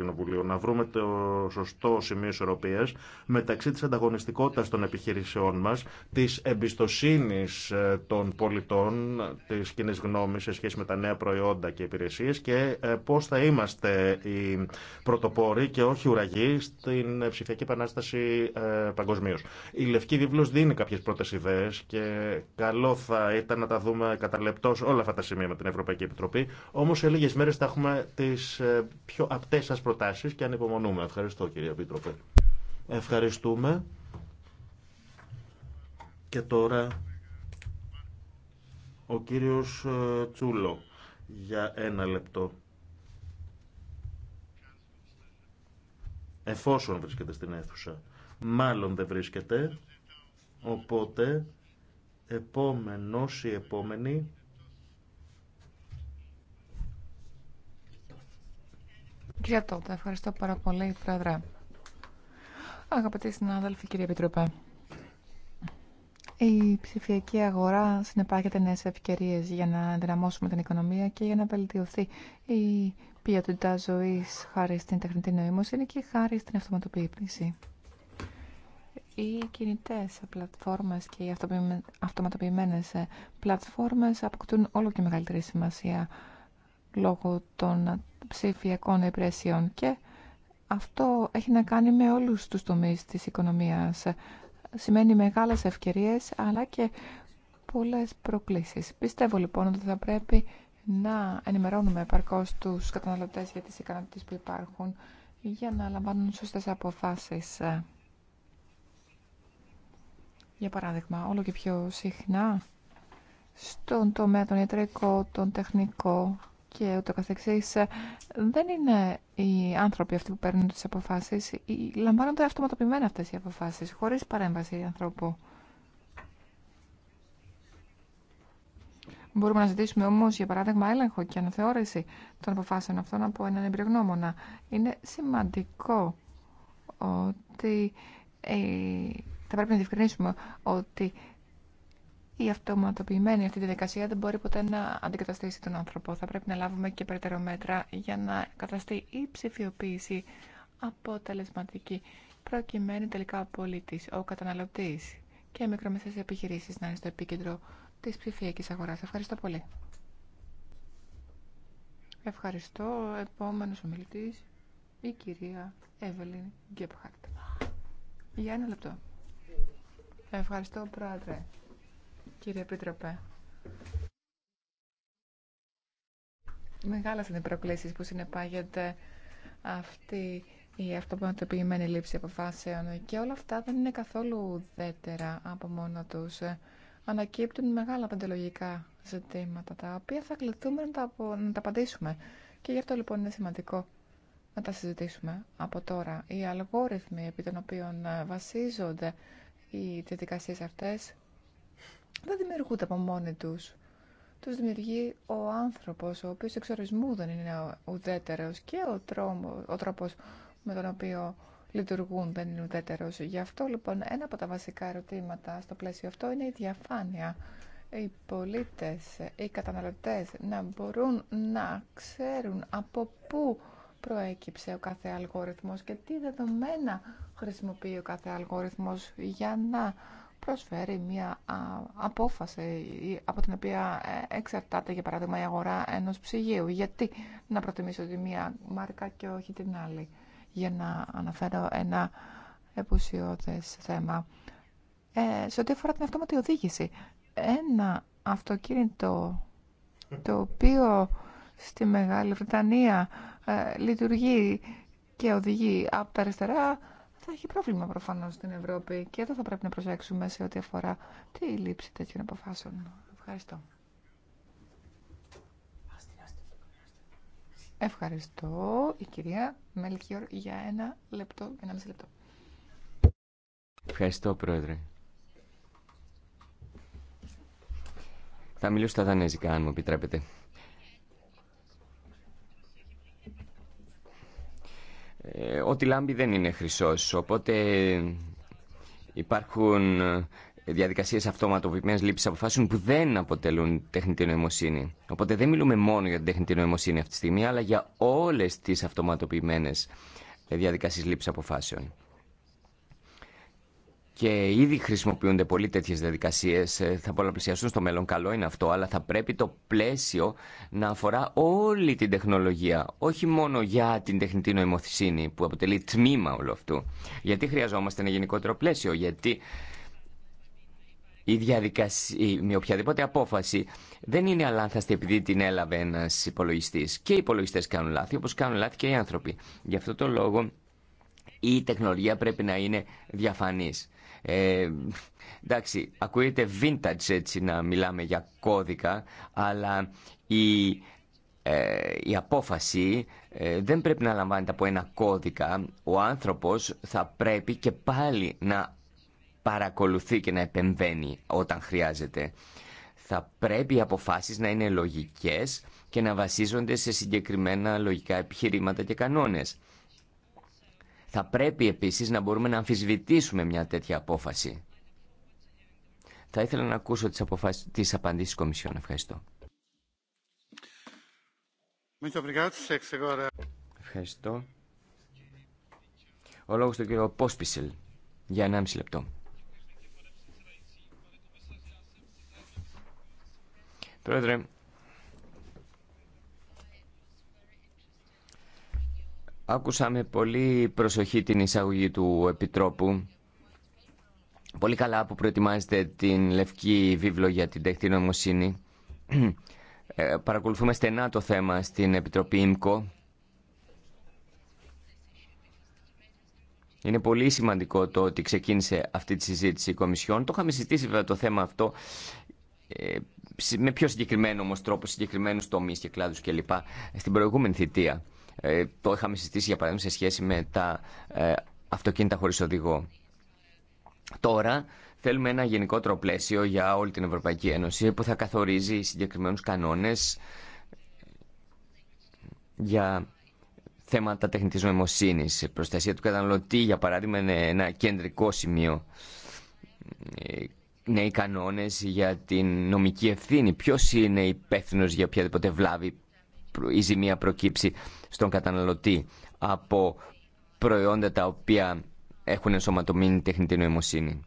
να βρούμε το σωστό σημείο ισορροπία μεταξύ τη ανταγωνιστικότητα των επιχειρήσεών μα, τη εμπιστοσύνη ε, των πολιτών, τη κοινή γνώμη σε σχέση με τα νέα προϊόντα και υπηρεσίε και ε, πώ θα είμαστε οι πρωτοπόροι και όχι ουραγοί στην ψηφιακή επανάσταση ε, παγκοσμίω. Η Λευκή Βίβλο δίνει κάποιε πρώτε ιδέε και καλό θα ήταν να τα δούμε κατά όλα αυτά τα σημεία με την Ευρωπαϊκή Επιτροπή. Όμω σε λίγε μέρε θα έχουμε τι πιο απτέ σα προτάσει και ανυπομονούμε. Ευχαριστώ κύριε Επίτροπε. Ευχαριστούμε. Και τώρα ο κύριος ε, Τσούλο για ένα λεπτό. Εφόσον βρίσκεται στην αίθουσα. Μάλλον δεν βρίσκεται. Οπότε, επόμενος ή επόμενη Κυρία Τότα, ευχαριστώ πάρα πολύ, Πρόεδρε. Αγαπητοί συνάδελφοι, κύριε Επιτροπέ. Η ψηφιακή αγορά συνεπάγεται νέε ευκαιρίε για να ενδυναμώσουμε την οικονομία και για να βελτιωθεί η ποιότητα ζωή χάρη στην τεχνητή νοημοσύνη και χάρη στην αυτοματοποίηση. Οι κινητέ πλατφόρμε και οι αυτοματοποιημένε πλατφόρμε αποκτούν όλο και μεγαλύτερη σημασία λόγω των ψηφιακών υπηρεσιών και αυτό έχει να κάνει με όλους τους τομείς της οικονομίας. Σημαίνει μεγάλες ευκαιρίες αλλά και πολλές προκλήσεις. Πιστεύω λοιπόν ότι θα πρέπει να ενημερώνουμε επαρκώς τους καταναλωτές για τις ικανότητες που υπάρχουν για να λαμβάνουν σωστές αποφάσεις. Για παράδειγμα, όλο και πιο συχνά στον τομέα τον ιατρικό, τον τεχνικό, και ούτω καθεξής, ε, δεν είναι οι άνθρωποι αυτοί που παίρνουν τις αποφάσεις. Λαμβάνονται αυτοματοποιημένα αυτές οι αποφάσεις, χωρίς παρέμβαση ανθρώπου. Μπορούμε να ζητήσουμε όμω, για παράδειγμα, έλεγχο και αναθεώρηση των αποφάσεων αυτών από έναν εμπειρογνώμονα. Είναι σημαντικό ότι ε, θα πρέπει να διευκρινίσουμε ότι η αυτοματοποιημένη αυτή τη δικασία δεν μπορεί ποτέ να αντικαταστήσει τον άνθρωπο. Θα πρέπει να λάβουμε και περαιτέρω μέτρα για να καταστεί η ψηφιοποίηση αποτελεσματική, προκειμένου τελικά ο πολίτης, ο καταναλωτής και οι μικρομεσαίε επιχειρήσεις να είναι στο επίκεντρο της ψηφιακη αγορα Ευχαριστώ πολύ. Ευχαριστώ. επομενο ομιλητη η κυρία Εύελιν Γκέπχαρτ. Για ένα λεπτό. Ευχαριστώ, Πρόεδρε. Κύριε Επίτροπε, μεγάλες είναι οι προκλήσεις που συνεπάγεται αυτή η αυτοματοποιημένη λήψη αποφάσεων και όλα αυτά δεν είναι καθόλου ουδέτερα από μόνο τους. Ανακύπτουν μεγάλα παντελογικά ζητήματα τα οποία θα κληθούμε να τα, να τα απαντήσουμε. Και γι' αυτό λοιπόν είναι σημαντικό να τα συζητήσουμε από τώρα. Οι αλγόριθμοι επί των οποίων βασίζονται οι διαδικασίε αυτές δεν δημιουργούνται από μόνοι τους. Του δημιουργεί ο άνθρωπος, ο οποίος εξορισμού δεν είναι ουδέτερο και ο, ο τρόπος με τον οποίο λειτουργούν δεν είναι ουδέτερο. Γι' αυτό λοιπόν ένα από τα βασικά ερωτήματα στο πλαίσιο αυτό είναι η διαφάνεια. Οι πολίτες, οι καταναλωτές να μπορούν να ξέρουν από πού προέκυψε ο κάθε αλγόριθμος και τι δεδομένα χρησιμοποιεί ο κάθε αλγόριθμος για να προσφέρει μια απόφαση από την οποία ε, εξαρτάται για παράδειγμα η αγορά ενός ψυγείου. Γιατί να προτιμήσω τη μία μάρκα και όχι την άλλη. Για να αναφέρω ένα επουσιώδες θέμα. Ε, σε ό,τι αφορά την αυτόματη οδήγηση, ένα αυτοκίνητο το οποίο στη Μεγάλη Βρετανία ε, λειτουργεί και οδηγεί από τα αριστερά θα έχει πρόβλημα προφανώ στην Ευρώπη και εδώ θα πρέπει να προσέξουμε σε ό,τι αφορά τη λήψη τέτοιων αποφάσεων. Ευχαριστώ. Ευχαριστώ η κυρία Μελχιόρ για ένα λεπτό, ένα μισή λεπτό. Ευχαριστώ πρόεδρε. Θα μιλήσω στα δανέζικα αν μου επιτρέπετε. Ε, ότι λάμπει δεν είναι χρυσός, οπότε υπάρχουν ε, διαδικασίες αυτοματοποιημένες λήψης αποφάσεων που δεν αποτελούν τεχνητή νοημοσύνη. Οπότε δεν μιλούμε μόνο για την τεχνητή νοημοσύνη αυτή τη στιγμή, αλλά για όλες τις αυτοματοποιημένες ε, διαδικασίες λήψης αποφάσεων και ήδη χρησιμοποιούνται πολύ τέτοιε διαδικασίε, ε, θα πολλαπλασιαστούν στο μέλλον, καλό είναι αυτό, αλλά θα πρέπει το πλαίσιο να αφορά όλη την τεχνολογία, όχι μόνο για την τεχνητή νοημοθυσίνη που αποτελεί τμήμα όλου αυτού. Γιατί χρειαζόμαστε ένα γενικότερο πλαίσιο, γιατί η διαδικασία, με οποιαδήποτε απόφαση δεν είναι αλάνθαστη επειδή την έλαβε ένα υπολογιστή. Και οι υπολογιστέ κάνουν λάθη, όπω κάνουν λάθη και οι άνθρωποι. Γι' αυτό το λόγο η τεχνολογία πρέπει να είναι διαφανής. Ε, εντάξει, ακούγεται vintage έτσι να μιλάμε για κώδικα, αλλά η, ε, απόφαση ε, δεν πρέπει να λαμβάνεται από ένα κώδικα. Ο άνθρωπος θα πρέπει και πάλι να παρακολουθεί και να επεμβαίνει όταν χρειάζεται. Θα πρέπει οι αποφάσεις να είναι λογικές και να βασίζονται σε συγκεκριμένα λογικά επιχειρήματα και κανόνες. Θα πρέπει επίσης να μπορούμε να αμφισβητήσουμε μια τέτοια απόφαση. Θα ήθελα να ακούσω τις, αποφάσεις, τις απαντήσεις της Κομισιόν. Ευχαριστώ. Ευχαριστώ. Ο λόγος του κύριο Πόσπισελ για 1,5 λεπτό. Πρόεδρε, Άκουσα με πολύ προσοχή την εισαγωγή του Επιτρόπου. Πολύ καλά που προετοιμάζετε την Λευκή Βίβλο για την τέχνη νομοσύνη. Ε, παρακολουθούμε στενά το θέμα στην Επιτροπή ΙΜΚΟ. Είναι πολύ σημαντικό το ότι ξεκίνησε αυτή τη συζήτηση η Κομισιόν. Το είχαμε συζητήσει βέβαια το θέμα αυτό ε, με πιο συγκεκριμένο όμως τρόπο, συγκεκριμένους τομείς και κλάδους κλπ. στην προηγούμενη θητεία. Ε, το είχαμε συζητήσει για παράδειγμα σε σχέση με τα ε, αυτοκίνητα χωρίς οδηγό. Τώρα θέλουμε ένα γενικότερο πλαίσιο για όλη την Ευρωπαϊκή Ένωση που θα καθορίζει συγκεκριμένους κανόνες για θέματα τεχνητής νοημοσύνης, προστασία του καταναλωτή, για παράδειγμα, είναι ένα κεντρικό σημείο. Ε, νέοι κανόνες για την νομική ευθύνη. Ποιος είναι υπεύθυνο για οποιαδήποτε βλάβη η ζημία προκύψει στον καταναλωτή από προϊόντα τα οποία έχουν ενσωματωμένη τεχνητή νοημοσύνη.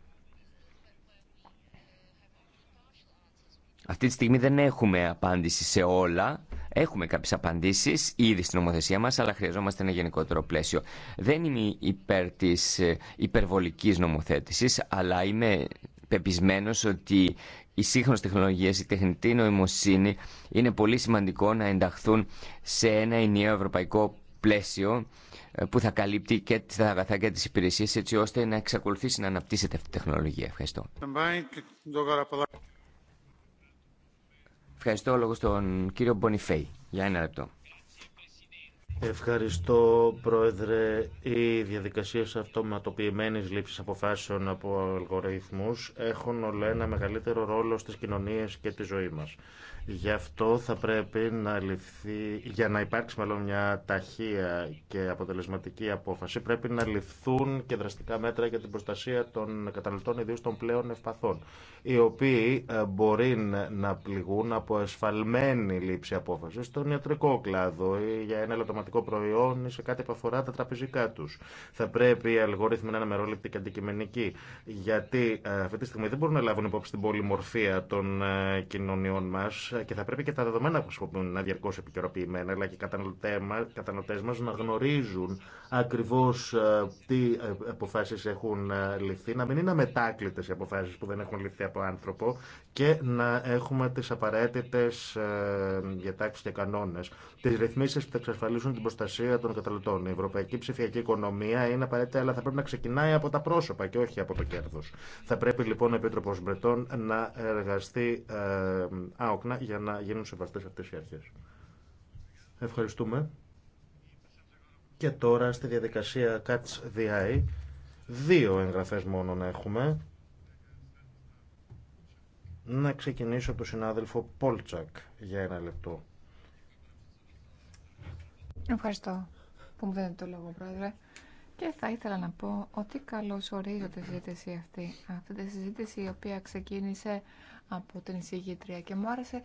Αυτή τη στιγμή δεν έχουμε απάντηση σε όλα. Έχουμε κάποιες απαντήσεις ήδη στην νομοθεσία μας, αλλά χρειαζόμαστε ένα γενικότερο πλαίσιο. Δεν είμαι υπέρ της ε, υπερβολικής νομοθέτησης, αλλά είμαι πεπισμένος ότι οι σύγχρονες τεχνολογίες, η τεχνητή νοημοσύνη είναι πολύ σημαντικό να ενταχθούν σε ένα ενιαίο ευρωπαϊκό πλαίσιο ε, που θα καλύπτει και τα αγαθά και τις υπηρεσίες έτσι ώστε να εξακολουθήσει να αναπτύσσεται αυτή η τεχνολογία. Ευχαριστώ. Ευχαριστώ λόγω στον κύριο Μπονιφέη. Για ένα λεπτό. Ευχαριστώ, Πρόεδρε. Οι διαδικασίε αυτοματοποιημένη λήψη αποφάσεων από αλγοριθμούς έχουν όλο ένα μεγαλύτερο ρόλο στι κοινωνίε και τη ζωή μα. Γι' αυτό θα πρέπει να ληφθεί, για να υπάρξει μάλλον μια ταχεία και αποτελεσματική απόφαση, πρέπει να ληφθούν και δραστικά μέτρα για την προστασία των καταναλωτών, ιδίω των πλέον ευπαθών, οι οποίοι ε, μπορεί να πληγούν από ασφαλμένη λήψη απόφαση στον ιατρικό κλάδο ή για ένα ελαττωματικό προϊόν ή σε κάτι που αφορά τα τραπεζικά του. Θα πρέπει οι αλγόριθμοι να είναι μερόληπτοι και αντικειμενικοί, γιατί ε, αυτή τη στιγμή δεν μπορούν να λάβουν υπόψη την πολυμορφία των ε, κοινωνιών μα και θα πρέπει και τα δεδομένα που χρησιμοποιούν να διαρκώ επικαιροποιημένα, αλλά και οι καταναλωτέ μα να γνωρίζουν ακριβώς ε, τι ε, αποφάσεις έχουν ε, ληφθεί, να μην είναι μετάκλητες οι αποφάσεις που δεν έχουν ληφθεί από άνθρωπο και να έχουμε τις απαραίτητες διατάξεις και κανόνες, τις ρυθμίσεις που θα εξασφαλίσουν την προστασία των καταναλωτών. Η ευρωπαϊκή ψηφιακή οικονομία είναι απαραίτητη, αλλά θα πρέπει να ξεκινάει από τα πρόσωπα και όχι από το κέρδος. Θα πρέπει λοιπόν ο Επίτροπος Μπρετών να εργαστεί άοκνα για να γίνουν σεβαστές αυτές οι αρχές. Ευχαριστούμε. Και τώρα στη διαδικασία Catch the Eye, δύο εγγραφές μόνο να έχουμε. Να ξεκινήσω από τον συνάδελφο Πόλτσακ για ένα λεπτό. Ευχαριστώ που μου δίνετε το λόγο, Πρόεδρε. Και θα ήθελα να πω ότι καλώ ορίζω τη συζήτηση αυτή. Αυτή τη συζήτηση η οποία ξεκίνησε από την εισηγήτρια και μου άρεσε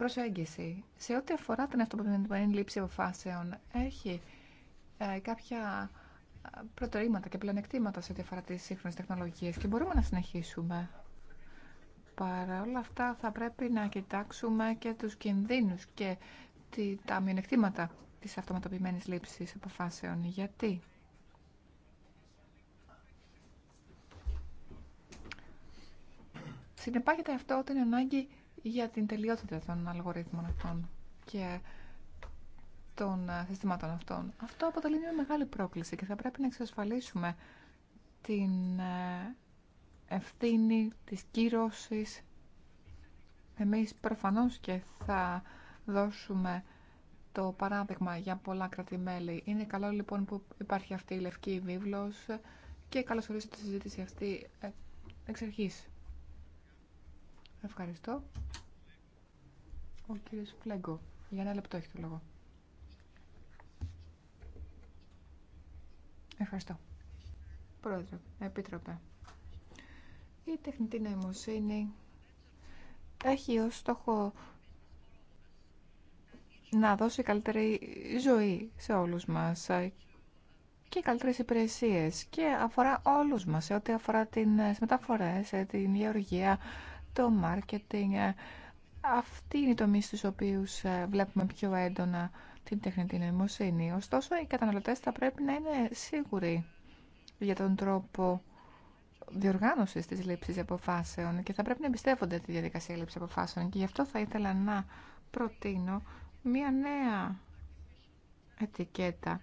προσέγγιση. Σε ό,τι αφορά την αυτοματοποιημένη λήψη αποφάσεων, έχει ε, κάποια ε, προτερήματα και πλεονεκτήματα σε ό,τι αφορά τις σύγχρονες τεχνολογίες και μπορούμε να συνεχίσουμε. Παρά όλα αυτά θα πρέπει να κοιτάξουμε και τους κινδύνους και τα μειονεκτήματα της αυτοματοποιημένης λήψης αποφάσεων. Γιατί? Συνεπάγεται αυτό είναι ανάγκη για την τελειότητα των αλγορίθμων αυτών και των ε, συστημάτων αυτών. Αυτό αποτελεί μια μεγάλη πρόκληση και θα πρέπει να εξασφαλίσουμε την ε, ευθύνη της κύρωσης. Εμείς προφανώς και θα δώσουμε το παράδειγμα για πολλά κρατημέλη. Είναι καλό λοιπόν που υπάρχει αυτή η λευκή βίβλος και καλωσορίζω τη συζήτηση αυτή ε, εξ αρχής. Ευχαριστώ. Ο κύριος Φλέγκο. Για ένα λεπτό έχει το λόγο. Ευχαριστώ. Πρόεδρε, επίτροπε. Η τεχνητή νοημοσύνη έχει ως στόχο να δώσει καλύτερη ζωή σε όλους μας και καλύτερες υπηρεσίες και αφορά όλους μας σε ό,τι αφορά τις μεταφορές, την γεωργία, το μάρκετινγκ. αυτή είναι οι τομή στου οποίου ε, βλέπουμε πιο έντονα την τεχνητή νοημοσύνη. Ωστόσο, οι καταναλωτέ θα πρέπει να είναι σίγουροι για τον τρόπο διοργάνωση τη λήψη αποφάσεων και θα πρέπει να εμπιστεύονται τη διαδικασία λήψη αποφάσεων και γι' αυτό θα ήθελα να προτείνω μία νέα ετικέτα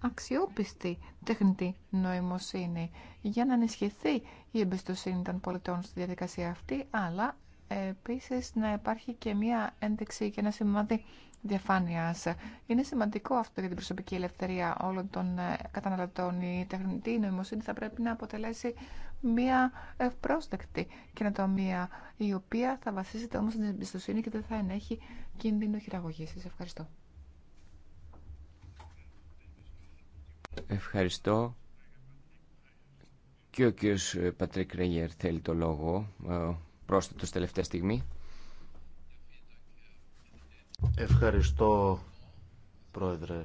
αξιόπιστη τεχνητή νοημοσύνη για να ενισχυθεί η εμπιστοσύνη των πολιτών στη διαδικασία αυτή, αλλά επίσης να υπάρχει και μία ένδειξη και ένα σημάδι διαφάνειας. Είναι σημαντικό αυτό για την προσωπική ελευθερία όλων των ε, καταναλωτών. Η τεχνητή νοημοσύνη θα πρέπει να αποτελέσει μία ευπρόσδεκτη καινοτομία, η οποία θα βασίζεται όμως στην εμπιστοσύνη και δεν θα ενέχει κίνδυνο χειραγωγής. ευχαριστώ. Ευχαριστώ. Και ο κύριος Πατρίκ Ρέγερ θέλει το λόγο, πρόσθετος τελευταία στιγμή. Ευχαριστώ, Πρόεδρε.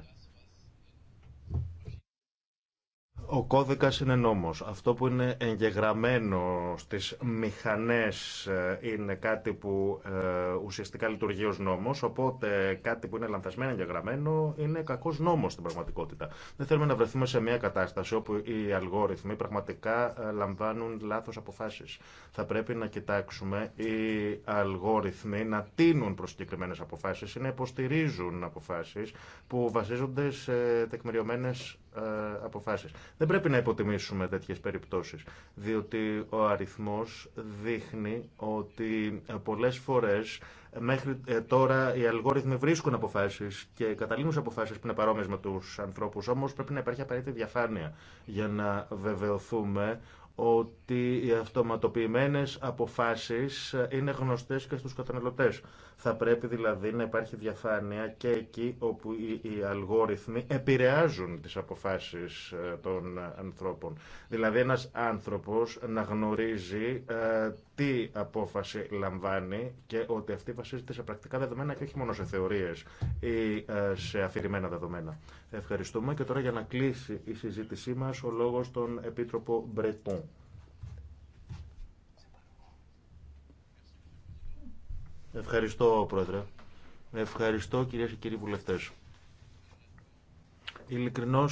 Ο κώδικας είναι νόμος. Αυτό που είναι εγγεγραμμένο στις μηχανές ε, είναι κάτι που ε, ουσιαστικά λειτουργεί ως νόμος, οπότε κάτι που είναι λανθασμένο εγγεγραμμένο είναι κακός νόμος στην πραγματικότητα. Δεν θέλουμε να βρεθούμε σε μια κατάσταση όπου οι αλγόριθμοι πραγματικά ε, λαμβάνουν λάθος αποφάσεις. Θα πρέπει να κοιτάξουμε οι αλγόριθμοι να τίνουν προς συγκεκριμένες αποφάσεις ή να υποστηρίζουν αποφάσεις που βασίζονται σε τεκμηριωμένες ε, αποφάσεις. Δεν πρέπει να υποτιμήσουμε τέτοιες περιπτώσεις διότι ο αριθμός δείχνει ότι ε, πολλές φορές μέχρι ε, τώρα οι αλγόριθμοι βρίσκουν αποφάσει και καταλήγουν σε αποφάσει που είναι παρόμοιε με του ανθρώπου. Όμω πρέπει να υπάρχει απαραίτητη διαφάνεια για να βεβαιωθούμε ότι οι αυτοματοποιημένες αποφάσεις είναι γνωστές και στους καταναλωτές. Θα πρέπει δηλαδή να υπάρχει διαφάνεια και εκεί όπου οι αλγόριθμοι επηρεάζουν τις αποφάσεις ε, των ανθρώπων. Δηλαδή ένας άνθρωπος να γνωρίζει ε, τι απόφαση λαμβάνει και ότι αυτή βασίζεται σε πρακτικά δεδομένα και όχι μόνο σε θεωρίες ή ε, σε αφηρημένα δεδομένα. Ευχαριστούμε και τώρα για να κλείσει η συζήτησή μας ο λόγος των Επίτροπο Μπρετών. Ευχαριστώ, Πρόεδρε. Ευχαριστώ, κυρίε και κύριοι βουλευτέ. Ειλικρινώ,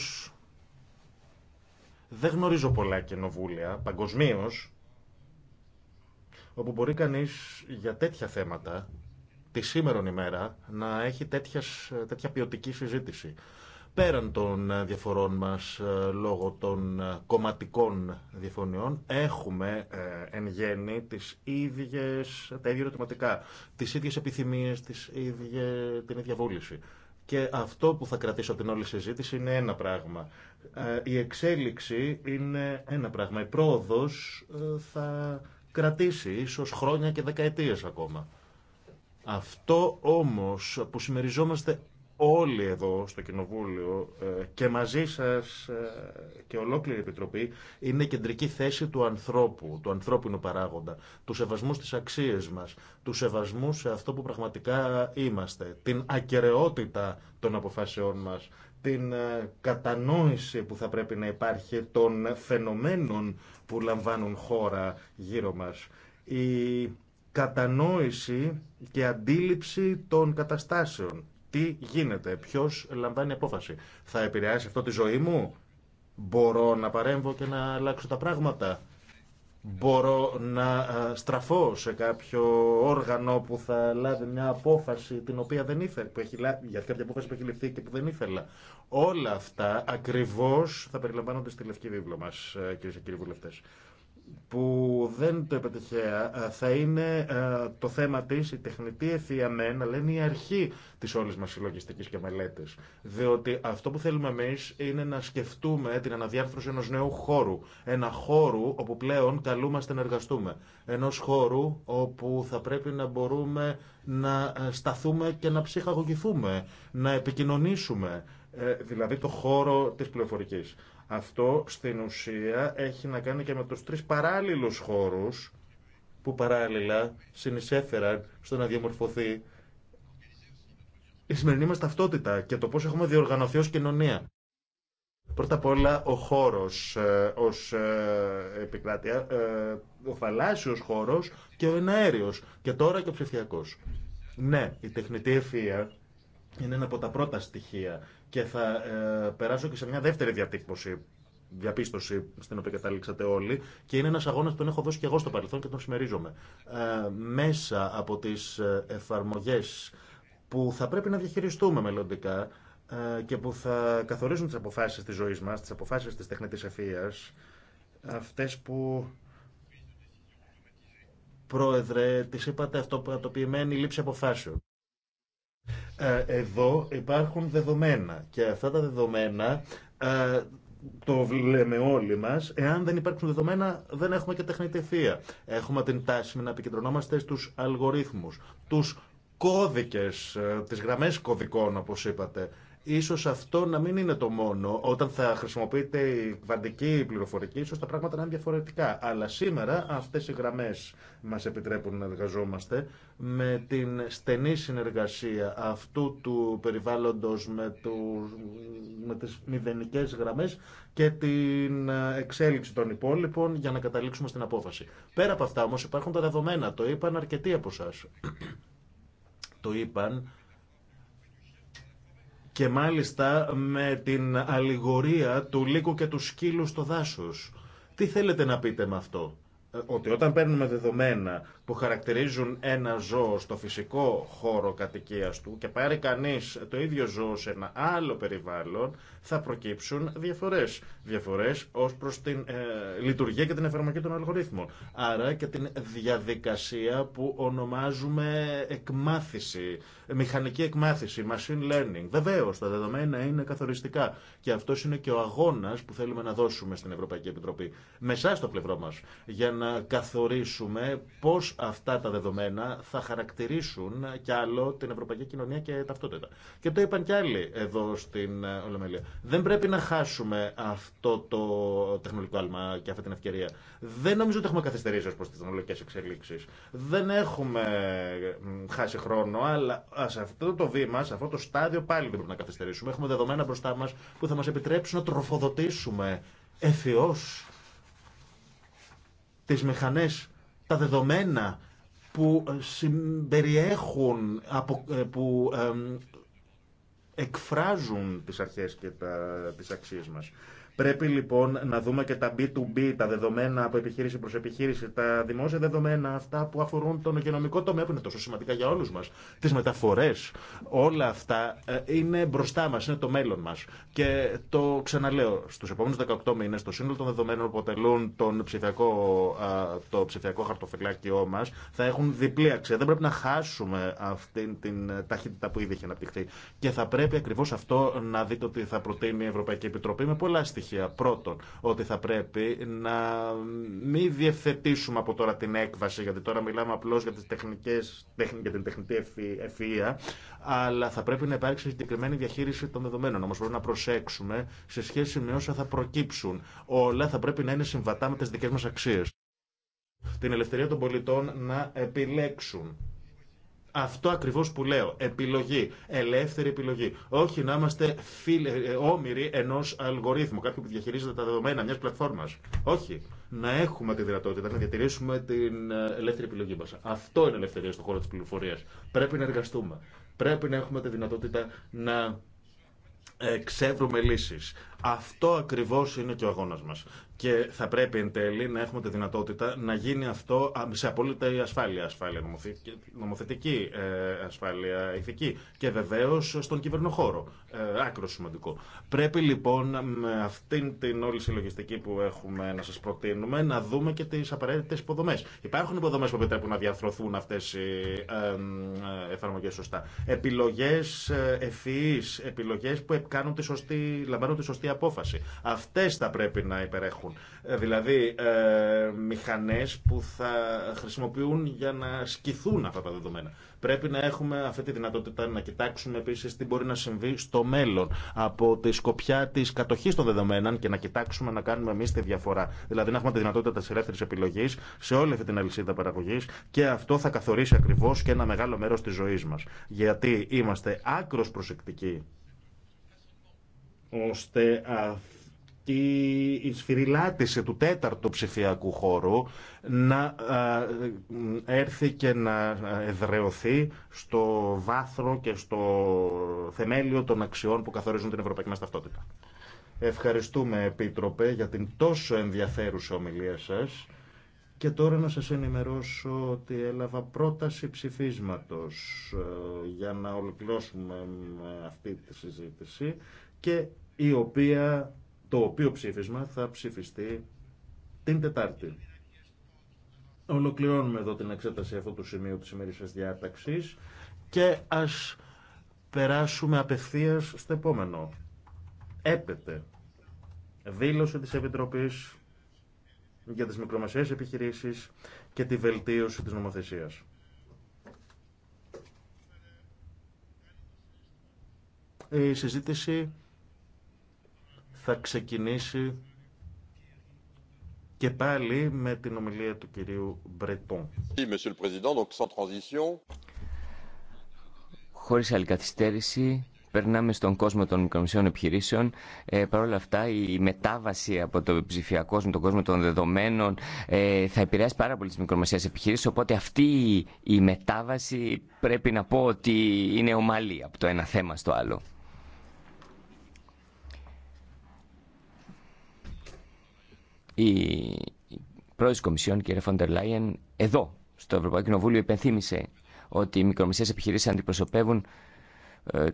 δεν γνωρίζω πολλά κοινοβούλια παγκοσμίω όπου μπορεί κανεί για τέτοια θέματα τη σήμερον ημέρα να έχει τέτοιας, τέτοια ποιοτική συζήτηση πέραν των ε, διαφορών μας ε, λόγω των ε, κομματικών διαφωνιών έχουμε εν γέννη τις ίδιες, τα ίδια ερωτηματικά, τις ίδιες επιθυμίες, τις ίδιες, την ίδια βούληση. Και αυτό που θα κρατήσω την όλη συζήτηση είναι ένα πράγμα. Η εξέλιξη είναι ένα πράγμα. Η πρόοδος θα κρατήσει ίσως χρόνια και δεκαετίες ακόμα. Αυτό όμως που συμμεριζόμαστε όλοι εδώ στο Κοινοβούλιο ε, και μαζί σας ε, και ολόκληρη η Επιτροπή είναι η κεντρική θέση του ανθρώπου, του ανθρώπινου παράγοντα, του σεβασμού στις αξίες μας, του σεβασμού σε αυτό που πραγματικά είμαστε, την ακαιρεότητα των αποφάσεών μας, την ε, κατανόηση που θα πρέπει να υπάρχει των φαινομένων που λαμβάνουν χώρα γύρω μας. Η κατανόηση και αντίληψη των καταστάσεων τι γίνεται, ποιο λαμβάνει απόφαση. Θα επηρεάσει αυτό τη ζωή μου, μπορώ να παρέμβω και να αλλάξω τα πράγματα. Μπορώ να στραφώ σε κάποιο όργανο που θα λάβει μια απόφαση την οποία δεν ήθελα, που έχει για κάποια απόφαση που έχει ληφθεί και που δεν ήθελα. Όλα αυτά ακριβώς θα περιλαμβάνονται στη Λευκή Βίβλο μας, κύριε και κύριοι βουλευτές που δεν το είπε ε, θα είναι ε, το θέμα τη η τεχνητή ευθεία μεν, αλλά η αρχή τη όλη μα συλλογιστική και μελέτη. Διότι αυτό που θέλουμε εμεί είναι να σκεφτούμε την αναδιάρθρωση ενό νέου χώρου. Ένα χώρου όπου πλέον καλούμαστε να εργαστούμε. ενός χώρου όπου θα πρέπει να μπορούμε να ε, σταθούμε και να ψυχαγωγηθούμε, να επικοινωνήσουμε. Δηλαδή το χώρο της πληροφορικής. Αυτό στην ουσία έχει να κάνει και με τους τρεις παράλληλους χώρους που παράλληλα συνεισέφεραν στο να διαμορφωθεί η σημερινή μας ταυτότητα και το πώς έχουμε διοργανωθεί ως κοινωνία. Πρώτα απ' όλα ο χώρος ε, ως ε, επικράτεια, ε, ο θαλάσσιος χώρος και ο εναέριος και τώρα και ο ψηφιακός. Ναι, η τεχνητή ευφυΐα είναι ένα από τα πρώτα στοιχεία και θα ε, περάσω και σε μια δεύτερη διατύπωση, διαπίστωση στην οποία κατάληξατε όλοι. Και είναι ένα αγώνα που τον έχω δώσει και εγώ στο παρελθόν και τον συμμερίζομαι. Ε, μέσα από τι ε, εφαρμογέ που θα πρέπει να διαχειριστούμε μελλοντικά και που θα καθορίζουν τι αποφάσει τη ζωή μα, τι αποφάσει τη τεχνητής ευφυία, αυτέ που πρόεδρε, τη είπατε αυτοπατοποιημένη λήψη αποφάσεων. Ε, εδώ υπάρχουν δεδομένα και αυτά τα δεδομένα ε, το λέμε όλοι μας, Εάν δεν υπάρχουν δεδομένα, δεν έχουμε και τεχνητή θεία. Έχουμε την τάση να επικεντρωνόμαστε στους αλγορίθμους, τους κώδικε, ε, τι γραμμές κωδικών, όπως είπατε. Ίσως αυτό να μην είναι το μόνο. Όταν θα χρησιμοποιείται η κβαντική πληροφορική, ίσως τα πράγματα να είναι διαφορετικά. Αλλά σήμερα αυτές οι γραμμές μας επιτρέπουν να εργαζόμαστε με την στενή συνεργασία αυτού του περιβάλλοντος με, τους, με τις μηδενικές γραμμές και την ε, εξέλιξη των υπόλοιπων για να καταλήξουμε στην απόφαση. Πέρα από αυτά όμως υπάρχουν τα δεδομένα. Το είπαν αρκετοί από εσά. Το είπαν και μάλιστα με την αλληγορία του λύκου και του σκύλου στο δάσος. Τι θέλετε να πείτε με αυτό. Ε, ότι όταν παίρνουμε δεδομένα που χαρακτηρίζουν ένα ζώο στο φυσικό χώρο κατοικίας του και πάρει κανείς το ίδιο ζώο σε ένα άλλο περιβάλλον, θα προκύψουν διαφορές. Διαφορές ως προς την ε, λειτουργία και την εφαρμογή των αλγορίθμων. Άρα και την διαδικασία που ονομάζουμε εκμάθηση, μηχανική εκμάθηση, machine learning. Βεβαίως, τα δεδομένα είναι καθοριστικά και αυτό είναι και ο αγώνας που θέλουμε να δώσουμε στην Ευρωπαϊκή Επιτροπή. μεσά στο πλευρό μας, για να καθορίσουμε πώς αυτά τα δεδομένα θα χαρακτηρίσουν κι άλλο την ευρωπαϊκή κοινωνία και ταυτότητα. Και το είπαν κι άλλοι εδώ στην Ολομελία. Δεν πρέπει να χάσουμε αυτό το τεχνολογικό άλμα και αυτή την ευκαιρία. Δεν νομίζω ότι έχουμε καθυστερήσει ω προ τι τεχνολογικέ εξελίξει. Δεν έχουμε χάσει χρόνο, αλλά σε αυτό το βήμα, σε αυτό το στάδιο πάλι δεν πρέπει να καθυστερήσουμε. Έχουμε δεδομένα μπροστά μα που θα μα επιτρέψουν να τροφοδοτήσουμε ευθεώ τι μηχανές τα δεδομένα που ε, συμπεριέχουν, ε, που ε, εκφράζουν τις αρχές και τα, τις αξίες μας. Πρέπει λοιπόν να δούμε και τα B2B, τα δεδομένα από επιχείρηση προ επιχείρηση, τα δημόσια δεδομένα, αυτά που αφορούν τον οικονομικό τομέα που είναι τόσο σημαντικά για όλου μα, τι μεταφορέ. Όλα αυτά ε, είναι μπροστά μα, είναι το μέλλον μα. Και το ξαναλέω, στου επόμενου 18 μήνε, το σύνολο των δεδομένων που αποτελούν τον ψηφιακό, το ψηφιακό χαρτοφυλάκιό μα θα έχουν διπλή αξία. Δεν πρέπει να χάσουμε αυτή την ταχύτητα που ήδη έχει αναπτυχθεί. Και θα πρέπει ακριβώ αυτό να δείτε ότι θα προτείνει η Ευρωπαϊκή Επιτροπή με πολλά στοιχεία Πρώτον, ότι θα πρέπει να μην διευθετήσουμε από τώρα την έκβαση, γιατί τώρα μιλάμε απλώ για, για την τεχνητή ευφυα, αλλά θα πρέπει να υπάρξει συγκεκριμένη διαχείριση των δεδομένων. Όμω πρέπει να προσέξουμε σε σχέση με όσα θα προκύψουν. Όλα θα πρέπει να είναι συμβατά με τι δικέ μα αξίε. Την ελευθερία των πολιτών να επιλέξουν αυτό ακριβώς που λέω. Επιλογή. Ελεύθερη επιλογή. Όχι να είμαστε ε, όμοιροι ενός αλγορίθμου, κάποιου που διαχειρίζεται τα δεδομένα μιας πλατφόρμας. Όχι. Να έχουμε τη δυνατότητα να διατηρήσουμε την ε, ελεύθερη επιλογή μας. Αυτό είναι ελευθερία στον χώρο της πληροφορίας. Πρέπει να εργαστούμε. Πρέπει να έχουμε τη δυνατότητα να εξεύρουμε λύσεις. Αυτό ακριβώς είναι και ο αγώνας μας. Και θα πρέπει εν τέλει να έχουμε τη δυνατότητα να γίνει αυτό σε απόλυτη ασφάλεια. Ασφάλεια νομοθετική, ε, ασφάλεια ηθική και βεβαίως στον κυβερνοχώρο. Ε, άκρο σημαντικό. Πρέπει λοιπόν με αυτήν την όλη συλλογιστική που έχουμε να σας προτείνουμε να δούμε και τις απαραίτητες υποδομές. Υπάρχουν υποδομές που επιτρέπουν να διαρθρωθούν αυτές οι ε, εφαρμογές σωστά. Επιλογές ευφυείς, επιλογές που κάνουν τη σωστή, λαμβάνουν τη σωστή απόφαση. Αυτέ θα πρέπει να υπερέχουν. Ε, δηλαδή, ε, μηχανές που θα χρησιμοποιούν για να σκηθούν αυτά τα δεδομένα. Πρέπει να έχουμε αυτή τη δυνατότητα να κοιτάξουμε επίση τι μπορεί να συμβεί στο μέλλον από τη σκοπιά τη κατοχή των δεδομένων και να κοιτάξουμε να κάνουμε εμεί τη διαφορά. Δηλαδή να έχουμε τη δυνατότητα τη ελεύθερη επιλογή σε όλη αυτή την αλυσίδα παραγωγή και αυτό θα καθορίσει ακριβώ και ένα μεγάλο μέρο τη ζωή μα. Γιατί είμαστε άκρο προσεκτικοί ώστε αυτή η σφυριλάτηση του τέταρτου ψηφιακού χώρου να έρθει και να εδρεωθεί στο βάθρο και στο θεμέλιο των αξιών που καθορίζουν την ευρωπαϊκή μας ταυτότητα. Ευχαριστούμε, Επίτροπε, για την τόσο ενδιαφέρουσα ομιλία σας. Και τώρα να σας ενημερώσω ότι έλαβα πρόταση ψηφίσματος ε, για να ολοκληρώσουμε αυτή τη συζήτηση και η οποία, το οποίο ψήφισμα θα ψηφιστεί την Τετάρτη. Ολοκληρώνουμε εδώ την εξέταση αυτού του σημείου της ημερήσιας διάταξης και ας περάσουμε απευθείας στο επόμενο. Έπεται δήλωση της Επιτροπής για τις μικρομεσαίες επιχειρήσεις και τη βελτίωση της νομοθεσίας. Η συζήτηση θα ξεκινήσει και πάλι με την ομιλία του κυρίου Μπρετόν. Χωρίς άλλη καθυστέρηση, περνάμε στον κόσμο των μικρομεσαίων επιχειρήσεων. Ε, Παρ' όλα αυτά, η μετάβαση από το ψηφιακό κόσμο, τον κόσμο των δεδομένων, ε, θα επηρεάσει πάρα πολύ τι μικρομεσαίε επιχειρήσει. Οπότε αυτή η μετάβαση πρέπει να πω ότι είναι ομαλή από το ένα θέμα στο άλλο. Η πρόεδρος Κομισιόν, κύριε Φοντερ Λάιεν, εδώ στο Ευρωπαϊκό Κοινοβούλιο υπενθύμησε ότι οι μικρομεσαίες επιχειρήσεις αντιπροσωπεύουν ε,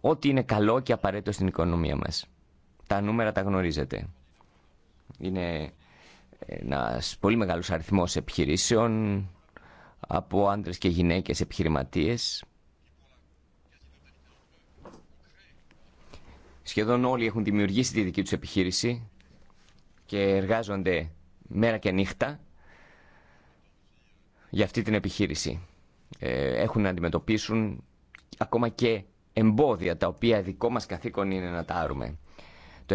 ό,τι είναι καλό και απαραίτητο στην οικονομία μα. Τα νούμερα τα γνωρίζετε. Είναι ένα πολύ μεγάλο αριθμό επιχειρήσεων από άντρε και γυναίκε επιχειρηματίε. Σχεδόν όλοι έχουν δημιουργήσει τη δική τους επιχείρηση και εργάζονται μέρα και νύχτα για αυτή την επιχείρηση. Ε, έχουν να αντιμετωπίσουν ακόμα και εμπόδια τα οποία δικό μας καθήκον είναι να τα άρουμε. Το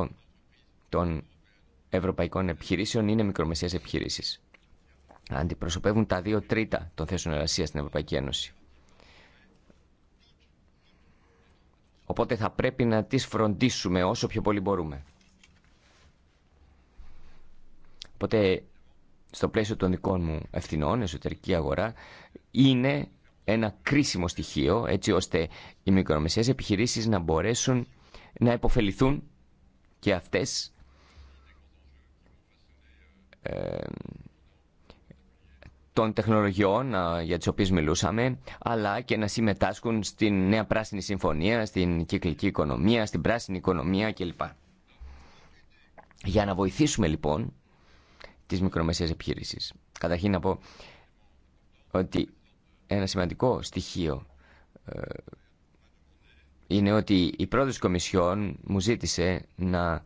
99% των ευρωπαϊκών επιχειρήσεων είναι μικρομεσαίες επιχειρήσεις. Αντιπροσωπεύουν τα δύο τρίτα των θέσεων εργασία στην Ευρωπαϊκή Ένωση. Οπότε θα πρέπει να τις φροντίσουμε όσο πιο πολύ μπορούμε. Οπότε στο πλαίσιο των δικών μου ευθυνών, εσωτερική αγορά, είναι ένα κρίσιμο στοιχείο έτσι ώστε οι μικρομεσαίες επιχειρήσεις να μπορέσουν να υποφεληθούν και αυτές των τεχνολογιών για τις οποίες μιλούσαμε, αλλά και να συμμετάσχουν στην νέα πράσινη συμφωνία, στην κυκλική οικονομία, στην πράσινη οικονομία κλπ. Για να βοηθήσουμε λοιπόν Τη μικρομεσαία επιχείρηση. Καταρχήν να πω ότι ένα σημαντικό στοιχείο ε, είναι ότι η πρόεδρος της Κομισιόν μου ζήτησε να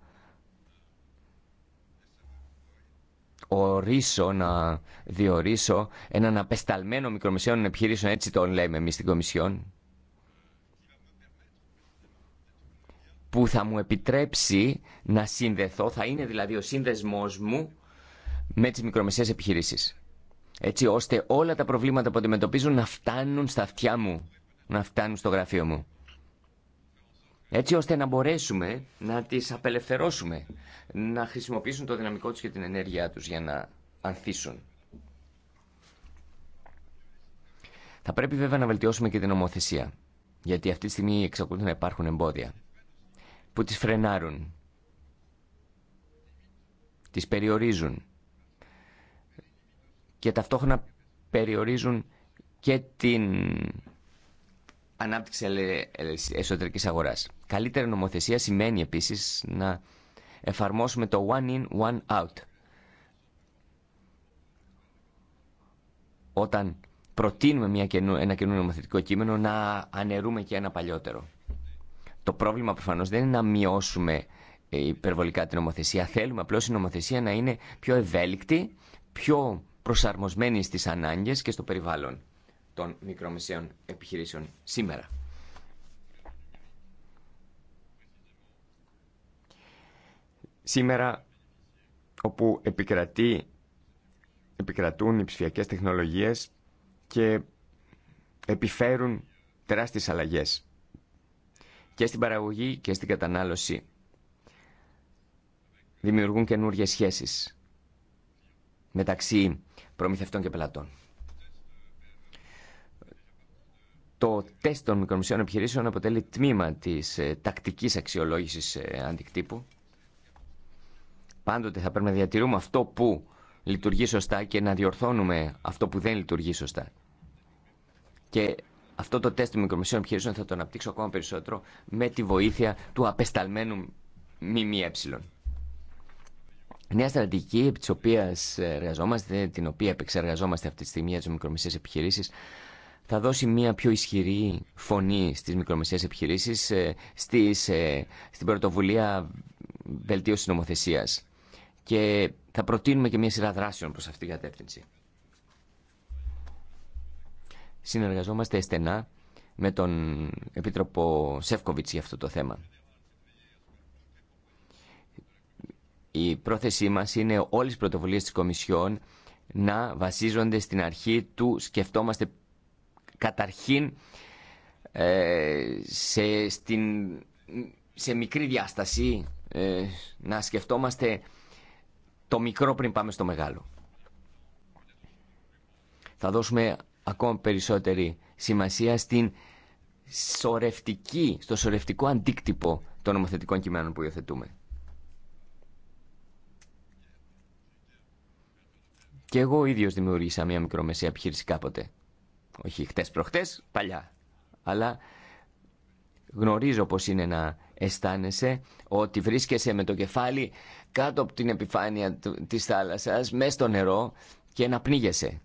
ορίσω, να διορίσω έναν απεσταλμένο μικρομεσαίων επιχειρήσεων, έτσι τον λέμε εμείς στην Κομισιόν, που θα μου επιτρέψει να συνδεθώ, θα είναι δηλαδή ο σύνδεσμός μου με τις μικρομεσαίες επιχειρήσεις. Έτσι ώστε όλα τα προβλήματα που αντιμετωπίζουν να φτάνουν στα αυτιά μου, να φτάνουν στο γραφείο μου. Έτσι ώστε να μπορέσουμε να τις απελευθερώσουμε, να χρησιμοποιήσουν το δυναμικό τους και την ενέργειά τους για να ανθίσουν. Θα πρέπει βέβαια να βελτιώσουμε και την ομοθεσία. γιατί αυτή τη στιγμή εξακολουθούν να υπάρχουν εμπόδια που τις φρενάρουν, τις περιορίζουν και ταυτόχρονα περιορίζουν και την ανάπτυξη εσωτερικής αγοράς. Καλύτερη νομοθεσία σημαίνει επίσης να εφαρμόσουμε το one in, one out. Όταν προτείνουμε μια καινού, ένα καινούριο νομοθετικό κείμενο να αναιρούμε και ένα παλιότερο. Το πρόβλημα προφανώς δεν είναι να μειώσουμε ε, υπερβολικά την νομοθεσία. Θέλουμε απλώς η νομοθεσία να είναι πιο ευέλικτη, πιο προσαρμοσμένη στις ανάγκες και στο περιβάλλον των μικρομεσαίων επιχειρήσεων σήμερα. Σήμερα όπου επικρατεί, επικρατούν οι ψηφιακές τεχνολογίες και επιφέρουν τεράστιες αλλαγές και στην παραγωγή και στην κατανάλωση. Δημιουργούν καινούργιες σχέσεις μεταξύ προμηθευτών και πελατών. Το τεστ των μικρομεσαίων επιχειρήσεων αποτελεί τμήμα της ε, τακτικής αξιολόγησης ε, αντικτύπου. Πάντοτε θα πρέπει να διατηρούμε αυτό που λειτουργεί σωστά και να διορθώνουμε αυτό που δεν λειτουργεί σωστά. Και αυτό το τεστ των μικρομεσαίων επιχειρήσεων θα το αναπτύξω ακόμα περισσότερο με τη βοήθεια του απεσταλμένου ΜΜΕ νέα στρατηγική επί της εργαζόμαστε, την οποία επεξεργαζόμαστε αυτή τη στιγμή για τι μικρομεσαίες επιχειρήσεις, θα δώσει μια πιο ισχυρή φωνή στις μικρομεσαίες επιχειρήσεις ε, ε, στην πρωτοβουλία βελτίωση νομοθεσία Και θα προτείνουμε και μια σειρά δράσεων προ αυτήν την κατεύθυνση. Συνεργαζόμαστε στενά με τον Επίτροπο Σεύκοβιτς για αυτό το θέμα. Η πρόθεσή μας είναι όλες οι πρωτοβουλίες της Κομισιόν να βασίζονται στην αρχή του σκεφτόμαστε καταρχήν ε, σε, μικρή διάσταση ε, να σκεφτόμαστε το μικρό πριν πάμε στο μεγάλο. Θα δώσουμε ακόμα περισσότερη σημασία στην σορευτική, στο σορευτικό αντίκτυπο των νομοθετικών κειμένων που υιοθετούμε. Και εγώ ίδιο δημιούργησα μια μικρομεσαία επιχείρηση κάποτε. Όχι χτε προχτέ, παλιά. Αλλά γνωρίζω πώ είναι να αισθάνεσαι ότι βρίσκεσαι με το κεφάλι κάτω από την επιφάνεια τη θάλασσα, μέσα στο νερό και να πνίγεσαι.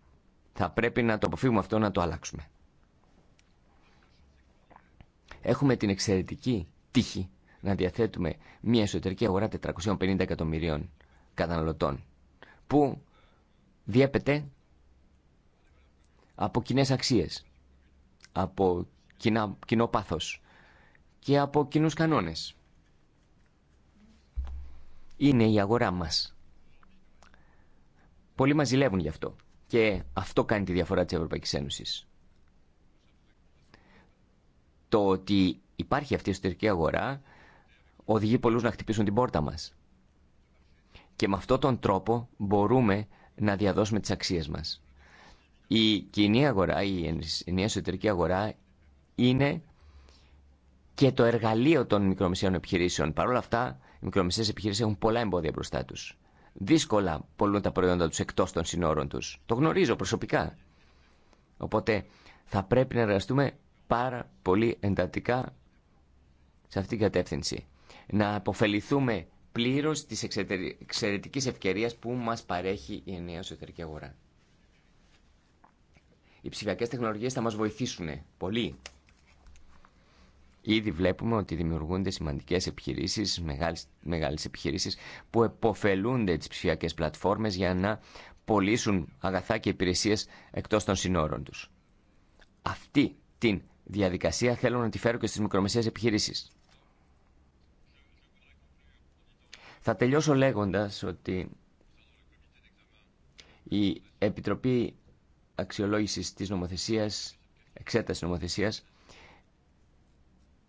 Θα πρέπει να το αποφύγουμε αυτό, να το αλλάξουμε. Έχουμε την εξαιρετική τύχη να διαθέτουμε μια εσωτερική αγορά 450 εκατομμυρίων καταναλωτών που διέπεται από κοινέ αξίες, από κοινά, κοινό πάθος και από κοινούς κανόνες. Είναι η αγορά μας. Πολλοί μας ζηλεύουν γι' αυτό. Και αυτό κάνει τη διαφορά της Ευρωπαϊκής Ένωσης. Το ότι υπάρχει αυτή η εσωτερική αγορά οδηγεί πολλούς να χτυπήσουν την πόρτα μας. Και με αυτόν τον τρόπο μπορούμε να διαδώσουμε τις αξίες μας. Η κοινή αγορά, η ενιαία εσωτερική αγορά είναι και το εργαλείο των μικρομεσαίων επιχειρήσεων. Παρ' όλα αυτά, οι μικρομεσαίες επιχειρήσεις έχουν πολλά εμπόδια μπροστά τους. Δύσκολα πολλούν τα προϊόντα τους εκτός των συνόρων τους. Το γνωρίζω προσωπικά. Οπότε θα πρέπει να εργαστούμε πάρα πολύ εντατικά σε αυτήν την κατεύθυνση. Να αποφεληθούμε Πλήρω τη εξαιρετική ευκαιρία που μας παρέχει η ενιαία εσωτερική αγορά. Οι ψηφιακέ τεχνολογίες θα μας βοηθήσουν πολύ. Ήδη βλέπουμε ότι δημιουργούνται σημαντικές επιχειρήσει, μεγάλες, επιχειρήσει, που επωφελούνται τις ψηφιακέ πλατφόρμες για να πωλήσουν αγαθά και υπηρεσίες εκτός των συνόρων του. Αυτή την διαδικασία θέλω να τη φέρω και στι μικρομεσαίες επιχειρήσει. Θα τελειώσω λέγοντας ότι η Επιτροπή Αξιολόγησης της Νομοθεσίας, Εξέτασης Νομοθεσίας,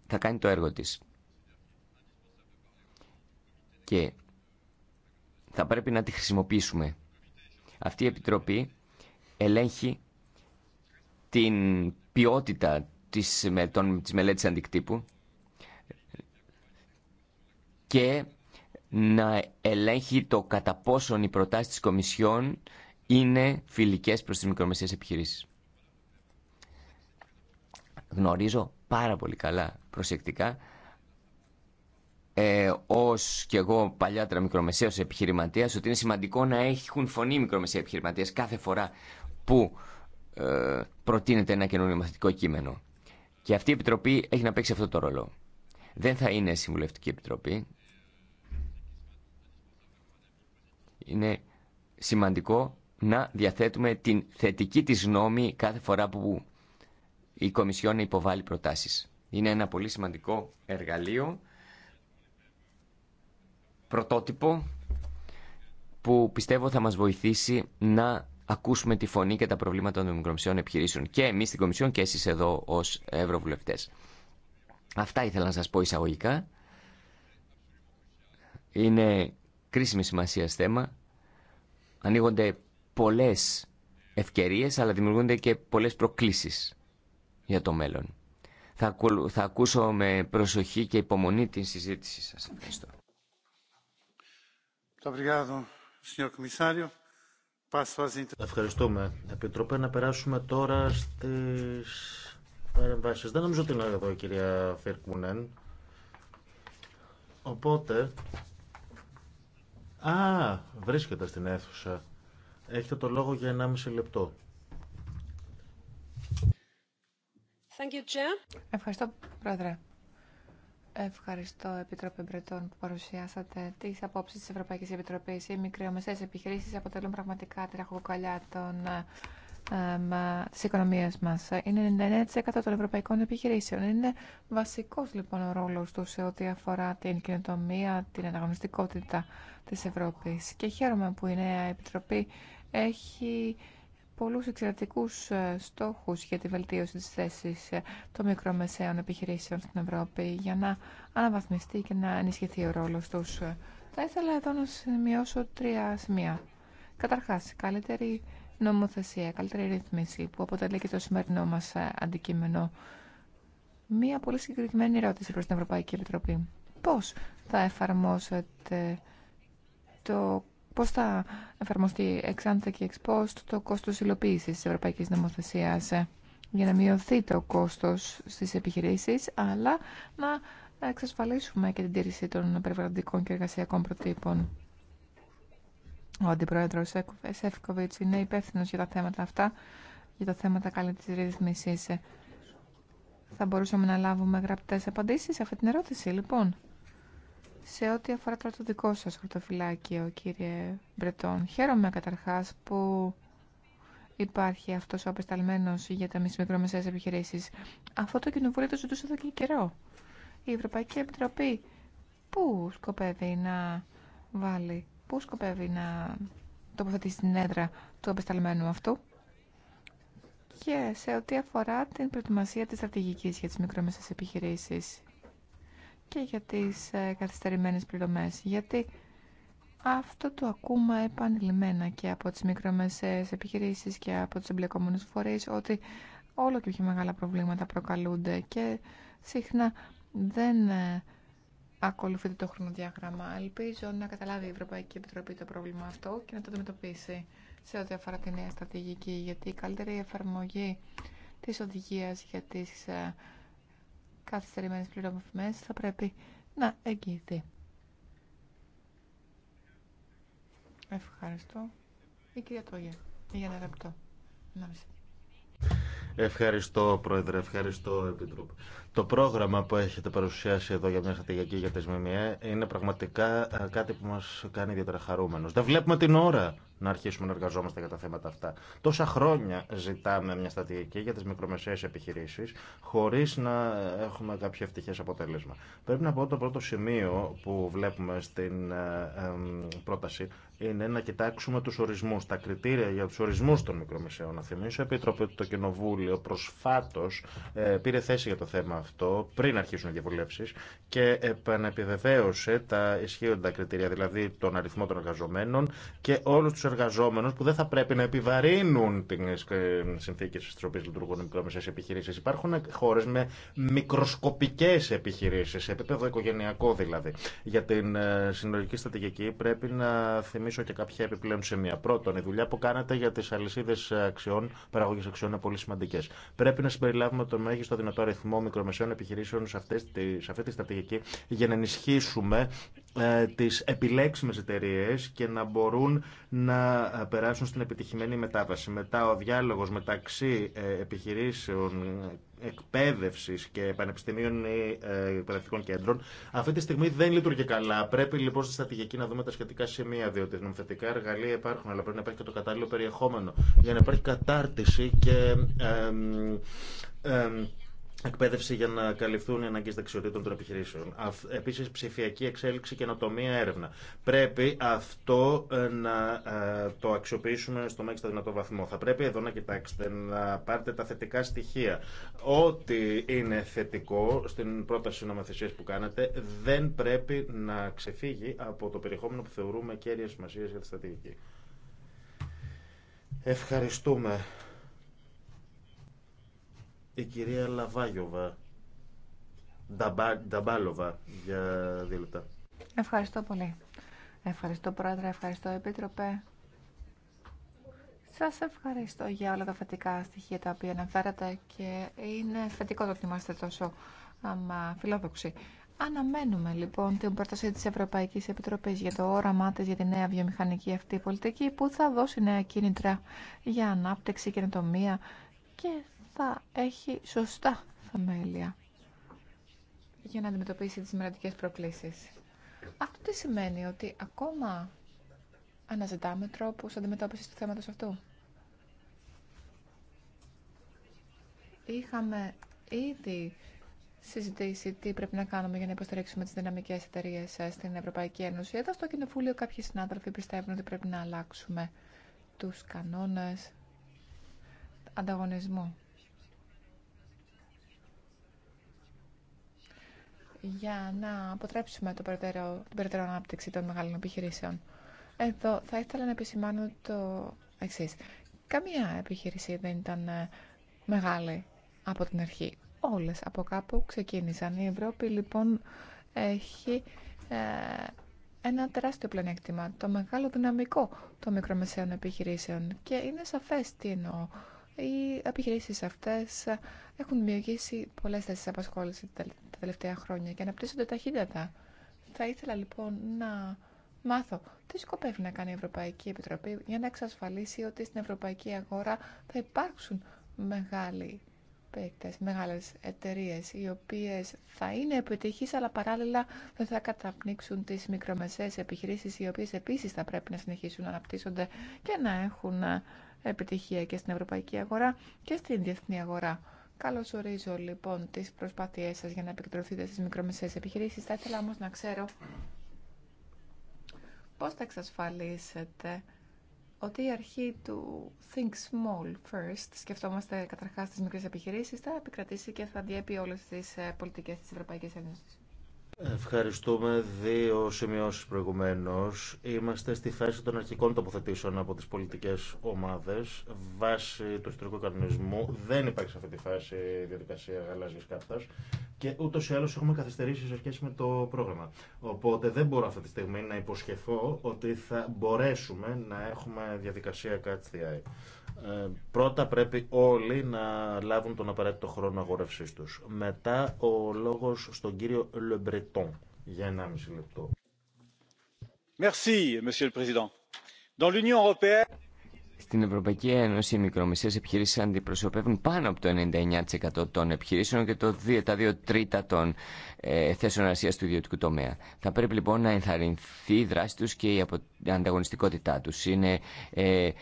θα κάνει το έργο της. Και θα πρέπει να τη χρησιμοποιήσουμε. Αυτή η Επιτροπή ελέγχει την ποιότητα της, των, της μελέτης αντικτύπου και να ελέγχει το κατά πόσον οι προτάσεις της Κομισιόν είναι φιλικές προς τις μικρομεσαίες επιχειρήσεις. Γνωρίζω πάρα πολύ καλά προσεκτικά ε, ως και εγώ παλιάτρα μικρομεσαίος επιχειρηματίας ότι είναι σημαντικό να έχουν φωνή μικρομεσαίοι επιχειρηματίες κάθε φορά που ε, προτείνεται ένα καινούριο μαθητικό κείμενο. Και αυτή η Επιτροπή έχει να παίξει αυτό το ρόλο. Δεν θα είναι συμβουλευτική επιτροπή, είναι σημαντικό να διαθέτουμε την θετική της γνώμη κάθε φορά που η Κομισιόν υποβάλλει προτάσεις. Είναι ένα πολύ σημαντικό εργαλείο, πρωτότυπο, που πιστεύω θα μας βοηθήσει να ακούσουμε τη φωνή και τα προβλήματα των μικρομεσαίων επιχειρήσεων και εμείς στην Κομισιόν και εσείς εδώ ως Ευρωβουλευτές. Αυτά ήθελα να σας πω εισαγωγικά. Είναι κρίσιμη σημασία θέμα ανοίγονται πολλές ευκαιρίες αλλά δημιουργούνται και πολλές προκλήσεις για το μέλλον. Θα, θα ακούσω με προσοχή και υπομονή την συζήτηση σας. Ευχαριστώ. Ευχαριστούμε. Επιτροπέ να περάσουμε τώρα στις παρεμβάσεις. Δεν νομίζω ότι είναι εδώ η κυρία Φίρκμουνεν. Οπότε Α, βρίσκεται στην αίθουσα. Έχετε το λόγο για 1,5 λεπτό. Thank you, Chair. Ευχαριστώ, Πρόεδρε. Ευχαριστώ, Επιτροπή Μπρετών, που παρουσιάσατε τι απόψει τη Ευρωπαϊκή Επιτροπή. Οι μικρομεσαίε επιχειρήσει αποτελούν πραγματικά τραχοκοκαλιά των ε, Τη οικονομία μα Είναι 99% των ευρωπαϊκών επιχειρήσεων. Είναι βασικό λοιπόν ο ρόλο του σε ό,τι αφορά την κοινοτομία, την αναγνωστικότητα τη Ευρώπη. Και χαίρομαι που η νέα Επιτροπή έχει πολλούς εξαιρετικούς ε, στόχους για τη βελτίωση της θέσης ε, των μικρομεσαίων επιχειρήσεων στην Ευρώπη για να αναβαθμιστεί και να ενισχυθεί ο ρόλος τους. Θα ήθελα εδώ να σημειώσω τρία σημεία. Καταρχάς, καλύτερη νομοθεσία, καλύτερη ρύθμιση που αποτελεί και το σημερινό μας ε, αντικείμενο. Μία πολύ συγκεκριμένη ερώτηση προς την Ευρωπαϊκή Επιτροπή. Πώς θα εφαρμόσετε το πώς θα εφαρμοστεί εξάντα και εξπόστ το κόστος υλοποίησης της Ευρωπαϊκής Νομοθεσίας ε, για να μειωθεί το κόστος στις επιχειρήσεις, αλλά να εξασφαλίσουμε και την τήρηση των περιβαλλοντικών και εργασιακών προτύπων. Ο αντιπρόεδρο Σεφκοβιτ είναι υπεύθυνο για τα θέματα αυτά, για τα θέματα καλή τη ρύθμισης. Θα μπορούσαμε να λάβουμε γραπτέ απαντήσει σε αυτή την ερώτηση, λοιπόν. Σε ό,τι αφορά το δικό σας χρωτοφυλάκιο, κύριε Μπρετόν, χαίρομαι καταρχάς που υπάρχει αυτός ο απεσταλμένος για τα μικρομεσαίες επιχειρήσεις. Αυτό το κοινοβούλιο το ζητούσε εδώ και καιρό. Η Ευρωπαϊκή Επιτροπή πού σκοπεύει να βάλει Πού σκοπεύει να τοποθετήσει την έδρα του απεσταλμένου αυτού και σε ό,τι αφορά την προετοιμασία της στρατηγικής για τις μικρομεσαίες επιχειρήσεις και για τις ε, καθυστερημένες πληρωμές. Γιατί αυτό το ακούμε επανειλημμένα και από τις μικρομεσαίες επιχειρήσεις και από τους εμπλεκόμενους φορείς ότι όλο και πιο μεγάλα προβλήματα προκαλούνται και συχνά δεν ε, ακολουθείτε το χρονοδιάγραμμα. Ελπίζω να καταλάβει η Ευρωπαϊκή Επιτροπή το πρόβλημα αυτό και να το αντιμετωπίσει σε ό,τι αφορά τη νέα στρατηγική, γιατί η καλύτερη εφαρμογή της οδηγία για τις ε, καθυστερημένε πληρωμές θα πρέπει να εγγυηθεί. Ευχαριστώ. Η κυρία Τόγια, για ένα λεπτό. Να Ευχαριστώ, Πρόεδρε. Ευχαριστώ, Επιτροπή. Το πρόγραμμα που έχετε παρουσιάσει εδώ για μια στρατηγική για τις ΜΜΕ είναι πραγματικά ε, κάτι που μας κάνει ιδιαίτερα χαρούμενος. Δεν βλέπουμε την ώρα να αρχίσουμε να εργαζόμαστε για τα θέματα αυτά. Τόσα χρόνια ζητάμε μια στρατηγική για τις μικρομεσαίες επιχειρήσεις χωρίς να έχουμε κάποιο ευτυχές αποτέλεσμα. Πρέπει να πω το πρώτο σημείο που βλέπουμε στην ε, ε, πρόταση είναι να κοιτάξουμε τους ορισμούς, τα κριτήρια για τους ορισμούς των μικρομεσαίων. Να θυμίσω, Επίτροπε, ότι το Κοινοβούλιο προσφάτως ε, πήρε θέση για το θέμα αυτό πριν αρχίσουν οι διαβουλεύσεις και επανεπιβεβαίωσε τα ισχύοντα κριτήρια, δηλαδή τον αριθμό των εργαζομένων και όλους τους εργαζόμενους που δεν θα πρέπει να επιβαρύνουν τις ε, ε, συνθήκε στις οποίες λειτουργούν οι μικρομεσαίες επιχειρήσεις. Υπάρχουν χώρες με μικροσκοπικές επιχειρήσεις, σε επίπεδο οικογενειακό δηλαδή. Για την συνολική στρατηγική πρέπει να και κάποια επιπλέον σημεία. Πρώτον, η δουλειά που κάνατε για τι αλυσίδε αξιών, παραγωγή αξιών είναι πολύ σημαντικέ. Πρέπει να συμπεριλάβουμε το μέγιστο δυνατό αριθμό μικρομεσαίων επιχειρήσεων σε, αυτές, σε αυτή τη στρατηγική για να ενισχύσουμε ε, τι επιλέξιμε εταιρείε και να μπορούν να ε, περάσουν στην επιτυχημένη μετάβαση. Μετά ο διάλογο μεταξύ ε, επιχειρήσεων εκπαίδευση και πανεπιστημίων ή ε, εκπαιδευτικών κέντρων, αυτή τη στιγμή δεν λειτουργεί καλά. Πρέπει λοιπόν στη στρατηγική να δούμε τα σχετικά σημεία, διότι νομοθετικά εργαλεία υπάρχουν, αλλά πρέπει να υπάρχει και το κατάλληλο περιεχόμενο για να υπάρχει κατάρτιση και. Ε, εκπαίδευση για να καλυφθούν οι αναγκέ δεξιοτήτων των επιχειρήσεων. Επίση, ψηφιακή εξέλιξη, καινοτομία, έρευνα. Πρέπει αυτό ε, να ε, το αξιοποιήσουμε στο μέγιστο δυνατό βαθμό. Θα πρέπει εδώ να κοιτάξετε, να πάρετε τα θετικά στοιχεία. Ό,τι είναι θετικό στην πρόταση νομοθεσία που κάνετε δεν πρέπει να ξεφύγει από το περιεχόμενο που θεωρούμε κέρια σημασία για τη στρατηγική. Ευχαριστούμε η κυρία Λαβάγιοβα Νταμπάλοβα για δύο λεπτά. Ευχαριστώ πολύ. Ευχαριστώ Πρόεδρε, ευχαριστώ Επίτροπε. Σας ευχαριστώ για όλα τα θετικά στοιχεία τα οποία αναφέρατε και είναι θετικό το ότι είμαστε τόσο φιλόδοξοι. Αναμένουμε λοιπόν την πρόταση της Ευρωπαϊκής Επιτροπής για το όραμά της για τη νέα βιομηχανική αυτή πολιτική που θα δώσει νέα κίνητρα για ανάπτυξη, καινοτομία και θα έχει σωστά θεμέλια για να αντιμετωπίσει τις μερατικές προκλήσεις. Αυτό τι σημαίνει ότι ακόμα αναζητάμε τρόπους αντιμετώπισης του θέματος αυτού. Είχαμε ήδη συζητήσει τι πρέπει να κάνουμε για να υποστηρίξουμε τις δυναμικές εταιρείε στην Ευρωπαϊκή Ένωση. Εδώ στο Κοινοβούλιο κάποιοι συνάδελφοι πιστεύουν ότι πρέπει να αλλάξουμε τους κανόνες ανταγωνισμού. για να αποτρέψουμε το περαιτέρω, την περαιτέρω ανάπτυξη των μεγάλων επιχειρήσεων. Εδώ θα ήθελα να επισημάνω το εξή. Καμία επιχείρηση δεν ήταν ε, μεγάλη από την αρχή. Όλες από κάπου ξεκίνησαν. Η Ευρώπη λοιπόν έχει ε, ένα τεράστιο πλανέκτημα, το μεγάλο δυναμικό των μικρομεσαίων επιχειρήσεων. Και είναι σαφές τι εννοώ οι επιχειρήσει αυτέ έχουν δημιουργήσει πολλέ θέσει απασχόληση τα τελευταία χρόνια και αναπτύσσονται ταχύτατα. Θα ήθελα λοιπόν να μάθω τι σκοπεύει να κάνει η Ευρωπαϊκή Επιτροπή για να εξασφαλίσει ότι στην ευρωπαϊκή αγορά θα υπάρξουν μεγάλοι παίκτες, μεγάλες εταιρείες οι οποίες θα είναι επιτυχείς αλλά παράλληλα δεν θα καταπνίξουν τις μικρομεσαίες επιχειρήσεις οι οποίες επίσης θα πρέπει να συνεχίσουν να αναπτύσσονται και να έχουν επιτυχία και στην ευρωπαϊκή αγορά και στην διεθνή αγορά. Καλώ ορίζω λοιπόν τι προσπάθειέ σα για να επικεντρωθείτε στι μικρομεσαίε επιχειρήσει. Θα ήθελα όμω να ξέρω πώ θα εξασφαλίσετε ότι η αρχή του Think Small First, σκεφτόμαστε καταρχά τι μικρέ επιχειρήσει, θα επικρατήσει και θα διέπει όλε τι ε, πολιτικέ τη Ευρωπαϊκή Ένωση. Ευχαριστούμε. Δύο σημειώσει προηγουμένω. Είμαστε στη φάση των αρχικών τοποθετήσεων από τι πολιτικέ ομάδε. Βάσει του ιστορικού κανονισμού δεν υπάρχει σε αυτή τη φάση διαδικασία γαλάζια κάρτα. Και ούτω ή άλλω έχουμε καθυστερήσει σε σχέση με το πρόγραμμα. Οπότε δεν μπορώ αυτή τη στιγμή να υποσχεθώ ότι θα μπορέσουμε να έχουμε διαδικασία κάτι ε, πρώτα πρέπει όλοι να λάβουν τον απαραίτητο χρόνο αγορευσή του. Μετά ο λόγο στον κύριο Λεμπρετόν για 1,5 λεπτό. Merci, Monsieur le Président. Dans l'Union Européenne... Στην Ευρωπαϊκή Ένωση οι μικρομεσαίε επιχειρήσει αντιπροσωπεύουν πάνω από το 99% των επιχειρήσεων και το 2, τα 2 τρίτα των ε, θέσεων εργασία του ιδιωτικού τομέα. Θα πρέπει λοιπόν να ενθαρρυνθεί η δράση του και η, ανταγωνιστικότητά του. Είναι ε, ε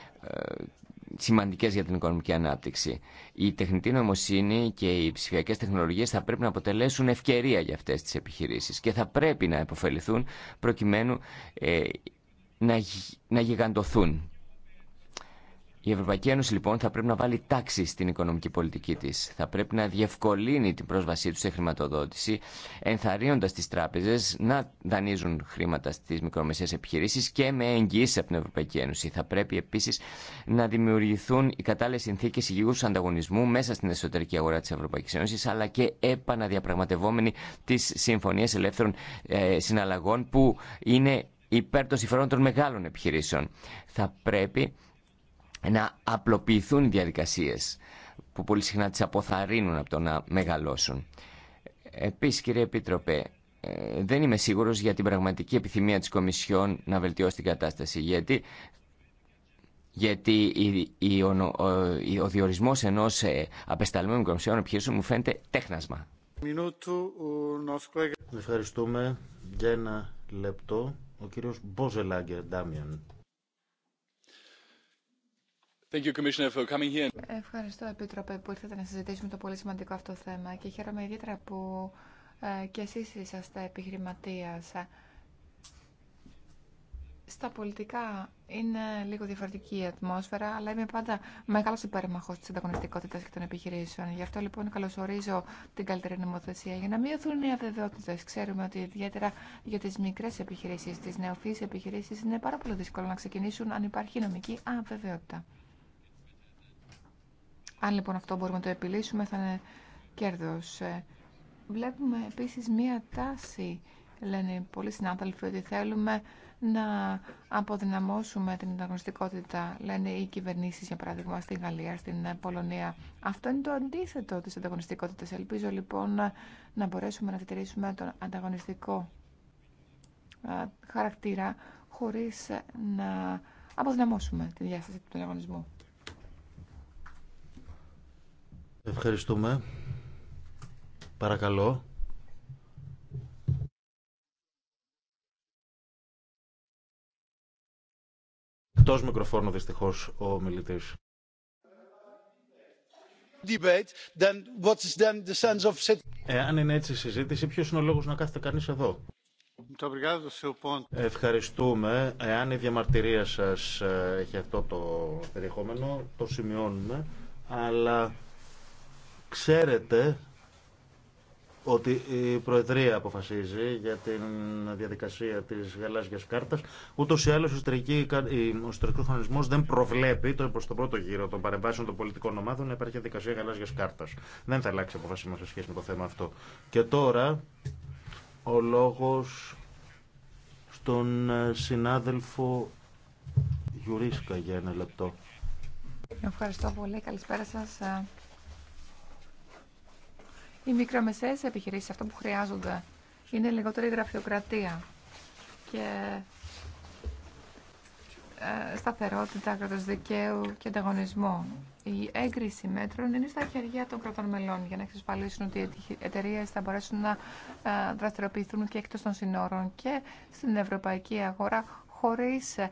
σημαντικές για την οικονομική ανάπτυξη. Η τεχνητή νοημοσύνη και οι ψηφιακές τεχνολογίες θα πρέπει να αποτελέσουν ευκαιρία για αυτές τις επιχειρήσεις και θα πρέπει να υποφεληθούν προκειμένου ε, να, να γιγαντωθούν. Η Ευρωπαϊκή Ένωση λοιπόν θα πρέπει να βάλει τάξη στην οικονομική πολιτική τη. Θα πρέπει να διευκολύνει την πρόσβασή του σε χρηματοδότηση, ενθαρρύνοντα τι τράπεζε να δανείζουν χρήματα στι μικρομεσαίες επιχειρήσει και με εγγύηση από την Ευρωπαϊκή Ένωση. Θα πρέπει επίση να δημιουργηθούν οι κατάλληλε συνθήκε υγιού ανταγωνισμού μέσα στην εσωτερική αγορά τη Ευρωπαϊκή Ένωση, αλλά και επαναδιαπραγματευόμενοι τι συμφωνίε ελεύθερων ε, συναλλαγών που είναι υπέρ των συμφερόντων των μεγάλων επιχειρήσεων. Θα πρέπει να απλοποιηθούν οι διαδικασίες που πολύ συχνά τις αποθαρρύνουν από το να μεγαλώσουν. Επίσης, κύριε Επίτροπε, ε, δεν είμαι σίγουρος για την πραγματική επιθυμία της Κομισιόν να βελτιώσει την κατάσταση, γιατί, γιατί ο, διορισμός ενός ε, απεσταλμένου Κομισιόν επιχείρησης μου φαίνεται τέχνασμα. Ευχαριστούμε για ένα λεπτό. Ο κύριος Μπόζελάγκερ Ντάμιον. Ευχαριστώ, Επίτροπε, που ήρθατε να συζητήσουμε το πολύ σημαντικό αυτό θέμα και χαίρομαι ιδιαίτερα που ε, και εσείς είσαστε επιχειρηματίας. Στα πολιτικά είναι λίγο διαφορετική η ατμόσφαιρα, αλλά είμαι πάντα μεγάλος υπέρμαχος της ανταγωνιστικότητας και των επιχειρήσεων. Γι' αυτό λοιπόν καλωσορίζω την καλύτερη νομοθεσία για να μειωθούν οι αβεβαιότητες. Ξέρουμε ότι ιδιαίτερα για τις μικρές επιχειρήσεις, τις νεοφύσεις επιχειρήσεις είναι πάρα πολύ δύσκολο να ξεκινήσουν αν υπάρχει νομική αβεβαιότητα. Αν λοιπόν αυτό μπορούμε να το επιλύσουμε θα είναι κέρδος. Ε, βλέπουμε επίσης μία τάση, λένε πολλοί συνάδελφοι, ότι θέλουμε να αποδυναμώσουμε την ανταγωνιστικότητα, λένε οι κυβερνήσει, για παράδειγμα, στην Γαλλία, στην Πολωνία. Αυτό είναι το αντίθετο τη ανταγωνιστικότητα. Ελπίζω λοιπόν να μπορέσουμε να διατηρήσουμε τον ανταγωνιστικό ε, χαρακτήρα χωρίς να αποδυναμώσουμε τη διάσταση του ανταγωνισμού. Ευχαριστούμε. Παρακαλώ. Εκτό μικροφώνου δυστυχώς ο μιλητής. Εάν είναι έτσι η συζήτηση, ποιο είναι ο λόγος να κάθεται κανείς εδώ. Ευχαριστούμε. Εάν η διαμαρτυρία σας ε, έχει αυτό το περιεχόμενο, το σημειώνουμε. Αλλά Ξέρετε ότι η Προεδρία αποφασίζει για την διαδικασία της γαλάζιας κάρτας. Ούτως ή άλλως ο ιστορικός χρονισμός δεν προβλέπει το προς τον πρώτο γύρο των παρεμβάσεων των πολιτικών ομάδων να υπάρχει διαδικασία γαλάζιας κάρτας. Δεν θα αλλάξει η αποφασή μας σε σχέση με το θέμα αυτό. Και τώρα ο λόγος στον ε, συνάδελφο Γιουρίσκα για ένα λεπτό. Ευχαριστώ πολύ. Καλησπέρα σας. Ε, οι μικρομεσαίες επιχειρήσεις αυτό που χρειάζονται είναι λιγότερη γραφειοκρατία και ε, σταθερότητα, κράτος δικαίου και ανταγωνισμό. Η έγκριση μέτρων είναι στα χέρια των κρατών μελών για να εξασφαλίσουν ότι οι εταιρείε θα μπορέσουν να ε, δραστηριοποιηθούν και εκτός των συνόρων και στην ευρωπαϊκή αγορά χωρίς ε,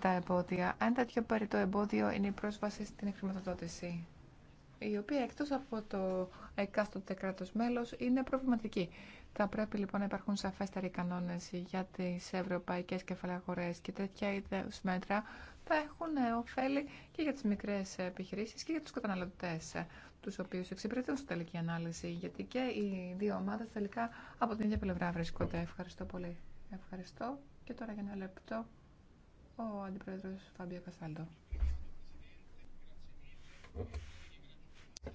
τα εμπόδια. Ένα τέτοιο το εμπόδιο είναι η πρόσβαση στην χρηματοδότηση η οποία εκτός από το εκάστοτε κράτος μέλος είναι προβληματική. Θα πρέπει λοιπόν να υπάρχουν σαφέστεροι κανόνες για τις ευρωπαϊκές κεφαλαγορές και τέτοια είδους μέτρα θα έχουν ωφέλη και για τις μικρές επιχειρήσεις και για τους καταναλωτές τους οποίους εξυπηρετούν στην τελική ανάλυση γιατί και οι δύο ομάδες τελικά από την ίδια πλευρά βρίσκονται. Ευχαριστώ πολύ. Ευχαριστώ και τώρα για ένα λεπτό ο Αντιπρόεδρος Φάμπιο Καστάλτο.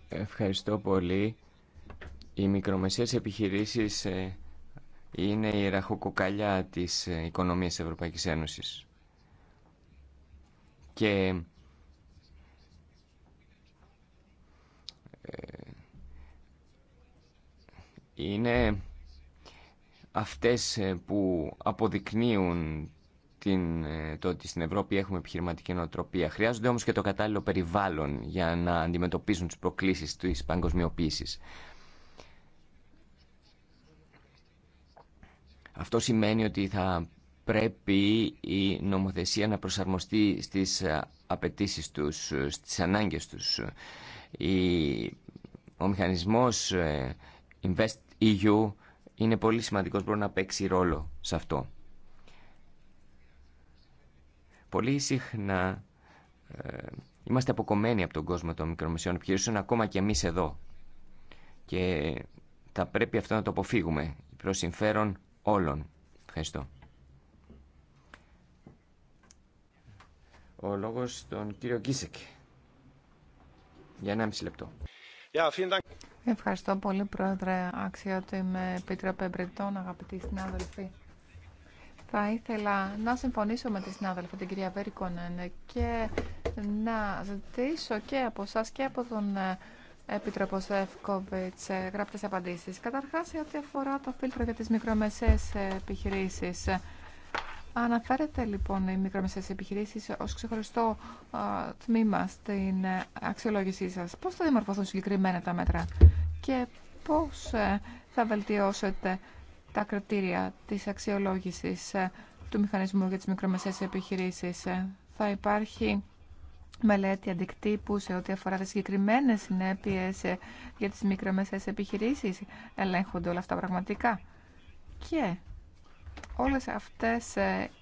Ευχαριστώ πολύ. Οι μικρομεσαίες επιχειρήσεις ε, είναι η ραχοκοκαλιά της ε, οικονομίας της Ευρωπαϊκής Ένωσης. Και ε, είναι αυτές που αποδεικνύουν ε, το ότι στην Ευρώπη έχουμε επιχειρηματική νοοτροπία. Χρειάζονται όμως και το κατάλληλο περιβάλλον για να αντιμετωπίσουν τις προκλήσεις της παγκοσμιοποίηση. Αυτό σημαίνει ότι θα πρέπει η νομοθεσία να προσαρμοστεί στις ε, απαιτήσεις τους, ε, στις ανάγκες τους. Ο μηχανισμός Invest EU είναι πολύ σημαντικός, μπορεί να παίξει ρόλο σε αυτό. Πολύ συχνά ε, είμαστε αποκομμένοι από τον κόσμο των μικρομεσαίων επιχειρήσεων, ακόμα και εμείς εδώ. Και θα πρέπει αυτό να το αποφύγουμε, προς συμφέρον όλων. Ευχαριστώ. Ο λόγος τον κύριο Κίσεκ. Για 1,5 λεπτό. Ευχαριστώ πολύ, Πρόεδρε. Αξιότιμη πίτρο Πεμπρετών, αγαπητοί συνάδελφοι. Θα ήθελα να συμφωνήσω με τη συνάδελφα την κυρία Βέρικονεν και να ζητήσω και από εσά και από τον ε, Επίτροπο Σεφκόβιτ ε, γραπτέ απαντήσει. Καταρχά, σε ό,τι αφορά το φίλτρο για τι μικρομεσαίε επιχειρήσει. Αναφέρεται λοιπόν οι μικρομεσαίες επιχειρήσεις ως ξεχωριστό τμήμα στην ε, αξιολόγησή σας. Πώ θα δημορφωθούν συγκεκριμένα τα μέτρα και πώς θα βελτιώσετε τα κριτήρια της αξιολόγησης ε, του μηχανισμού για τις μικρομεσαίες επιχειρήσεις. Ε. Θα υπάρχει μελέτη αντικτύπου σε ό,τι αφορά τις συγκεκριμένες συνέπειες ε, για τις μικρομεσαίες επιχειρήσεις. Ελέγχονται όλα αυτά πραγματικά. Και όλες αυτές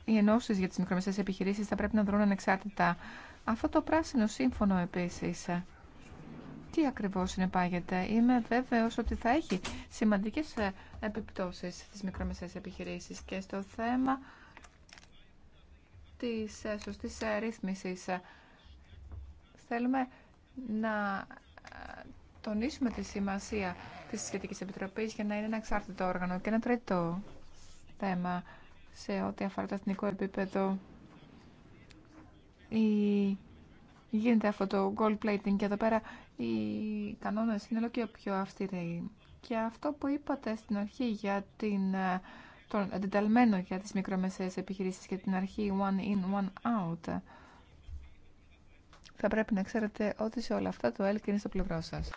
οι ενώσεις για τις μικρομεσαίες επιχειρήσεις θα πρέπει να δρουν ανεξάρτητα. Αυτό το πράσινο σύμφωνο επίσης τι ακριβώς συνεπάγεται. Είμαι βέβαιος ότι θα έχει σημαντικές ε, επιπτώσεις στις μικρομεσαίες επιχειρήσεις και στο θέμα της ε, σωστής ε, ρύθμισης. Θέλουμε να τονίσουμε τη σημασία της Σχετικής Επιτροπής για να είναι ένα εξάρτητο όργανο και ένα τρίτο θέμα σε ό,τι αφορά το εθνικό επίπεδο. Η... Γίνεται αυτό το gold plating και εδώ πέρα οι κανόνες είναι όλο και πιο αυστηροί. Και αυτό που είπατε στην αρχή για την, ε, τον εντεταλμένο για τις μικρομεσαίες επιχειρήσεις και την αρχή one in, one out. Θα πρέπει να ξέρετε ότι σε όλα αυτά το ΕΛΚ είναι στο πλευρό σας.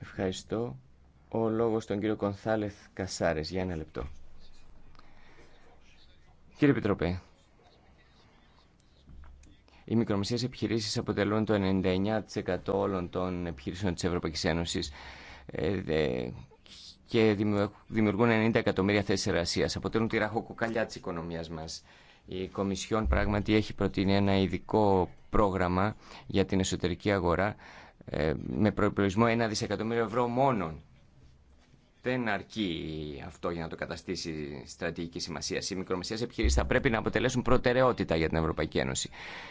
Ευχαριστώ. Ο λόγος στον κύριο Κονθάλεθ Κασάρες για ένα λεπτό. Κύριε Επιτροπέ, οι μικρομεσαίε επιχειρήσει αποτελούν το 99% όλων των επιχειρήσεων τη Ευρωπαϊκή Ένωση ε, και δημιουργούν 90 εκατομμύρια θέσεις εργασίας. Αποτελούν τη ραχοκοκαλιά τη οικονομία μας. Η Κομισιόν πράγματι έχει προτείνει ένα ειδικό πρόγραμμα για την εσωτερική αγορά ε, με προπολογισμό 1 δισεκατομμύριο ευρώ μόνον δεν αρκεί αυτό για να το καταστήσει στρατηγική σημασία. Οι μικρομεσαίε επιχειρήσει θα πρέπει να αποτελέσουν προτεραιότητα για την Ευρωπαϊκή Ένωση.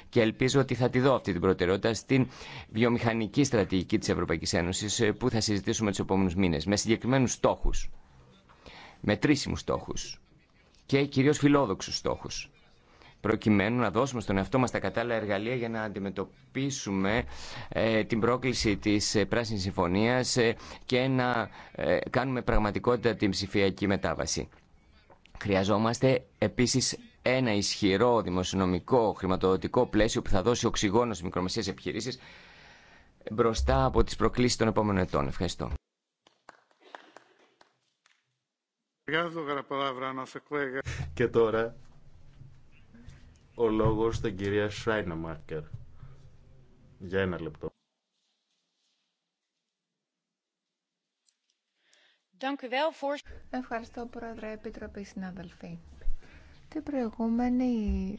Και ελπίζω ότι θα τη δω αυτή την προτεραιότητα στην βιομηχανική στρατηγική τη Ευρωπαϊκή Ένωση ε, που θα συζητήσουμε του επόμενου μήνε. Με συγκεκριμένου στόχου. Μετρήσιμου στόχου. Και κυρίω φιλόδοξου στόχου προκειμένου να δώσουμε στον εαυτό μας τα κατάλληλα εργαλεία για να αντιμετωπίσουμε ε, την πρόκληση της ε, Πράσινης Συμφωνίας ε, και να κάνουμε πραγματικότητα την ψηφιακή μετάβαση. Χρειαζόμαστε επίσης ένα ισχυρό δημοσιονομικό χρηματοδοτικό πλαίσιο που θα δώσει οξυγόνο στις μικρομεσαίες επιχειρήσεις μπροστά από τις προκλήσεις των επόμενων ετών. Ευχαριστώ. Και τώρα ο λόγος στην κυρία Σράινα Μάρκερ. Για ένα λεπτό. Ευχαριστώ, Πρόεδρε, Επίτροπη, συνάδελφοι. Την προηγούμενη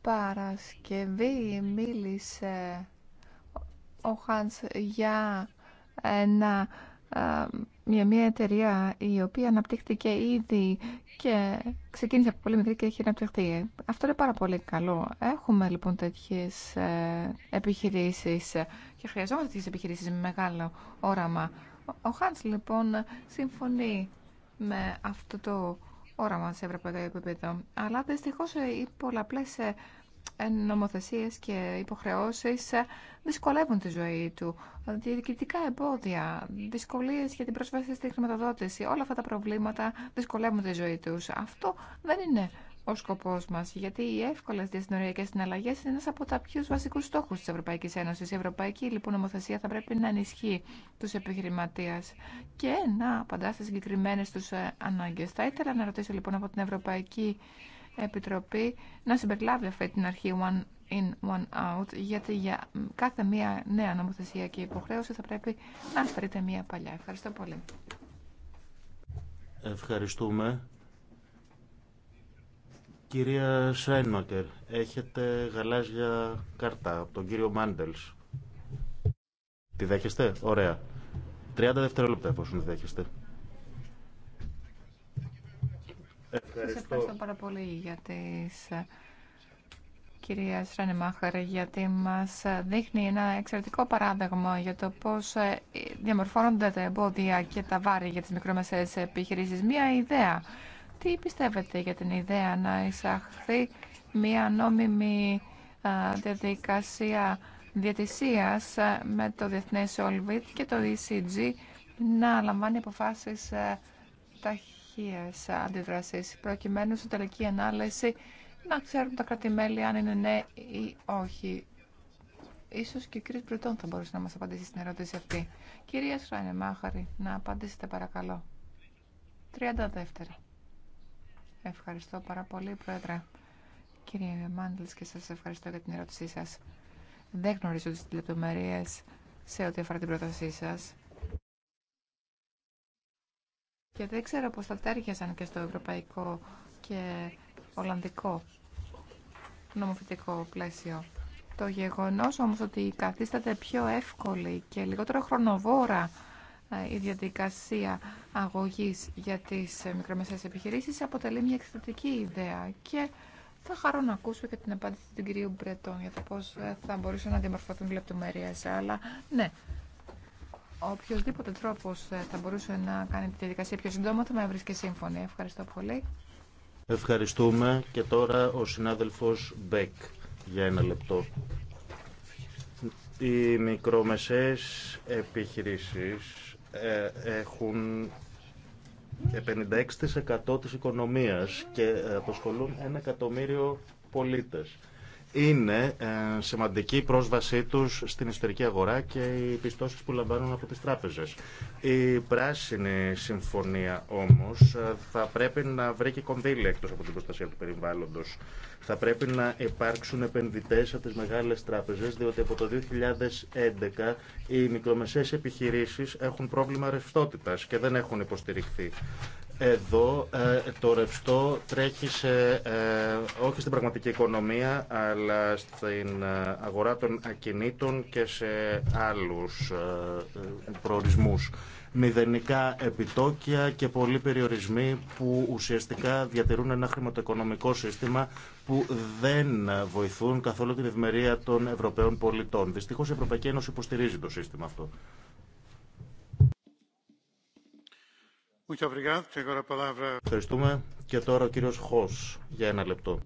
Παρασκευή μίλησε ο Χάνς για ένα μια μια εταιρεία η οποία αναπτύχθηκε ήδη και ξεκίνησε από πολύ μικρή και έχει αναπτυχθεί. Αυτό είναι πάρα πολύ καλό. Έχουμε λοιπόν τέτοιε επιχειρήσει και χρειαζόμαστε τέτοιε επιχειρήσει με μεγάλο όραμα. Ο Χάντ λοιπόν συμφωνεί με αυτό το όραμα σε ευρωπαϊκό επίπεδο. Αλλά δυστυχώ οι πολλαπλέ ε, νομοθεσίες και υποχρεώσεις ε, δυσκολεύουν τη ζωή του. Διοικητικά εμπόδια, δυσκολίες για την πρόσβαση στη χρηματοδότηση, όλα αυτά τα προβλήματα δυσκολεύουν τη ζωή τους. Αυτό δεν είναι ο σκοπό μα, γιατί οι εύκολε διασυνοριακέ συναλλαγέ είναι ένα από τα πιο βασικού στόχου τη Ευρωπαϊκή Ένωση. Η Ευρωπαϊκή λοιπόν νομοθεσία θα πρέπει να ενισχύει του επιχειρηματίε και να απαντά στι συγκεκριμένε του ε, ανάγκε. Θα ήθελα να ρωτήσω λοιπόν από την Ευρωπαϊκή Επιτροπή να συμπεριλάβει αυτή την αρχή one in, one out, γιατί για κάθε μία νέα νομοθεσία και υποχρέωση θα πρέπει να αφαιρείται μία παλιά. Ευχαριστώ πολύ. Ευχαριστούμε. Κυρία Σάινμακερ, έχετε γαλάζια κάρτα από τον κύριο Μάντελς. Τη δέχεστε? Ωραία. 30 δευτερόλεπτα εφόσον τη δέχεστε. Ευχαριστώ. Σας ευχαριστώ πάρα πολύ για τις ε, κυρία γιατί μας ε, δείχνει ένα εξαιρετικό παράδειγμα για το πώς ε, διαμορφώνονται τα εμπόδια και τα βάρη για τις μικρομεσαίες επιχειρήσεις. Μία ιδέα. Τι πιστεύετε για την ιδέα να εισαχθεί μία νόμιμη διαδικασία διατησίας με το Διεθνές Όλβιτ και το ECG να λαμβάνει αποφάσεις τα ταχείας αντιδράσεις προκειμένου στην τελική ανάλυση να ξέρουν τα κρατημέλη αν είναι ναι ή όχι. Ίσως και ο κύριος Μπρετών θα μπορούσε να μας απαντήσει στην ερώτηση αυτή. Κυρία Σράινε Μάχαρη, να απαντήσετε παρακαλώ. 30 δεύτερα. Ευχαριστώ πάρα πολύ, Πρόεδρε. Κύριε Μάντλης, και σας ευχαριστώ για την ερώτησή σας. Δεν γνωρίζω τις λεπτομέρειες σε ό,τι αφορά την πρότασή σας. Και δεν ξέρω πώς θα τέριαζαν και στο ευρωπαϊκό και ολλανδικό νομοθετικό πλαίσιο. Το γεγονός όμως ότι καθίσταται πιο εύκολη και λιγότερο χρονοβόρα ε, η διαδικασία αγωγής για τις ε, μικρομεσαίες επιχειρήσεις αποτελεί μια εξαιρετική ιδέα και θα χαρώ να ακούσω και την απάντηση του κυρίου Μπρετών για το πώς ε, θα μπορούσαν να διαμορφωθούν λεπτομέρειες. Αλλά ναι, οποιοδήποτε τρόπο ε, θα μπορούσε να κάνει τη διαδικασία πιο συντόμα, θα με βρίσκει σύμφωνη. Ευχαριστώ πολύ. Ευχαριστούμε και τώρα ο συνάδελφος Μπέκ για ένα λεπτό. Οι μικρομεσαίες επιχειρήσεις ε, έχουν 56% της οικονομίας και ε, αποσχολούν ένα εκατομμύριο πολίτες είναι ε, σημαντική η πρόσβασή τους στην εσωτερική αγορά και οι πιστώσεις που λαμβάνουν από τις τράπεζες. Η πράσινη συμφωνία όμως ε, θα πρέπει να βρει και κονδύλια εκτός από την προστασία του περιβάλλοντος. Θα πρέπει να υπάρξουν επενδυτές από τις μεγάλες τράπεζες διότι από το 2011 οι μικρομεσαίες επιχειρήσεις έχουν πρόβλημα ρευστότητας και δεν έχουν υποστηριχθεί. Εδώ ε, το ρευστό τρέχει σε, ε, όχι στην πραγματική οικονομία αλλά στην ε, αγορά των ακινήτων και σε άλλους προορισμούς. Μηδενικά επιτόκια και πολλοί περιορισμοί που ουσιαστικά διατηρούν ένα χρηματοοικονομικό σύστημα που δεν βοηθούν καθόλου την ευμερία των Ευρωπαίων πολιτών. Δυστυχώς η Ευρωπαϊκή Ένωση υποστηρίζει το σύστημα αυτό. Ευχαριστούμε. Και τώρα ο κύριος Χος για ένα λεπτό.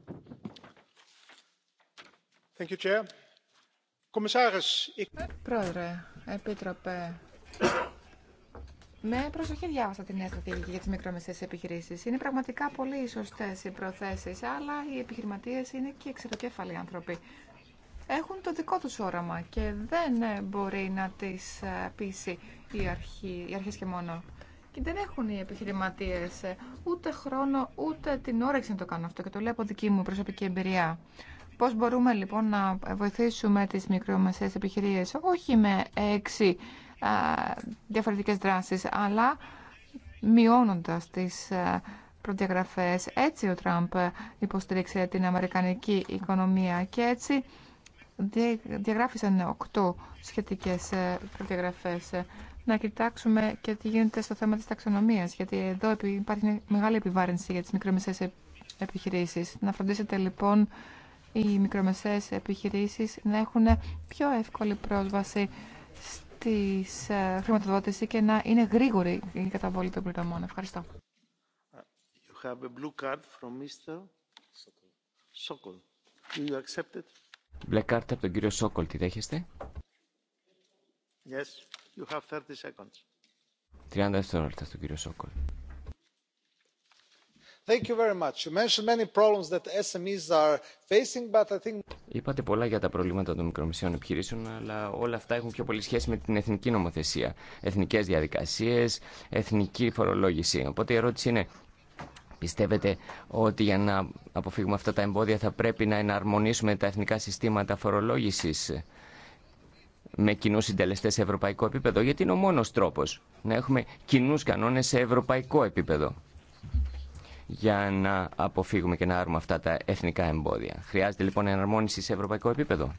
Πρόεδρε, Επίτροπε, με προσοχή διάβασα την νέα στρατηγική για τις μικρομεσαίες επιχειρήσεις. Είναι πραγματικά πολύ σωστέ οι προθέσεις, αλλά οι επιχειρηματίες είναι και εξαιρετικέφαλοι άνθρωποι. Έχουν το δικό τους όραμα και δεν μπορεί να τις ε, πείσει η αρχή, οι αρχές και μόνο. Και δεν έχουν οι επιχειρηματίε ε, ούτε χρόνο ούτε την όρεξη να το κάνουν αυτό. Και το λέω από δική μου προσωπική εμπειρία. Πώς μπορούμε λοιπόν να βοηθήσουμε τις μικρομεσαίες επιχειρήσεις, όχι με έξι α, διαφορετικές δράσεις, αλλά μειώνοντας τις α, Έτσι ο Τραμπ ε, υποστήριξε την αμερικανική οικονομία και έτσι διαγράφησαν οκτώ σχετικές ε, προδιαγραφές να κοιτάξουμε και τι γίνεται στο θέμα της ταξονομίας, γιατί εδώ υπάρχει μεγάλη επιβάρυνση για τις μικρομεσαίες επιχειρήσεις. Να φροντίσετε λοιπόν οι μικρομεσαίες επιχειρήσεις να έχουν πιο εύκολη πρόσβαση στη ε, χρηματοδότηση και να είναι γρήγορη η καταβολή των πληρωμών. Ευχαριστώ. You card από τον κύριο Σόκολ, τη δέχεστε? Yes. You have 30 seconds. 30 δευτερόλεπτα στον κύριο Σόκολ. Thank you very much. You mentioned many problems that SMEs are facing, but I think... Είπατε πολλά για τα προβλήματα των μικρομεσαίων επιχειρήσεων, αλλά όλα αυτά έχουν πιο πολύ σχέση με την εθνική νομοθεσία, εθνικές διαδικασίες, εθνική φορολόγηση. Οπότε η ερώτηση είναι, Πιστεύετε ότι για να αποφύγουμε αυτά τα εμπόδια θα πρέπει να εναρμονίσουμε τα εθνικά συστήματα φορολόγησης με κοινού συντελεστέ σε ευρωπαϊκό επίπεδο, γιατί είναι ο μόνο τρόπο να έχουμε κοινού κανόνε σε ευρωπαϊκό επίπεδο για να αποφύγουμε και να άρουμε αυτά τα εθνικά εμπόδια. Χρειάζεται λοιπόν εναρμόνιση σε ευρωπαϊκό επίπεδο.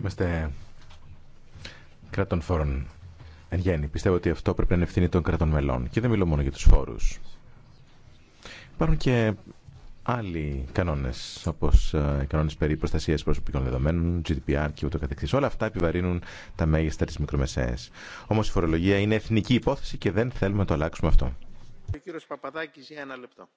Είμαστε κρατών φόρων Εν γέννη, πιστεύω ότι αυτό πρέπει να είναι ευθύνη των κρατών μελών. Και δεν μιλώ μόνο για τους φόρους. Υπάρχουν και άλλοι κανόνες, όπως οι ε, κανόνες περί προστασίας προσωπικών δεδομένων, GDPR και ούτω καθεξής. Όλα αυτά επιβαρύνουν τα μέγιστα της μικρομεσαίας. Όμως η φορολογία είναι εθνική υπόθεση και δεν θέλουμε να το αλλάξουμε αυτό. Ο κύριος Παπαδάκης για ένα λεπτό.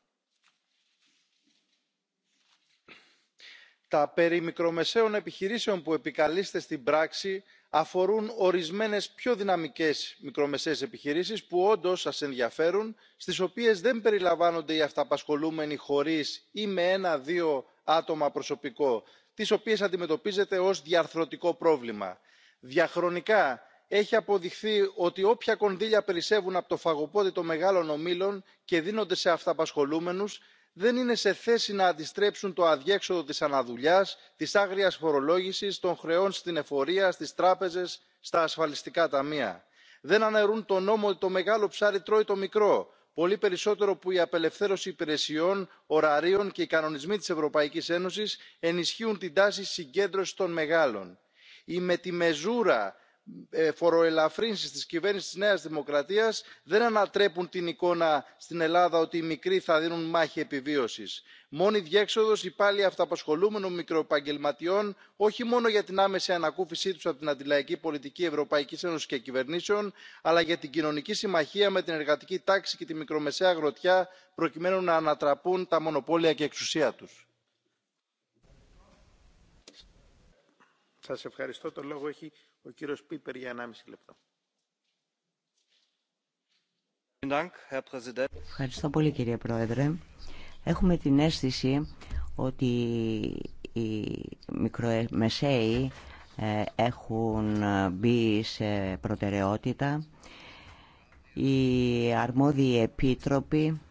Τα περί μικρομεσαίων επιχειρήσεων που επικαλείστε στην πράξη αφορούν ορισμένες πιο δυναμικές μικρομεσαίες επιχειρήσεις που όντως σας ενδιαφέρουν στις οποίες δεν περιλαμβάνονται οι αυταπασχολούμενοι χωρίς ή με ένα δύο άτομα προσωπικό τις οποίες αντιμετωπίζετε ως διαρθρωτικό πρόβλημα. διαχρονικά έχει αποδειχθεί ότι όποια κονδύλια περισσεύουν από το φαγοπότι των μεγάλων ομίλων και δίνονται σε αυταπασχολούμενους, δεν είναι σε θέση να αντιστρέψουν το αδιέξοδο της αναδουλειάς της άγριας φορολόγησης των χρεών στην εφορία στις τράπεζες στα ασφαλιστικά ταμεία. δεν αναιρούν τον νόμο ότι το μεγάλο ψάρι τρώει το μικρό πολύ περισσότερο που η απελευθέρωση υπηρεσιών ωραρίων και οι κανονισμοί της ευρωπαϊκής ένωσης ενισχύουν την τάση συγκέντρωσης των μεγάλων. η μεζούρα. Ε, φοροελαφρύνσεις της κυβέρνησης της νέας δημοκρατίας δεν ανατρέπουν την εικόνα στην ελλάδα ότι οι μικροί θα δίνουν μάχη επιβίωσης. μόνη διέξοδος υπάλληλοι αυταπασχολούμενων αυτοαπασχολούμενων μικροεπαγγελματιών όχι μόνο για την άμεση ανακούφισή τους από την αντιλαϊκή πολιτική ευρωπαϊκής ένωσης και κυβερνήσεων αλλά για την κοινωνική συμμαχία με την εργατική τάξη και τη μικρομεσαία αγροτιά προκειμένου να ανατραπούν τα μονοπόλια και εξουσία τους. Ο κύριος Πίπερ για 1,5 λεπτό. Ευχαριστώ πολύ κύριε Πρόεδρε. Έχουμε την αίσθηση ότι οι μικρομεσαίοι ε, έχουν ε, μπει σε προτεραιότητα. Οι αρμόδιοι επίτροποι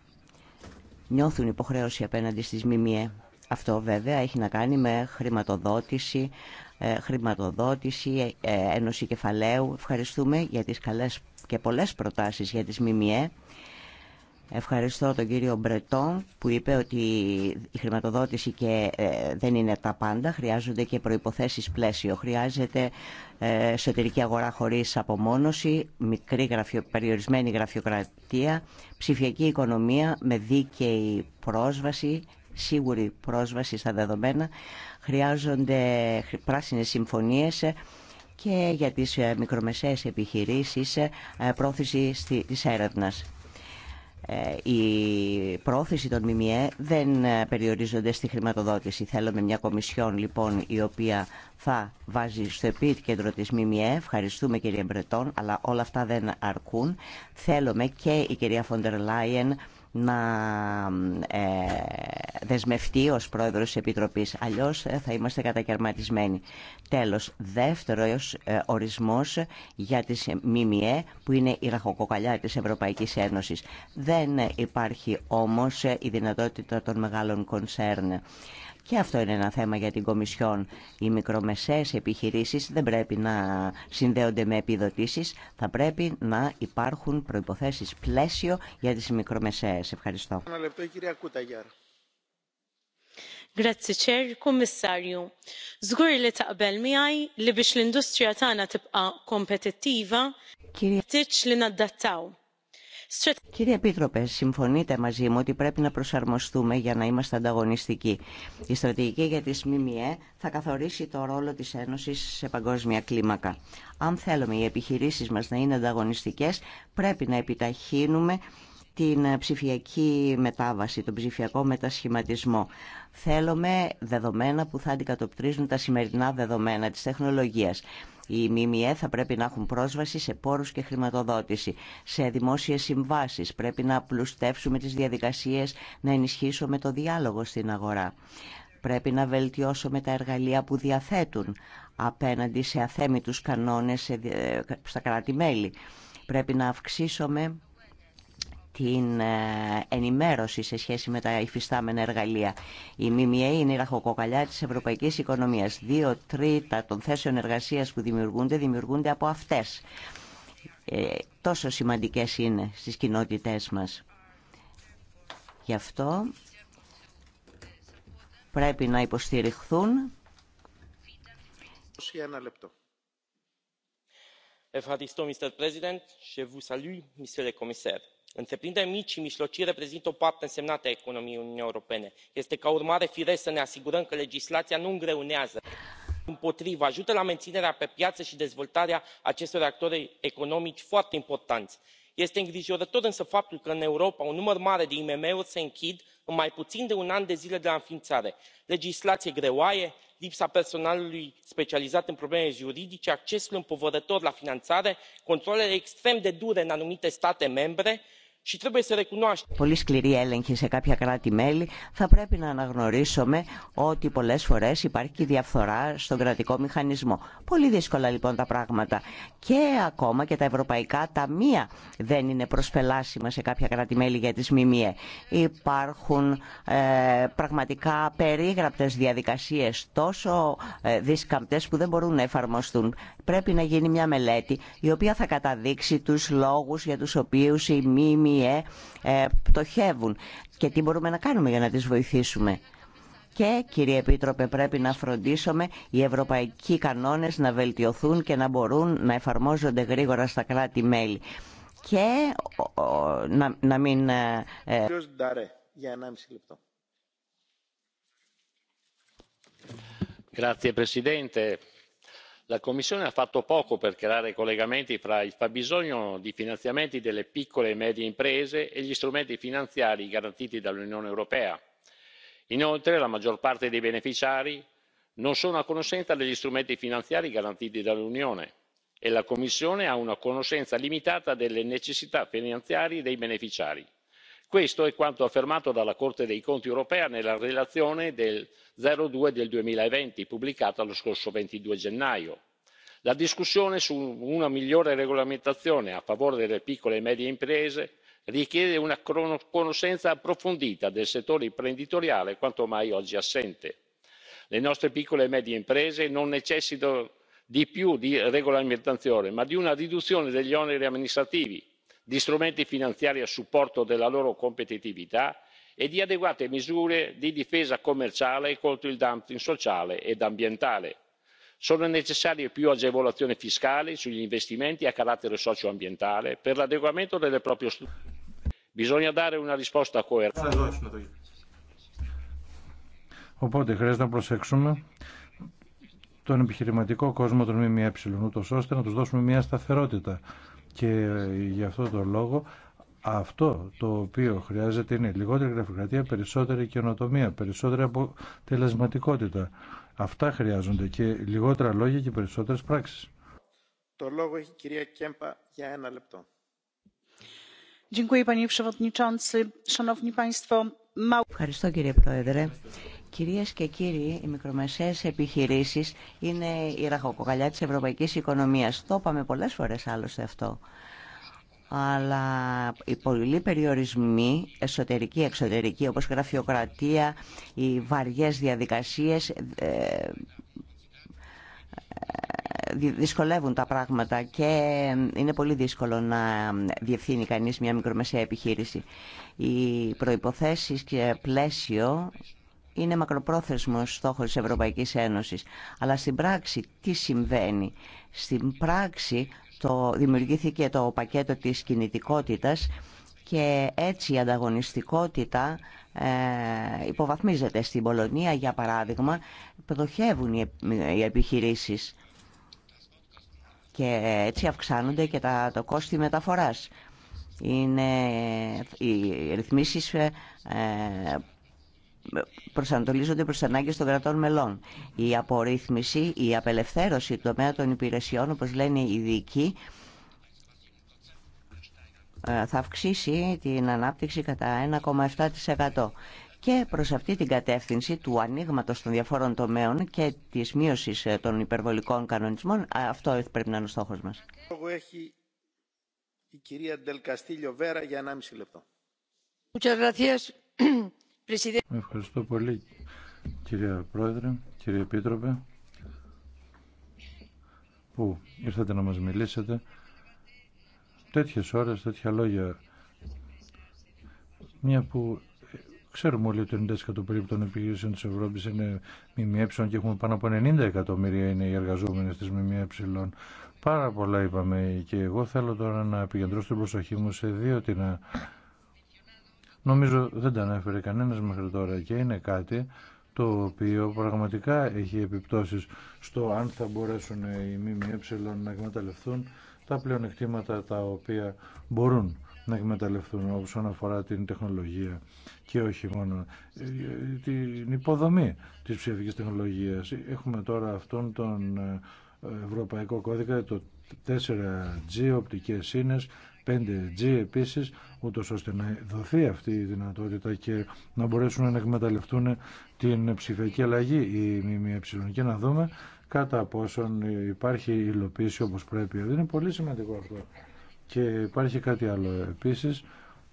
νιώθουν υποχρέωση απέναντι στις ΜΜΕ. Αυτό βέβαια έχει να κάνει με χρηματοδότηση, ε, χρηματοδότηση, ε, ένωση κεφαλαίου. Ευχαριστούμε για τις καλές και πολλές προτάσεις για τις ΜΜΕ. Ευχαριστώ τον κύριο Μπρετό που είπε ότι η χρηματοδότηση και ε, δεν είναι τα πάντα, χρειάζονται και προϋποθέσεις πλαίσιο. Χρειάζεται εσωτερική αγορά χωρίς απομόνωση, μικρή περιορισμένη γραφειοκρατία, ψηφιακή οικονομία με δίκαιη πρόσβαση, σίγουρη πρόσβαση στα δεδομένα χρειάζονται πράσινες συμφωνίες και για τις ε, μικρομεσαίες επιχειρήσεις ε, πρόθεση της έρευνας. Ε, η πρόθεση των ΜΜΕ δεν περιορίζονται στη χρηματοδότηση. Θέλουμε μια κομισιόν λοιπόν η οποία θα βάζει στο επίκεντρο της ΜΜΕ. Ευχαριστούμε κυρία Μπρετών, αλλά όλα αυτά δεν αρκούν. Θέλουμε και η κυρία Φοντερ Λάιεν να ε, δεσμευτεί ως πρόεδρος της Επιτροπής. Αλλιώς ε, θα είμαστε κατακαιρματισμένοι. Τέλος, δεύτερος ε, ορισμός για τις ΜΜΕ που είναι η ραχοκοκαλιά της Ευρωπαϊκής Ένωσης. Δεν υπάρχει όμως η δυνατότητα των μεγάλων κονσέρν. Και αυτό είναι ένα θέμα για την Κομισιόν. Οι μικρομεσαίες επιχειρήσεις δεν πρέπει να συνδέονται με επιδοτήσεις. Θα πρέπει να υπάρχουν προϋποθέσεις πλαίσιο για τις μικρομεσαίες. Ευχαριστώ. Ένα λεπτό, κυρία Κούταγιάρ. Grazie, Chair, Commissario. Żgur li taqbel miegħi li biex l-industrija tagħna tibqa' kompetittiva, li naddattaw Κύριε Επίτροπε, συμφωνείτε μαζί μου ότι πρέπει να προσαρμοστούμε για να είμαστε ανταγωνιστικοί. Η στρατηγική για τις ΜΜΕ θα καθορίσει το ρόλο της Ένωσης σε παγκόσμια κλίμακα. Αν θέλουμε οι επιχειρήσεις μας να είναι ανταγωνιστικές, πρέπει να επιταχύνουμε την ψηφιακή μετάβαση, τον ψηφιακό μετασχηματισμό. Θέλουμε δεδομένα που θα αντικατοπτρίζουν τα σημερινά δεδομένα της τεχνολογίας. Οι ΜΜΕ θα πρέπει να έχουν πρόσβαση σε πόρους και χρηματοδότηση, σε δημόσιες συμβάσεις. Πρέπει να πλουστεύσουμε τις διαδικασίες, να ενισχύσουμε το διάλογο στην αγορά. Πρέπει να βελτιώσουμε τα εργαλεία που διαθέτουν απέναντι σε αθέμητους κανόνες ε, στα κράτη-μέλη. Πρέπει να αυξήσουμε την ε, ενημέρωση σε σχέση με τα υφιστάμενα εργαλεία. Η ΜΜΕ είναι η ραχοκοκαλιά της ευρωπαϊκής οικονομίας. Δύο τρίτα των θέσεων εργασίας που δημιουργούνται, δημιουργούνται από αυτές. Ε, τόσο σημαντικές είναι στις κοινότητές μας. Γι' αυτό πρέπει να υποστηριχθούν. Ένα λεπτό. Ευχαριστώ, Mr. President. vous salue, întreprinderile mici și mijlocii reprezintă o parte însemnată a economiei uniunii europene. este ca urmare firesc să ne asigurăm că legislația nu îngreunează dimpotrivă ajută la menținerea pe piață și dezvoltarea acestor actori economici foarte importanți. este îngrijorător însă faptul că în europa un număr mare de imm uri se închid în mai puțin de un an de zile de la înființare legislație greoaie lipsa personalului specializat în probleme juridice accesul împovărător la finanțare controalele extrem de dure în anumite state membre Πολύ σκληρή έλεγχη σε κάποια κράτη-μέλη. Θα πρέπει να αναγνωρίσουμε ότι πολλέ φορέ υπάρχει και διαφθορά στον κρατικό μηχανισμό. Πολύ δύσκολα λοιπόν τα πράγματα. Και ακόμα και τα ευρωπαϊκά ταμεία δεν είναι προσπελάσιμα σε κάποια κράτη-μέλη για τι ΜΜΕ. Υπάρχουν ε, πραγματικά περίγραπτε διαδικασίε τόσο ε, που δεν μπορούν να εφαρμοστούν πρέπει να γίνει μια μελέτη η οποία θα καταδείξει τους λόγους για τους οποίους οι ΜΜΕ ε, πτωχεύουν και τι μπορούμε να κάνουμε για να τις βοηθήσουμε. Και, κύριε Επίτροπε, πρέπει να φροντίσουμε οι ευρωπαϊκοί κανόνες να βελτιωθούν και να μπορούν να εφαρμόζονται γρήγορα στα κράτη-μέλη. Και να, μην... Ε, ε, la commissione ha fatto poco per creare collegamenti fra il fabbisogno di finanziamenti delle piccole e medie imprese e gli strumenti finanziari garantiti dall'unione europea. inoltre la maggior parte dei beneficiari non sono a conoscenza degli strumenti finanziari garantiti dall'unione e la commissione ha una conoscenza limitata delle necessità finanziarie dei beneficiari questo è quanto affermato dalla corte dei conti europea nella relazione del due duemilaventi pubblicata lo scorso ventidue gennaio. la discussione su una migliore regolamentazione a favore delle piccole e medie imprese richiede una conoscenza approfondita del settore imprenditoriale quanto mai oggi assente. le nostre piccole e medie imprese non necessitano di più di regolamentazione ma di una riduzione degli oneri amministrativi di strumenti finanziari a supporto della loro competitività e di adeguate misure di difesa commerciale contro il dumping sociale ed ambientale. sono necessarie più agevolazioni fiscali sugli investimenti a carattere socioambientale per l'adeguamento delle proprie strutture. bisogna dare una risposta coerente. Και ε, γι' αυτό το λόγο αυτό το οποίο χρειάζεται είναι λιγότερη γραφειοκρατία, περισσότερη καινοτομία, περισσότερη αποτελεσματικότητα. Αυτά χρειάζονται και λιγότερα λόγια και περισσότερες πράξεις. Το λόγο έχει κυρία Κέμπα για ένα λεπτό. Ευχαριστώ κύριε Πρόεδρε. Κυρίες και κύριοι, οι μικρομεσαίες επιχειρήσεις είναι η ραχοκοκαλιά της ευρωπαϊκής οικονομίας. Το είπαμε πολλές φορές άλλωστε αυτό. Αλλά οι πολλοί περιορισμοί, εσωτερικοί, εξωτερικοί, όπως γραφειοκρατία, οι βαριές διαδικασίες, ε, δυσκολεύουν τα πράγματα και είναι πολύ δύσκολο να διευθύνει κανείς μια μικρομεσαία επιχείρηση. Οι προϋποθέσεις και πλαίσιο είναι μακροπρόθεσμος στόχος της Ευρωπαϊκής Ένωσης. Αλλά στην πράξη τι συμβαίνει. Στην πράξη το, δημιουργήθηκε το πακέτο της κινητικότητας και έτσι η ανταγωνιστικότητα ε, υποβαθμίζεται. Στην Πολωνία, για παράδειγμα, πτωχεύουν οι, οι επιχειρήσεις και έτσι αυξάνονται και τα, το κόστη μεταφοράς. Είναι οι ρυθμίσεις ε, προσανατολίζονται προς ανάγκες των κρατών μελών. Η απορρίθμιση, η απελευθέρωση του τομέα των υπηρεσιών, όπως λένε οι ειδικοί, ε, θα αυξήσει την ανάπτυξη κατά 1,7%. Και προς αυτή την κατεύθυνση του ανοίγματο των διαφόρων τομέων και της μείωσης ε, των υπερβολικών κανονισμών, ε, αυτό πρέπει να είναι ο στόχος μας. Ευχαριστώ πολύ κυρία Πρόεδρε, κύριε Επίτροπε που ήρθατε να μας μιλήσετε τέτοιες ώρες, τέτοια λόγια μια που ξέρουμε όλοι ότι 90% περίπου των επιχειρήσεων της Ευρώπης είναι ΜΜΕ και έχουμε πάνω από 90 εκατομμύρια είναι οι εργαζόμενοι στις ΜΜΕ πάρα πολλά είπαμε και εγώ θέλω τώρα να επικεντρώσω την προσοχή μου σε δύο τινά Νομίζω δεν τα ανέφερε κανένας μέχρι τώρα και είναι κάτι το οποίο πραγματικά έχει επιπτώσεις στο αν θα μπορέσουν οι ΜΜΕ να εκμεταλλευτούν τα πλεονεκτήματα τα οποία μπορούν να εκμεταλλευτούν όσον αφορά την τεχνολογία και όχι μόνο ε, την υποδομή της ψηφιακής τεχνολογίας. Έχουμε τώρα αυτόν τον ε, Ευρωπαϊκό Κώδικα, το 4G, οπτικές σύνες, 5G επίσης, ούτως ώστε να δοθεί αυτή η δυνατότητα και να μπορέσουν να εκμεταλλευτούν την ψηφιακή αλλαγή η ΜΜΕ και να δούμε κατά πόσον υπάρχει υλοποίηση όπως πρέπει. Είναι πολύ σημαντικό αυτό. Και υπάρχει κάτι άλλο επίσης,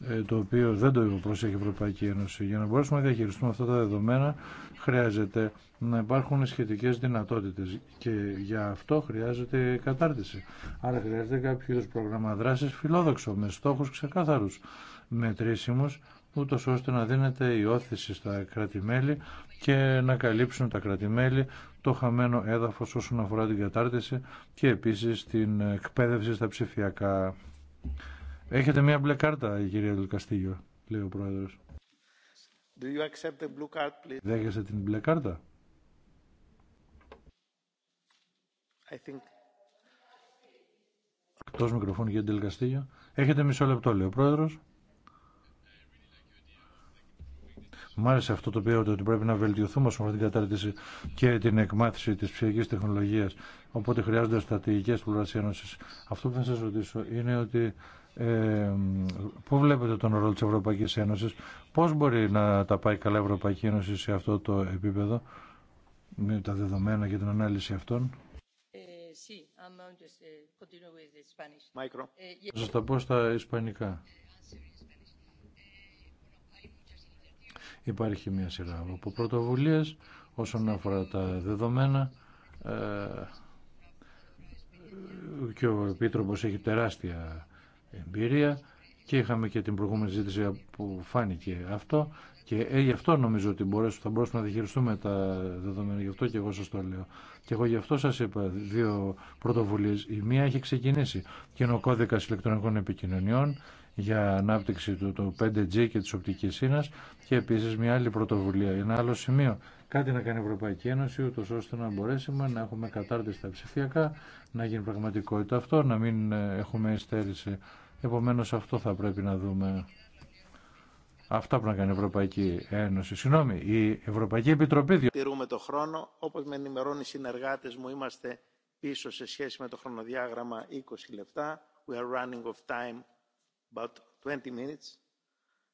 ε, το οποίο δεν το προσέχει η Ευρωπαϊκή Ένωση. Για να μπορέσουμε να διαχειριστούμε αυτά τα δεδομένα χρειάζεται να υπάρχουν σχετικές δυνατότητες και για αυτό χρειάζεται κατάρτιση. Άρα χρειάζεται κάποιο πρόγραμμα δράσης φιλόδοξο, με στόχους ξεκάθαρους, μετρήσιμους, ούτω ώστε να δίνεται η όθηση στα κρατημέλη και να καλύψουν τα κρατημέλη το χαμένο έδαφος όσον αφορά την κατάρτιση και επίσης την εκπαίδευση στα ψηφιακά. Έχετε μία μπλε κάρτα, κύριε Λουκαστήγιο, λέει ο Πρόεδρος. Do Δέχεστε την μπλε κάρτα. I Εκτός μικροφώνου για την Έχετε μισό λεπτό, λέει ο Πρόεδρος. Μ' άρεσε αυτό το οποίο ότι πρέπει να βελτιωθούμε όσον την κατάρτιση και την εκμάθηση τη ψυχική τεχνολογία. Οπότε χρειάζονται στρατηγικέ Ένωση. Αυτό που θα σα ρωτήσω είναι ότι ε, πού βλέπετε τον ρόλο τη Ευρωπαϊκή Ένωση, πώ μπορεί να τα πάει καλά η Ευρωπαϊκή Ένωση σε αυτό το επίπεδο, με τα δεδομένα και την ανάλυση αυτών. Uh, uh, Θα σας τα πω στα ισπανικά. Υπάρχει μια σειρά από πρωτοβουλίε όσον αφορά τα δεδομένα ε, και ο Επίτροπος έχει τεράστια εμπειρία και είχαμε και την προηγούμενη ζήτηση που φάνηκε αυτό και ε, γι' αυτό νομίζω ότι θα μπορέσουμε να διχειριστούμε τα δεδομένα. Γι' αυτό και εγώ σα το λέω. Και εγώ γι' αυτό σα είπα δύο πρωτοβουλίε. Η μία έχει ξεκινήσει και είναι ο κώδικα ηλεκτρονικών επικοινωνιών για ανάπτυξη του το 5G και τη οπτική σύνα και επίση μια άλλη πρωτοβουλία, ένα άλλο σημείο. Κάτι να κάνει η Ευρωπαϊκή Ένωση, ούτω ώστε να μπορέσουμε να έχουμε κατάρτιση στα ψηφιακά, να γίνει πραγματικότητα αυτό, να μην ε, έχουμε εστέρηση. Επομένω αυτό θα πρέπει να δούμε. Αυτά που να κάνει η Ευρωπαϊκή Ένωση. Συγγνώμη, η Ευρωπαϊκή Επιτροπή. Τηρούμε το χρόνο. Όπως με ενημερώνει οι συνεργάτες μου, είμαστε πίσω σε σχέση με το χρονοδιάγραμμα 20 λεπτά. We are running of time about 20 minutes.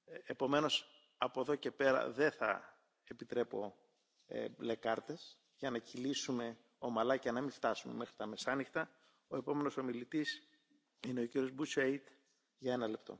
Ε, επομένως, από εδώ και πέρα δεν θα επιτρέπω ε, μπλε για να κυλήσουμε ομαλά και να μην φτάσουμε μέχρι τα μεσάνυχτα. Ο επόμενος ομιλητής είναι ο κύριο Μπουσέιτ για ένα λεπτό.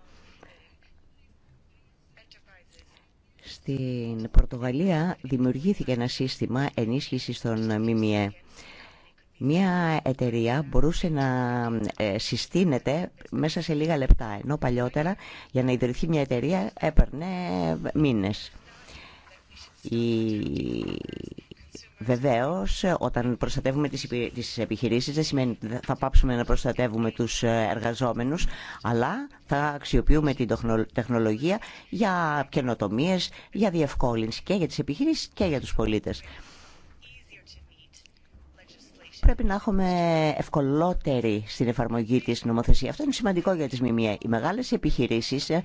Στην Πορτογαλία δημιουργήθηκε ένα σύστημα ενίσχυσης των ΜΜΕ. Μια εταιρεία μπορούσε να ε, συστήνεται μέσα σε λίγα λεπτά, ενώ παλιότερα για να ιδρυθεί μια εταιρεία έπαιρνε μήνες. Η Βεβαίω, όταν προστατεύουμε τις επιχειρήσεις δεν σημαίνει ότι θα πάψουμε να προστατεύουμε τους ε, εργαζόμενους αλλά θα αξιοποιούμε την τεχνολογία για καινοτομίε, για διευκόλυνση και για τις επιχειρήσεις και για τους πολίτες. Πρέπει να έχουμε ευκολότερη στην εφαρμογή της νομοθεσία. Αυτό είναι σημαντικό για τις ΜΜΕ. Οι μεγάλες επιχειρήσεις ε,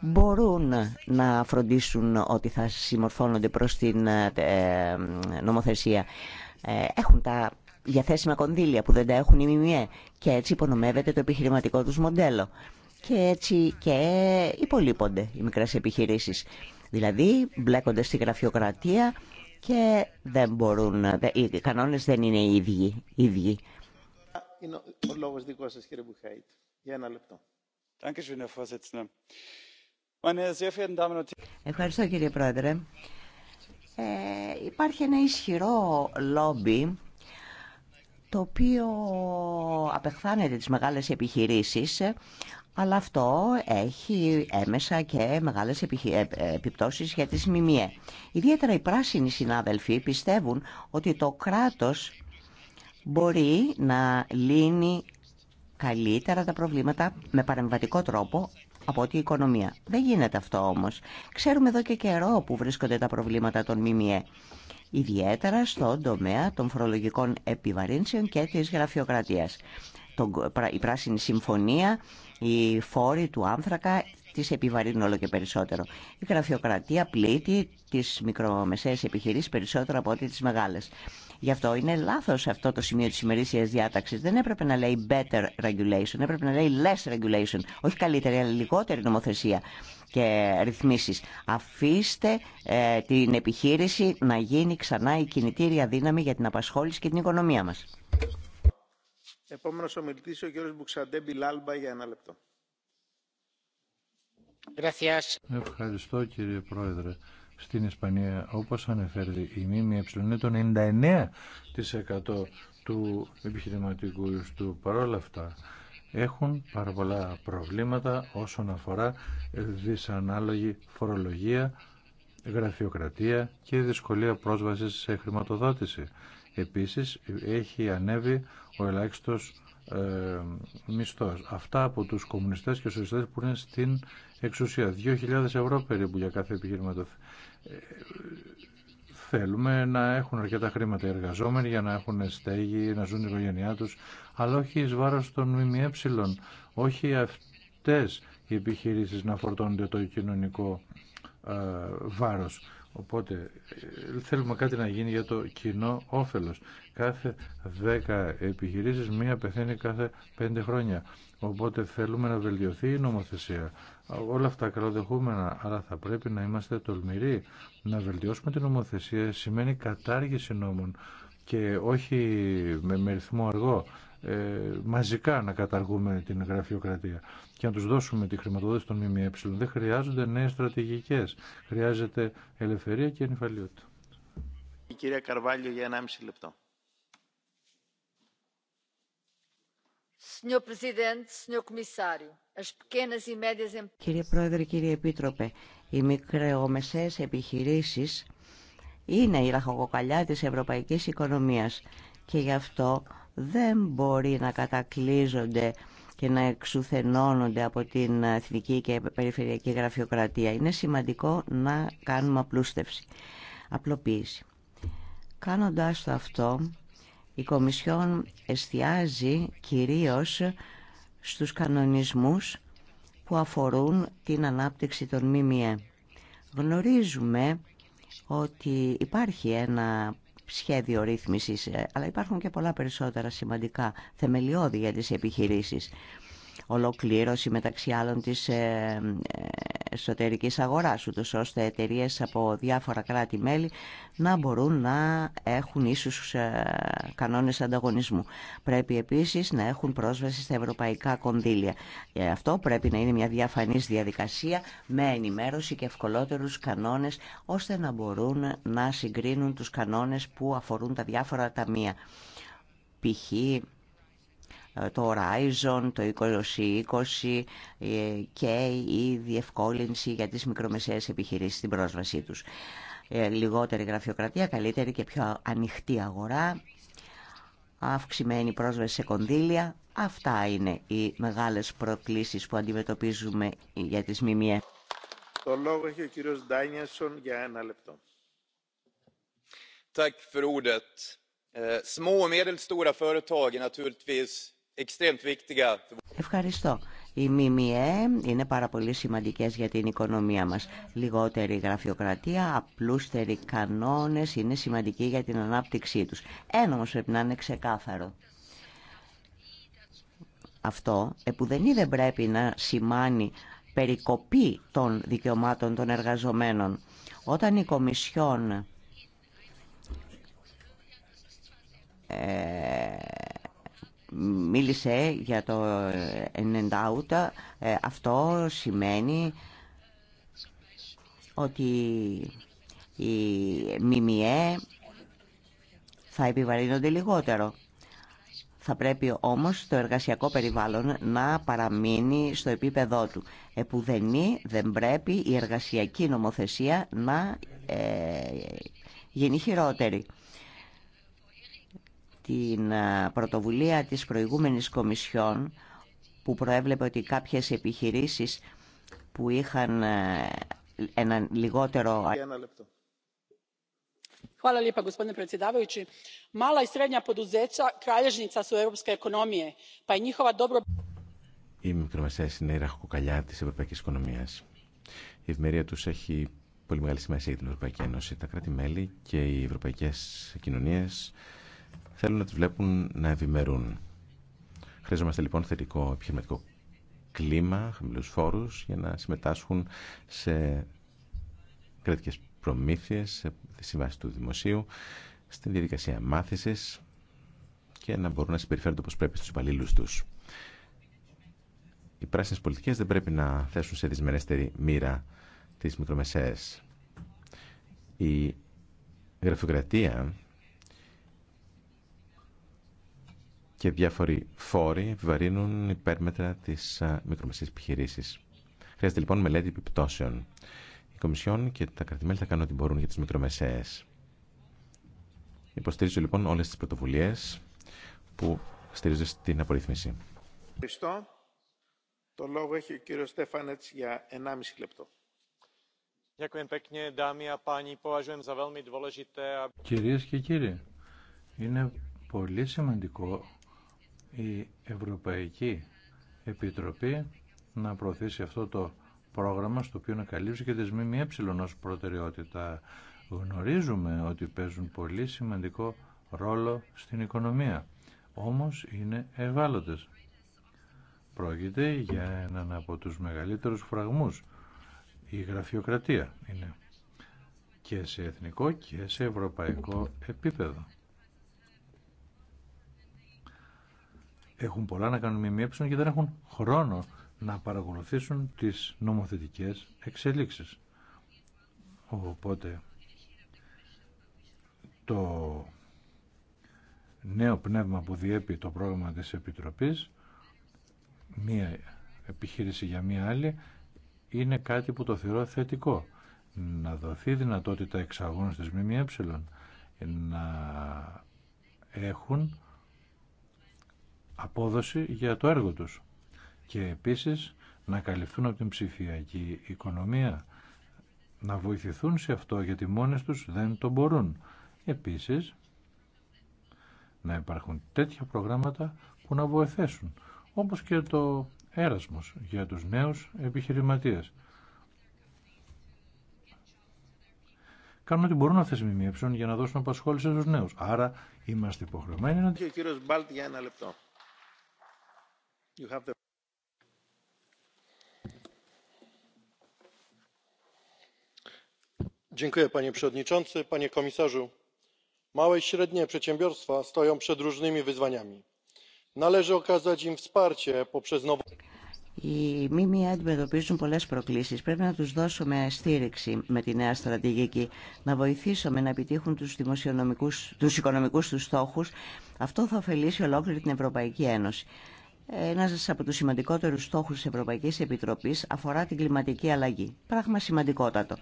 μπορούν να φροντίσουν ότι θα συμμορφώνονται προς την ε, ε, νομοθεσία. Ε, έχουν τα διαθέσιμα κονδύλια που δεν τα έχουν οι ΜΜΕ και έτσι υπονομεύεται το επιχειρηματικό τους μοντέλο. Και έτσι και υπολείπονται οι μικρές επιχειρήσεις. Δηλαδή μπλέκονται στη γραφειοκρατία και δεν μπορούν, οι κανόνες δεν είναι οι ίδιοι. Οι Είναι ο λόγος σας κύριε Για ένα λεπτό. Ευχαριστώ κύριε Πρόεδρε. Ε, υπάρχει ένα ισχυρό λόμπι το οποίο απεχθάνεται τις μεγάλες επιχειρήσεις αλλά αυτό έχει έμεσα και μεγάλες ε, ε, επιπτώσεις για τις ΜΜΕ. Ιδιαίτερα οι πράσινοι συνάδελφοι πιστεύουν ότι το κράτος μπορεί να λύνει καλύτερα τα προβλήματα με παρεμβατικό τρόπο από ό,τι η οικονομία. Δεν γίνεται αυτό όμως. Ξέρουμε εδώ και καιρό που βρίσκονται τα προβλήματα των ΜΜΕ. Ιδιαίτερα στον τομέα των φορολογικών επιβαρύνσεων και της γραφειοκρατίας. Η Πράσινη Συμφωνία, οι φόροι του άνθρακα τις επιβαρύνουν όλο και περισσότερο. Η γραφειοκρατία πλήττει τις μικρομεσαίες επιχειρήσεις περισσότερο από ό,τι τις μεγάλες. Γι' αυτό είναι λάθος αυτό το σημείο της ημερησία διάταξης. Δεν έπρεπε να λέει better regulation, έπρεπε να λέει less regulation. Όχι καλύτερη, αλλά λιγότερη νομοθεσία και ρυθμίσεις. Αφήστε ε, την επιχείρηση να γίνει ξανά η κινητήρια δύναμη για την απασχόληση και την οικονομία μας. Επόμενος ομιλητής ο για ένα λεπτό. Ευχαριστώ κύριε Πρόεδρε στην Ισπανία, όπως ανεφέρει η ΜΜΕ, είναι το 99% του επιχειρηματικού του. Παρ' όλα αυτά, έχουν πάρα πολλά προβλήματα όσον αφορά δυσανάλογη φορολογία, γραφειοκρατία και δυσκολία πρόσβασης σε χρηματοδότηση. Επίσης, έχει ανέβει ο ελάχιστος ε, μισθός. Αυτά από τους κομμουνιστές και σοσιαλιστές που είναι στην εξουσία. 2.000 ευρώ περίπου για κάθε επιχειρηματοδότηση θέλουμε να έχουν αρκετά χρήματα οι εργαζόμενοι για να έχουν στέγη, να ζουν η οικογένειά τους, αλλά όχι εις βάρος των ΜΜΕ, όχι αυτές οι επιχειρήσεις να φορτώνονται το κοινωνικό ε, βάρος. Οπότε ε, θέλουμε κάτι να γίνει για το κοινό όφελος. Κάθε 10 επιχειρήσεις μία πεθαίνει κάθε 5 χρόνια. Οπότε θέλουμε να βελτιωθεί η νομοθεσία όλα αυτά καλοδεχούμενα, αλλά θα πρέπει να είμαστε τολμηροί. Να βελτιώσουμε την νομοθεσία σημαίνει κατάργηση νόμων και όχι με, με ρυθμό αργό. Ε, μαζικά να καταργούμε την γραφειοκρατία και να τους δώσουμε τη χρηματοδότηση των ΜΜΕ. Δεν χρειάζονται νέες στρατηγικές. Χρειάζεται ελευθερία και ενυφαλιότητα. Η κυρία Καρβάλιο για 1,5 λεπτό. E κύριε Πρόεδρε, κύριε Επίτροπε, οι μικρομεσαίες επιχειρήσεις είναι η ραχοκοκαλιά της ευρωπαϊκής οικονομίας και γι' αυτό δεν μπορεί να κατακλείζονται και να εξουθενώνονται από την εθνική και περιφερειακή γραφειοκρατία. Είναι σημαντικό να κάνουμε απλούστευση, απλοποίηση. Κάνοντας το αυτό, η Κομισιόν εστιάζει κυρίως στους κανονισμούς που αφορούν την ανάπτυξη των ΜΜΕ. Γνωρίζουμε ότι υπάρχει ένα σχέδιο ρύθμισης, ε, αλλά υπάρχουν και πολλά περισσότερα σημαντικά θεμελιώδη για τις επιχειρήσεις ολοκλήρωση μεταξύ άλλων της ε, ε, εσωτερικής αγοράς, ούτως ώστε εταιρείε από διάφορα κράτη-μέλη να μπορούν να έχουν ίσους ε, κανόνες ανταγωνισμού. Πρέπει επίσης να έχουν πρόσβαση στα ευρωπαϊκά κονδύλια. Αυτό πρέπει να είναι μια διαφανής διαδικασία με ενημέρωση και ευκολότερους κανόνες, ώστε να μπορούν να συγκρίνουν τους κανόνες που αφορούν τα διάφορα ταμεία. Π.χ. Ε, το Horizon, το 2020 ε, και η διευκόλυνση για τις μικρομεσαίες επιχειρήσεις στην πρόσβασή τους. Ε, λιγότερη γραφειοκρατία, καλύτερη και πιο ανοιχτή αγορά, αυξημένη πρόσβαση σε κονδύλια. Αυτά είναι οι μεγάλες προκλήσεις που αντιμετωπίζουμε για τις ΜΜΕ. Το λόγο έχει ο κύριος Ντάνιασον για ένα λεπτό. Tack för ordet. Eh, små och medelstora företag är naturligtvis Ευχαριστώ. Οι ΜΜΕ είναι πάρα πολύ σημαντικές για την οικονομία μας. Λιγότερη γραφειοκρατία, απλούστεροι κανόνες είναι σημαντικοί για την ανάπτυξή τους. Ένα όμως πρέπει να είναι ξεκάθαρο. Αυτό που δεν είδε πρέπει να σημάνει περικοπή των δικαιωμάτων των εργαζομένων. Όταν η Κομισιόν ε, μίλησε για το ενεντάουτα. Αυτό σημαίνει ότι οι ΜΜΕ θα επιβαρύνονται λιγότερο. Θα πρέπει όμως το εργασιακό περιβάλλον να παραμείνει στο επίπεδό του. Επουδενή δεν πρέπει η εργασιακή νομοθεσία να ε, γίνει χειρότερη την ε, πρωτοβουλία της προηγούμενης Κομισιόν που προέβλεπε ότι κάποιες επιχειρήσεις που είχαν ε, ένα λιγότερο... gospodine predsjedavajući mala i srednja poduzeća kralježnica su europske ekonomije pa njihova dobro. η τη ευρωπαϊκή οικονομία. Η ευημερία του έχει πολύ μεγάλη σημασία για την Ευρωπαϊκή Ένωση. Τα κράτη-μέλη και οι ευρωπαϊκέ κοινωνίε θέλουν να τους βλέπουν να ευημερούν. Χρειαζόμαστε λοιπόν θετικό επιχειρηματικό κλίμα, χαμηλού φόρου για να συμμετάσχουν σε κρατικέ προμήθειε, σε συμβάσει του δημοσίου, στην διαδικασία μάθησης και να μπορούν να συμπεριφέρονται όπω πρέπει στου υπαλλήλου τους. Οι πράσινε πολιτικές δεν πρέπει να θέσουν σε δυσμενέστερη μοίρα τι μικρομεσαίε. Η γραφειοκρατία και διάφοροι φόροι βαρύνουν υπέρμετρα τι μικρομεσαίε επιχειρήσει. Χρειάζεται λοιπόν μελέτη επιπτώσεων. Η Κομισιόν και τα κρατημέλη θα κάνουν ό,τι μπορούν για τι μικρομεσαίε. Υποστηρίζω λοιπόν όλε τι πρωτοβουλίε που στηρίζονται στην απορρίθμιση. Ευχαριστώ. Το λόγο έχει και κύριοι, είναι πολύ σημαντικό η Ευρωπαϊκή Επιτροπή να προωθήσει αυτό το πρόγραμμα στο οποίο να καλύψει και τις ΜΜΕ ως προτεραιότητα. Γνωρίζουμε ότι παίζουν πολύ σημαντικό ρόλο στην οικονομία, όμως είναι ευάλωτες. Πρόκειται για έναν από τους μεγαλύτερους φραγμούς. Η γραφειοκρατία είναι και σε εθνικό και σε ευρωπαϊκό επίπεδο. έχουν πολλά να κάνουν με και δεν έχουν χρόνο να παρακολουθήσουν τις νομοθετικές εξελίξεις. Οπότε το νέο πνεύμα που διέπει το πρόγραμμα της Επιτροπής μία επιχείρηση για μία άλλη είναι κάτι που το θεωρώ θετικό. Να δοθεί δυνατότητα εξαγών της ΜΜΕ να έχουν απόδοση για το έργο τους και επίσης να καλυφθούν από την ψηφιακή οικονομία, να βοηθηθούν σε αυτό γιατί μόνες τους δεν το μπορούν. Επίσης, να υπάρχουν τέτοια προγράμματα που να βοηθήσουν, όπως και το έρασμος για τους νέους επιχειρηματίες. Κάνουν ό,τι μπορούν να οι για να δώσουν απασχόληση στους νέους. Άρα είμαστε υποχρεωμένοι να... Και ο κύριος Μπάλτ για ένα λεπτό. You have the... panie przewodniczący! komisarzu! średnie przedsiębiorstwa stoją wyzwaniami. Πρέπει να τους δώσουμε στήριξη με τη νέα στρατηγική, να βοηθήσουμε να επιτύχουν τους, τους οικονομικούς τους Αυτό θα ωφελήσει ολόκληρη την Ευρωπαϊκή Ένωση. Ένα από του σημαντικότερου στόχου τη Ευρωπαϊκή Επιτροπή αφορά την κλιματική αλλαγή. Πράγμα σημαντικότατο.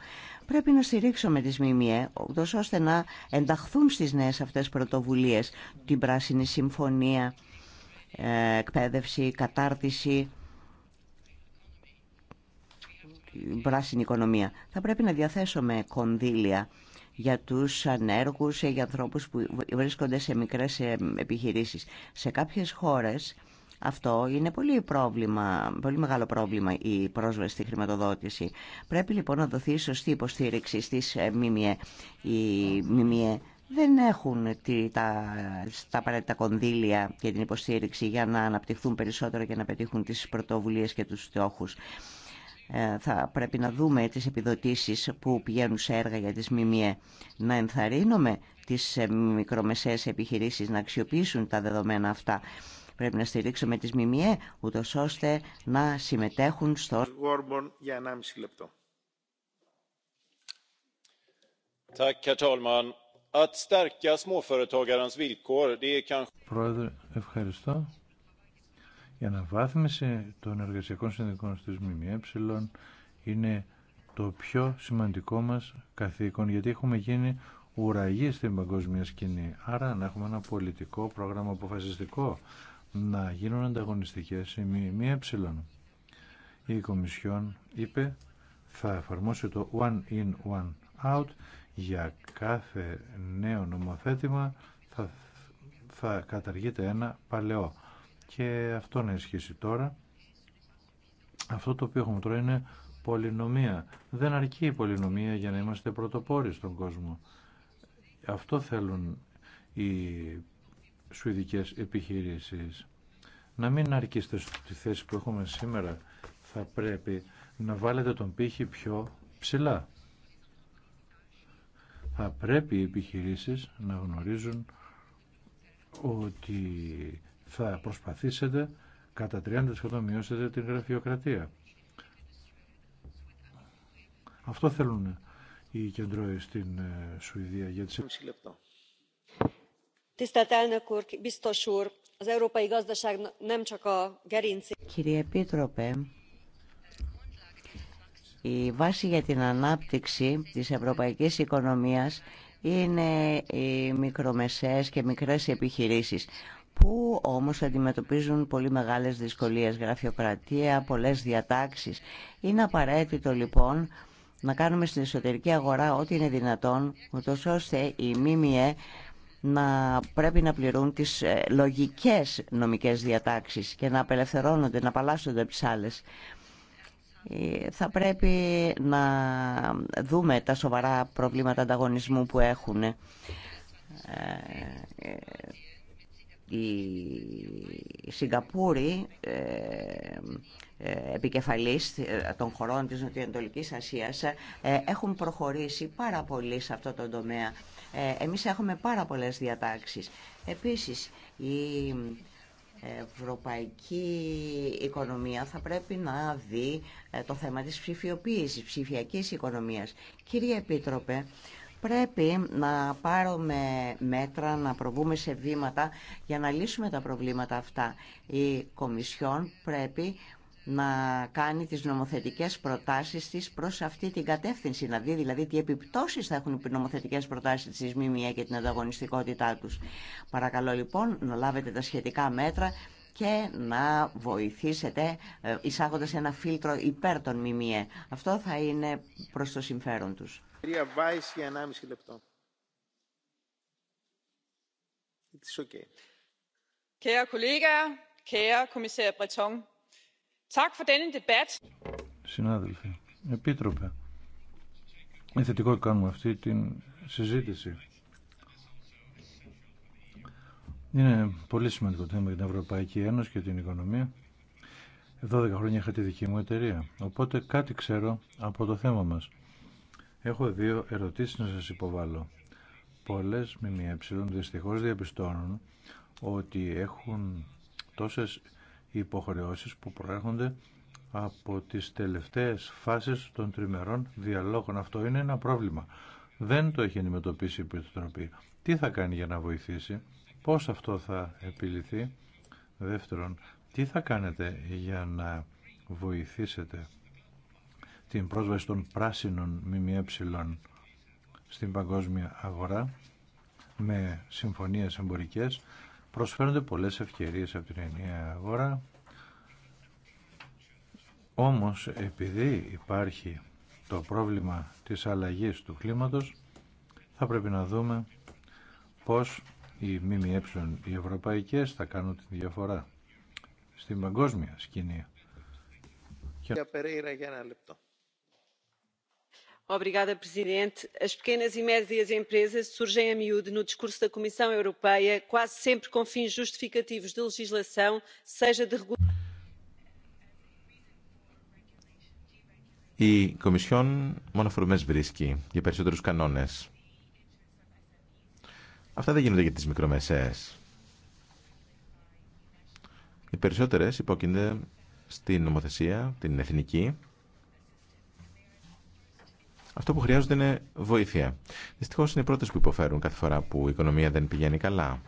Πρέπει να στηρίξουμε τις ΜΜΕ, ώστε να ενταχθούν στις νέε αυτέ πρωτοβουλίε, την Πράσινη Συμφωνία, ε, εκπαίδευση, κατάρτιση, την πράσινη οικονομία. Θα πρέπει να διαθέσουμε κονδύλια για τους ανέργους, για ανθρώπους που βρίσκονται σε μικρές ε, επιχειρήσεις. Σε κάποιες χώρες αυτό είναι πολύ, πρόβλημα, πολύ μεγάλο πρόβλημα η πρόσβαση στη χρηματοδότηση. Πρέπει λοιπόν να δοθεί σωστή υποστήριξη στις ε, ΜΜΕ. Οι ΜΜΕ δεν έχουν τα, τα απαραίτητα κονδύλια και την υποστήριξη για να αναπτυχθούν περισσότερο και να πετύχουν τις πρωτοβουλίες και τους στόχους. Ε, θα πρέπει να δούμε τις επιδοτήσεις που πηγαίνουν σε έργα για τις ΜΜΕ. Να ενθαρρύνουμε τις ε, μικρομεσαίες επιχειρήσεις να αξιοποιήσουν τα δεδομένα αυτά Πρέπει να στηρίξουμε τις ΜΜΕ, ούτω ώστε να συμμετέχουν στο... Γόρμπον, για 1,5 λεπτό. Πρόεδρε, ευχαριστώ. Η αναβάθμιση των εργασιακών συνδικών στις ΜΜΕ είναι το πιο σημαντικό μα καθήκον, γιατί έχουμε γίνει ουραγοί στην παγκόσμια σκηνή. Άρα να έχουμε ένα πολιτικό πρόγραμμα αποφασιστικό να γίνουν ανταγωνιστικές η Ε. Η Κομισιόν είπε θα εφαρμόσει το one in one out για κάθε νέο νομοθέτημα θα, θα καταργείται ένα παλαιό και αυτό να ισχύσει τώρα αυτό το οποίο έχουμε τώρα είναι πολυνομία δεν αρκεί η πολυνομία για να είμαστε πρωτοπόροι στον κόσμο αυτό θέλουν οι σουηδικές επιχειρήσεις. Να μην αρκείστε στη θέση που έχουμε σήμερα. Θα πρέπει να βάλετε τον πύχη πιο ψηλά. Θα πρέπει οι επιχειρήσεις να γνωρίζουν ότι θα προσπαθήσετε κατά 30% μειώσετε την γραφειοκρατία. Αυτό θέλουν οι κεντρώοι στην ε, Σουηδία για τις... λεπτό tisztelt η βάση για την ανάπτυξη της ευρωπαϊκής οικονομίας είναι οι μικρομεσαίες και μικρές επιχειρήσεις που όμως αντιμετωπίζουν πολύ μεγάλες δυσκολίες, γραφειοκρατία, πολλές διατάξεις. Είναι απαραίτητο λοιπόν να κάνουμε στην εσωτερική αγορά ό,τι είναι δυνατόν, ούτως ώστε οι ΜΜΕ να πρέπει να πληρούν τις ε, λογικές νομικές διατάξεις και να απελευθερώνονται, να απαλλάσσονται από τις άλλες. Ε, θα πρέπει να δούμε τα σοβαρά προβλήματα ανταγωνισμού που έχουν η ε, Σιγκαπούρη επικεφαλής των χωρών της Νοτιοανατολικής Ασίας έχουν προχωρήσει πάρα πολύ σε αυτό το τομέα ε, εμείς έχουμε πάρα πολλές διατάξεις. Επίσης, η ευρωπαϊκή οικονομία θα πρέπει να δει ε, το θέμα της ψηφιοποίησης, ψηφιακής οικονομίας. Κύριε Επίτροπε, πρέπει να πάρουμε μέτρα, να προβούμε σε βήματα για να λύσουμε τα προβλήματα αυτά. Η Κομισιόν πρέπει να κάνει τις νομοθετικές προτάσεις της προς αυτή την κατεύθυνση, να δει δηλαδή τι επιπτώσεις θα έχουν οι νομοθετικές προτάσεις της ΜΜΕ και την ανταγωνιστικότητά τους. Παρακαλώ λοιπόν να λάβετε τα σχετικά μέτρα και να βοηθήσετε ε, εισάγοντας ένα φίλτρο υπέρ των ΜΜΕ. Αυτό θα είναι προς το συμφέρον τους. Συνάδελφοι, επίτροπε, είναι θετικό κάνουμε αυτή την συζήτηση. Είναι πολύ σημαντικό θέμα για την Ευρωπαϊκή Ένωση και την οικονομία. δέκα χρόνια είχα τη δική μου εταιρεία, οπότε κάτι ξέρω από το θέμα μας. Έχω δύο ερωτήσεις να σας υποβάλω. Πολλές ΜΜΕ ε, δυστυχώς διαπιστώνουν ότι έχουν τόσες υποχρεώσεις που προέρχονται από τις τελευταίες φάσεις των τριμερών διαλόγων. Αυτό είναι ένα πρόβλημα. Δεν το έχει αντιμετωπίσει η Επιτροπή. Τι θα κάνει για να βοηθήσει, πώς αυτό θα επιληθεί. Δεύτερον, τι θα κάνετε για να βοηθήσετε την πρόσβαση των πράσινων ΜΜΕ στην παγκόσμια αγορά με συμφωνίες εμπορικές Προσφέρονται πολλές ευκαιρίες από την ενιαία αγορά, όμως επειδή υπάρχει το πρόβλημα της αλλαγής του κλίματος, θα πρέπει να δούμε πώς οι ΜΜΕ, οι ευρωπαϊκές, θα κάνουν τη διαφορά στην παγκόσμια σκηνή. Για Περέιρα για ένα λεπτό senhora presidente as pequenas e médias empresas surgem a miúdo no discurso da comissão europeia quase sempre com fins justificativos de legislação seja de Η Κομισιόν μόνο φορμές βρίσκει για περισσότερους κανόνες. Αυτά δεν γίνονται για τις μικρομεσαίες. Οι περισσότερες υπόκεινται αυτό που χρειάζονται είναι βοήθεια. Δυστυχώ είναι οι πρώτε που υποφέρουν κάθε φορά που η οικονομία δεν πηγαίνει καλά.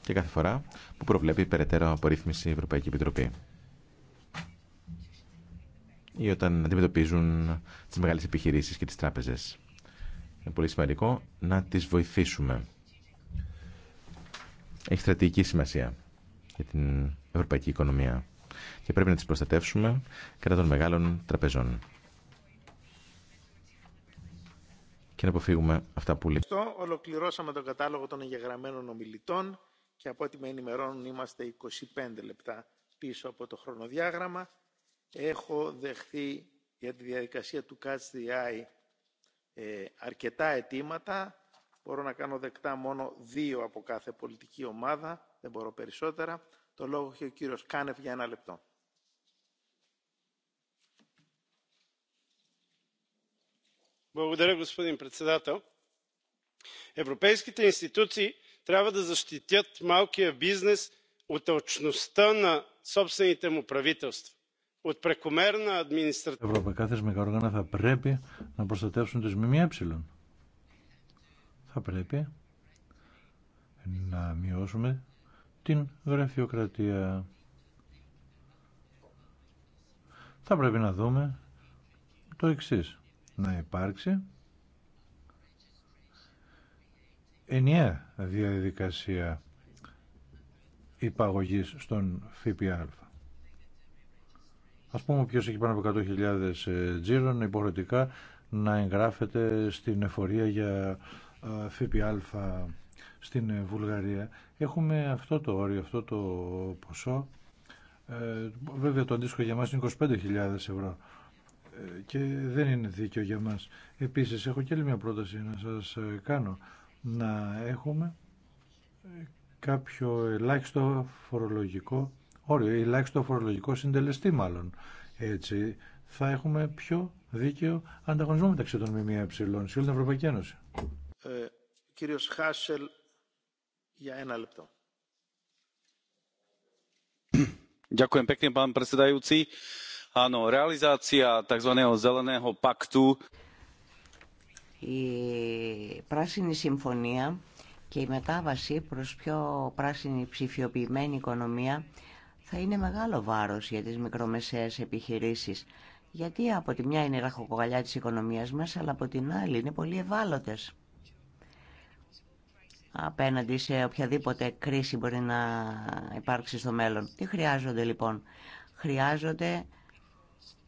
Και κάθε φορά που προβλέπει περαιτέρω απορρίθμιση η Ευρωπαϊκή Επιτροπή. Ή όταν αντιμετωπίζουν τι μεγάλε επιχειρήσει και τι τράπεζε. Είναι πολύ σημαντικό να τι βοηθήσουμε. Έχει στρατηγική σημασία για την ευρωπαϊκή οικονομία και πρέπει να τις προστατεύσουμε κατά των μεγάλων τραπεζών. και να αποφύγουμε αυτά που λέει. Αυτό ολοκληρώσαμε τον κατάλογο των εγγεγραμμένων ομιλητών και από ό,τι με ενημερώνουν είμαστε 25 λεπτά πίσω από το χρονοδιάγραμμα. Έχω δεχθεί για τη διαδικασία του Catch the Eye ε, αρκετά αιτήματα. Μπορώ να κάνω δεκτά μόνο δύο από κάθε πολιτική ομάδα, δεν μπορώ περισσότερα. Το λόγο έχει ο κύριος Κάνεφ για ένα λεπτό. господин председател европейските институции трябва да защитят малкия бизнес от алчността на собствените му правителства от прекомерна административна θα πρέπει να μειώσουμε την γραφειοκρατία. Θα πρέπει να δούμε το εξής να υπάρξει ενιαία διαδικασία υπαγωγής στον ΦΠΑ. Ας πούμε ποιος έχει πάνω από 100.000 ε, τζίρων υποχρεωτικά να εγγράφεται στην εφορία για ε, ΦΠΑ στην ε, Βουλγαρία. Έχουμε αυτό το όριο, αυτό το ποσό. βέβαια το αντίστοιχο για μας είναι 25.000 ευρώ και δεν είναι δίκαιο για μας. Επίσης, έχω και άλλη μια πρόταση να σας ε, κάνω. Να έχουμε ε, κάποιο ελάχιστο φορολογικό όριο, ελάχιστο φορολογικό συντελεστή μάλλον. Έτσι, θα έχουμε πιο δίκαιο ανταγωνισμό μεταξύ των ΜΜΕ σε όλη την Ευρωπαϊκή Ένωση. Ε, κύριος Χάσελ, για ένα λεπτό. Η πράσινη συμφωνία και η μετάβαση προς πιο πράσινη ψηφιοποιημένη οικονομία θα είναι μεγάλο βάρος για τις μικρομεσαίες επιχειρήσεις. Γιατί από τη μια είναι η ραχοκοκαλιά της οικονομίας μας, αλλά από την άλλη είναι πολύ ευάλωτες. Απέναντι σε οποιαδήποτε κρίση μπορεί να υπάρξει στο μέλλον. Τι χρειάζονται λοιπόν. Χρειάζονται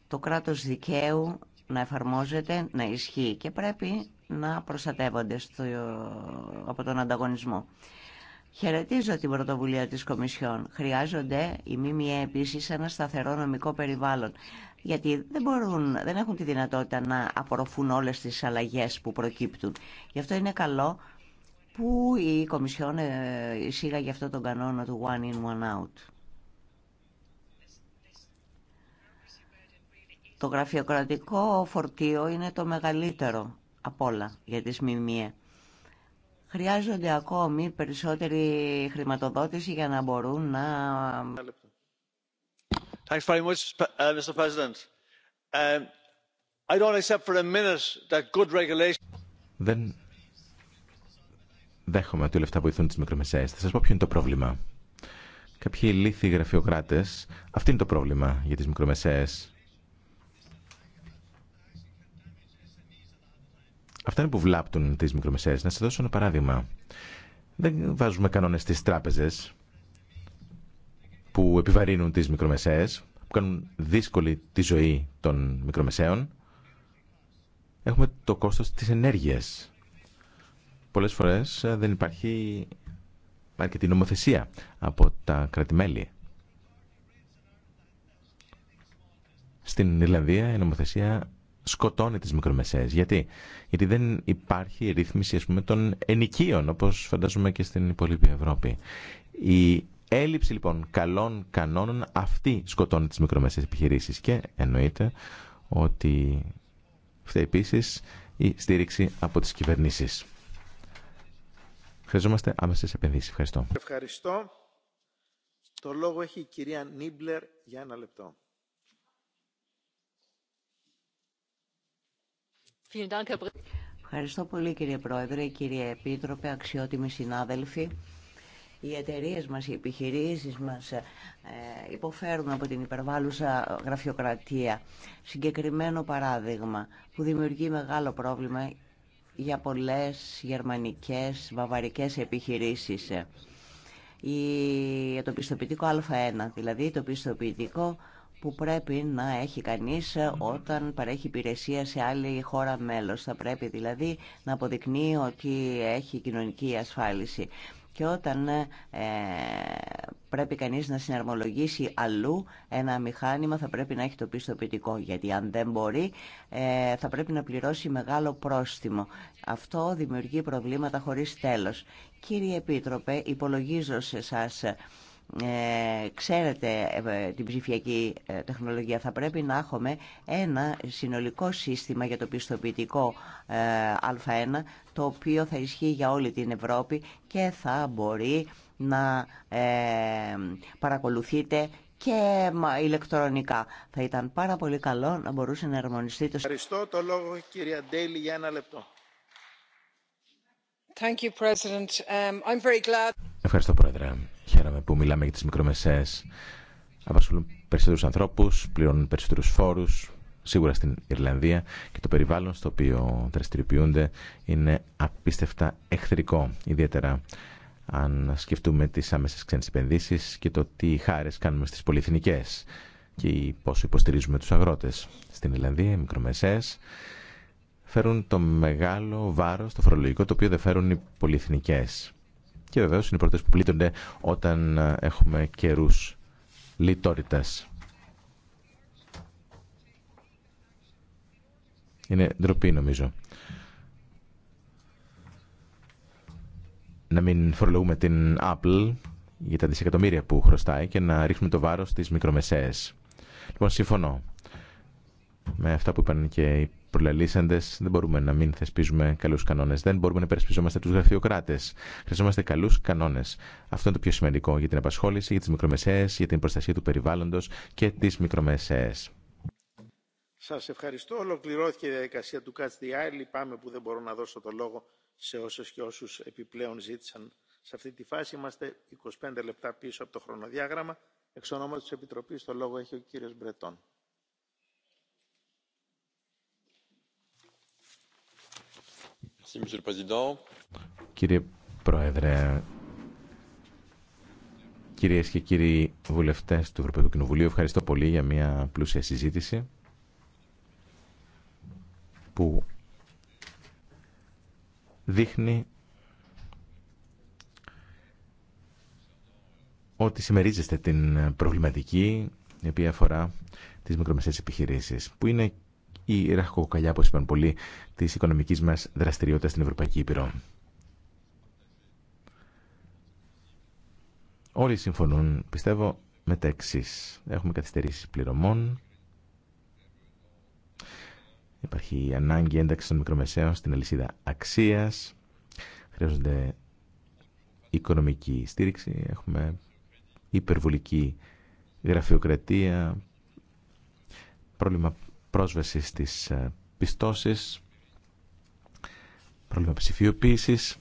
το κράτος δικαίου να εφαρμόζεται, να ισχύει και πρέπει να προστατεύονται στο, από τον ανταγωνισμό. Χαιρετίζω την πρωτοβουλία της Κομισιόν. Χρειάζονται οι ΜΜΕ επίσης ένα σταθερό νομικό περιβάλλον, γιατί δεν, μπορούν, δεν έχουν τη δυνατότητα να απορροφούν όλες τις αλλαγές που προκύπτουν. Γι' αυτό είναι καλό που η Κομισιόν ε, εισήγαγε αυτό τον κανόνα του One In, One Out. Το γραφειοκρατικό φορτίο είναι το μεγαλύτερο απ' όλα για τις ΜΜΕ. Χρειάζονται ακόμη περισσότερη χρηματοδότηση για να μπορούν να... Thanks very much, uh, Mr. President. Um, I don't accept for a minute that good regulation... Δεν δέχομαι ότι όλα αυτά βοηθούν τις μικρομεσαίες. Θα σας πω ποιο είναι το πρόβλημα. Κάποιοι λήθοι γραφειοκράτες, αυτό είναι το πρόβλημα για τις μικρομεσαίες. Αυτά είναι που βλάπτουν τις μικρομεσαίες. Να σα δώσω ένα παράδειγμα. Δεν βάζουμε κανόνε στι τράπεζες που επιβαρύνουν τις μικρομεσαίες, που κάνουν δύσκολη τη ζωή των μικρομεσαίων. Έχουμε το κόστος της ενέργεια. Πολλές φορές ε, δεν υπάρχει αρκετή νομοθεσία από τα κρατημέλη. Στην Ιρλανδία η νομοθεσία σκοτώνει τις μικρομεσαίες. Γιατί, Γιατί δεν υπάρχει ρύθμιση ας πούμε, των ενοικίων, όπως φαντάζομαι και στην υπόλοιπη Ευρώπη. Η έλλειψη λοιπόν καλών κανόνων αυτή σκοτώνει τις μικρομεσαίες επιχειρήσεις και εννοείται ότι φταίει επίση η στήριξη από τις κυβερνήσεις. Χρειαζόμαστε άμεσε επενδύσεις. Ευχαριστώ. Ευχαριστώ. Το λόγο έχει η κυρία Νίμπλερ για ένα λεπτό. Ευχαριστώ πολύ κύριε Πρόεδρε, κύριε Επίτροπε, αξιότιμοι συνάδελφοι. Οι εταιρείε μας, οι επιχειρήσεις μας ε, υποφέρουν από την υπερβάλλουσα γραφειοκρατία. Συγκεκριμένο παράδειγμα που δημιουργεί μεγάλο πρόβλημα για πολλές γερμανικές, βαβαρικές επιχειρήσεις. Η, το πιστοποιητικό Α1, δηλαδή το πιστοποιητικό που πρέπει να έχει κανείς όταν παρέχει υπηρεσία σε άλλη χώρα μέλος. Θα πρέπει δηλαδή να αποδεικνύει ότι έχει κοινωνική ασφάλιση. Και όταν ε, πρέπει κανείς να συναρμολογήσει αλλού ένα μηχάνημα θα πρέπει να έχει το πιστοποιητικό. Γιατί αν δεν μπορεί ε, θα πρέπει να πληρώσει μεγάλο πρόστιμο. Αυτό δημιουργεί προβλήματα χωρίς τέλος. Κύριε Επίτροπε, υπολογίζω σε εσάς ε, ξέρετε ε, την ψηφιακή ε, τεχνολογία θα πρέπει να έχουμε ένα συνολικό σύστημα για το πιστοποιητικό ε, Α1 το οποίο θα ισχύει για όλη την Ευρώπη και θα μπορεί να παρακολουθείτε και ηλεκτρονικά. Θα ήταν πάρα πολύ καλό να μπορούσε να ερμονιστεί το... Ευχαριστώ το λόγο κυρία Ντέιλι για ένα λεπτό. Thank you, um, I'm very glad... Ευχαριστώ Πρόεδρε. Χαίρομαι που μιλάμε για τις μικρομεσαίες. Απασχολούν περισσότερους ανθρώπους, πληρώνουν περισσότερους φόρους, σίγουρα στην Ιρλανδία και το περιβάλλον στο οποίο δραστηριοποιούνται είναι απίστευτα εχθρικό, ιδιαίτερα αν σκεφτούμε τις άμεσες ξένες επενδύσεις και το τι χάρες κάνουμε στις πολυεθνικές και πόσο υποστηρίζουμε τους αγρότες. Στην Ιρλανδία οι μικρομεσαίες φέρουν το μεγάλο βάρος, το φορολογικό, το οποίο δεν φέρουν οι πολυεθνικές. Και βεβαίω είναι οι πρώτε που πλήττονται όταν ε, έχουμε καιρού λιτότητα. Είναι ντροπή νομίζω. Να μην φορολογούμε την Apple για τα δισεκατομμύρια που χρωστάει και να ρίχνουμε το βάρος στις μικρομεσαίες. Λοιπόν, συμφωνώ με αυτά που είπαν και οι προλαλήσαντε, δεν μπορούμε να μην θεσπίζουμε καλού κανόνε. Δεν μπορούμε να υπερασπιζόμαστε του γραφειοκράτε. Χρειαζόμαστε καλού κανόνε. Αυτό είναι το πιο σημαντικό για την απασχόληση, για τι μικρομεσαίε, για την προστασία του περιβάλλοντο και τι μικρομεσαίε. Σα ευχαριστώ. Ολοκληρώθηκε η διαδικασία του Catch the Eye. Λυπάμαι που δεν μπορώ να δώσω το λόγο σε όσε και όσου επιπλέον ζήτησαν. Σε αυτή τη φάση είμαστε 25 λεπτά πίσω από το χρονοδιάγραμμα. Εξ ονόματο τη Επιτροπή, το λόγο έχει ο κύριο Μπρετόν. Κύριε Πρόεδρε, κυρίες και κύριοι βουλευτές του Ευρωπαϊκού Κοινοβουλίου, ευχαριστώ πολύ για μια πλούσια συζήτηση που δείχνει ότι συμμερίζεστε την προβληματική η οποία αφορά τις μικρομεσαίες επιχειρήσεις, που είναι η ραχοκοκαλιά, όπω είπαν πολλοί, τη οικονομική μα δραστηριότητα στην Ευρωπαϊκή Ήπειρο. Όλοι συμφωνούν, πιστεύω, με τα εξή. Έχουμε καθυστερήσει πληρωμών. Υπάρχει ανάγκη ένταξη των μικρομεσαίων στην αλυσίδα αξία. Χρειάζονται οικονομική στήριξη. Έχουμε υπερβολική γραφειοκρατία. Πρόβλημα πρόσβαση στις ε, πιστώσεις, πρόβλημα ψηφιοποίησης.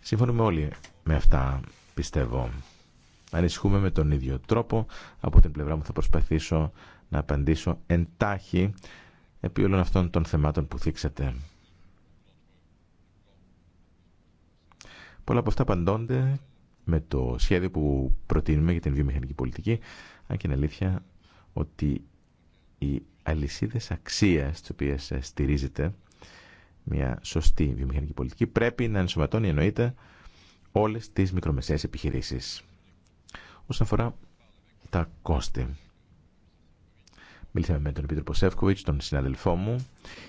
Συμφωνούμε όλοι με αυτά, πιστεύω. Ανησυχούμε με τον ίδιο τρόπο. Από την πλευρά μου θα προσπαθήσω να απαντήσω εντάχει επί όλων αυτών των θεμάτων που θίξατε. Πολλά από αυτά απαντώνται με το σχέδιο που προτείνουμε για την βιομηχανική πολιτική, αν και είναι αλήθεια ότι οι αλυσίδες αξίας τις οποίες ε, στηρίζεται μια σωστή βιομηχανική πολιτική πρέπει να ενσωματώνει εννοείται όλες τις μικρομεσαίες επιχειρήσεις. Όσον αφορά τα κόστη. Μίλησαμε με τον Επίτροπο Σεύκοβιτς, τον συναδελφό μου.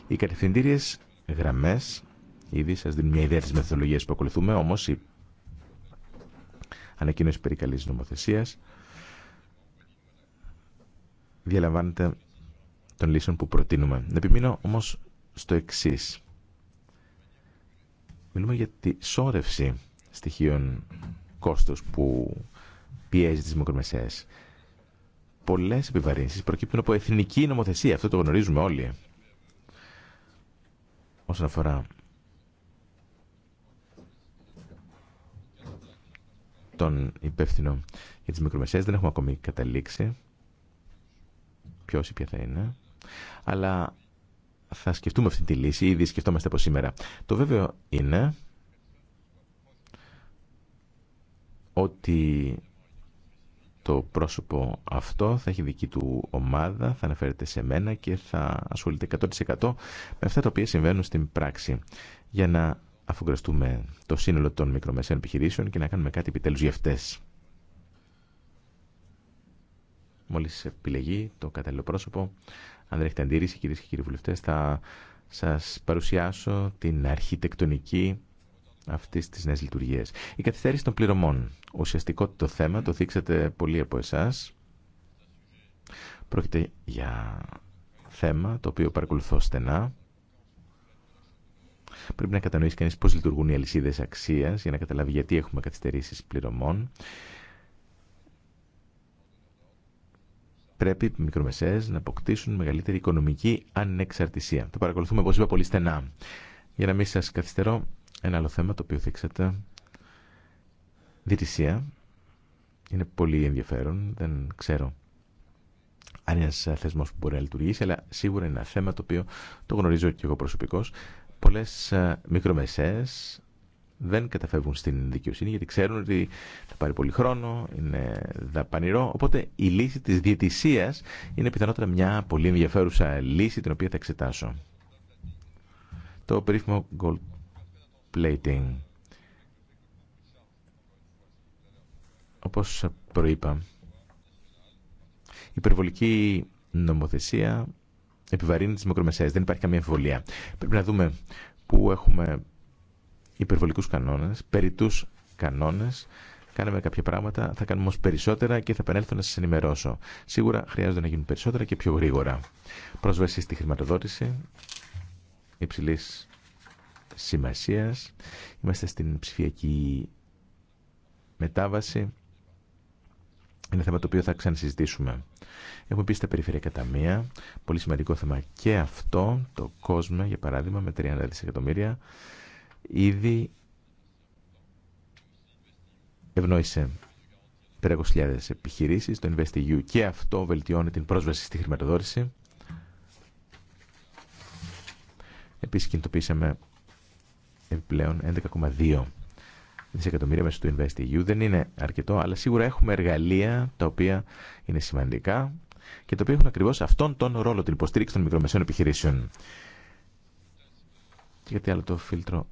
Οι κατευθυντήριες γραμμές ήδη σας δίνουν μια ιδέα της μεθοδολογίας που ακολουθούμε, όμως η ανακοίνωση περί καλής νομοθεσίας διαλαμβάνεται των λύσεων που προτείνουμε. Να Επιμείνω όμως στο εξή. Μιλούμε για τη σώρευση στοιχείων κόστος που πιέζει τις μικρομεσαίες. Πολλές επιβαρύνσεις προκύπτουν από εθνική νομοθεσία. Αυτό το γνωρίζουμε όλοι. Όσον αφορά τον υπεύθυνο για τις μικρομεσαίες δεν έχουμε ακόμη καταλήξει ποιος ή ποια θα είναι. Αλλά θα σκεφτούμε αυτή τη λύση, ήδη σκεφτόμαστε από σήμερα. Το βέβαιο είναι ότι το πρόσωπο αυτό θα έχει δική του ομάδα, θα αναφέρεται σε μένα και θα ασχολείται 100% με αυτά τα οποία συμβαίνουν στην πράξη. Για να αφουγκραστούμε το σύνολο των μικρομεσαίων επιχειρήσεων και να κάνουμε κάτι επιτέλους για αυτές. Μόλις επιλεγεί το κατάλληλο πρόσωπο, αν δεν έχετε αντίρρηση, κυρίε και κύριοι βουλευτέ, θα σα παρουσιάσω την αρχιτεκτονική αυτή τη νέα λειτουργία. Η καθυστέρηση των πληρωμών. Ουσιαστικό το θέμα, το δείξατε πολλοί από εσά. Πρόκειται για θέμα το οποίο παρακολουθώ στενά. Πρέπει να κατανοήσει κανεί πώ λειτουργούν οι αλυσίδε αξία για να καταλάβει γιατί έχουμε καθυστερήσει πληρωμών. πρέπει οι μικρομεσαίε να αποκτήσουν μεγαλύτερη οικονομική ανεξαρτησία. Το παρακολουθούμε, όπω είπα, πολύ στενά. Για να μην σα καθυστερώ, ένα άλλο θέμα το οποίο θίξατε. Διτησία. Είναι πολύ ενδιαφέρον, δεν ξέρω αν είναι ένα θεσμό που μπορεί να λειτουργήσει, αλλά σίγουρα είναι ένα θέμα το οποίο το γνωρίζω και εγώ προσωπικώ. Πολλέ ε, μικρομεσαίε δεν καταφεύγουν στην δικαιοσύνη γιατί ξέρουν ότι θα πάρει πολύ χρόνο, είναι δαπανηρό. Οπότε η λύση της διαιτησίας είναι πιθανότερα μια πολύ ενδιαφέρουσα λύση την οποία θα εξετάσω. Το περίφημο gold plating. Όπως προείπα, η υπερβολική νομοθεσία επιβαρύνει τις μικρομεσαίες. Δεν υπάρχει καμία εμφιβολία. Πρέπει να δούμε πού έχουμε υπερβολικούς κανόνες, περιτούς κανόνες, κάναμε κάποια πράγματα, θα κάνουμε όμω περισσότερα και θα επανέλθω να σα ενημερώσω. Σίγουρα χρειάζονται να γίνουν περισσότερα και πιο γρήγορα. Πρόσβαση στη χρηματοδότηση υψηλή σημασία. Είμαστε στην ψηφιακή μετάβαση. Είναι θέμα το οποίο θα ξανασυζητήσουμε. Έχουμε πει στα περιφερειακά ταμεία, πολύ σημαντικό θέμα και αυτό, το κόσμο, για παράδειγμα, με 30 δισεκατομμύρια ήδη ευνόησε 300.000 επιχειρήσεις το InvestEU και αυτό βελτιώνει την πρόσβαση στη χρηματοδότηση. Επίσης κινητοποίησαμε επιπλέον 11,2 δισεκατομμύρια μέσω του InvestEU. Δεν είναι αρκετό, αλλά σίγουρα έχουμε εργαλεία τα οποία είναι σημαντικά και τα οποία έχουν ακριβώς αυτόν τον ρόλο, την υποστήριξη των μικρομεσαίων επιχειρήσεων. Και γιατί άλλο το φίλτρο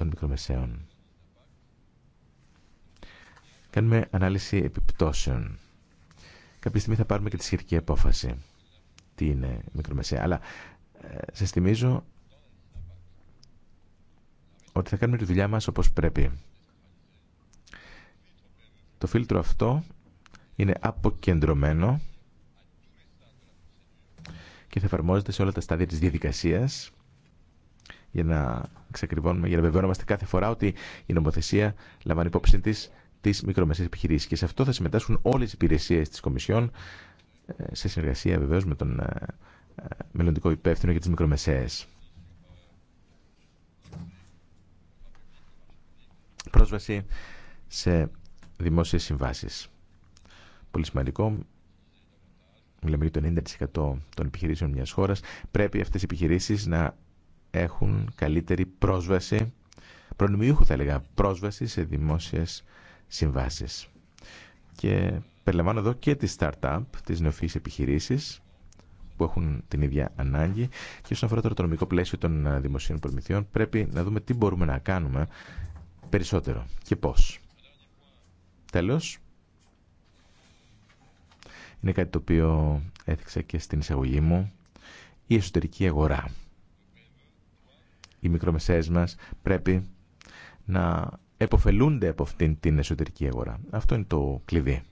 των μικρομεσαίων. Κάνουμε ανάλυση επιπτώσεων. Κάποια στιγμή θα πάρουμε και τη σχετική απόφαση. Τι είναι μικρομεσαία. Αλλά ε, σας θυμίζω ότι θα κάνουμε τη δουλειά μας όπως πρέπει. Το φίλτρο αυτό είναι αποκεντρωμένο και θα εφαρμόζεται σε όλα τα στάδια της διαδικασίας για να ξεκριβώνουμε, για να βεβαιωνόμαστε κάθε φορά ότι η νομοθεσία λαμβάνει υπόψη τη τι μικρομεσαίε επιχειρήσει. Και σε αυτό θα συμμετάσχουν όλε οι υπηρεσίε τη Κομισιόν, ε, σε συνεργασία βεβαίω με τον ε, ε, μελλοντικό υπεύθυνο για τι μικρομεσαίε. Πρόσβαση σε δημόσιες συμβάσεις. Πολύ σημαντικό, μιλάμε για το 90% των επιχειρήσεων μιας χώρας, πρέπει αυτές οι επιχειρήσεις να έχουν καλύτερη πρόσβαση, προνομιούχου θα έλεγα, πρόσβαση σε δημόσιες συμβάσεις. Και περιλαμβάνω εδώ και τις startup, τις νεοφύης επιχειρήσεις, που έχουν την ίδια ανάγκη. Και όσον αφορά το νομικό πλαίσιο των ε, δημοσίων προμηθειών, πρέπει να δούμε τι μπορούμε να κάνουμε περισσότερο και πώς. Τέλος, είναι κάτι το οποίο έθιξα και στην εισαγωγή μου, η εσωτερική αγορά οι μικρομεσαίες μας πρέπει να εποφελούνται από αυτήν την εσωτερική αγορά. Αυτό είναι το κλειδί.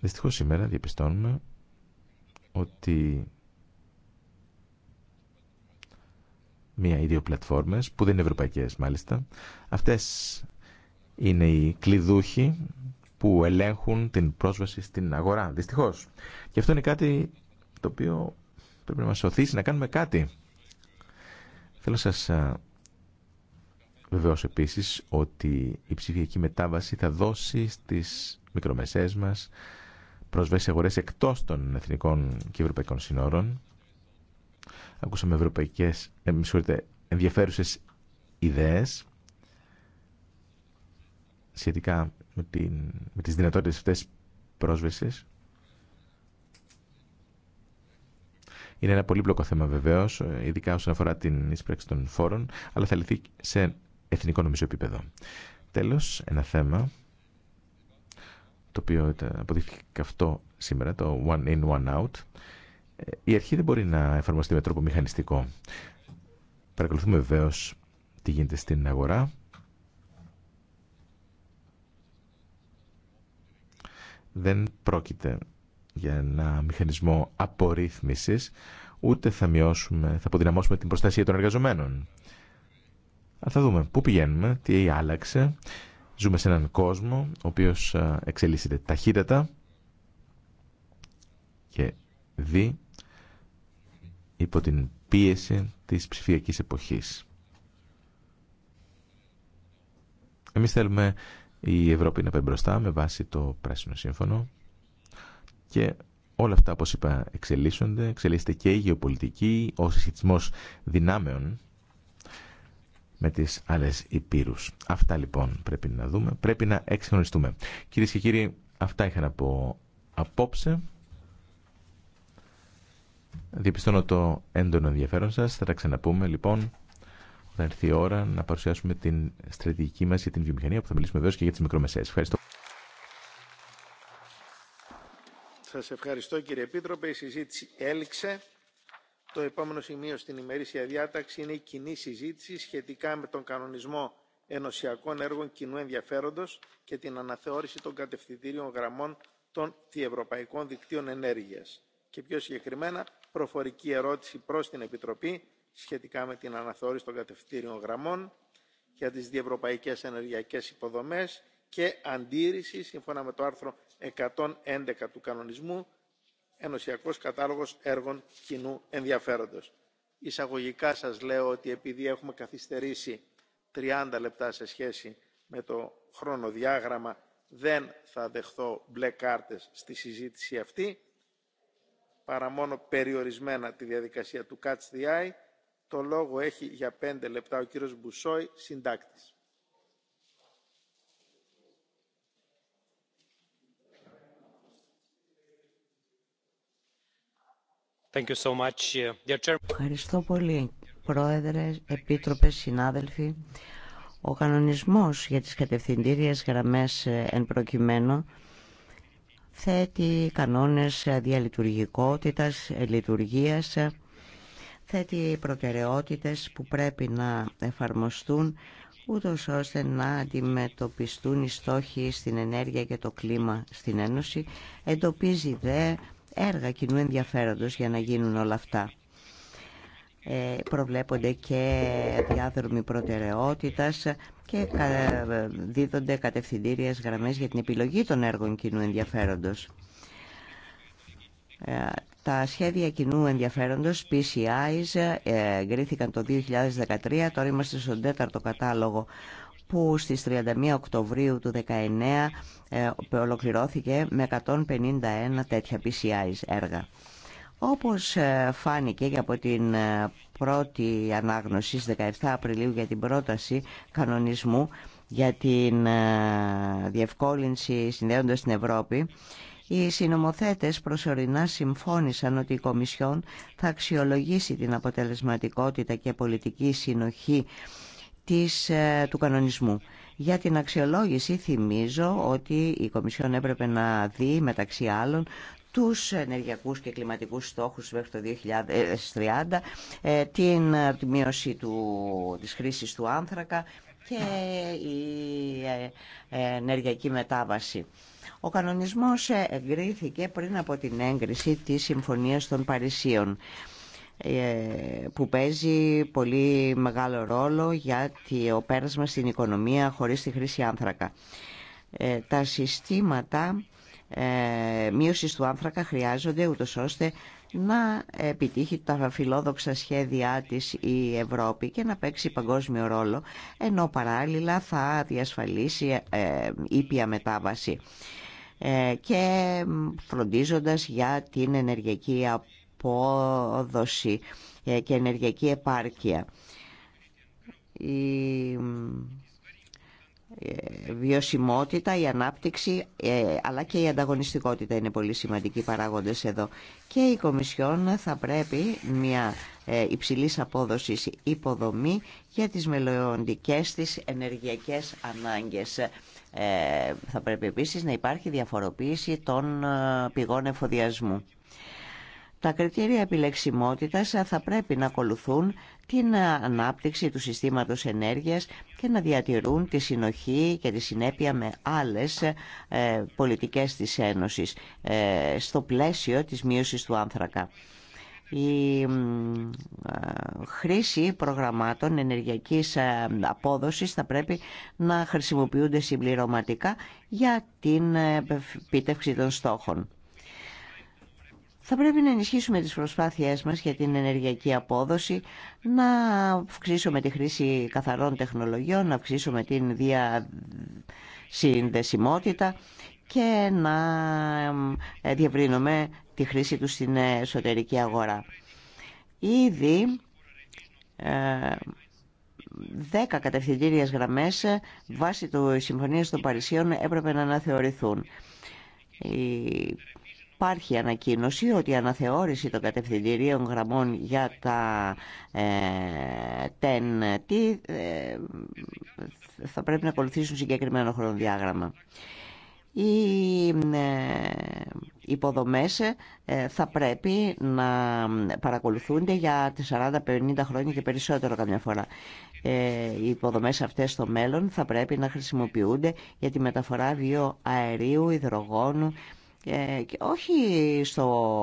Δυστυχώς σήμερα διαπιστώνουμε ότι μία ή δύο πλατφόρμες που δεν είναι ευρωπαϊκές μάλιστα αυτές είναι οι κλειδούχοι που ελέγχουν την πρόσβαση στην αγορά δυστυχώς και αυτό είναι κάτι το οποίο πρέπει να μας οθήσει να κάνουμε κάτι Θέλω να σας βεβαιώσω επίσης ότι η ψηφιακή μετάβαση θα δώσει στις μικρομεσαίες μας προσβέσει σε αγορές εκτός των εθνικών και ευρωπαϊκών συνόρων. Ακούσαμε ευρωπαϊκές, ε, ενδιαφέρουσες ιδέες σχετικά με, την, με τις δυνατότητες αυτές πρόσβεσης. Είναι ένα πολύπλοκο θέμα βεβαίω, ειδικά όσον αφορά την εισπράξη των φόρων, αλλά θα λυθεί σε εθνικό νομίζω επίπεδο. Τέλο, ένα θέμα το οποίο αποδείχθηκε αυτό σήμερα, το one in, one out. Η αρχή δεν μπορεί να εφαρμοστεί με τρόπο μηχανιστικό. Παρακολουθούμε βεβαίω τι γίνεται στην αγορά. Δεν πρόκειται για ένα μηχανισμό απορρίθμισης, ούτε θα μειώσουμε, θα αποδυναμώσουμε την προστασία των εργαζομένων. Αλλά θα δούμε πού πηγαίνουμε, τι άλλαξε. Ζούμε σε έναν κόσμο ο οποίος εξελίσσεται ταχύτατα και δει υπό την πίεση της ψηφιακής εποχής. Εμείς θέλουμε η Ευρώπη να πάει μπροστά με βάση το Πράσινο Σύμφωνο και όλα αυτά, όπως είπα, εξελίσσονται. Εξελίσσεται και η γεωπολιτική, ο συσχετισμός δυνάμεων με τις άλλες υπήρους. Αυτά λοιπόν πρέπει να δούμε, πρέπει να εξεγνωριστούμε. Κυρίε και κύριοι, αυτά είχα να πω απόψε. Διαπιστώνω το έντονο ενδιαφέρον σας. Θα τα ξαναπούμε λοιπόν. όταν έρθει η ώρα να παρουσιάσουμε την στρατηγική μας για την βιομηχανία που θα μιλήσουμε βέβαια και για τις μικρομεσαίες. Ευχαριστώ. Σας ευχαριστώ κύριε Επίτροπε. Η συζήτηση έληξε. Το επόμενο σημείο στην ημερήσια διάταξη είναι η κοινή συζήτηση σχετικά με τον κανονισμό ενωσιακών έργων κοινού ενδιαφέροντος και την αναθεώρηση των κατευθυντήριων γραμμών των διευρωπαϊκών δικτύων ενέργειας και πιο συγκεκριμένα προφορική ερώτηση προς την Επιτροπή σχετικά με την αναθεώρηση των κατευθυντήριων γραμμών για τις διευρωπαϊκές ενεργειακές υποδομές και αντίρρηση σύμφωνα με το άρθρο 111 του κανονισμού Ενωσιακός Κατάλογος Έργων Κοινού Ενδιαφέροντος. Εισαγωγικά σας λέω ότι επειδή έχουμε καθυστερήσει 30 λεπτά σε σχέση με το χρονοδιάγραμμα δεν θα δεχθώ μπλε κάρτες στη συζήτηση αυτή παρά μόνο περιορισμένα τη διαδικασία του Catch the Eye. Το λόγο έχει για πέντε λεπτά ο κύριος Μπουσόη, συντάκτης. Ευχαριστώ πολύ, Πρόεδρε, Επίτροπε, συνάδελφοι. Ο κανονισμός για τις κατευθυντήριες γραμμές ε, εν προκειμένου θέτει κανόνες διαλειτουργικότητας, λειτουργία θέτει προτεραιότητες που πρέπει να εφαρμοστούν ούτω ώστε να αντιμετωπιστούν οι στόχοι στην ενέργεια και το κλίμα στην Ένωση, εντοπίζει δε έργα κοινού ενδιαφέροντος για να γίνουν όλα αυτά. Ε, προβλέπονται και διάδρομοι προτεραιότητας και δίδονται κατευθυντήριες γραμμές για την επιλογή των έργων κοινού ενδιαφέροντος. Ε, τα σχέδια κοινού ενδιαφέροντος, PCIs, ε, εγκρίθηκαν το 2013, τώρα είμαστε στον τέταρτο κατάλογο που στις 31 Οκτωβρίου του 19 ε, ολοκληρώθηκε με 151 τέτοια PCI έργα. Όπως ε, φάνηκε και από την ε, πρώτη ανάγνωση στις 17 Απριλίου για την πρόταση κανονισμού για την διευκόλυνση συνδέοντας στην Ευρώπη, οι συνομοθέτες προσωρινά συμφώνησαν ότι η Κομισιόν θα αξιολογήσει την αποτελεσματικότητα και πολιτική συνοχή της, ε, του κανονισμού. Για την αξιολόγηση θυμίζω ότι η Κομισιόν έπρεπε να δει μεταξύ άλλων τους ενεργειακούς και κλιματικούς στόχους μέχρι το 2030, ε, ε, την μείωση του, της χρήσης του άνθρακα και η ενεργειακή μετάβαση. Ο κανονισμός εγκρίθηκε πριν από την έγκριση της Συμφωνίας των Παρισίων. Ε, που παίζει πολύ μεγάλο ρόλο για το πέρασμα στην οικονομία χωρίς τη χρήση άνθρακα. Ε, τα συστήματα ε, μείωσης του άνθρακα χρειάζονται ούτως ώστε να επιτύχει τα φιλόδοξα σχέδιά της η Ευρώπη και να παίξει παγκόσμιο ρόλο, ενώ παράλληλα θα διασφαλίσει ήπια μετάβαση και φροντίζοντας για την ενεργειακή απόδοση ε, και ενεργειακή επάρκεια. Η ε, βιωσιμότητα, η ανάπτυξη ε, αλλά και η ανταγωνιστικότητα είναι πολύ σημαντικοί παράγοντες εδώ. Και η Κομισιόν θα πρέπει μια υψηλής απόδοσης υποδομή για τις μελλοντικές της ενεργειακές ανάγκες. Θα πρέπει επίσης να υπάρχει διαφοροποίηση των πηγών εφοδιασμού. Τα κριτήρια επιλεξιμότητας θα πρέπει να ακολουθούν την ανάπτυξη του συστήματος ενέργειας και να διατηρούν τη συνοχή και τη συνέπεια με άλλες ε, πολιτικές της Ένωσης ε, στο πλαίσιο της μείωσης του άνθρακα. Η ε, χρήση προγραμμάτων ενεργειακής απόδοσης θα πρέπει να χρησιμοποιούνται συμπληρωματικά για την επίτευξη των στόχων. Θα πρέπει να ενισχύσουμε τις προσπάθειές μας για την ενεργειακή απόδοση, να αυξήσουμε τη χρήση καθαρών τεχνολογιών, να αυξήσουμε την διασυνδεσιμότητα και να ε, διευρύνουμε τη χρήση του στην εσωτερική αγορά. Ήδη ε, δέκα κατευθυντήριες γραμμές ε, βάσει του Συμφωνίας των Παρισίων έπρεπε να αναθεωρηθούν. Υπάρχει ανακοίνωση ότι η αναθεώρηση των κατευθυντηρίων γραμμών για τα ε, TEN-T ε, θα πρέπει να ακολουθήσουν συγκεκριμένο χρονοδιάγραμμα. Οι ε, υποδομές ε, θα πρέπει να παρακολουθούνται για 40-50 χρόνια και περισσότερο καμιά φορά. Οι υποδομές αυτές στο μέλλον θα πρέπει να χρησιμοποιούνται για τη μεταφορά βιοαερίου, υδρογόνου και όχι στο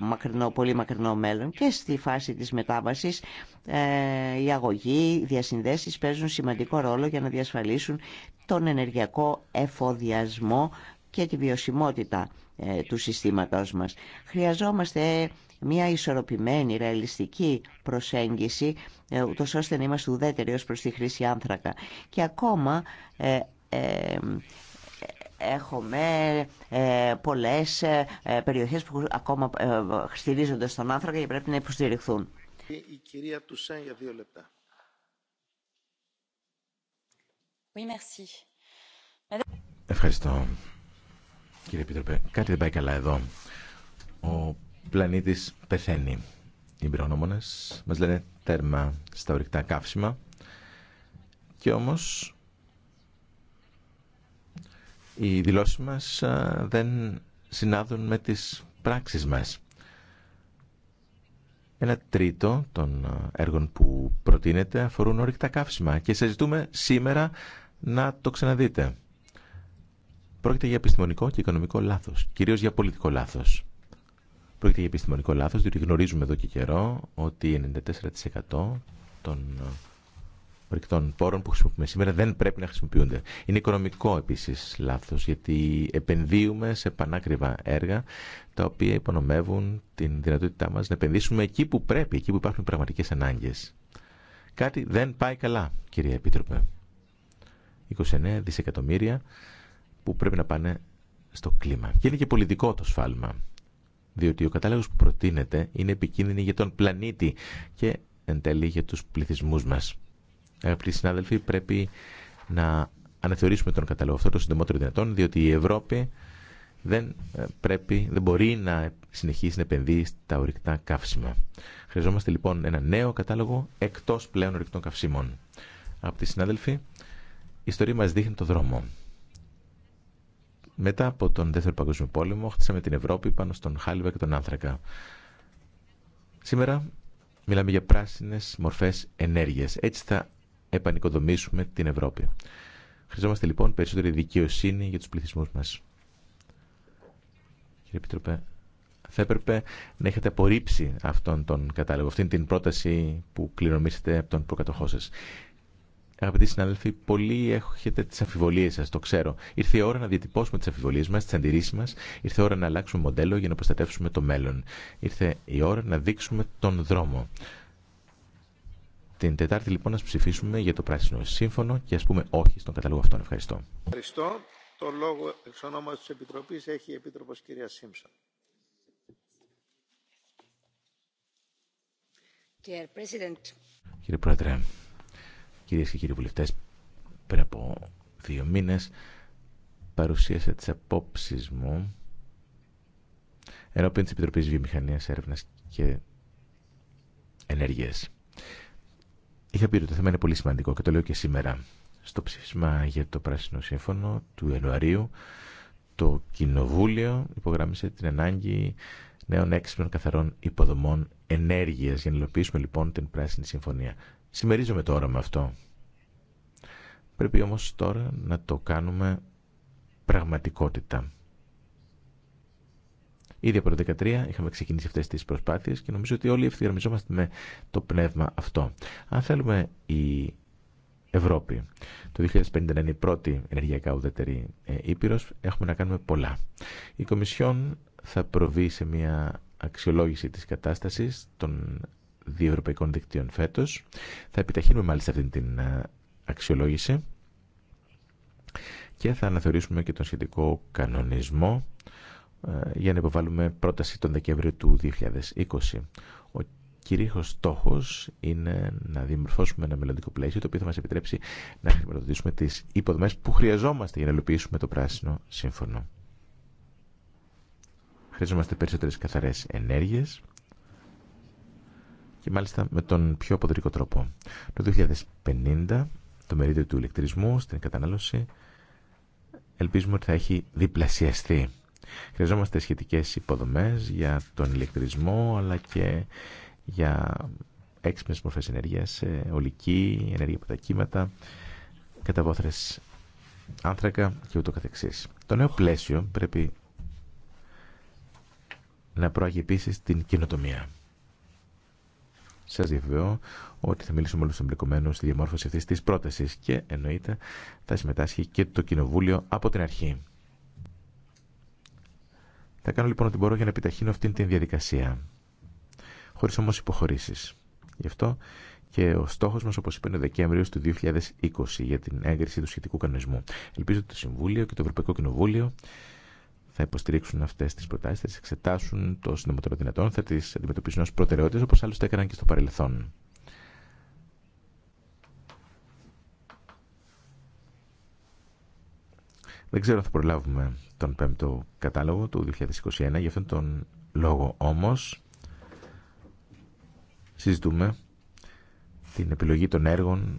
μακρινό, πολύ μακρινό μέλλον και στη φάση της μετάβασης ε, η αγωγή, οι διασυνδέσεις παίζουν σημαντικό ρόλο για να διασφαλίσουν τον ενεργειακό εφοδιασμό και τη βιωσιμότητα ε, του συστήματός μας. Χρειαζόμαστε μια ισορροπημένη, ρεαλιστική προσέγγιση, ε, ούτως ώστε να είμαστε ουδέτεροι ως προς τη χρήση άνθρακα. Και ακόμα έχουμε ε, πολλές ε, περιοχές που ακόμα στηρίζονται ε, στον άνθρακα και πρέπει να υποστηριχθούν. Η κυρία Τουσέν για δύο λεπτά. Ευχαριστώ, κύριε Επίτροπε. Κάτι δεν πάει καλά εδώ. Ο πλανήτης πεθαίνει. Οι εμπειρογνώμονες μας λένε τέρμα στα ορυκτά καύσιμα και όμως οι δηλώσεις μας δεν συνάδουν με τις πράξεις μας. Ένα τρίτο των έργων που προτείνεται αφορούν ορυκτά καύσιμα και σας ζητούμε σήμερα να το ξαναδείτε. Πρόκειται για επιστημονικό και οικονομικό λάθος, κυρίως για πολιτικό λάθος. Πρόκειται για επιστημονικό λάθος, διότι γνωρίζουμε εδώ και καιρό ότι 94% των ορυκτών πόρων που χρησιμοποιούμε σήμερα δεν πρέπει να χρησιμοποιούνται. Είναι οικονομικό επίση λάθο, γιατί επενδύουμε σε πανάκριβα έργα τα οποία υπονομεύουν την δυνατότητά μα να επενδύσουμε εκεί που πρέπει, εκεί που υπάρχουν πραγματικέ ανάγκε. Κάτι δεν πάει καλά, κυρία Επίτροπε. 29 δισεκατομμύρια που πρέπει να πάνε στο κλίμα. Και είναι και πολιτικό το σφάλμα. Διότι ο κατάλογος που προτείνεται είναι επικίνδυνη για τον πλανήτη και εν τέλει για τους πληθυσμούς μας. Αγαπητοί συνάδελφοι, πρέπει να αναθεωρήσουμε τον κατάλογο αυτό το συντομότερο δυνατόν, διότι η Ευρώπη δεν, ε, πρέπει, δεν μπορεί να συνεχίσει να επενδύει στα ορυκτά καύσιμα. Χρειαζόμαστε λοιπόν ένα νέο κατάλογο εκτό πλέον ορυκτών καυσίμων. Αγαπητοί συνάδελφοι, η ιστορία μα δείχνει το δρόμο. Μετά από τον Δεύτερο Παγκόσμιο Πόλεμο, χτίσαμε την Ευρώπη πάνω στον Χάλιβα και τον Άνθρακα. Σήμερα μιλάμε για πράσινε μορφέ ενέργεια. Έτσι θα επανοικοδομήσουμε την Ευρώπη. Χρειαζόμαστε λοιπόν περισσότερη δικαιοσύνη για τους πληθυσμούς μας. Κύριε Επιτροπέ, θα έπρεπε να έχετε απορρίψει αυτόν τον κατάλογο, αυτήν την πρόταση που κληρονομήσετε από τον προκατοχό σα. Αγαπητοί συνάδελφοι, πολλοί έχετε τι αμφιβολίε σα, το ξέρω. Ήρθε η ώρα να διατυπώσουμε τι αμφιβολίε μα, τι αντιρρήσει μα. Ήρθε η ώρα να αλλάξουμε μοντέλο για να προστατεύσουμε το μέλλον. Ήρθε η ώρα να δείξουμε τον δρόμο την Τετάρτη λοιπόν να ψηφίσουμε για το Πράσινο Σύμφωνο και ας πούμε όχι στον καταλόγο αυτόν. Ευχαριστώ. Ευχαριστώ. Το λόγο εξ ονόματος της Επιτροπής έχει η Επίτροπος κυρία Σίμψον. Κύριε Πρόεδρε, κυρίες και κύριοι βουλευτές, πριν από δύο μήνες παρουσίασα τις απόψεις μου ενώπιον της Επιτροπής Βιομηχανίας, Έρευνας και Ενέργειας. Είχα πει ότι το θέμα είναι πολύ σημαντικό και το λέω και σήμερα. Στο ψήφισμα για το Πράσινο Σύμφωνο του Ιανουαρίου, το Κοινοβούλιο υπογράμμισε την ανάγκη νέων έξυπνων καθαρών υποδομών ενέργειας για να υλοποιήσουμε λοιπόν την Πράσινη Συμφωνία. Συμμερίζομαι το με αυτό. Πρέπει όμως τώρα να το κάνουμε πραγματικότητα. Ήδη από το 2013 είχαμε ξεκινήσει αυτές τις προσπάθειες και νομίζω ότι όλοι ευθυγραμμιζόμαστε με το πνεύμα αυτό. Αν θέλουμε η Ευρώπη το 2050 να είναι η πρώτη ενεργειακά ουδέτερη ε, ήπειρο, έχουμε να κάνουμε πολλά. Η Κομισιόν θα προβεί σε μια αξιολόγηση της κατάστασης των δύο ευρωπαϊκών δικτύων φέτο. Θα επιταχύνουμε μάλιστα αυτή την ε, αξιολόγηση και θα αναθεωρήσουμε και τον σχετικό κανονισμό ε, για να υποβάλουμε πρόταση τον Δεκέμβριο του 2020. Ο κυρίως στόχος είναι να δημορφώσουμε ένα μελλοντικό πλαίσιο το οποίο θα μας επιτρέψει να χρηματοδοτήσουμε τις υποδομές που χρειαζόμαστε για να υλοποιήσουμε το πράσινο σύμφωνο. Χρειαζόμαστε περισσότερες καθαρές ενέργειες και μάλιστα με τον πιο αποδρικό τρόπο. Το 2050 το μερίδιο του ηλεκτρισμού στην κατανάλωση ελπίζουμε ότι θα έχει διπλασιαστεί. Χρειαζόμαστε σχετικές υποδομές για τον ηλεκτρισμό αλλά και για έξυπνες μορφές ενέργειας, ε, ολική, ενέργεια από τα κύματα, καταβόθρες άνθρακα και ούτω Το νέο πλαίσιο πρέπει να προάγει επίση την κοινοτομία. Σα διαβεβαιώ ότι θα μιλήσουμε όλου του εμπλεκομένου στη διαμόρφωση αυτή τη πρόταση και εννοείται θα συμμετάσχει και το Κοινοβούλιο από την αρχή. Θα κάνω λοιπόν ό,τι μπορώ για να επιταχύνω αυτήν την διαδικασία. χωρί όμω υποχωρήσεις. Γι' αυτό και ο στόχο μα, όπω είπε, είναι ο Δεκέμβριο του 2020 για την έγκριση του σχετικού κανονισμού. Ελπίζω ότι το Συμβούλιο και το Ευρωπαϊκό Κοινοβούλιο θα υποστηρίξουν αυτέ τι προτάσει, θα τι εξετάσουν το συντομότερο δυνατόν, θα τι αντιμετωπίσουν ω προτεραιότητε, όπω άλλωστε έκαναν και στο παρελθόν. Δεν ξέρω αν θα προλάβουμε τον πέμπτο κατάλογο του 2021. Γι' αυτόν τον λόγο όμως συζητούμε την επιλογή των έργων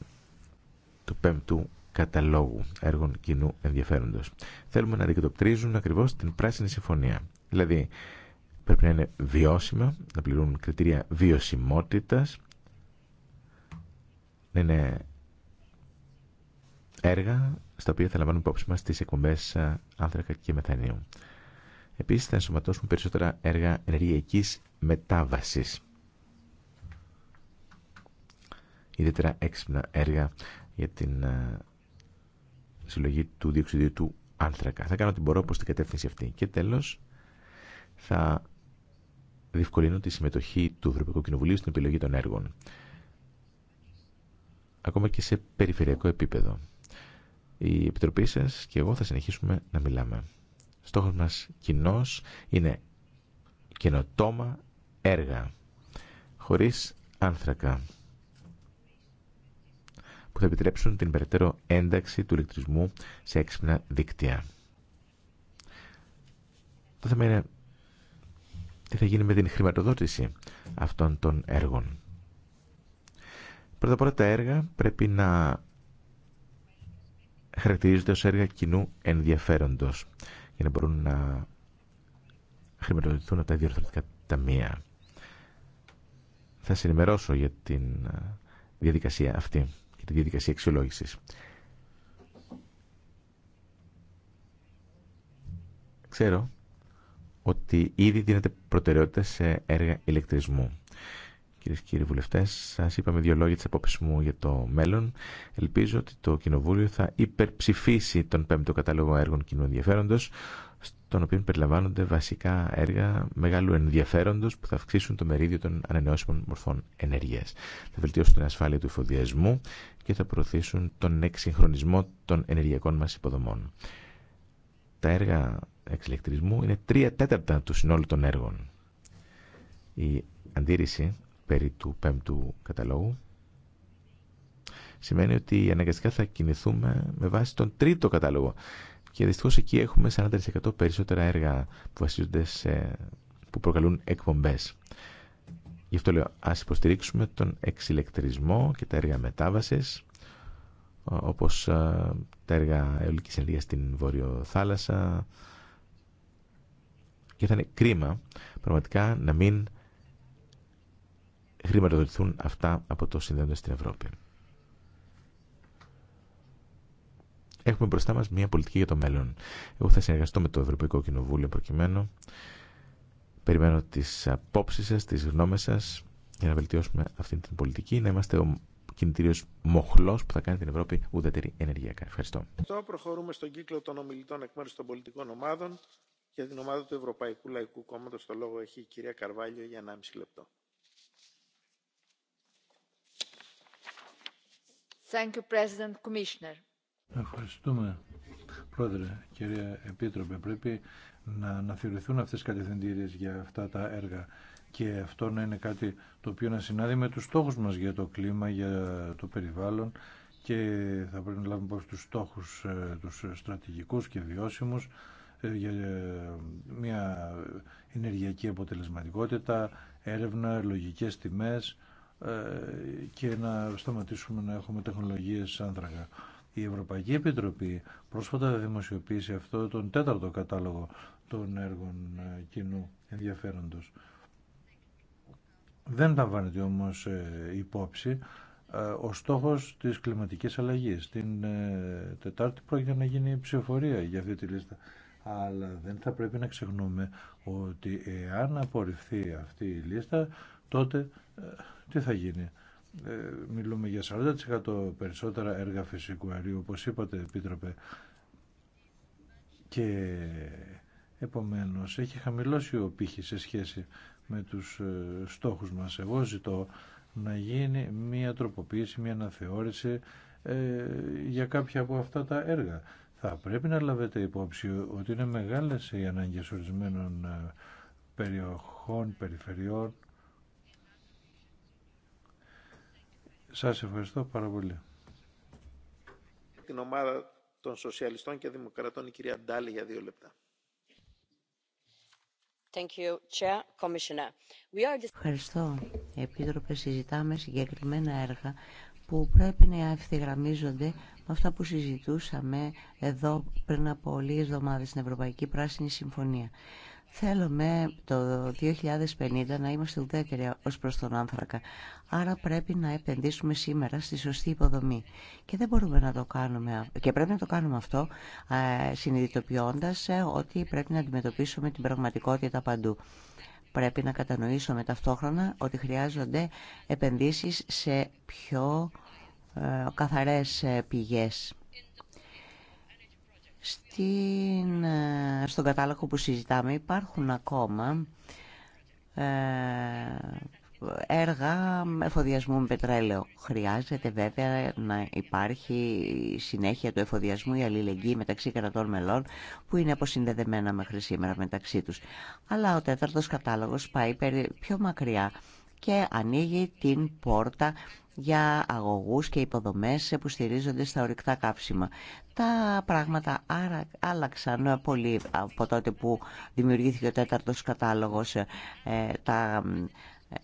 του πέμπτου καταλόγου έργων κοινού ενδιαφέροντος. Θέλουμε να αντικατοπτρίζουν ακριβώς την πράσινη συμφωνία. Δηλαδή πρέπει να είναι βιώσιμα, να πληρούν κριτήρια βιωσιμότητας, να είναι έργα στα οποία θα λαμβάνουν υπόψη μα τι εκπομπέ άνθρακα και μεθανίου. Επίση θα ενσωματώσουμε περισσότερα έργα ενεργειακή μετάβαση. Ιδιαίτερα έξυπνα έργα για την συλλογή του διοξιδίου του άνθρακα. Θα κάνω ό,τι μπορώ προ την κατεύθυνση αυτή. Και τέλο θα διευκολύνω τη συμμετοχή του Ευρωπαϊκού Κοινοβουλίου στην επιλογή των έργων. Ακόμα και σε περιφερειακό επίπεδο η Επιτροπή σα και εγώ θα συνεχίσουμε να μιλάμε. Στόχος μας κοινό είναι καινοτόμα έργα, χωρίς άνθρακα, που θα επιτρέψουν την περαιτέρω ένταξη του ηλεκτρισμού σε έξυπνα δίκτυα. Το θέμα είναι τι θα γίνει με την χρηματοδότηση αυτών των έργων. Πρώτα απ' όλα τα έργα πρέπει να χαρακτηρίζονται ως έργα κοινού ενδιαφέροντος για να μπορούν να χρηματοδοτηθούν από τα διορθωτικά ταμεία. Θα σε για την διαδικασία αυτή και τη διαδικασία αξιολόγησης. Ξέρω ότι ήδη δίνεται προτεραιότητα σε έργα ηλεκτρισμού. Κυρίε και κύριοι βουλευτέ, σα είπαμε δύο λόγια τη απόψη μου για το μέλλον. Ελπίζω ότι το Κοινοβούλιο θα υπερψηφίσει τον πέμπτο κατάλογο έργων κοινού ενδιαφέροντο, στον οποίο περιλαμβάνονται βασικά έργα μεγάλου ενδιαφέροντο που θα αυξήσουν το μερίδιο των ανανεώσιμων μορφών ενέργεια. Θα βελτιώσουν την ασφάλεια του εφοδιασμού και θα προωθήσουν τον εξυγχρονισμό των ενεργειακών μα υποδομών. Τα έργα εξηλεκτρισμού είναι τρία τέταρτα του συνόλου των έργων. Η αντίρρηση περί του πέμπτου καταλόγου σημαίνει ότι αναγκαστικά θα κινηθούμε με βάση τον τρίτο κατάλογο και δυστυχώ εκεί έχουμε 40% περισσότερα έργα που βασίζονται σε, που προκαλούν εκπομπές γι' αυτό λέω ας υποστηρίξουμε τον εξηλεκτρισμό και τα έργα μετάβασης όπως ε, τα έργα αιωλικής ενέργεια στην Βόρειο Θάλασσα και θα είναι κρίμα πραγματικά να μην χρηματοδοτηθούν αυτά από το Συνδέοντα στην Ευρώπη. Έχουμε μπροστά μας μια πολιτική για το μέλλον. Εγώ θα συνεργαστώ με το Ευρωπαϊκό Κοινοβούλιο προκειμένου. Περιμένω τις απόψεις σας, τις γνώμες σας για να βελτιώσουμε αυτή την πολιτική, να είμαστε ο κινητήριος μοχλός που θα κάνει την Ευρώπη ουδέτερη ενεργειακά. Ευχαριστώ. Εδώ Προχωρούμε στον κύκλο των ομιλητών εκ μέρους των πολιτικών ομάδων. Για την ομάδα του Ευρωπαϊκού Λαϊκού Κόμματος το λόγο έχει η κυρία Καρβάλιο για 1,5 λεπτό. Ευχαριστούμε, Πρόεδρε, κυρία Επίτροπε. Πρέπει να αναθεωρηθούν αυτές οι κατευθυντήριες για αυτά τα έργα και αυτό να είναι κάτι το οποίο να συνάδει με τους στόχους μας για το κλίμα, για το περιβάλλον και θα πρέπει να λάβουμε υπόψη τους στόχους, ε, τους στρατηγικούς και βιώσιμους ε, για ε, μια ενεργειακή αποτελεσματικότητα, έρευνα, λογικές τιμές ε, και να σταματήσουμε να έχουμε τεχνολογίες άνθρακα. Η Ευρωπαϊκή Επιτροπή πρόσφατα δημοσιοποίησε αυτό τον τέταρτο κατάλογο των έργων ε, κοινού ενδιαφέροντος. Δεν λαμβάνεται όμως ε, υπόψη ο στόχος της κλιματικής αλλαγής. Την Τετάρτη πρόκειται να γίνει ψηφοφορία για αυτή τη λίστα. Αλλά δεν θα πρέπει να ξεχνούμε ότι εάν απορριφθεί αυτή η λίστα, τότε τι θα γίνει. Ε, μιλούμε για 40% περισσότερα έργα φυσικού αερίου, όπως είπατε, Επίτροπε. Και επομένως έχει χαμηλώσει ο πύχη σε σχέση με τους ε, στόχους μας. Εγώ ζητώ να γίνει μία τροποποίηση, μία αναθεώρηση ε, για κάποια από αυτά τα έργα. Θα πρέπει να λάβετε υπόψη ότι είναι μεγάλες οι ανάγκες ορισμένων περιοχών, περιφερειών Σας ευχαριστώ πάρα πολύ. Την ομάδα των Σοσιαλιστών και Δημοκρατών η κυρία Ντάλη για δύο λεπτά. Thank you, Chair, Commissioner. Ευχαριστώ. Επίτροπε, συζητάμε συγκεκριμένα έργα που πρέπει να ευθυγραμμίζονται με αυτά που συζητούσαμε εδώ πριν από λίγες εβδομάδες στην Ευρωπαϊκή Πράσινη Συμφωνία. Θέλουμε το 2050 να είμαστε ουδέτεροι ως προς τον άνθρακα. Άρα πρέπει να επενδύσουμε σήμερα στη σωστή υποδομή. Και δεν μπορούμε να το κάνουμε. Και πρέπει να το κάνουμε αυτό συνειδητοποιώντας ε, ότι πρέπει να αντιμετωπίσουμε την πραγματικότητα παντού. Πρέπει να κατανοήσουμε ταυτόχρονα ότι χρειάζονται επενδύσεις σε πιο ε, καθαρές ε, πηγές. Στην, ε, στον κατάλογο που συζητάμε υπάρχουν ακόμα ε, έργα εφοδιασμού με πετρέλαιο. Χρειάζεται βέβαια να υπάρχει συνέχεια του εφοδιασμού η αλληλεγγύη μεταξύ κρατών μελών που είναι αποσυνδεδεμένα μέχρι σήμερα μεταξύ τους. Αλλά ο τέταρτος κατάλογος πάει πιο μακριά και ανοίγει την πόρτα για αγωγούς και υποδομές που στηρίζονται στα ορυκτά καύσιμα. Τα πράγματα άρα, άλλαξαν πολύ από τότε που δημιουργήθηκε ο τέταρτος κατάλογος. Ε, τα, ε,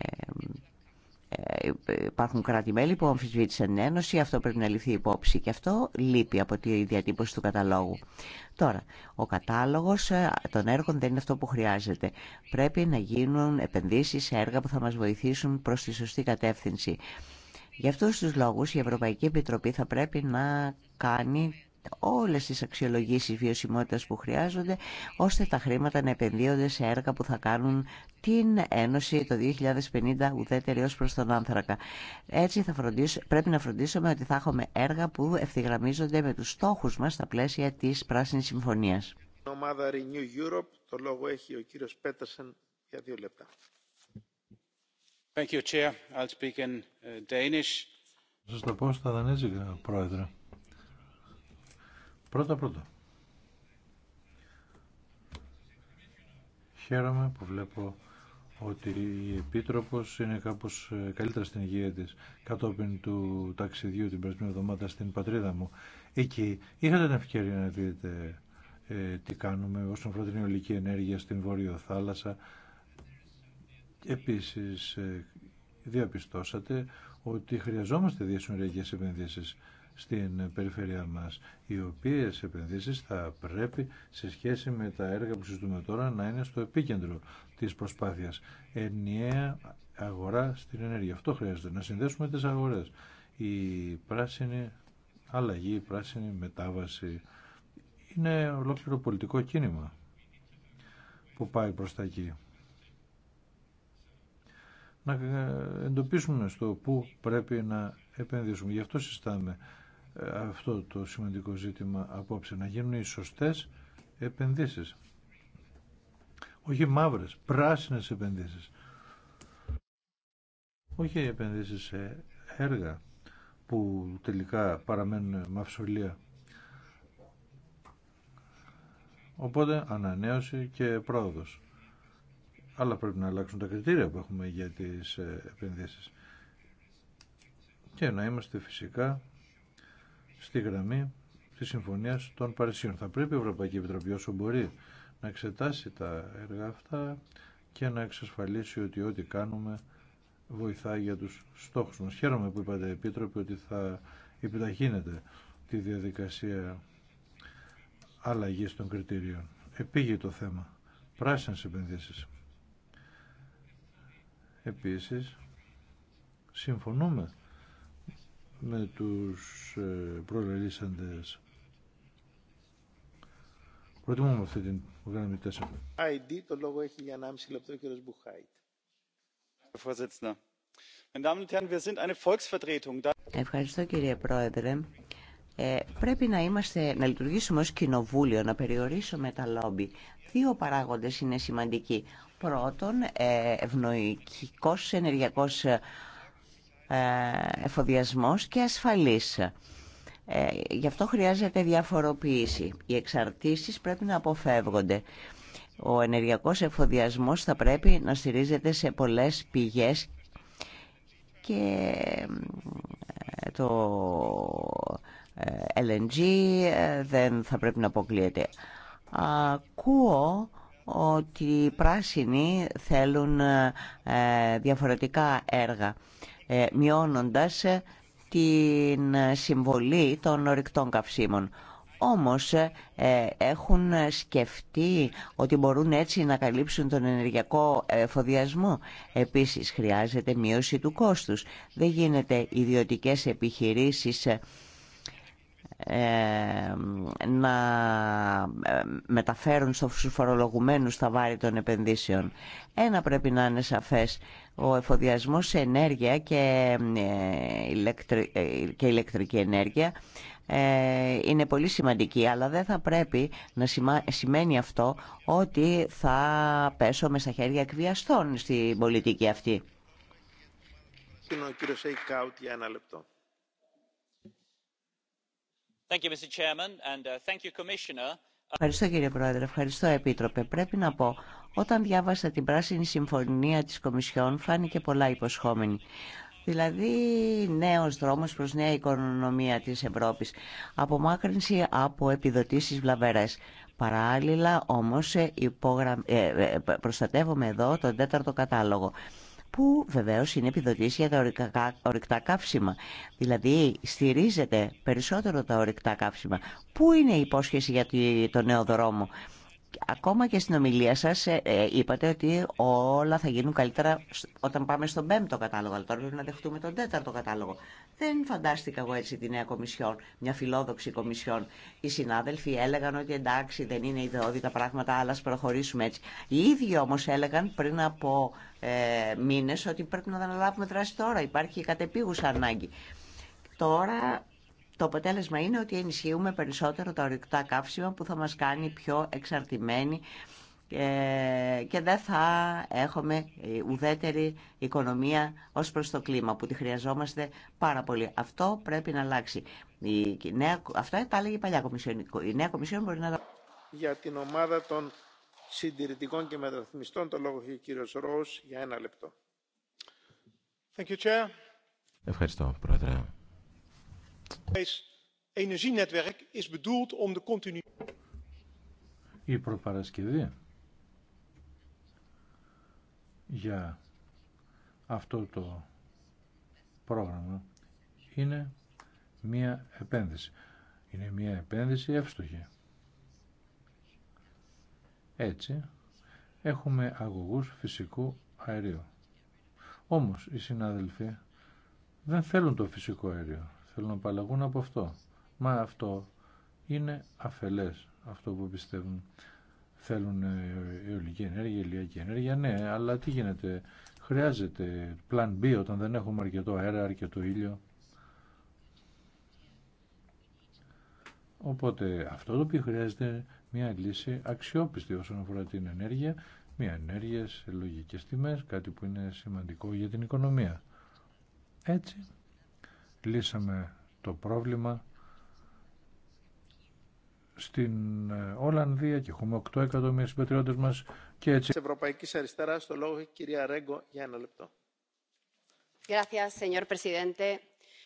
ε, υπάρχουν κράτη-μέλη που αμφισβήτησαν ένωση, αυτό πρέπει να ληφθεί υπόψη και αυτό λείπει από τη διατύπωση του καταλόγου. Τώρα, ο κατάλογος των έργων δεν είναι αυτό που χρειάζεται. Πρέπει να γίνουν επενδύσεις σε έργα που θα μας βοηθήσουν προς τη σωστή κατεύθυνση. Γι' αυτούς τους λόγους η Ευρωπαϊκή Επιτροπή θα πρέπει να κάνει όλες τις αξιολογήσεις βιωσιμότητας που χρειάζονται, ώστε τα χρήματα να επενδύονται σε έργα που θα κάνουν την Ένωση το 2050 ουδέτερη ως προς τον άνθρακα. Έτσι θα φροντίσω, πρέπει να φροντίσουμε ότι θα έχουμε έργα που ευθυγραμμίζονται με τους στόχους μας στα πλαίσια της Πράσινης Συμφωνίας. Ομάδα Renew Europe, το λόγο έχει ο κύριος Πέτερσεν για δύο λεπτά τα uh, πω στα δανέζικα, Πρόεδρε. Πρώτα πρώτα. Χαίρομαι που βλέπω ότι η Επίτροπος είναι κάπως ε, καλύτερα στην υγεία της κατόπιν του ταξιδιού την περασμένη εβδομάδα στην πατρίδα μου. Εκεί είχατε την ευκαιρία να δείτε ε, τι κάνουμε όσον αφορά την ολική ενέργεια στην Βόρειο Θάλασσα, Επίσης, ε, διαπιστώσατε ότι χρειαζόμαστε διασυνοριακές επενδύσεις στην περιφερειά μας, οι οποίες επενδύσεις θα πρέπει σε σχέση με τα έργα που συζητούμε τώρα να είναι στο επίκεντρο της προσπάθειας. Ενιαία αγορά στην ενέργεια. Αυτό χρειάζεται, να συνδέσουμε τις αγορές. Η πράσινη αλλαγή, η πράσινη μετάβαση είναι ολόκληρο πολιτικό κίνημα που πάει προς τα εκεί να ε, εντοπίσουμε στο πού πρέπει να επενδύσουμε. Γι' αυτό συστάμε ε, αυτό το σημαντικό ζήτημα απόψε, να γίνουν οι σωστές επενδύσεις. Όχι μαύρες, πράσινες επενδύσεις. Όχι επενδύσεις σε έργα που τελικά παραμένουν μαυσολία. Οπότε ανανέωση και πρόοδος αλλά πρέπει να αλλάξουν τα κριτήρια που έχουμε για τις ε, επενδύσεις. Και να είμαστε φυσικά στη γραμμή της Συμφωνίας των Παρισίων. Θα πρέπει η Ευρωπαϊκή Επιτροπή όσο μπορεί να εξετάσει τα έργα αυτά και να εξασφαλίσει ότι ό,τι κάνουμε βοηθάει για τους στόχους μας. Χαίρομαι που είπατε Επίτροπε ότι θα επιταχύνεται τη διαδικασία αλλαγής των κριτήριων. Επίγει το θέμα. Πράσινες επενδύσεις. Επίσης, συμφωνούμε με τους ε, προλαλήσαντες. Προτιμούμε αυτή την γραμμή τέσσερα. ID, το λόγο έχει για 1,5 λεπτό Ευχαριστώ κύριε Πρόεδρε. Ε, πρέπει να, είμαστε, να λειτουργήσουμε ως κοινοβούλιο, να περιορίσουμε τα λόμπι. Δύο παράγοντες είναι σημαντικοί. Πρώτον, ε, ευνοϊκός ενεργειακός ε, εφοδιασμός και ασφαλής. Ε, γι' αυτό χρειάζεται διαφοροποίηση. Οι εξαρτήσεις πρέπει να αποφεύγονται. Ο ενεργειακός εφοδιασμός θα πρέπει να στηρίζεται σε πολλές πηγές και το LNG δεν θα πρέπει να αποκλείεται. Ακούω ότι οι πράσινοι θέλουν ε, διαφορετικά έργα, ε, μειώνοντας ε, την συμβολή των ορυκτών καυσίμων. Όμως έχουν σκεφτεί ότι μπορούν έτσι να καλύψουν τον ενεργειακό εφοδιασμό. Επίσης χρειάζεται μείωση του κόστους. Δεν γίνεται ιδιωτικές επιχειρήσεις ε, να ε, μεταφέρουν στους φορολογουμένους τα βάρη των επενδύσεων. Ένα πρέπει να είναι σαφές. Ο εφοδιασμός σε ενέργεια και, ε, και ηλεκτρική ενέργεια είναι πολύ σημαντική, αλλά δεν θα πρέπει να σημαίνει αυτό ότι θα πέσω με στα χέρια εκβιαστών στην πολιτική αυτή. Ο κύριος για ένα λεπτό. Uh, ευχαριστώ κύριε Πρόεδρε, ευχαριστώ Επίτροπε. Πρέπει να πω, όταν διάβασα την Πράσινη Συμφωνία της Κομισιόν φάνηκε πολλά υποσχόμενη. Δηλαδή νέος δρόμος προς νέα οικονομία της Ευρώπης. Απομάκρυνση από επιδοτήσεις βλαβερές. Παράλληλα όμως ε, υπογραμ... Ε, ε, προστατεύομαι εδώ τον τέταρτο κατάλογο που βεβαίως είναι επιδοτήσει για τα ορυκτά καύσιμα. Δηλαδή στηρίζεται περισσότερο τα ορυκτά καύσιμα. Πού είναι η υπόσχεση για το νέο δρόμο Ακόμα και στην ομιλία σας ε, ε, είπατε ότι όλα θα γίνουν καλύτερα όταν πάμε στον πέμπτο κατάλογο, αλλά τώρα πρέπει να δεχτούμε τον τέταρτο κατάλογο. Δεν φαντάστηκα εγώ έτσι τη νέα κομισιόν, μια φιλόδοξη κομισιόν. Οι συνάδελφοι έλεγαν ότι εντάξει δεν είναι ιδεώδη τα πράγματα, αλλά α προχωρήσουμε έτσι. Οι ίδιοι όμως έλεγαν πριν από ε, μήνες ότι πρέπει να αναλάβουμε δράση τώρα, υπάρχει κατεπίγουσα ανάγκη. Τώρα το αποτέλεσμα είναι ότι ενισχύουμε περισσότερο τα ορυκτά καύσιμα που θα μας κάνει πιο εξαρτημένοι και δεν θα έχουμε ουδέτερη οικονομία ως προς το κλίμα που τη χρειαζόμαστε πάρα πολύ. Αυτό πρέπει να αλλάξει. Η νέα... Αυτά τα έλεγε η παλιά Κομισιόν. Η νέα Κομισιόν μπορεί να... Για την ομάδα των συντηρητικών και μεταρρυθμιστών το λόγο έχει ο κύριος για ένα λεπτό. Ευχαριστώ, Πρόεδρε. Η προπαρασκευή για αυτό το πρόγραμμα είναι μία επένδυση. Είναι μία επένδυση εύστοχη. Έτσι έχουμε αγωγούς φυσικού αερίου. Όμως οι συνάδελφοι δεν θέλουν το φυσικό αέριο θέλουν να απαλλαγούν από αυτό. Μα αυτό είναι αφελές, αυτό που πιστεύουν. Θέλουν ε, αιωλική ενέργεια, ηλιακή ενέργεια, ναι, αλλά τι γίνεται. Χρειάζεται πλάν B όταν δεν έχουμε αρκετό αέρα, αρκετό ήλιο. Οπότε αυτό το οποίο χρειάζεται μια λύση αξιόπιστη όσον αφορά την ενέργεια, μια ενέργεια σε λογικές τιμές, κάτι που είναι σημαντικό για την οικονομία. Έτσι λύσαμε το πρόβλημα στην ε, Ολλανδία και έχουμε 8 εκατομμύρια συμπατριώτες μας και έτσι... Της Ευρωπαϊκής Αριστεράς, το λόγο κυρία Ρέγκο για ένα λεπτό.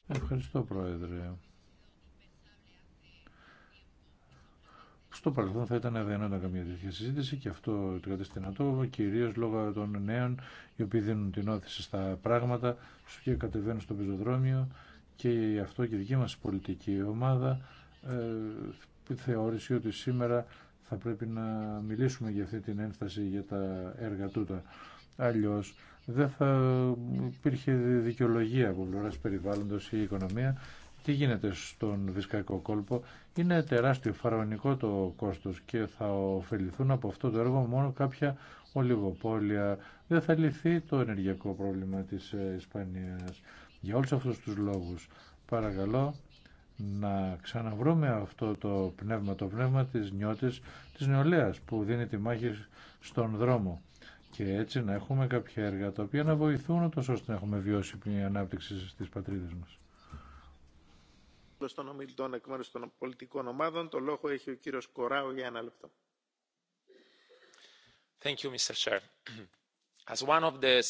Ευχαριστώ, Πρόεδρε. Στο παρελθόν θα ήταν αδιανόητα να καμία τέτοια συζήτηση και αυτό το δυνατό, κυρίω λόγω των νέων οι οποίοι δίνουν την όθηση στα πράγματα και κατεβαίνουν στο πεζοδρόμιο και αυτό και η δική μας πολιτική ομάδα ε, θεώρησε ότι σήμερα θα πρέπει να μιλήσουμε για αυτή την ένσταση για τα έργα τούτα. Αλλιώς δεν θα υπήρχε δικαιολογία από πλευρά περιβάλλοντος ή οικονομία. Τι γίνεται στον Βυσκακό κόλπο. Είναι τεράστιο φαραωνικό το κόστος και θα ωφεληθούν από αυτό το έργο μόνο κάποια ολιγοπόλια. Δεν θα λυθεί το ενεργειακό πρόβλημα της ε, Ισπανίας. Για όλους αυτούς τους λόγους παρακαλώ να ξαναβρούμε αυτό το πνεύμα, το πνεύμα της νιώτης της νεολαίας που δίνει τη μάχη στον δρόμο και έτσι να έχουμε κάποια έργα τα οποία να βοηθούν τόσο ώστε να έχουμε την ανάπτυξη στις πατρίδες μας. Στον ομιλητών εκ μέρους των πολιτικών ομάδων, το λόγο έχει ο κύριος Κοράου για ένα λεπτό. Thank you, Mr. Chair. As one of the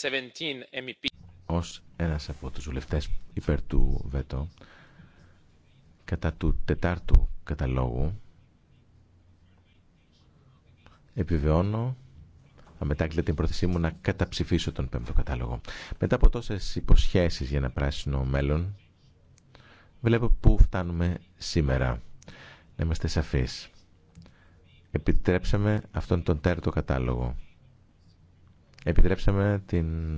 17 MEP ως ένας από τους βουλευτέ υπέρ του ΒΕΤΟ κατά του τετάρτου καταλόγου επιβεβαιώνω αμετάκλητα την πρόθεσή μου να καταψηφίσω τον πέμπτο κατάλογο. Μετά από τόσες υποσχέσεις για ένα πράσινο μέλλον βλέπω πού φτάνουμε σήμερα. Να είμαστε σαφείς. Επιτρέψαμε αυτόν τον τέρτο κατάλογο. Επιτρέψαμε την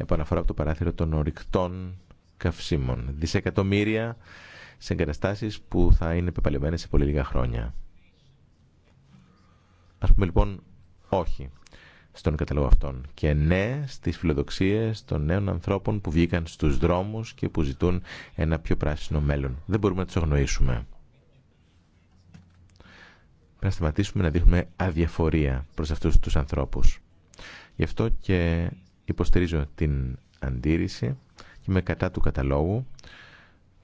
επαναφορά από το παράθυρο των ορυκτών καυσίμων. Δισεκατομμύρια σε εγκαταστάσεις που θα είναι πεπαλαιωμένες σε πολύ λίγα χρόνια. Ας πούμε λοιπόν όχι στον καταλόγο αυτών και ναι στις φιλοδοξίες των νέων ανθρώπων που βγήκαν στους δρόμους και που ζητούν ένα πιο πράσινο μέλλον. Δεν μπορούμε να τους αγνοήσουμε. Πρέπει να σταματήσουμε να δείχνουμε αδιαφορία προς αυτούς τους ανθρώπους. Γι' αυτό και Υποστηρίζω την αντίρρηση και με κατά του καταλόγου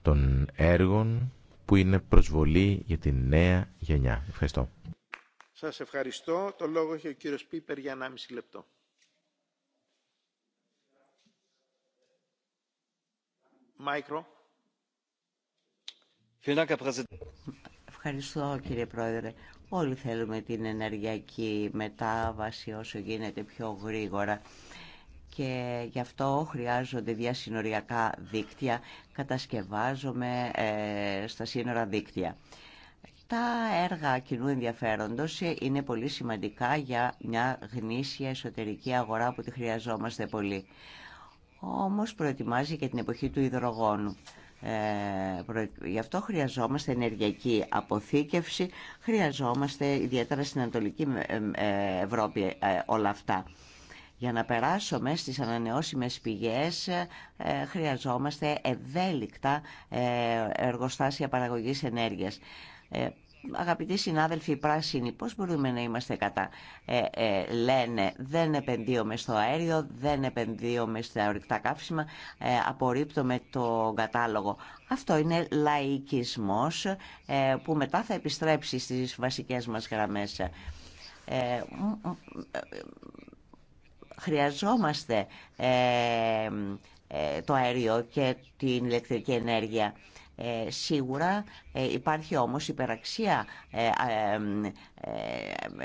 των έργων που είναι προσβολή για τη νέα γενιά. Ευχαριστώ. Σας ευχαριστώ. Το λόγο έχει ο κύριος Πίπερ για 1,5 λεπτό. Μάικρο. Ευχαριστώ κύριε Πρόεδρε. Όλοι θέλουμε την ενεργειακή μετάβαση όσο γίνεται πιο γρήγορα και γι' αυτό χρειάζονται διασυνοριακά δίκτυα, κατασκευάζομαι ε, στα σύνορα δίκτυα. Τα έργα κοινού ενδιαφέροντος είναι πολύ σημαντικά για μια γνήσια εσωτερική αγορά που τη χρειαζόμαστε πολύ. Όμως προετοιμάζει και την εποχή του υδρογόνου. Ε, γι' αυτό χρειαζόμαστε ενεργειακή αποθήκευση, χρειαζόμαστε ιδιαίτερα στην Ανατολική ε, ε, Ευρώπη ε, όλα αυτά. Για να περάσουμε στις ανανεώσιμες πηγές ε, χρειαζόμαστε ευέλικτα ε, εργοστάσια παραγωγής ενέργειας. Ε, αγαπητοί συνάδελφοι, οι πράσινοι, πώς μπορούμε να είμαστε κατά. λένε δεν επενδύουμε στο αέριο, δεν επενδύουμε στα ορυκτά καύσιμα, ε, με το κατάλογο. Αυτό είναι λαϊκισμός που μετά θα επιστρέψει στις βασικές μας γραμμές. Χρειαζόμαστε ε, ε, το αέριο και την ηλεκτρική ενέργεια. Ε, σίγουρα υπάρχει όμως υπεραξία ε,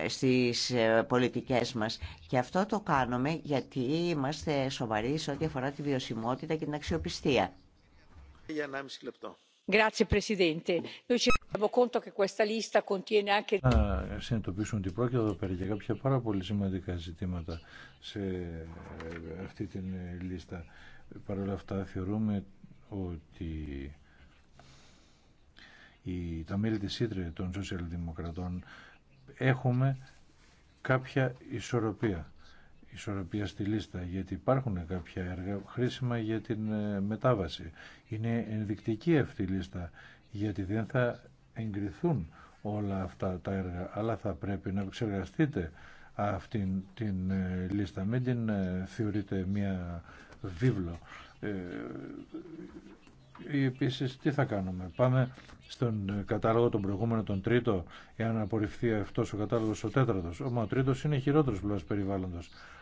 στις πολιτικές μας και αυτό το κάνουμε γιατί είμαστε σοβαροί σε ό,τι αφορά τη βιωσιμότητα και την αξιοπιστία. Για 1,5 λεπτό. Grazie Presidente. ci rendiamo conto che questa lista contiene anche... Να συνειδητοποιήσουμε ότι πρόκειται εδώ πέρα για κάποια πάρα πολύ σημαντικά ζητήματα σε ε, αυτή την ε, λίστα. Παρ' όλα αυτά θεωρούμε ότι η τα μέλη της ΣΥΤΡΕ των Σοσιαλδημοκρατών έχουμε κάποια ισορροπία ισορροπία στη λίστα, γιατί υπάρχουν κάποια έργα χρήσιμα για την ε, μετάβαση. Είναι ενδεικτική αυτή η λίστα, γιατί δεν θα εγκριθούν όλα αυτά τα έργα, αλλά θα πρέπει να εξεργαστείτε αυτή την ε, λίστα. Μην την ε, θεωρείτε μία βίβλο. Επίση τι θα κάνουμε. Πάμε στον κατάλογο τον προηγούμενο, τον τρίτο, για να απορριφθεί αυτό ο κατάλογος ο τέταρτο. Όμως ο τρίτο είναι χειρότερο πλέον περιβάλλοντο.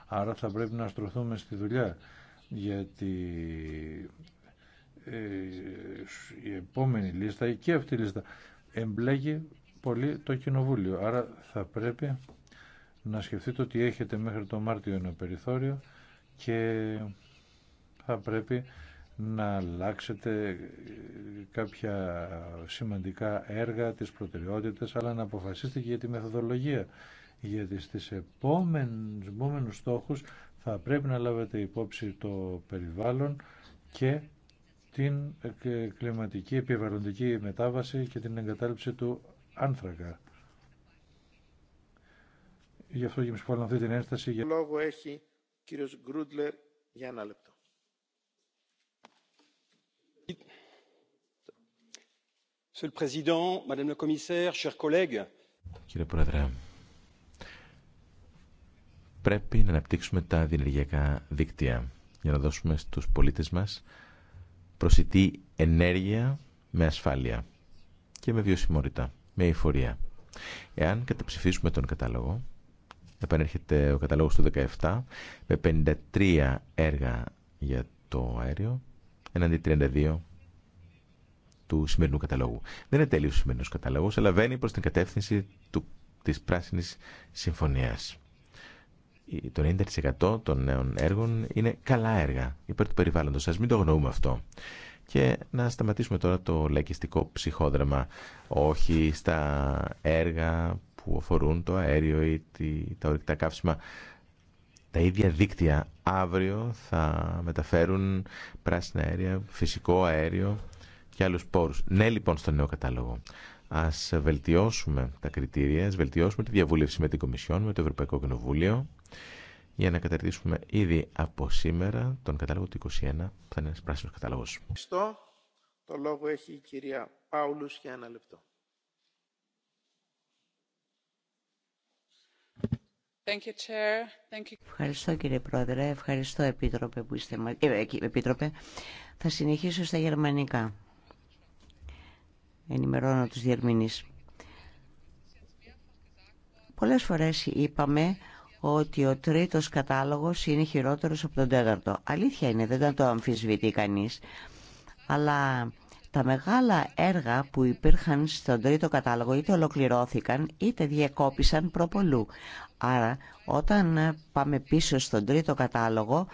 Άρα θα πρέπει να στρωθούμε στη δουλειά. Γιατί ε, η επόμενη λίστα και αυτή η λίστα εμπλέκει πολύ το κοινοβούλιο. Άρα θα πρέπει να σκεφτείτε ότι έχετε μέχρι το Μάρτιο ένα περιθώριο και θα πρέπει να αλλάξετε κάποια σημαντικά έργα, της προτεραιότητες, αλλά να αποφασίσετε και για τη μεθοδολογία. Γιατί στις επόμενους, στόχους θα πρέπει να λάβετε υπόψη το περιβάλλον και την κλιματική επιβαλλοντική μετάβαση και την εγκατάλειψη του άνθρακα. Γι' αυτό και εμείς αυτή την ένσταση. Λόγο έχει κύριος Γκρούντλερ για ένα λεπτό. Κύριε Πρόεδρε, πρέπει να αναπτύξουμε τα διενεργειακά δίκτυα για να δώσουμε στους πολίτες μας προσιτή ενέργεια με ασφάλεια και με βιωσιμότητα, με εφορία. Εάν καταψηφίσουμε τον κατάλογο, επανέρχεται ο κατάλογος του 17 με 53 έργα για το αέριο, έναντι 32 του σημερινού καταλόγου. Δεν είναι τέλειος ο σημερινός καταλόγος, αλλά βαίνει προς την κατεύθυνση του, της Πράσινης Συμφωνίας. Το 90% των νέων έργων είναι καλά έργα υπέρ του περιβάλλοντος. σας. μην το γνωρούμε αυτό. Και να σταματήσουμε τώρα το λαϊκιστικό ψυχόδραμα. Όχι στα έργα που αφορούν το αέριο ή τα ορυκτά καύσιμα. Τα ίδια δίκτυα αύριο θα μεταφέρουν πράσινα αέρια, φυσικό αέριο και άλλους πόρους. Ναι λοιπόν στο νέο κατάλογο. Ας βελτιώσουμε τα κριτήρια, ας βελτιώσουμε τη διαβούλευση με την Κομισιόν, με το Ευρωπαϊκό Κοινοβούλιο, για να καταρτήσουμε ήδη από σήμερα τον κατάλογο του 21, που θα είναι ένας πράσινος κατάλογος. Ευχαριστώ. Το λόγο έχει η κυρία Πάουλους για ένα λεπτό. Thank you, Chair. Thank you. Ευχαριστώ κύριε Πρόεδρε, ευχαριστώ Επίτροπε που είστε ε, ε, Επίτροπε. Θα συνεχίσω στα γερμανικά ενημερώνω τους διερμηνείς. Πολλές φορές είπαμε ότι ο τρίτος κατάλογος είναι χειρότερος από τον τέταρτο. Αλήθεια είναι, δεν το αμφισβητεί κανείς. Αλλά τα μεγάλα έργα που υπήρχαν στον τρίτο κατάλογο είτε ολοκληρώθηκαν είτε διακόπησαν προπολού. Άρα όταν πάμε πίσω στον τρίτο κατάλογο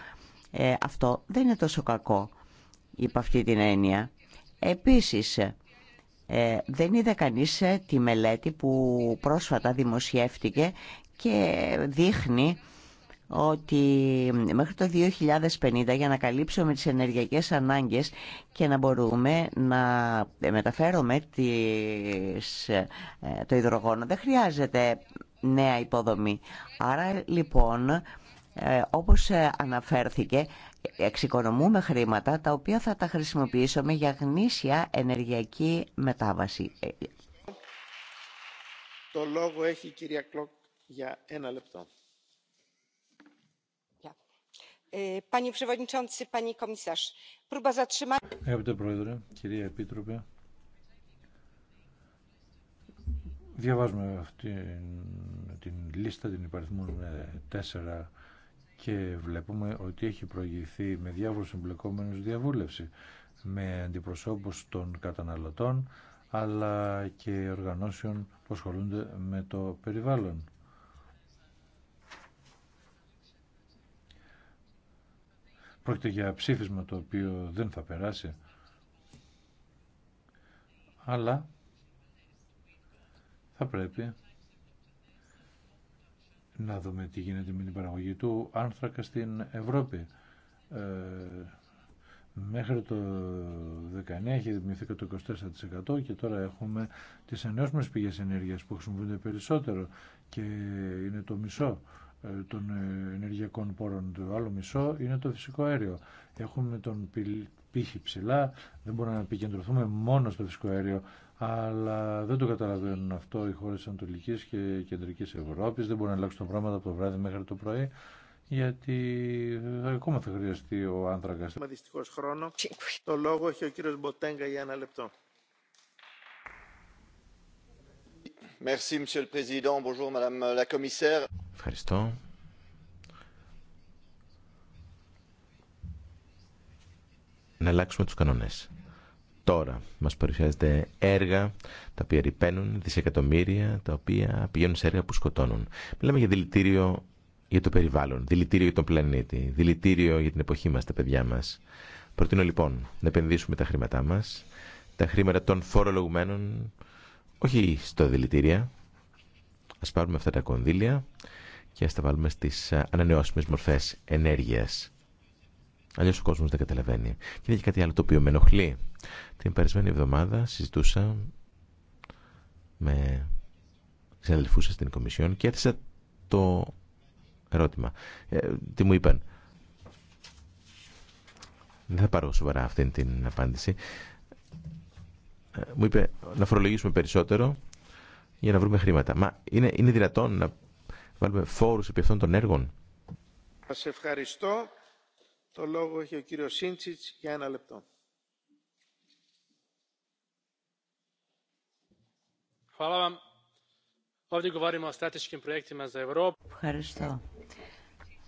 ε, αυτό δεν είναι τόσο κακό Είπα αυτή την έννοια. Επίσης ε, δεν είδε κανείς ε, τη μελέτη που πρόσφατα δημοσιεύτηκε και δείχνει ότι μέχρι το 2050 για να καλύψουμε τις ενεργειακές ανάγκες και να μπορούμε να μεταφέρουμε τις, ε, το υδρογόνο δεν χρειάζεται νέα υποδομή. Άρα λοιπόν όπως αναφέρθηκε εξοικονομούμε χρήματα τα οποία θα τα χρησιμοποιήσουμε για γνήσια ενεργειακή μετάβαση. Ε, ε, Το λόγο έχει η κυρία Κλοκ για ένα λεπτό. Ε, Αγαπητέ Πρόεδρε, κυρία Επίτροπε, διαβάζουμε αυτή την λίστα, την υπαριθμούν τέσσερα και βλέπουμε ότι έχει προηγηθεί με διάφορους εμπλεκόμενους διαβούλευση με αντιπροσώπους των καταναλωτών αλλά και οργανώσεων που ασχολούνται με το περιβάλλον. Πρόκειται για ψήφισμα το οποίο δεν θα περάσει αλλά θα πρέπει να δούμε τι γίνεται με την παραγωγή του άνθρακα στην Ευρώπη. Ε, μέχρι το 19 έχει δημιουργηθεί το 24% και τώρα έχουμε τις ενώσιμες πηγές ενέργειας που χρησιμοποιούνται περισσότερο και είναι το μισό ε, των ε, ενεργειακών πόρων το άλλο μισό είναι το φυσικό αέριο. Έχουμε τον πύχη ψηλά, δεν μπορούμε να επικεντρωθούμε μόνο στο φυσικό αέριο αλλά δεν το καταλαβαίνουν αυτό οι χώρες Ανατολικής και Κεντρικής Ευρώπης, δεν μπορούν να αλλάξουν τα πράγματα από το βράδυ μέχρι το πρωί, γιατί ακόμα θα χρειαστεί ο άνθρακας. χρόνο. Το λόγο έχει ο κύριος Μποτέγκα για ένα λεπτό. Ευχαριστώ. Να αλλάξουμε τους κανόνες τώρα. Μας παρουσιάζεται έργα τα οποία ρηπαίνουν, δισεκατομμύρια τα οποία πηγαίνουν σε έργα που σκοτώνουν. Μιλάμε για δηλητήριο για το περιβάλλον, δηλητήριο για τον πλανήτη, δηλητήριο για την εποχή μας, τα παιδιά μας. Προτείνω λοιπόν να επενδύσουμε τα χρήματά μας, τα χρήματα των φορολογουμένων, όχι στο δηλητήρια. Ας πάρουμε αυτά τα κονδύλια και ας τα βάλουμε στις ε, ανανεώσιμες μορφές ενέργειας. Αλλιώ ο κόσμο δεν καταλαβαίνει. Και είναι και κάτι άλλο το οποίο με ενοχλεί. Την περασμένη εβδομάδα συζητούσα με συναδελφού σα στην Κομισιόν και έθεσα το ερώτημα. Ε, τι μου είπαν. Δεν θα πάρω σοβαρά αυτή την απάντηση. Ε, μου είπε να φορολογήσουμε περισσότερο για να βρούμε χρήματα. Μα είναι, είναι δυνατόν να βάλουμε φόρους επί αυτών των έργων. Σας ευχαριστώ. Το λόγο έχει ο κύριος Σίντσιτς για ένα λεπτό. Ευχαριστώ.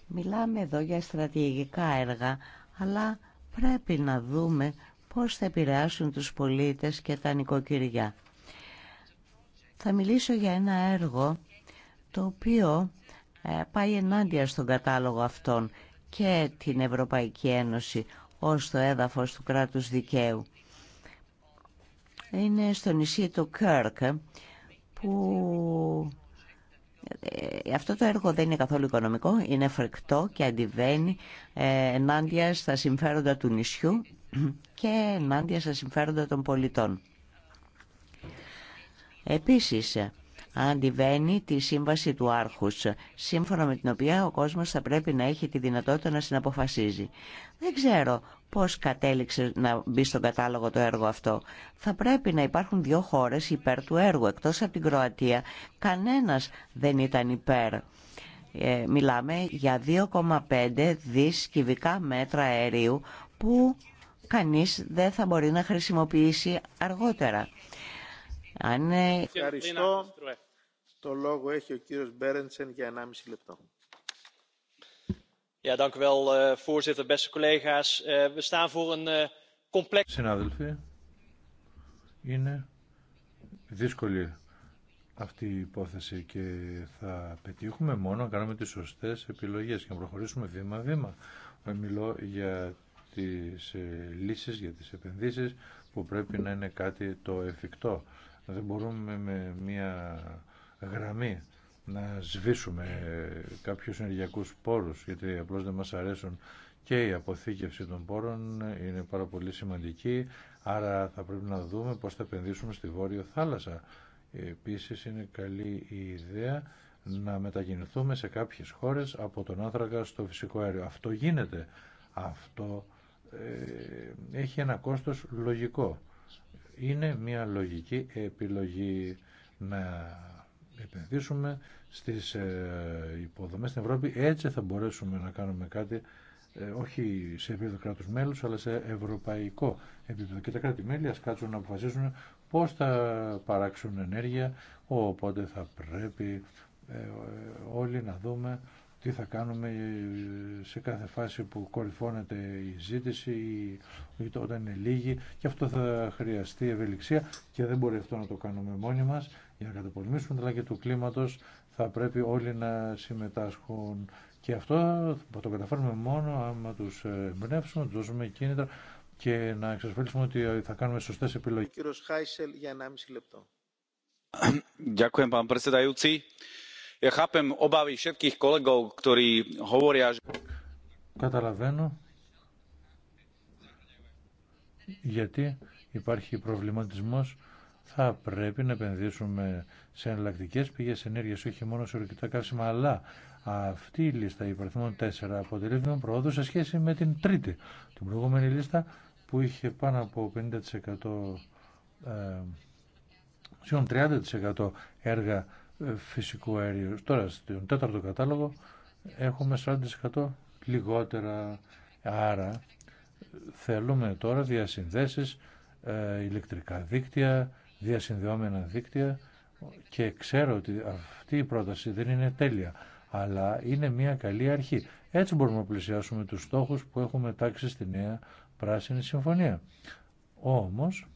Μιλάμε εδώ για στρατηγικά έργα, αλλά πρέπει να δούμε πώς θα επηρεάσουν τους πολίτες και τα νοικοκυριά. Θα μιλήσω για ένα έργο το οποίο ε, πάει ενάντια στον κατάλογο αυτών και την Ευρωπαϊκή Ένωση ως το έδαφος του κράτους δικαίου. Είναι στο νησί του Κέρκ που ε, αυτό το έργο δεν είναι καθόλου οικονομικό, είναι φρικτό και αντιβαίνει ε, ενάντια στα συμφέροντα του νησιού και ενάντια στα συμφέροντα των πολιτών. Επίσης, αντιβαίνει τη σύμβαση του άρχους, σύμφωνα με την οποία ο κόσμος θα πρέπει να έχει τη δυνατότητα να συναποφασίζει. Δεν ξέρω πώς κατέληξε να μπει στον κατάλογο το έργο αυτό. Θα πρέπει να υπάρχουν δύο χώρες υπέρ του έργου. Εκτός από την Κροατία, κανένας δεν ήταν υπέρ. Ε, μιλάμε για 2,5 δις κυβικά μέτρα αερίου που κανείς δεν θα μπορεί να χρησιμοποιήσει αργότερα. Αν... Ε, Ευχαριστώ. Το λόγο έχει ο κύριος Μπέρεντσεν για 1,5 λεπτό. Συνάδελφοι, είναι δύσκολη αυτή η υπόθεση και θα πετύχουμε μόνο να κάνουμε τις σωστές επιλογές και να προχωρήσουμε βήμα-βήμα. Ε, μιλώ για τις ε, λύσεις, για τις επενδύσεις που πρέπει να είναι κάτι το εφικτό. Δεν μπορούμε με μια γραμμή να σβήσουμε κάποιους ενεργειακούς πόρους γιατί απλώς δεν μας αρέσουν και η αποθήκευση των πόρων είναι πάρα πολύ σημαντική άρα θα πρέπει να δούμε πώς θα επενδύσουμε στη Βόρεια Θάλασσα. Επίσης είναι καλή η ιδέα να μετακινηθούμε σε κάποιες χώρες από τον άνθρακα στο φυσικό αέριο. Αυτό γίνεται. Αυτό ε, έχει ένα κόστος λογικό. Είναι μια λογική επιλογή να επενδύσουμε στις ε, υποδομές στην Ευρώπη. Έτσι θα μπορέσουμε να κάνουμε κάτι ε, όχι σε επίπεδο κράτου μέλους, αλλά σε ευρωπαϊκό επίπεδο. Και τα κράτη-μέλη ας κάτσουν να αποφασίσουν πώς θα παράξουν ενέργεια, οπότε θα πρέπει ε, όλοι να δούμε τι θα κάνουμε σε κάθε φάση που κορυφώνεται η ζήτηση ή όταν είναι λίγη και αυτό θα χρειαστεί ευελιξία και δεν μπορεί αυτό να το κάνουμε μόνοι μας για να καταπολεμήσουμε την αλλαγή του κλίματος θα πρέπει όλοι να συμμετάσχουν και αυτό θα το καταφέρουμε μόνο άμα τους εμπνεύσουμε, τους δώσουμε κίνητρα και να εξασφαλίσουμε ότι θα κάνουμε σωστές επιλογές. Χάισελ για 1,5 λεπτό. pán Ja chápem že... Καταλαβαίνω γιατί υπάρχει προβληματισμός θα πρέπει να επενδύσουμε σε εναλλακτικέ πηγέ ενέργεια, όχι μόνο σε ορυκτά καύσιμα, αλλά αυτή η λίστα υπερθύμων 4 αποτελεί βήμα πρόοδο σε σχέση με την τρίτη, την προηγούμενη λίστα που είχε πάνω από 50% ε, σχεδόν 30% έργα ε, φυσικού αερίου. Τώρα στον τέταρτο κατάλογο έχουμε 40% λιγότερα. Άρα ε, θέλουμε τώρα διασυνδέσεις, ηλεκτρικά δίκτυα, διασυνδεόμενα δίκτυα και ξέρω ότι αυτή η πρόταση δεν είναι τέλεια, αλλά είναι μια καλή αρχή. Έτσι μπορούμε να πλησιάσουμε τους στόχους που έχουμε τάξει στη νέα πράσινη συμφωνία. Όμως,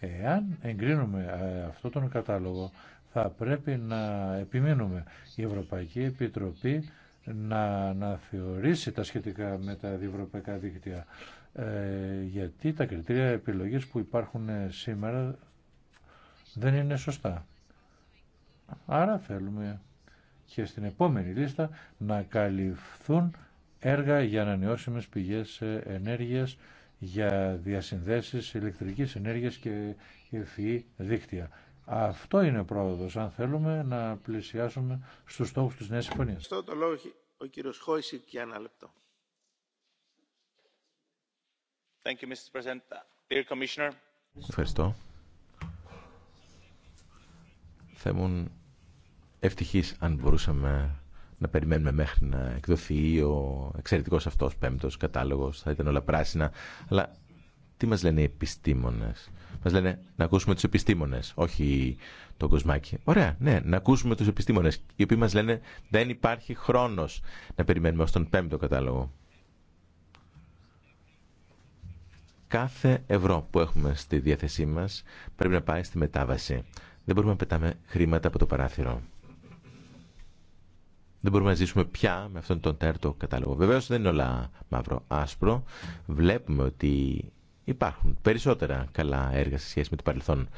εάν εγκρίνουμε ε, αυτό τον κατάλογο, θα πρέπει να επιμείνουμε η Ευρωπαϊκή Επιτροπή να, να θεωρήσει τα σχετικά με τα διευρωπαϊκά δίκτυα ε, γιατί τα κριτήρια επιλογής που υπάρχουν ε, σήμερα δεν είναι σωστά. Άρα θέλουμε και στην επόμενη λίστα να καλυφθούν έργα για ανανεώσιμες πηγές ε, ενέργειας, για διασυνδέσεις ηλεκτρικής ενέργειας και ευφυή δίκτυα. Αυτό είναι πρόοδος, αν θέλουμε να πλησιάσουμε στους στόχους της Νέας Συμφωνίας. Αυτό το λόγο ο κύριος Χόησιτ για ένα λεπτό. Ευχαριστώ. Θα ήμουν ευτυχής αν μπορούσαμε να περιμένουμε μέχρι να εκδοθεί ο εξαιρετικό αυτός πέμπτος κατάλογος, θα ήταν όλα πράσινα, αλλά τι μα λένε οι επιστήμονες. Μας λένε να ακούσουμε τους επιστήμονες, όχι τον κοσμάκι. Ωραία, ναι, να ακούσουμε τους επιστήμονες, οι οποίοι μα λένε δεν υπάρχει χρόνο να περιμένουμε ω τον πέμπτο κατάλογο. Κάθε ευρώ που έχουμε στη διάθεσή μας πρέπει να πάει στη μετάβαση. Δεν μπορούμε να πετάμε χρήματα από το παράθυρο. Δεν μπορούμε να ζήσουμε πια με αυτόν τον τέρτο κατάλογο. Βεβαίω δεν είναι όλα μαύρο-άσπρο. Βλέπουμε ότι υπάρχουν περισσότερα καλά έργα σε σχέση με το παρελθόν.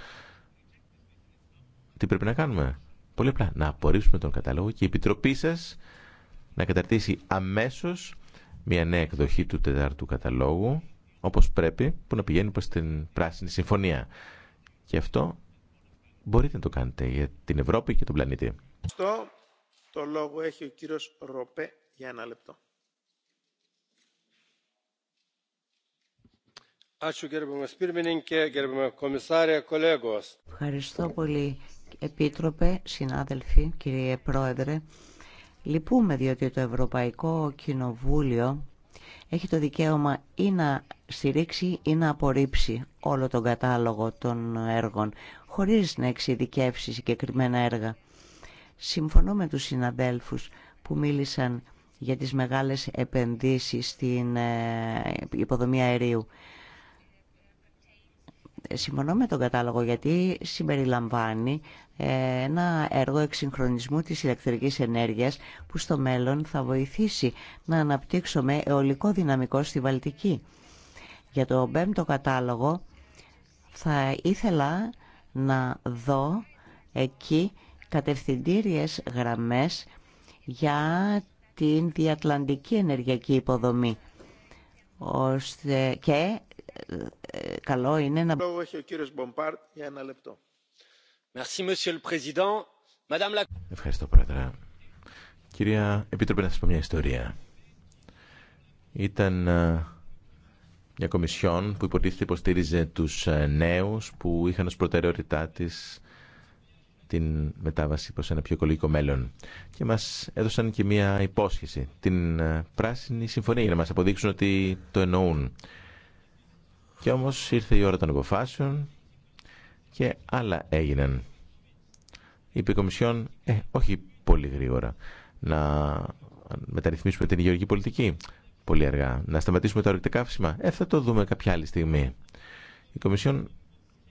Τι πρέπει να κάνουμε. Πολύ απλά να απορρίψουμε τον κατάλογο και η Επιτροπή σα να καταρτήσει αμέσως μια νέα εκδοχή του τετάρτου καταλόγου όπως πρέπει που να πηγαίνει προς την Πράσινη Συμφωνία. Και αυτό μπορείτε να το κάνετε για την Ευρώπη και τον πλανήτη. το λόγο έχει ο κύριος Ροπέ για ένα λεπτό. Ευχαριστώ πολύ, Επίτροπε, συνάδελφοι, κύριε Πρόεδρε. Λυπούμε διότι το Ευρωπαϊκό Κοινοβούλιο έχει το δικαίωμα ή να στηρίξει ή να απορρίψει όλο τον κατάλογο των έργων, χωρίς να εξειδικεύσει συγκεκριμένα έργα. Συμφωνώ με τους συναδέλφους που μίλησαν για τις μεγάλες επενδύσεις στην ε, υποδομή αερίου. Συμφωνώ με τον κατάλογο γιατί συμπεριλαμβάνει ένα έργο εξυγχρονισμού της ηλεκτρικής ενέργειας που στο μέλλον θα βοηθήσει να αναπτύξουμε αιωλικό δυναμικό στη Βαλτική. Για το πέμπτο κατάλογο θα ήθελα να δω εκεί κατευθυντήριες γραμμές για την διατλαντική ενεργειακή υποδομή. Ώστε και ε, καλό είναι να... έχει ο κύριος για ένα λεπτό. Ευχαριστώ, Πρόεδρε. Κυρία Επίτροπε, να σας πω μια ιστορία. Ήταν ε, μια κομισιόν που υποτίθεται υποστήριζε τους ε, νέους που είχαν ως προτεραιότητά της την μετάβαση προς ένα πιο οικολογικό μέλλον. Και μας έδωσαν και μια υπόσχεση, την ε, πράσινη συμφωνία, για να μας αποδείξουν ότι το εννοούν. Και όμως ήρθε η ώρα των αποφάσεων και άλλα έγιναν. Είπε η Κομισιόν, ε, όχι πολύ γρήγορα, να μεταρρυθμίσουμε την υγειοργική πολιτική. Πολύ αργά. Να σταματήσουμε τα ορυκτικά καύσιμα. Ε, θα το δούμε κάποια άλλη στιγμή. Η Κομισιόν,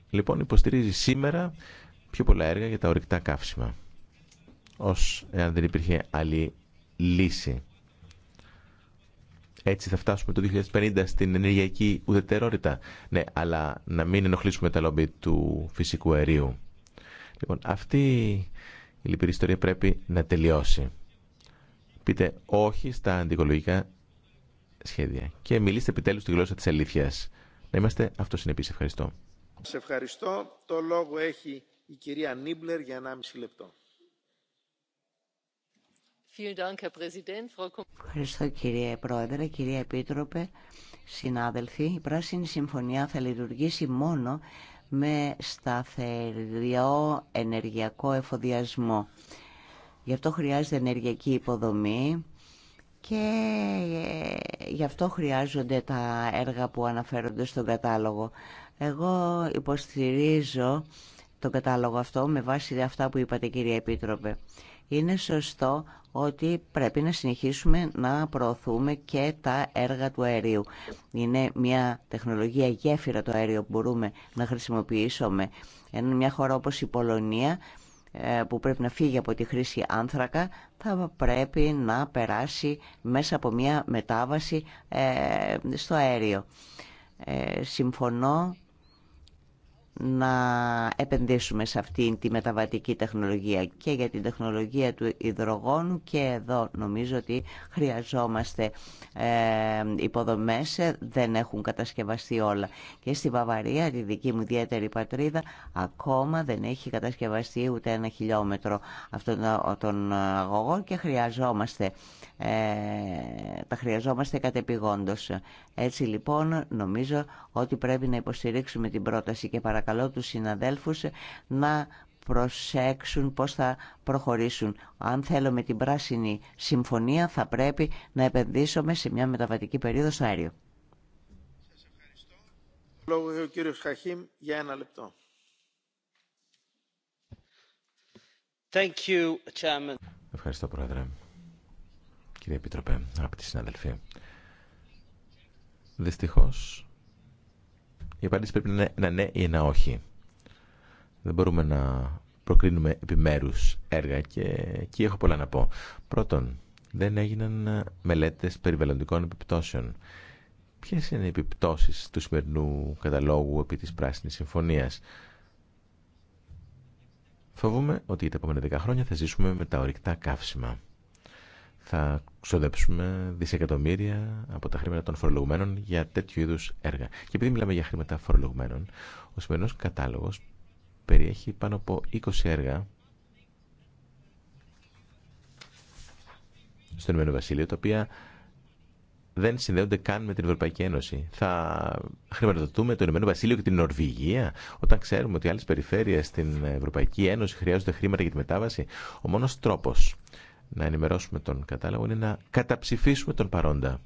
λοιπόν, υποστηρίζει σήμερα πιο πολλά έργα για τα ορυκτά καύσιμα. Ως εάν δεν υπήρχε άλλη λύση. Έτσι θα φτάσουμε το 2050 στην ενεργειακή ουδετερότητα. Ναι, αλλά να μην ενοχλήσουμε τα λόμπι του φυσικού αερίου. Λοιπόν, αυτή η λυπηρή ιστορία πρέπει να τελειώσει. Πείτε όχι στα αντικολογικά σχέδια και μιλήστε επιτέλους τη γλώσσα της αλήθειας. Να είμαστε αυτοσυνεπείς. Ευχαριστώ. Σε ευχαριστώ. Το λόγο έχει η κυρία Νίμπλερ για 1,5 λεπτό. Ευχαριστώ κύριε Πρόεδρε, κύριε Επίτροπε, συνάδελφοι. Η Πράσινη Συμφωνία θα λειτουργήσει μόνο με σταθερό ενεργειακό εφοδιασμό. Γι' αυτό χρειάζεται ενεργειακή υποδομή και ε, γι' αυτό χρειάζονται τα έργα που αναφέρονται στον κατάλογο. Εγώ υποστηρίζω τον κατάλογο αυτό με βάση αυτά που είπατε κύριε Επίτροπε. Είναι σωστό ότι πρέπει να συνεχίσουμε να προωθούμε και τα έργα του αερίου. Είναι μια τεχνολογία γέφυρα το αέριο που μπορούμε να χρησιμοποιήσουμε. Είναι μια χώρα όπως η Πολωνία ε, που πρέπει να φύγει από τη χρήση άνθρακα θα πρέπει να περάσει μέσα από μια μετάβαση ε, στο αέριο. Ε, συμφωνώ να επενδύσουμε σε αυτή τη μεταβατική τεχνολογία και για την τεχνολογία του υδρογόνου και εδώ νομίζω ότι χρειαζόμαστε ε, υποδομές, δεν έχουν κατασκευαστεί όλα. Και στη Βαβαρία, τη δική μου ιδιαίτερη πατρίδα, ακόμα δεν έχει κατασκευαστεί ούτε ένα χιλιόμετρο αυτών των αγωγών και χρειαζόμαστε, ε, τα χρειαζόμαστε κατεπηγόντως. Έτσι λοιπόν νομίζω ότι πρέπει να υποστηρίξουμε την πρόταση και παρακαλώ παρακαλώ τους συναδέλφους να προσέξουν πώς θα προχωρήσουν. Αν θέλουμε την πράσινη συμφωνία θα πρέπει να επενδύσουμε σε μια μεταβατική περίοδο στο αέριο. για ένα λεπτό. Ευχαριστώ, Πρόεδρε. Κύριε Επίτροπε, αγαπητοί συναδελφοί. Δυστυχώς, η απάντηση πρέπει να είναι ένα ναι ή ένα όχι. Δεν μπορούμε να προκρίνουμε επιμέρους έργα και εκεί έχω πολλά να πω. Πρώτον, δεν έγιναν μελέτες περιβαλλοντικών επιπτώσεων. Ποιες είναι οι επιπτώσεις του σημερινού καταλόγου επί της Πράσινης Συμφωνίας. Φοβούμε ότι τα επόμενα 10 χρόνια θα ζήσουμε με τα ορυκτά καύσιμα θα ξοδέψουμε δισεκατομμύρια από τα χρήματα των φορολογουμένων για τέτοιου είδους έργα. Και επειδή μιλάμε για χρήματα φορολογουμένων, ο σημερινός κατάλογος περιέχει πάνω από 20 έργα στον Ηνωμένο Βασίλειο, τα οποία δεν συνδέονται καν με την Ευρωπαϊκή Ένωση. Θα χρηματοδοτούμε το Ηνωμένο Βασίλειο και την Νορβηγία, όταν ξέρουμε ότι άλλε περιφέρειε στην Ευρωπαϊκή Ένωση χρειάζονται χρήματα για τη μετάβαση. Ο μόνο τρόπο να ενημερώσουμε τον κατάλογο είναι να καταψηφίσουμε τον παρόντα.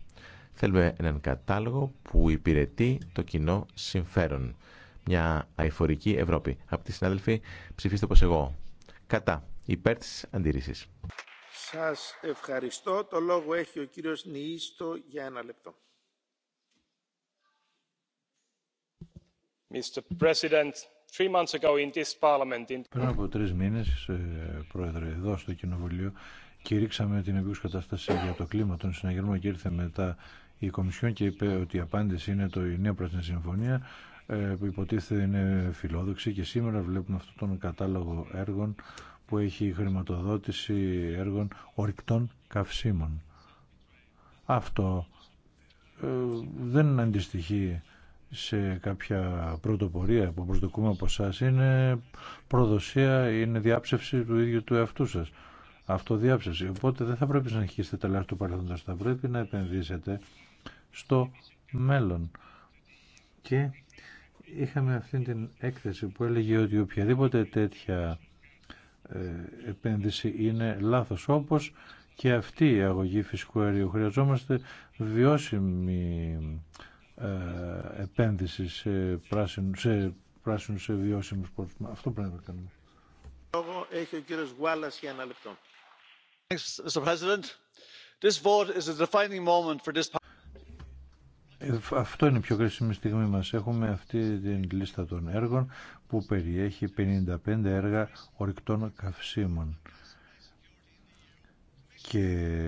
Θέλουμε έναν κατάλογο που υπηρετεί το κοινό συμφέρον. Μια αηφορική Ευρώπη. Από τη συνάδελφη ψηφίστε όπως εγώ. Κατά. Υπέρ της αντίρρησης. Σας ευχαριστώ. Το λόγο έχει ο κύριος Νιίστο για ένα λεπτό. Mr. President, three months ago in this parliament... Πριν από τρεις μήνες, ε, Πρόεδρε, εδώ στο Κοινοβουλίο, κηρύξαμε την επίγουσα κατάσταση για το κλίμα των συναγερμών και ήρθε μετά η Κομισιόν και είπε ότι η απάντηση είναι το, η νέα πράσινη συμφωνία ε, που υποτίθεται είναι φιλόδοξη και σήμερα βλέπουμε αυτόν τον κατάλογο έργων που έχει χρηματοδότηση έργων ορυκτών καυσίμων. Αυτό ε, δεν αντιστοιχεί σε κάποια πρωτοπορία που προσδοκούμε από εσά. Είναι προδοσία, είναι διάψευση του ίδιου του εαυτού σας αυτοδιάψευση. Οπότε δεν θα πρέπει να συνεχίσετε τα λάθη του παρελθόντος, θα πρέπει να επενδύσετε στο μέλλον. Και είχαμε αυτή την έκθεση που έλεγε ότι οποιαδήποτε τέτοια ε, επένδυση είναι λάθος όπως και αυτή η αγωγή φυσικού αερίου. Χρειαζόμαστε βιώσιμη ε, επένδυση σε πράσινους, σε, πράσινου, σε βιώσιμους πόρους. Αυτό πρέπει να κάνουμε. έχει ο κύριος Γουάλλας για ένα λεπτό. Αυτό είναι η πιο κρίσιμη στιγμή μας. Έχουμε αυτή την λίστα των έργων που περιέχει 55 έργα ορυκτών καυσίμων. Και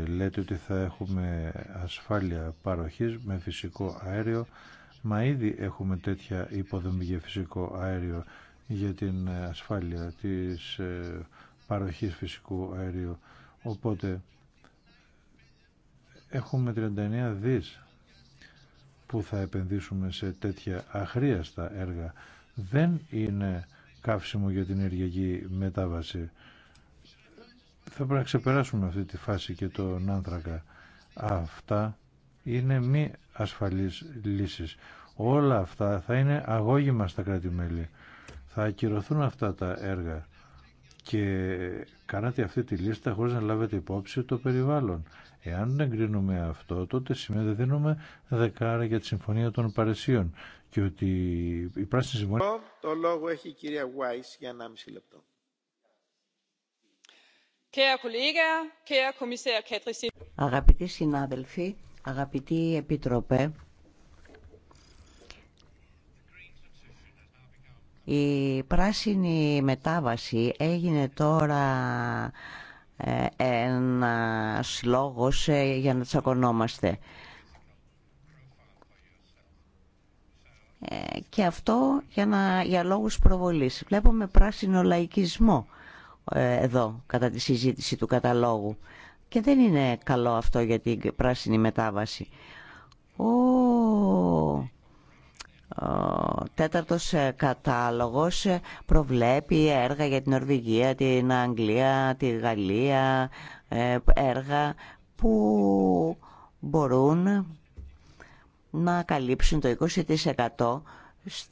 λέτε ότι θα έχουμε ασφάλεια παροχής με φυσικό αέριο. Μα ήδη έχουμε τέτοια υποδομή για φυσικό αέριο για την ασφάλεια της ε, παροχής φυσικού αέριου Οπότε έχουμε 39 δις που θα επενδύσουμε σε τέτοια αχρίαστα έργα. Δεν είναι καύσιμο για την ενεργειακή μετάβαση. Θα πρέπει να ξεπεράσουμε αυτή τη φάση και τον άνθρακα. Αυτά είναι μη ασφαλείς λύσεις. Όλα αυτά θα είναι αγώγημα στα κράτη-μέλη. Θα ακυρωθούν αυτά τα έργα και κάνατε αυτή τη λίστα χωρίς να λάβετε υπόψη το περιβάλλον. Εάν δεν εγκρίνουμε αυτό, τότε σημαίνει ότι δίνουμε δεκάρα για τη Συμφωνία των Παρεσίων και ότι η Πράσινη Συμφωνία... Το λόγο έχει η κυρία Βάις για μισή λεπτό. Αγαπητοί συνάδελφοι, αγαπητοί επιτροπέ, Η πράσινη μετάβαση έγινε τώρα ε, ένα λόγος ε, για να τσακωνόμαστε. Ε, και αυτό για, να, για λόγους προβολής. Βλέπουμε πράσινο λαϊκισμό εδώ κατά τη συζήτηση του καταλόγου. Και δεν είναι καλό αυτό για την πράσινη μετάβαση. Ο ο τέταρτος ε, κατάλογος ε, προβλέπει έργα για την Νορβηγία, την Αγγλία, τη Γαλλία, ε, έργα που μπορούν να καλύψουν το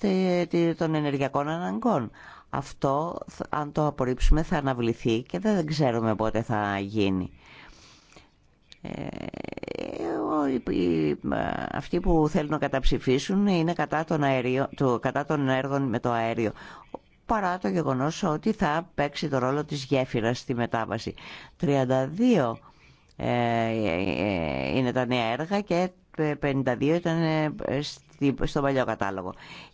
20% των ενεργειακών αναγκών. Αυτό, αν το απορρίψουμε, θα αναβληθεί και δεν ξέρουμε πότε θα γίνει. Ε, ε, αυτοί που θέλουν να καταψηφίσουν είναι κατά των, το κατά των έργων με το αέριο παρά το γεγονός ότι θα παίξει το ρόλο της γέφυρας στη μετάβαση. 32 ε, είναι τα νέα έργα και 52 ήταν στο παλιό κατάλογο.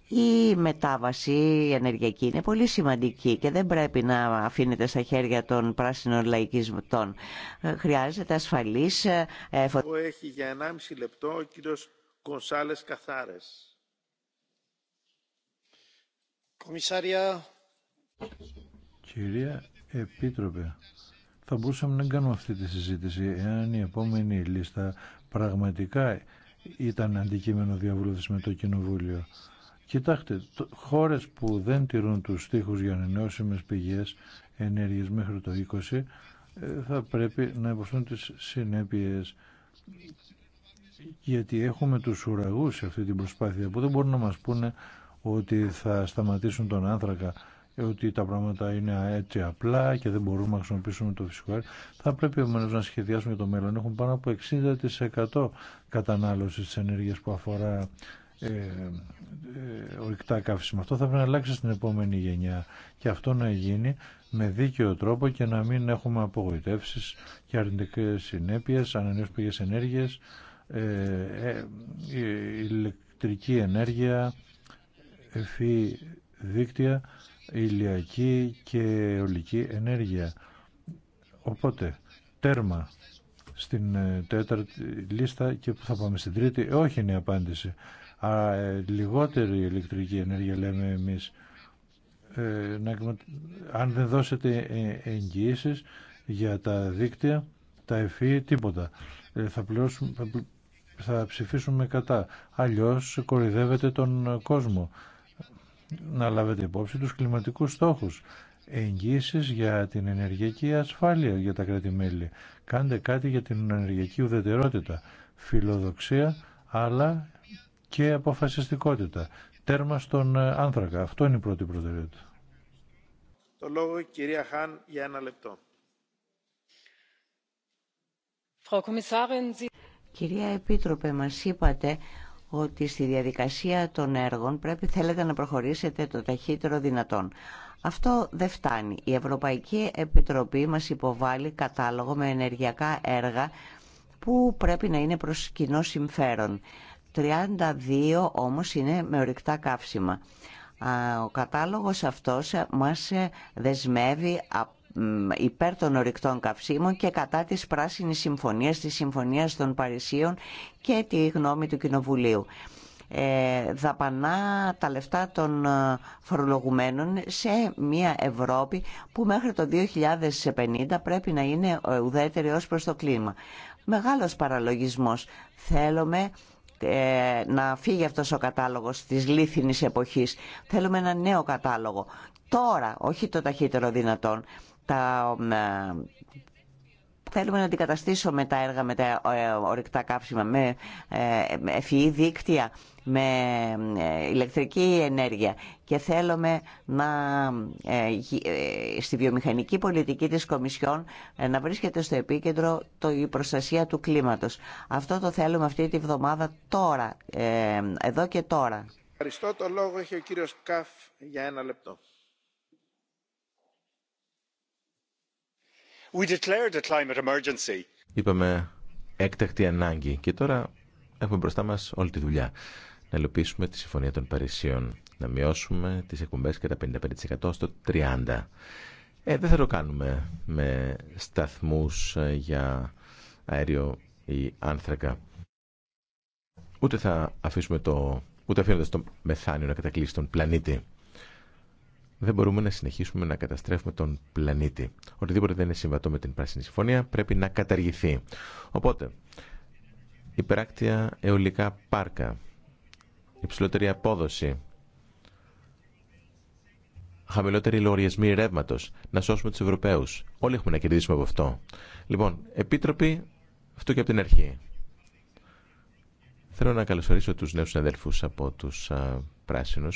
Η μετάβαση ενεργειακή είναι πολύ σημαντική και δεν πρέπει να αφήνεται στα χέρια των πράσινων λαϊκισμών. Ε, χρειάζεται ασφαλής... Εδώ έχει για 1,5 λεπτό ο κύριος Κονσάλες Καθάρες. Κομισάρια... Κυρία Επίτροπε, θα μπορούσαμε να κάνουμε αυτή τη συζήτηση εάν η επόμενη λίστα πραγματικά ήταν αντικείμενο διαβούλευση με το Κοινοβούλιο. Κοιτάξτε, χώρες που δεν τηρούν τους στίχους για ανανεώσιμες πηγές ενέργειας μέχρι το 20 ε, θα πρέπει να υποστούν τις συνέπειες γιατί έχουμε τους ουραγούς σε αυτή την προσπάθεια που δεν μπορούν να μας πούνε ότι θα σταματήσουν τον άνθρακα ότι τα πράγματα είναι έτσι απλά και δεν μπορούμε να χρησιμοποιήσουμε το φυσικό αέριο. Θα πρέπει επομένω να σχεδιάσουμε για το μέλλον. Έχουν πάνω από 60% κατανάλωση τη ενέργεια που αφορά ε, ε καύσιμα. Αυτό θα πρέπει να αλλάξει στην επόμενη γενιά και αυτό να γίνει με δίκαιο τρόπο και να μην έχουμε απογοητεύσεις και αρνητικές συνέπειες, ανανεώσιμες πηγέ ενέργεια, ε, ε ηλεκτρική ενέργεια, εφή δίκτυα, ηλιακή και ολική ενέργεια. Οπότε, τέρμα στην ε, τέταρτη λίστα και που θα πάμε στην τρίτη. Όχι είναι η απάντηση α, ε, λιγότερη ηλεκτρική ενέργεια λέμε εμείς. Ε, αν δεν δώσετε ε, εγγυήσει για τα δίκτυα, τα ΕΦΗ, e, τίποτα. θα, πληρώσουμε, θα ψηφίσουμε κατά. Αλλιώς κορυδεύετε τον κόσμο. Να λάβετε υπόψη τους κλιματικούς στόχους Εγγύησεις για την ενεργειακή ασφάλεια για τα κράτη-μέλη. Κάντε κάτι για την ενεργειακή ουδετερότητα, φιλοδοξία, αλλά και αποφασιστικότητα. Τέρμα στον ε, άνθρακα. Αυτό είναι η πρώτη προτεραιότητα. Το λόγο κυρία Χάν για ένα λεπτό. Κυρία Επίτροπε, μας είπατε ότι στη διαδικασία των έργων πρέπει θέλετε να προχωρήσετε το ταχύτερο δυνατόν. Αυτό δεν φτάνει. Η Ευρωπαϊκή Επιτροπή μας υποβάλλει κατάλογο με ενεργειακά έργα που πρέπει να είναι προς κοινό συμφέρον. 32 όμως είναι με ορυκτά καύσιμα. Ο κατάλογος αυτός μας δεσμεύει υπέρ των ορυκτών καυσίμων και κατά της Πράσινης Συμφωνίας, της Συμφωνίας των Παρισίων και τη γνώμη του Κοινοβουλίου. Ε, δαπανά τα λεφτά των ε, φορολογουμένων σε μια Ευρώπη που μέχρι το 2050 πρέπει να είναι ουδέτερη ως προς το κλίμα. Μεγάλος παραλογισμός. Θέλουμε ε, να φύγει αυτός ο κατάλογος της λίθινης εποχής. Θέλουμε ένα νέο κατάλογο. Τώρα, όχι το ταχύτερο δυνατόν, τα ε, Θέλουμε να αντικαταστήσουμε τα έργα με τα ε, ορυκτά καύσιμα, ε, με ευφυή δίκτυα, με ε, ηλεκτρική ενέργεια και θέλουμε να, στη βιομηχανική πολιτική της Κομισιόν να βρίσκεται στο επίκεντρο το, η προστασία του κλίματος. Αυτό το θέλουμε αυτή τη βδομάδα τώρα, εδώ και τώρα. Ευχαριστώ. Το λόγο έχει ο κύριος Καφ για ένα λεπτό. Είπαμε έκτακτη ανάγκη και τώρα έχουμε μπροστά μας όλη τη δουλειά. Να ελοπίσουμε τη Συμφωνία των Παρισίων, να μειώσουμε τις εκπομπές κατά 55% στο 30%. Ε, δεν θα το κάνουμε με σταθμούς ε, για αέριο ή άνθρακα. Ούτε θα αφήσουμε το, ούτε αφήνοντας το μεθάνιο να κατακλείσει τον πλανήτη. Δεν μπορούμε να συνεχίσουμε να καταστρέφουμε τον πλανήτη. Οτιδήποτε δεν είναι συμβατό με την Πράσινη Συμφωνία πρέπει να καταργηθεί. Οπότε, υπεράκτια αιωλικά πάρκα, υψηλότερη απόδοση, χαμηλότεροι λογαριασμοί ρεύματο, να σώσουμε του Ευρωπαίου. Όλοι έχουμε να κερδίσουμε από αυτό. Λοιπόν, επίτροποι, αυτό και από την αρχή. Θέλω να καλωσορίσω τους νέους συναδέλφους από τους πράσινου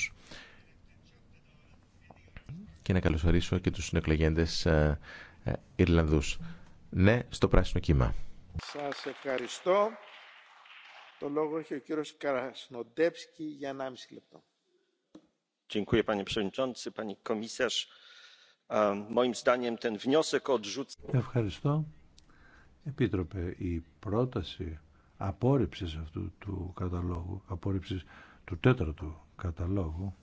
και να καλωσορίσω και τους συνεκλογέντες ε, ε, Ιρλανδούς. Ναι, στο πράσινο κύμα. Σας ευχαριστώ. Το λόγο έχει ο κύριος Καρασνοντέψκη για 1,5 λεπτό. Dziękuję panie przewodniczący, pani komisarz. Ε, moim zdaniem ten wniosek odrzuca. Ευχαριστώ. Επίτροπε, η πρόταση απόρριψης αυτού του καταλόγου, απόρριψης του τέταρτου καταλόγου,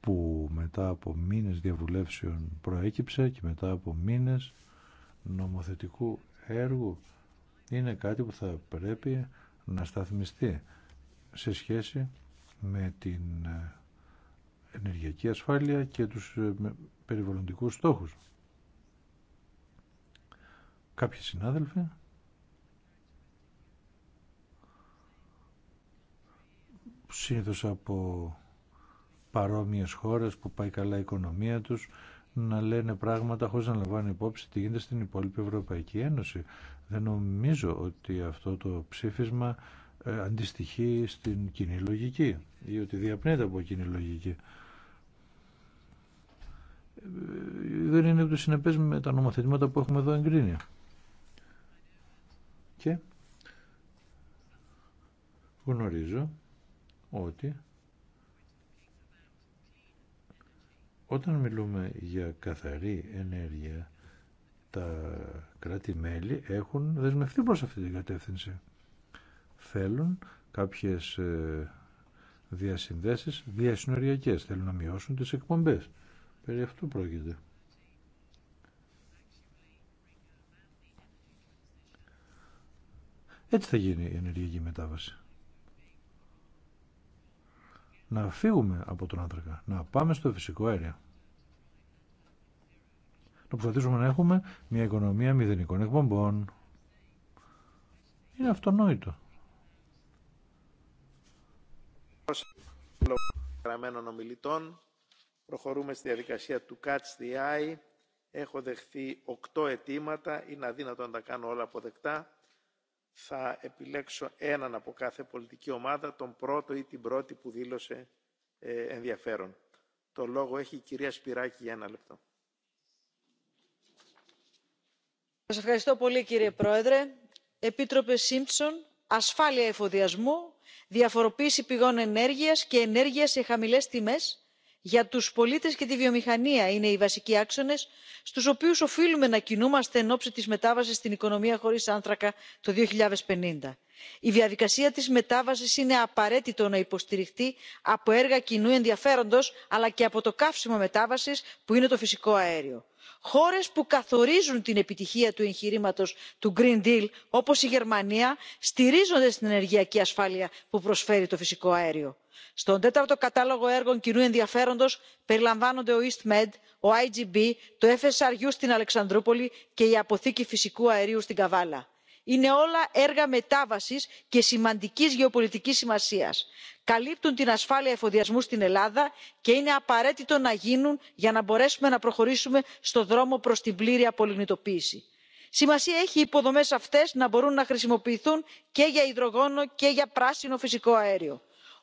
που μετά από μήνες διαβουλεύσεων προέκυψε και μετά από μήνες νομοθετικού έργου είναι κάτι που θα πρέπει να σταθμιστεί σε σχέση με την ε, ενεργειακή ασφάλεια και τους ε, περιβαλλοντικούς στόχους. Κάποιοι συνάδελφοι συνήθως από παρόμοιες χώρες που πάει καλά η οικονομία τους να λένε πράγματα χωρίς να λαμβάνουν υπόψη τι γίνεται στην υπόλοιπη Ευρωπαϊκή Ένωση. Δεν νομίζω ότι αυτό το ψήφισμα ε, αντιστοιχεί στην κοινή λογική ή ότι διαπνέεται από κοινή λογική. Ε, δεν είναι ούτε συνεπές με τα νομοθετήματα που έχουμε εδώ εγκρίνει. Και γνωρίζω ότι Όταν μιλούμε για καθαρή ενέργεια, τα κράτη-μέλη έχουν δεσμευτεί προς αυτή την κατεύθυνση. Θέλουν κάποιες ε, διασυνδέσεις διασυνοριακές. Θέλουν να μειώσουν τις εκπομπές. Περί αυτού πρόκειται. Έτσι θα γίνει η ενεργειακή μετάβαση να φύγουμε από τον άνθρακα, να πάμε στο φυσικό αέριο. Να προσπαθήσουμε να έχουμε μια οικονομία μηδενικών εκπομπών. Είναι αυτονόητο. Γραμμένων ομιλητών. Προχωρούμε στη διαδικασία του Catch the Eye. Έχω δεχθεί οκτώ αιτήματα. Είναι αδύνατο να τα κάνω όλα αποδεκτά θα επιλέξω έναν από κάθε πολιτική ομάδα, τον πρώτο ή την πρώτη που δήλωσε ε, ενδιαφέρον. Το λόγο έχει η κυρία Σπυράκη για ένα λεπτό. Σας ευχαριστώ πολύ κύριε Πρόεδρε. Επίτροπε Σίμψον, ασφάλεια εφοδιασμού, διαφοροποίηση πηγών ενέργειας και ενέργειας σε χαμηλές τιμές για τους πολίτες και τη βιομηχανία είναι οι βασικοί άξονες στους οποίους οφείλουμε να κινούμαστε εν ώψη της μετάβασης στην οικονομία χωρίς άνθρακα το. 2050. η διαδικασία της μετάβασης είναι απαραίτητο να υποστηριχτεί από έργα κοινού ενδιαφέροντος αλλά και από το καύσιμο μετάβασης που είναι το φυσικό αέριο. χώρες που καθορίζουν την επιτυχία του εγχειρήματος του green deal όπως η γερμανία στηρίζονται στην ενεργειακή ασφάλεια που προσφέρει το φυσικό αέριο στον τέταρτο κατάλογο έργων κοινού ενδιαφέροντος περιλαμβάνονται ο east med ο igb το fsru στην αλεξανδρούπολη και η αποθήκη φυσικού αερίου στην καβάλα. είναι όλα έργα μετάβασης και σημαντικής γεωπολιτικής σημασίας. καλύπτουν την ασφάλεια εφοδιασμού στην ελλάδα και είναι απαραίτητο να γίνουν για να μπορέσουμε να προχωρήσουμε στον δρόμο προς την πλήρη απολιγνητοποίηση. σημασία έχει οι υποδομές αυτές να μπορούν να χρησιμοποιηθούν και για υδρογόνο και για πράσινο φυσικό αέριο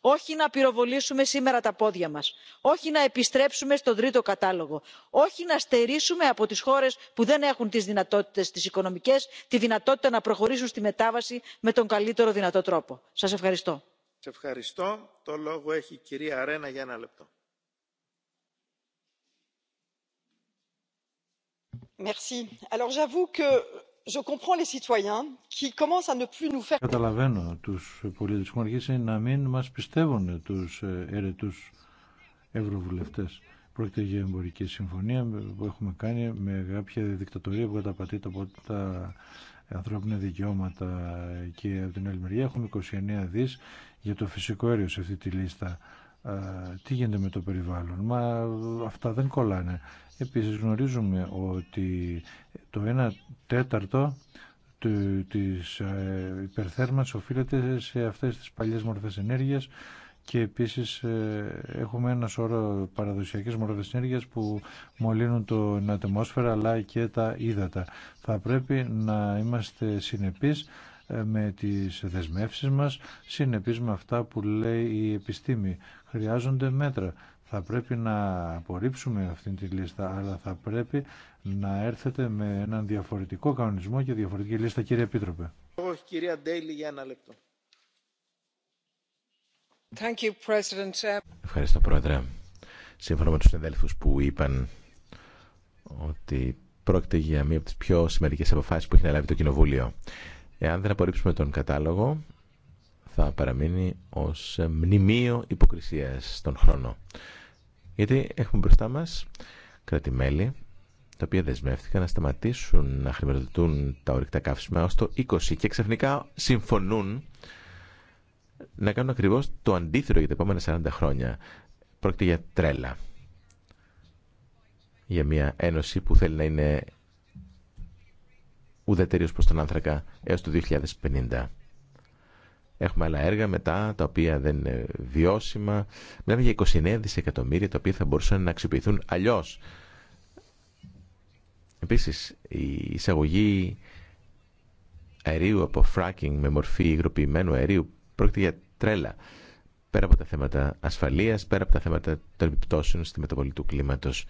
όχι να πυροβολήσουμε σήμερα τα πόδια μας όχι να επιστρέψουμε στον τρίτο κατάλογο όχι να στερήσουμε από τις χώρες που δεν έχουν τις δυνατότητες τις οικονομικές τη δυνατότητα να προχωρήσουν στη μετάβαση με τον καλύτερο δυνατό τρόπο. σας ευχαριστώ. Σε ευχαριστώ. Το λόγο έχει η κυρία Αρένα για ένα λεπτό. Καταλαβαίνω τους πολίτες που αρχίσει να μην μας πιστεύουν τους αιρετούς ε, ευρωβουλευτές. Πρόκειται για εμπορική συμφωνία που έχουμε κάνει με κάποια δικτατορία που καταπατεί τα ανθρώπινα δικαιώματα και από την άλλη μεριά έχουμε 29 δις για το φυσικό αέριο σε αυτή τη λίστα. Τι γίνεται με το περιβάλλον. Μα αυτά δεν κολλάνε. Επίσης γνωρίζουμε ότι το 1 τέταρτο της ε, υπερθέρμανσης οφείλεται σε αυτές τις παλιές μορφές ενέργειας και επίσης ε, έχουμε ένα σώρο παραδοσιακές μορφές ενέργειας που μολύνουν την ατμόσφαιρα αλλά και τα ύδατα. Θα πρέπει να είμαστε συνεπείς ε, με τις δεσμεύσεις μας, συνεπείς με αυτά που λέει η επιστήμη. Χρειάζονται μέτρα θα πρέπει να απορρίψουμε αυτήν τη λίστα, αλλά θα πρέπει να έρθετε με έναν διαφορετικό κανονισμό και διαφορετική λίστα, κύριε Επίτροπε. Όχι, κυρία Ντέιλι, για ένα λεπτό. Ευχαριστώ, Πρόεδρε. Σύμφωνα με τους συναδέλφους που είπαν ότι πρόκειται για μία από τις πιο σημαντικές αποφάσεις που έχει να λάβει το Κοινοβούλιο. Εάν δεν απορρίψουμε τον κατάλογο, θα παραμείνει ως μνημείο υποκρισίας στον χρόνο. Γιατί έχουμε μπροστά μα κρατη τα οποία δεσμεύτηκαν να σταματήσουν να χρηματοδοτούν τα ορυκτά καύσιμα ως το 20 και ξαφνικά συμφωνούν να κάνουν ακριβώς το αντίθετο για τα επόμενα 40 χρόνια. Πρόκειται για τρέλα. Για μια ένωση που θέλει να είναι ως προς τον άνθρακα έως το 2050. Έχουμε άλλα έργα μετά, τα οποία δεν είναι βιώσιμα. Μιλάμε για 29 δισεκατομμύρια, τα οποία θα μπορούσαν να αξιοποιηθούν αλλιώ. Επίσης, η εισαγωγή αερίου από fracking με μορφή υγροποιημένου αερίου πρόκειται για τρέλα. Πέρα από τα θέματα ασφαλεία, πέρα από τα θέματα των επιπτώσεων στη μεταβολή του κλίματος.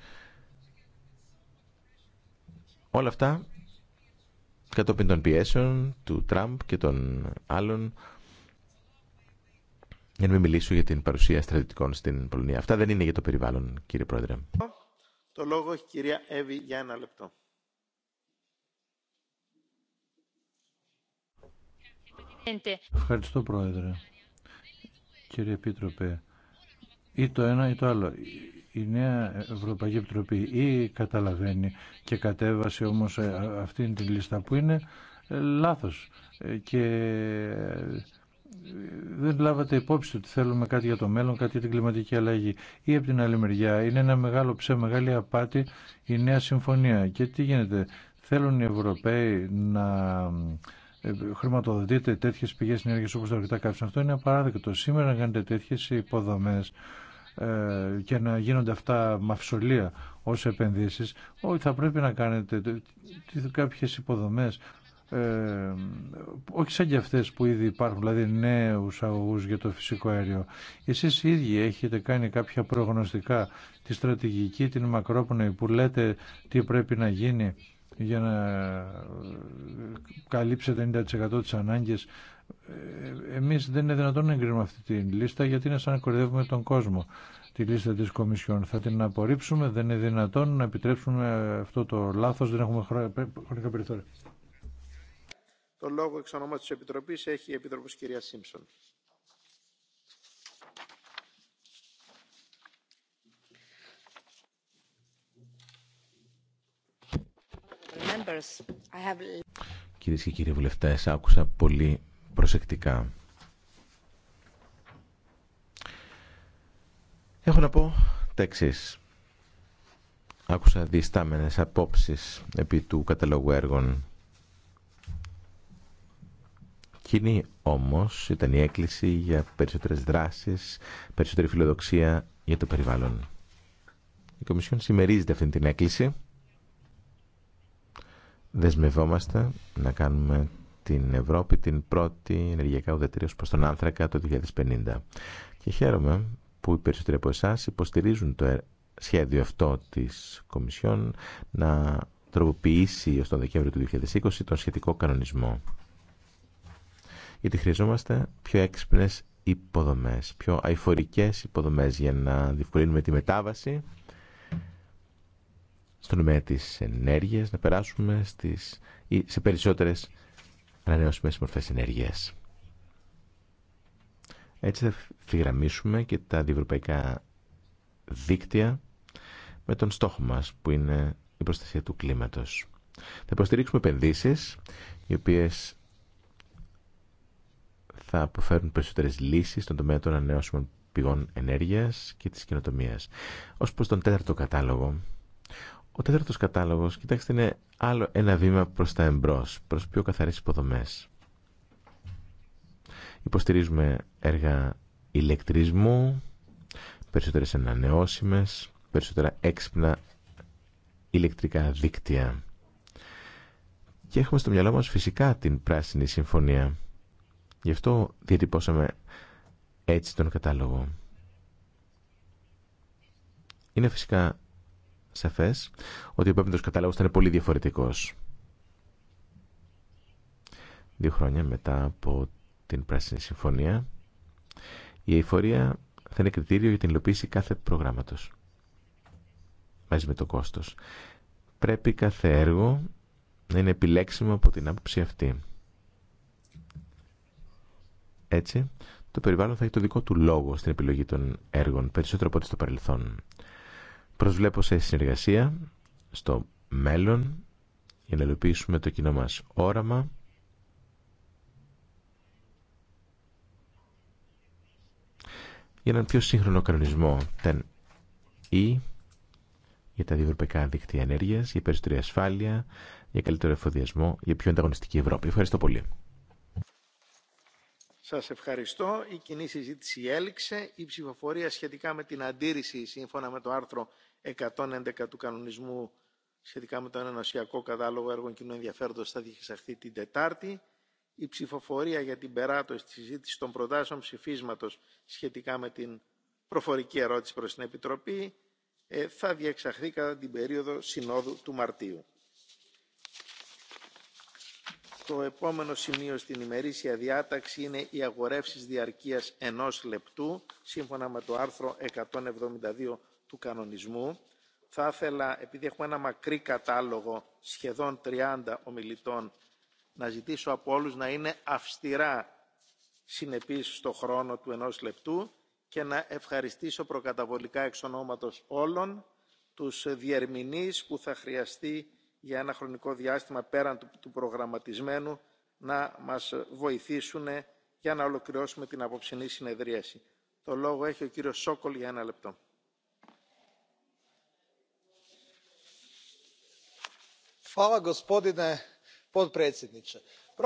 Όλα αυτά κατόπιν των πιέσεων του Τραμπ και των άλλων για να μην μιλήσω για την παρουσία στρατητικών στην Πολωνία. Αυτά δεν είναι για το περιβάλλον, κύριε Πρόεδρε. Το λόγο έχει κυρία Εύη για ένα λεπτό. Ευχαριστώ, Πρόεδρε. Κύριε Επίτροπε, ή το ένα ή το άλλο. Η νέα Ευρωπαϊκή Επιτροπή ή καταλαβαίνει και κατέβασε όμως ε, αυτήν την λίστα που είναι ε, λάθος ε, και δεν λάβατε υπόψη ότι θέλουμε κάτι για το μέλλον, κάτι για την κλιματική αλλαγή. Ή από την άλλη μεριά είναι ένα μεγάλο ψέ, μεγάλη απάτη η νέα συμφωνία. Και τι γίνεται, θέλουν οι Ευρωπαίοι να ε, χρηματοδοτείτε τέτοιες πηγές ενέργειας όπως τα αρκετά κάψουν. Αυτό είναι απαράδεκτο. Σήμερα να κάνετε τέτοιες υποδομές ε, και να γίνονται αυτά μαυσολία ως επενδύσεις, όχι θα πρέπει να κάνετε κάποιες υποδομές ε, όχι σαν και αυτές που ήδη υπάρχουν, δηλαδή νέους αγωγούς για το φυσικό αέριο. Εσείς οι ίδιοι έχετε κάνει κάποια προγνωστικά, τη στρατηγική, την μακρόπνοη, που λέτε τι πρέπει να γίνει για να ε, καλύψετε 90% της ανάγκης. Εμείς δεν είναι δυνατόν να εγκρίνουμε αυτή τη λίστα γιατί είναι σαν να κορδεύουμε τον κόσμο τη λίστα της Κομισιόν. Θα την απορρίψουμε, δεν είναι δυνατόν να επιτρέψουμε αυτό το λάθος, δεν έχουμε χρονικά περιθώρια. Το λόγο εξ ονόματος της Επιτροπής έχει η Επίτροπος κυρία Σίμψον. Κυρίες και κύριοι βουλευτές, άκουσα πολύ προσεκτικά. Έχω να πω τα Άκουσα διστάμενες απόψεις επί του καταλόγου έργων Εκείνη όμως ήταν η έκκληση για περισσότερες δράσεις, περισσότερη φιλοδοξία για το περιβάλλον. Η Κομισιόν συμμερίζεται αυτή την έκκληση. Δεσμευόμαστε να κάνουμε την Ευρώπη την πρώτη ενεργειακά ουδετερία προς τον άνθρακα το 2050. Και χαίρομαι που οι περισσότεροι από εσά υποστηρίζουν το ε- σχέδιο αυτό της Κομισιόν να τροποποιήσει ως τον Δεκέμβριο του 2020 τον σχετικό κανονισμό γιατί χρειαζόμαστε πιο έξυπνες υποδομές, πιο αιφορικές υποδομές για να διευκολύνουμε τη μετάβαση στον τομέα της ενέργειας, να περάσουμε στις, σε περισσότερες ανανεώσιμες μορφές ενέργειας. Έτσι θα φυγραμμίσουμε και τα διευρωπαϊκά δίκτυα με τον στόχο μας που είναι η προστασία του κλίματος. Θα υποστηρίξουμε επενδύσεις οι οποίες θα αποφέρουν περισσότερες λύσεις στον τομέα των ανανεώσιμων πηγών ενέργειας και της καινοτομία. Ως προς τον τέταρτο κατάλογο, ο τέταρτο κατάλογος, κοιτάξτε, είναι άλλο ένα βήμα προς τα εμπρός, προς πιο καθαρές υποδομέ. Υποστηρίζουμε έργα ηλεκτρισμού, περισσότερες ανανεώσιμες, περισσότερα έξυπνα ηλεκτρικά δίκτυα. Και έχουμε στο μυαλό μας φυσικά την Πράσινη Συμφωνία. Γι' αυτό διατυπώσαμε έτσι τον κατάλογο. Είναι φυσικά σαφές ότι ο πέμπτος κατάλογος ήταν πολύ διαφορετικός. Δύο χρόνια μετά από την Πράσινη Συμφωνία, η εφορία θα είναι κριτήριο για την υλοποίηση κάθε προγράμματος. Μαζί με το κόστος. Πρέπει κάθε έργο να είναι επιλέξιμο από την άποψη αυτή. Έτσι, το περιβάλλον θα έχει το δικό του λόγο στην επιλογή των έργων, περισσότερο από ό,τι στο παρελθόν. Προσβλέπω σε συνεργασία στο μέλλον για να ελοπίσουμε το κοινό μας όραμα για έναν πιο σύγχρονο κανονισμό TEN ή για τα διευρωπαϊκά δίκτυα ενέργειας, για περισσότερη ασφάλεια, για καλύτερο εφοδιασμό, για πιο ανταγωνιστική Ευρώπη. Ευχαριστώ πολύ. Σας ευχαριστώ. Η κοινή συζήτηση έληξε. Η ψηφοφορία σχετικά με την αντίρρηση σύμφωνα με το άρθρο 111 του κανονισμού σχετικά με τον Ενωσιακό Κατάλογο Έργων Κοινού Ενδιαφέροντος θα διεξαχθεί την Τετάρτη. Η ψηφοφορία για την περάτωση της συζήτηση των προτάσεων ψηφίσματος σχετικά με την προφορική ερώτηση προς την Επιτροπή ε, θα διεξαχθεί κατά την περίοδο Συνόδου του Μαρτίου. Το επόμενο σημείο στην ημερήσια διάταξη είναι οι αγορεύσεις διαρκείας ενός λεπτού, σύμφωνα με το άρθρο 172 του κανονισμού. Θα ήθελα, επειδή έχουμε ένα μακρύ κατάλογο, σχεδόν 30 ομιλητών, να ζητήσω από όλους να είναι αυστηρά συνεπείς στο χρόνο του ενός λεπτού και να ευχαριστήσω προκαταβολικά εξ ονόματος όλων τους διερμηνείς που θα χρειαστεί για ένα χρονικό διάστημα πέραν του προγραμματισμένου να μας βοηθήσουν για να ολοκληρώσουμε την απόψινή συνεδρίαση. Το λόγο έχει ο κύριος Σόκολ για ένα λεπτό.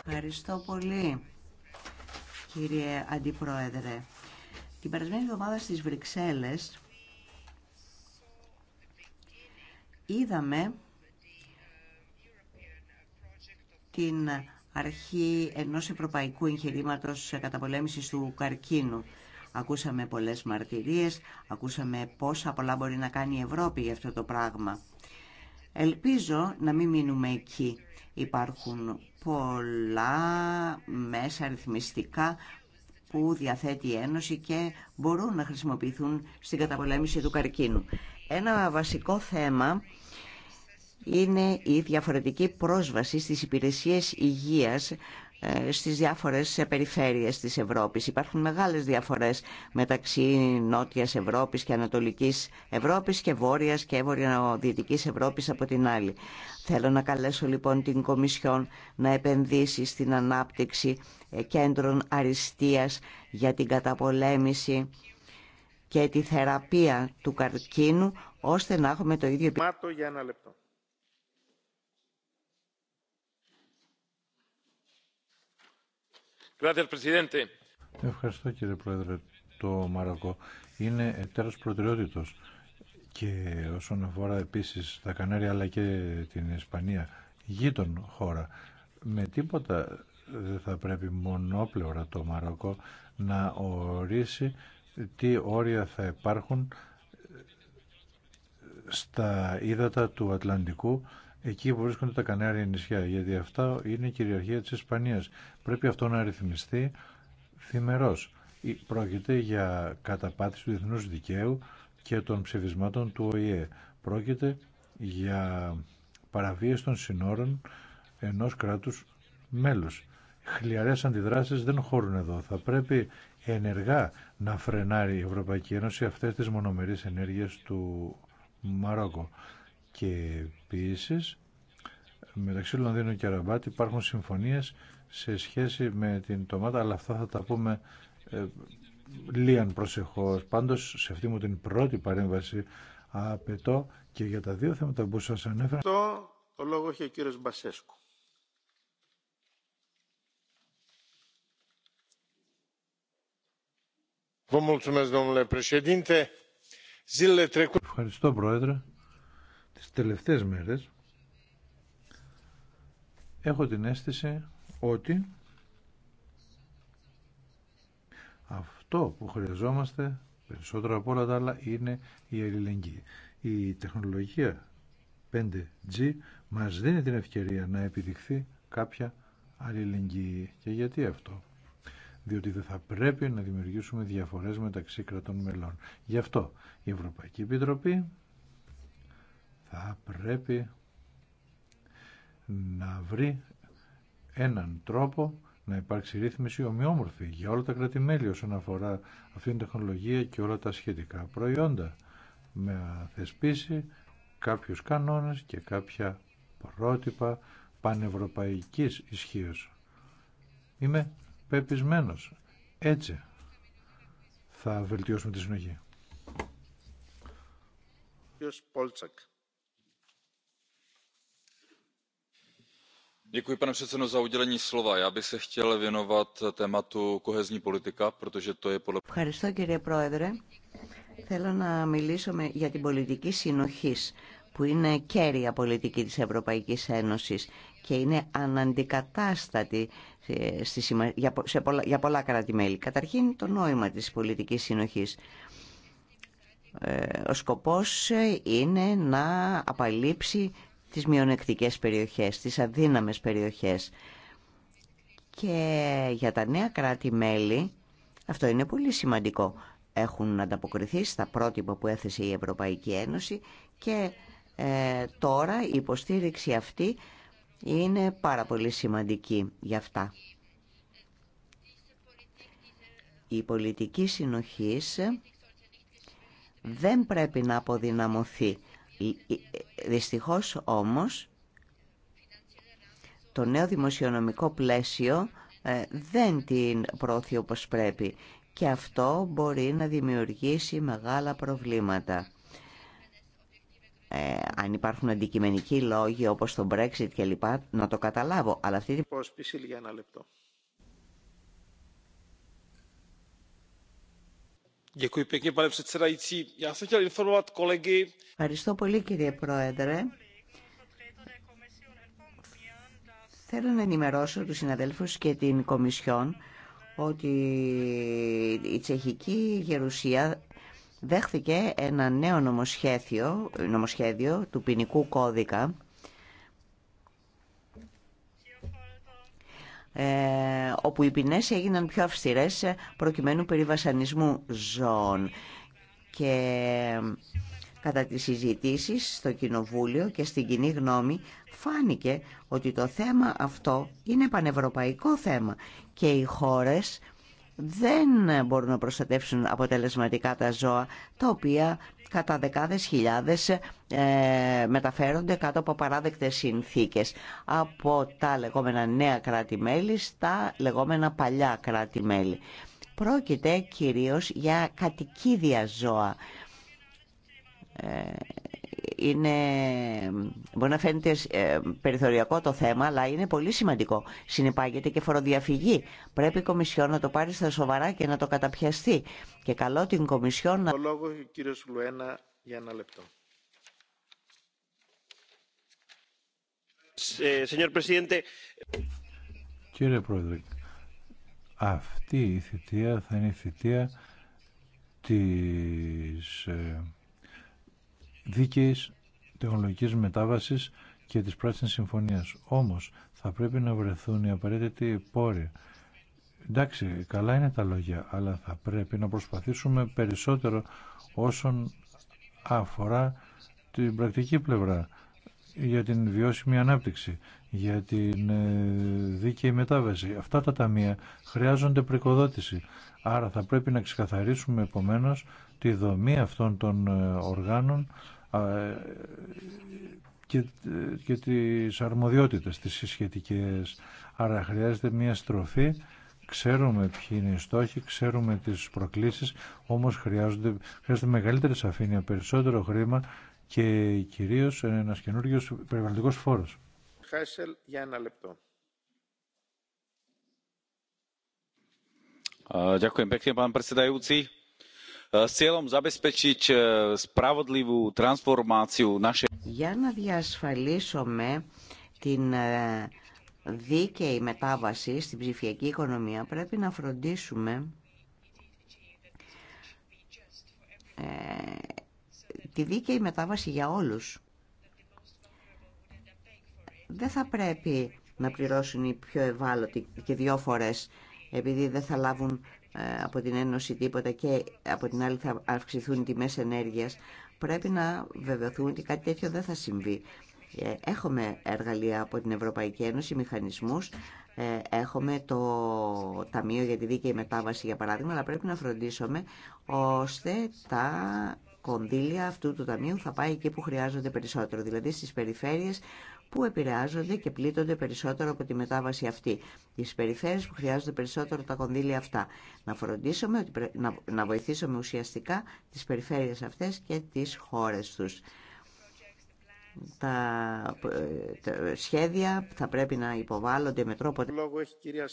Ευχαριστώ πολύ, κύριε Αντιπρόεδρε. Την περασμένη εβδομάδα στις Βρυξέλλες είδαμε την αρχή ενός ευρωπαϊκού εγχειρήματο καταπολέμησης του καρκίνου. Ακούσαμε πολλές μαρτυρίες, ακούσαμε πόσα πολλά μπορεί να κάνει η Ευρώπη για αυτό το πράγμα. Ελπίζω να μην μείνουμε εκεί. Υπάρχουν πολλά μέσα αριθμιστικά που διαθέτει η Ένωση και μπορούν να χρησιμοποιηθούν στην καταπολέμηση του καρκίνου. Ένα βασικό θέμα είναι η διαφορετική πρόσβαση στις υπηρεσίες υγείας ε, στις διάφορες περιφέρειες της Ευρώπης. Υπάρχουν μεγάλες διαφορές μεταξύ Νότιας Ευρώπης και Ανατολικής Ευρώπης και Βόρειας και Βορειοδυτικής Ευρώπης από την άλλη. Θέλω να καλέσω λοιπόν την Κομισιόν να επενδύσει στην ανάπτυξη ε, κέντρων αριστείας για την καταπολέμηση και τη θεραπεία του καρκίνου, ώστε να έχουμε το ίδιο επίπεδο. Ευχαριστώ κύριε Πρόεδρε. Το Μαροκό είναι εταίρος προτεραιότητος και όσον αφορά επίσης τα Κανάρια αλλά και την Ισπανία γείτον χώρα. Με τίποτα δεν θα πρέπει μονόπλευρα το Μαροκό να ορίσει τι όρια θα υπάρχουν στα ύδατα του Ατλαντικού εκεί που βρίσκονται τα Κανάρια νησιά, γιατί αυτά είναι η κυριαρχία της Ισπανίας. Πρέπει αυτό να ρυθμιστεί θυμερός. Πρόκειται για καταπάτηση του διεθνούς δικαίου και των ψηφισμάτων του ΟΗΕ. Πρόκειται για παραβίαση των συνόρων ενός κράτους μέλους. Χλιαρές αντιδράσεις δεν χωρούν εδώ. Θα πρέπει ενεργά να φρενάρει η Ευρωπαϊκή Ένωση αυτές τις μονομερείς ενέργειες του Μαρόκο. Και επίση, μεταξύ Λονδίνου και Ραμπάτ υπάρχουν συμφωνίες σε σχέση με την ντομάτα, αλλά αυτά θα τα πούμε ε, λίαν προσεχώς. Πάντως, σε αυτή μου την πρώτη παρέμβαση απαιτώ και για τα δύο θέματα που σας ανέφερα. το λόγο έχει ο Μπασέσκου. Ευχαριστώ, Πρόεδρε. Τις τελευταίες μέρες έχω την αίσθηση ότι αυτό που χρειαζόμαστε περισσότερο από όλα τα άλλα είναι η αλληλεγγύη. Η τεχνολογία 5G μας δίνει την ευκαιρία να επιδειχθεί κάποια αλληλεγγύη. Και γιατί αυτό. Διότι δεν θα πρέπει να δημιουργήσουμε διαφορές μεταξύ κρατών μελών. Γι' αυτό η Ευρωπαϊκή Επιτροπή θα πρέπει να βρει έναν τρόπο να υπάρξει ρύθμιση ομοιόμορφη για όλα τα κρατημέλη όσον αφορά αυτήν την τεχνολογία και όλα τα σχετικά προϊόντα με θεσπίσει κάποιους κανόνες και κάποια πρότυπα πανευρωπαϊκής ισχύω. Είμαι πεπισμένος. Έτσι θα βελτιώσουμε τη συνοχή. Πολτσακ. Ευχαριστώ κύριε Πρόεδρε. Θέλω να μιλήσω για την πολιτική συνοχής που είναι κέρια πολιτική της Ευρωπαϊκής Ένωσης και είναι αναντικατάστατη ε, για πολλά κράτη-μέλη. Καταρχήν το νόημα της πολιτικής συνοχής. Ε, ο σκοπός ε, είναι να απαλείψει τις μειονεκτικές περιοχές, τις αδύναμες περιοχές. Και για τα νέα κράτη-μέλη αυτό είναι πολύ σημαντικό. Έχουν ανταποκριθεί στα πρότυπα που έθεσε η Ευρωπαϊκή Ένωση και ε, τώρα η υποστήριξη αυτή είναι πάρα πολύ σημαντική για αυτά. Η πολιτική συνοχής δεν πρέπει να αποδυναμωθεί. Δυστυχώς όμως το νέο δημοσιονομικό πλαίσιο ε, δεν την προωθεί όπως πρέπει και αυτό μπορεί να δημιουργήσει μεγάλα προβλήματα. Ε, αν υπάρχουν αντικειμενικοί λόγοι όπως το Brexit και λοιπά, να το καταλάβω. Αλλά αυτή την... πρόσπιση για ένα λεπτό. Ευχαριστώ πολύ κύριε Πρόεδρε. Θέλω να ενημερώσω τους συναδέλφους και την Κομισιόν ότι η Τσεχική Γερουσία δέχθηκε ένα νέο νομοσχέδιο, νομοσχέδιο του ποινικού κώδικα Ε, όπου οι ποινές έγιναν πιο αυστηρές προκειμένου περί βασανισμού ζώων. Και κατά τις συζητήσεις στο Κοινοβούλιο και στην κοινή γνώμη φάνηκε ότι το θέμα αυτό είναι πανευρωπαϊκό θέμα και οι χώρες δεν μπορούν να προστατεύσουν αποτελεσματικά τα ζώα, τα οποία κατά δεκάδες χιλιάδες ε, μεταφέρονται κάτω από παράδεκτες συνθήκες από τα λεγόμενα νέα κράτη-μέλη στα λεγόμενα παλιά κράτη-μέλη. Πρόκειται κυρίως για κατοικίδια ζώα. Ε, είναι, μπορεί να φαίνεται ε, περιθωριακό το θέμα, αλλά είναι πολύ σημαντικό. Συνεπάγεται και φοροδιαφυγή. Πρέπει η Κομισιόν να το πάρει στα σοβαρά και να το καταπιαστεί. Και καλό την Κομισιόν να... Το λόγο, για ένα λεπτό. Ε, Κύριε Πρόεδρε, αυτή η θητεία θα είναι η θητεία της ε, δίκαιης τεχνολογικής μετάβασης και της πράσινης συμφωνίας. Όμως θα πρέπει να βρεθούν οι απαραίτητοι πόροι. Εντάξει, καλά είναι τα λόγια, αλλά θα πρέπει να προσπαθήσουμε περισσότερο όσον αφορά την πρακτική πλευρά για την βιώσιμη ανάπτυξη, για την ε, δίκαιη μετάβαση. Αυτά τα ταμεία χρειάζονται πρικοδότηση. Άρα θα πρέπει να ξεκαθαρίσουμε επομένως τη δομή αυτών των ε, οργάνων ε, και, ε, και τις αρμοδιότητες τις σχετικές. Άρα χρειάζεται μια στροφή, ξέρουμε ποιοι είναι οι στόχοι, ξέρουμε τις προκλήσεις, όμως χρειάζονται, χρειάζεται μεγαλύτερη σαφήνεια, περισσότερο χρήμα και κυρίως ένας καινούριο περιβαλλοντικός φόρος. Χάισελ, για ένα λεπτό. Ďakujem για να διασφαλίσουμε την δίκαιη μετάβαση στην ψηφιακή οικονομία πρέπει να φροντίσουμε τη δίκαιη μετάβαση για όλους. Δεν θα πρέπει να πληρώσουν οι πιο ευάλωτοι και δύο φορές επειδή δεν θα λάβουν ε, από την Ένωση τίποτα και από την άλλη θα αυξηθούν οι τιμές ενέργειας, πρέπει να βεβαιωθούν ότι κάτι τέτοιο δεν θα συμβεί. Ε, έχουμε εργαλεία από την Ευρωπαϊκή Ένωση, μηχανισμούς, ε, έχουμε το Ταμείο για τη Δίκαιη Μετάβαση για παράδειγμα, αλλά πρέπει να φροντίσουμε ώστε τα κονδύλια αυτού του ταμείου θα πάει εκεί που χρειάζονται περισσότερο, δηλαδή στις περιφέρειες που επηρεάζονται και πλήττονται περισσότερο από τη μετάβαση αυτή. Τι περιφέρειες που χρειάζονται περισσότερο τα κονδύλια αυτά. Να φροντίσουμε, να βοηθήσουμε ουσιαστικά τι περιφέρειες αυτέ και τι χώρε του. Ε, τα, σχέδια θα πρέπει να υποβάλλονται με τρόπο... Λόγο έχει κυρία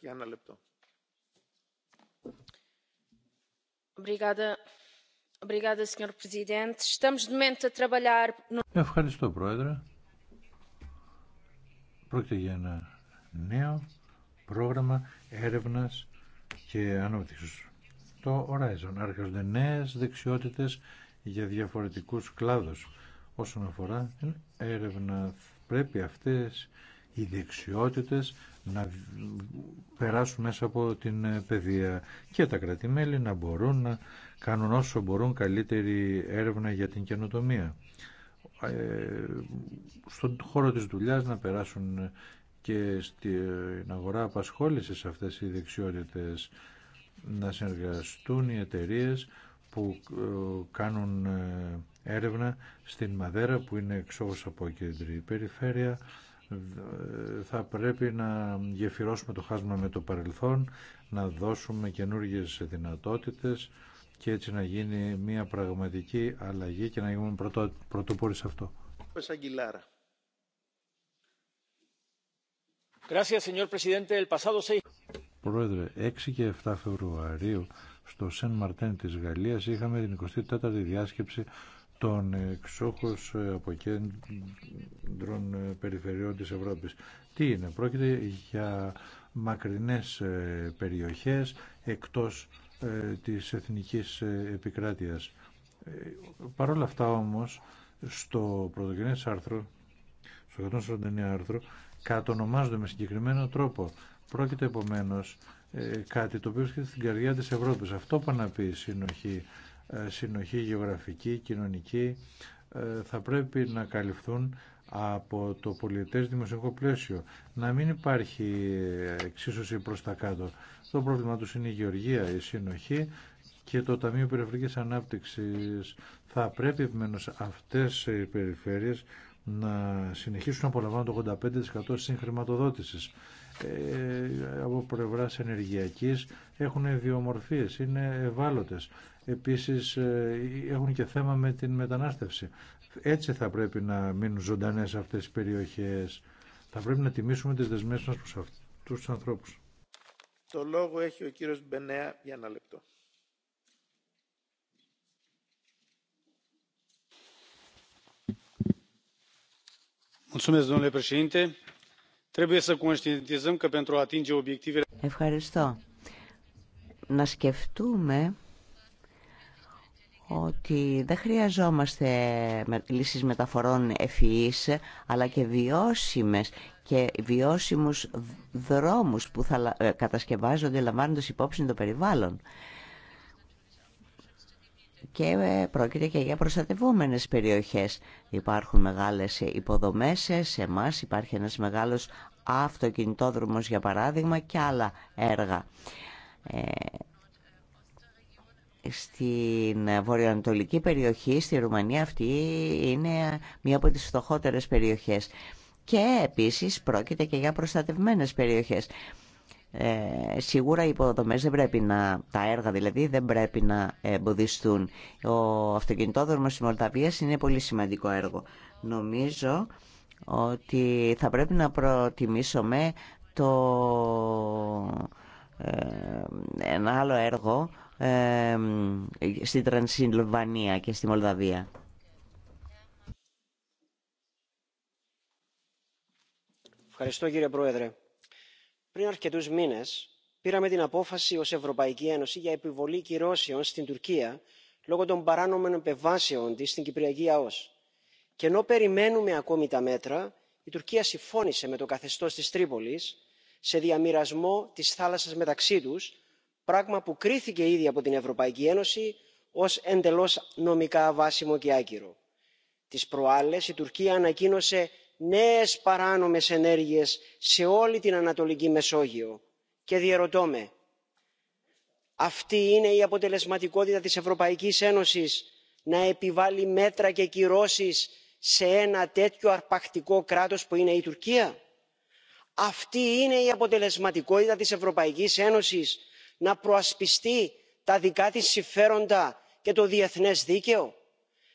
για ένα λεπτό. Ευχαριστώ, Πρόεδρε. Πρόκειται για ένα νέο πρόγραμμα έρευνας και ανάπτυξης. Το Horizon άρχονται νέες δεξιότητες για διαφορετικούς κλάδους. Όσον αφορά την έρευνα πρέπει αυτές οι δεξιότητες να περάσουν μέσα από την παιδεία και τα κρατημέλη να μπορούν να κάνουν όσο μπορούν καλύτερη έρευνα για την καινοτομία. Ε, στον χώρο της δουλειάς να περάσουν και στην αγορά απασχόλησης αυτές οι δεξιότητες να συνεργαστούν οι εταιρείε που ε, κάνουν ε, έρευνα στην Μαδέρα που είναι εξώγος από κεντρή περιφέρεια θα πρέπει να γεφυρώσουμε το χάσμα με το παρελθόν να δώσουμε καινούργιες δυνατότητες και έτσι να γίνει μια πραγματική αλλαγή και να γίνουμε πρωτο, πρωτοπόροι σε αυτό. Πρόεδρε, 6 και 7 Φεβρουαρίου στο Σεν Μαρτέν της Γαλλίας είχαμε την 24η διάσκεψη των εξόχως ε, αποκέντρων ε, περιφερειών της Ευρώπης. Τι είναι, πρόκειται για μακρινές ε, περιοχές εκτός ε, της εθνικής ε, επικράτειας. Ε, Παρ' όλα αυτά όμως, στο πρωτογενές άρθρο, στο 149 άρθρο, κατονομάζονται με συγκεκριμένο τρόπο. Πρόκειται επομένως κάτι το οποίο στην καρδιά της Ευρώπης. Αυτό που να πει συνοχή, συνοχή γεωγραφική, κοινωνική, θα πρέπει να καλυφθούν από το πολιτές δημοσιογικό πλαίσιο. Να μην υπάρχει εξίσωση προς τα κάτω. Το πρόβλημα τους είναι η γεωργία, η συνοχή και το Ταμείο Περιφερειακής Ανάπτυξης. Θα πρέπει επιμένως αυτές οι περιφέρειες να συνεχίσουν να απολαμβάνουν το 85% συγχρηματοδότησης. Ε, από πλευρά ενεργειακής έχουν ιδιομορφίε, είναι ευάλωτες. Επίσης ε, έχουν και θέμα με την μετανάστευση. Έτσι θα πρέπει να μείνουν ζωντανές αυτές οι περιοχές. Θα πρέπει να τιμήσουμε τις δεσμές μας προς αυτούς τους ανθρώπους. Το λόγο έχει ο κύριος Μπενέα για ένα λεπτό. Ευχαριστώ. Να σκεφτούμε ότι δεν χρειαζόμαστε λύσεις μεταφορών ευφυής, αλλά και βιώσιμες και βιώσιμους δρόμους που θα ε, κατασκευάζονται λαμβάνοντας υπόψη το περιβάλλον. Και ε, πρόκειται και για προστατευόμενες περιοχές. Υπάρχουν μεγάλες υποδομές, ε, σε εμά υπάρχει ένας μεγάλος αυτοκινητόδρομος για παράδειγμα και άλλα έργα στην βορειοανατολική περιοχή, στη Ρουμανία αυτή είναι μία από τις φτωχότερες περιοχές. Και επίσης πρόκειται και για προστατευμένες περιοχές. Ε, σίγουρα οι υποδομές δεν πρέπει να, τα έργα δηλαδή δεν πρέπει να εμποδιστούν. Ο αυτοκινητόδρομος της Μολδαβίας είναι πολύ σημαντικό έργο. Νομίζω ότι θα πρέπει να προτιμήσουμε το, ε, ένα άλλο έργο ε, στην Τρανσυλβανία και στη Μολδαβία. Ευχαριστώ κύριε Πρόεδρε. Πριν αρκετού μήνε πήραμε την απόφαση ως Ευρωπαϊκή Ένωση για επιβολή κυρώσεων στην Τουρκία λόγω των παράνομων επεμβάσεων τη στην Κυπριακή ΑΟΣ. Και ενώ περιμένουμε ακόμη τα μέτρα, η Τουρκία συμφώνησε με το καθεστώς της Τρίπολης σε διαμοιρασμό τη θάλασσα μεταξύ του πράγμα που κρίθηκε ήδη από την ευρωπαϊκή ένωση ως εντελώς νομικά αβάσιμο και άκυρο. τις προάλλες η τουρκία ανακοίνωσε νέες παράνομες ενέργειες σε όλη την ανατολική μεσόγειο και διαρωτώ με αυτή είναι η αποτελεσματικότητα της ευρωπαϊκής ένωσης να επιβάλλει μέτρα και κυρώσεις σε ένα τέτοιο αρπακτικό κράτος που είναι η τουρκία; αυτή είναι η αποτελεσματικότητα της ευρωπαϊκής ένωσης να προασπιστεί τα δικά της συμφέροντα και το διεθνές δίκαιο.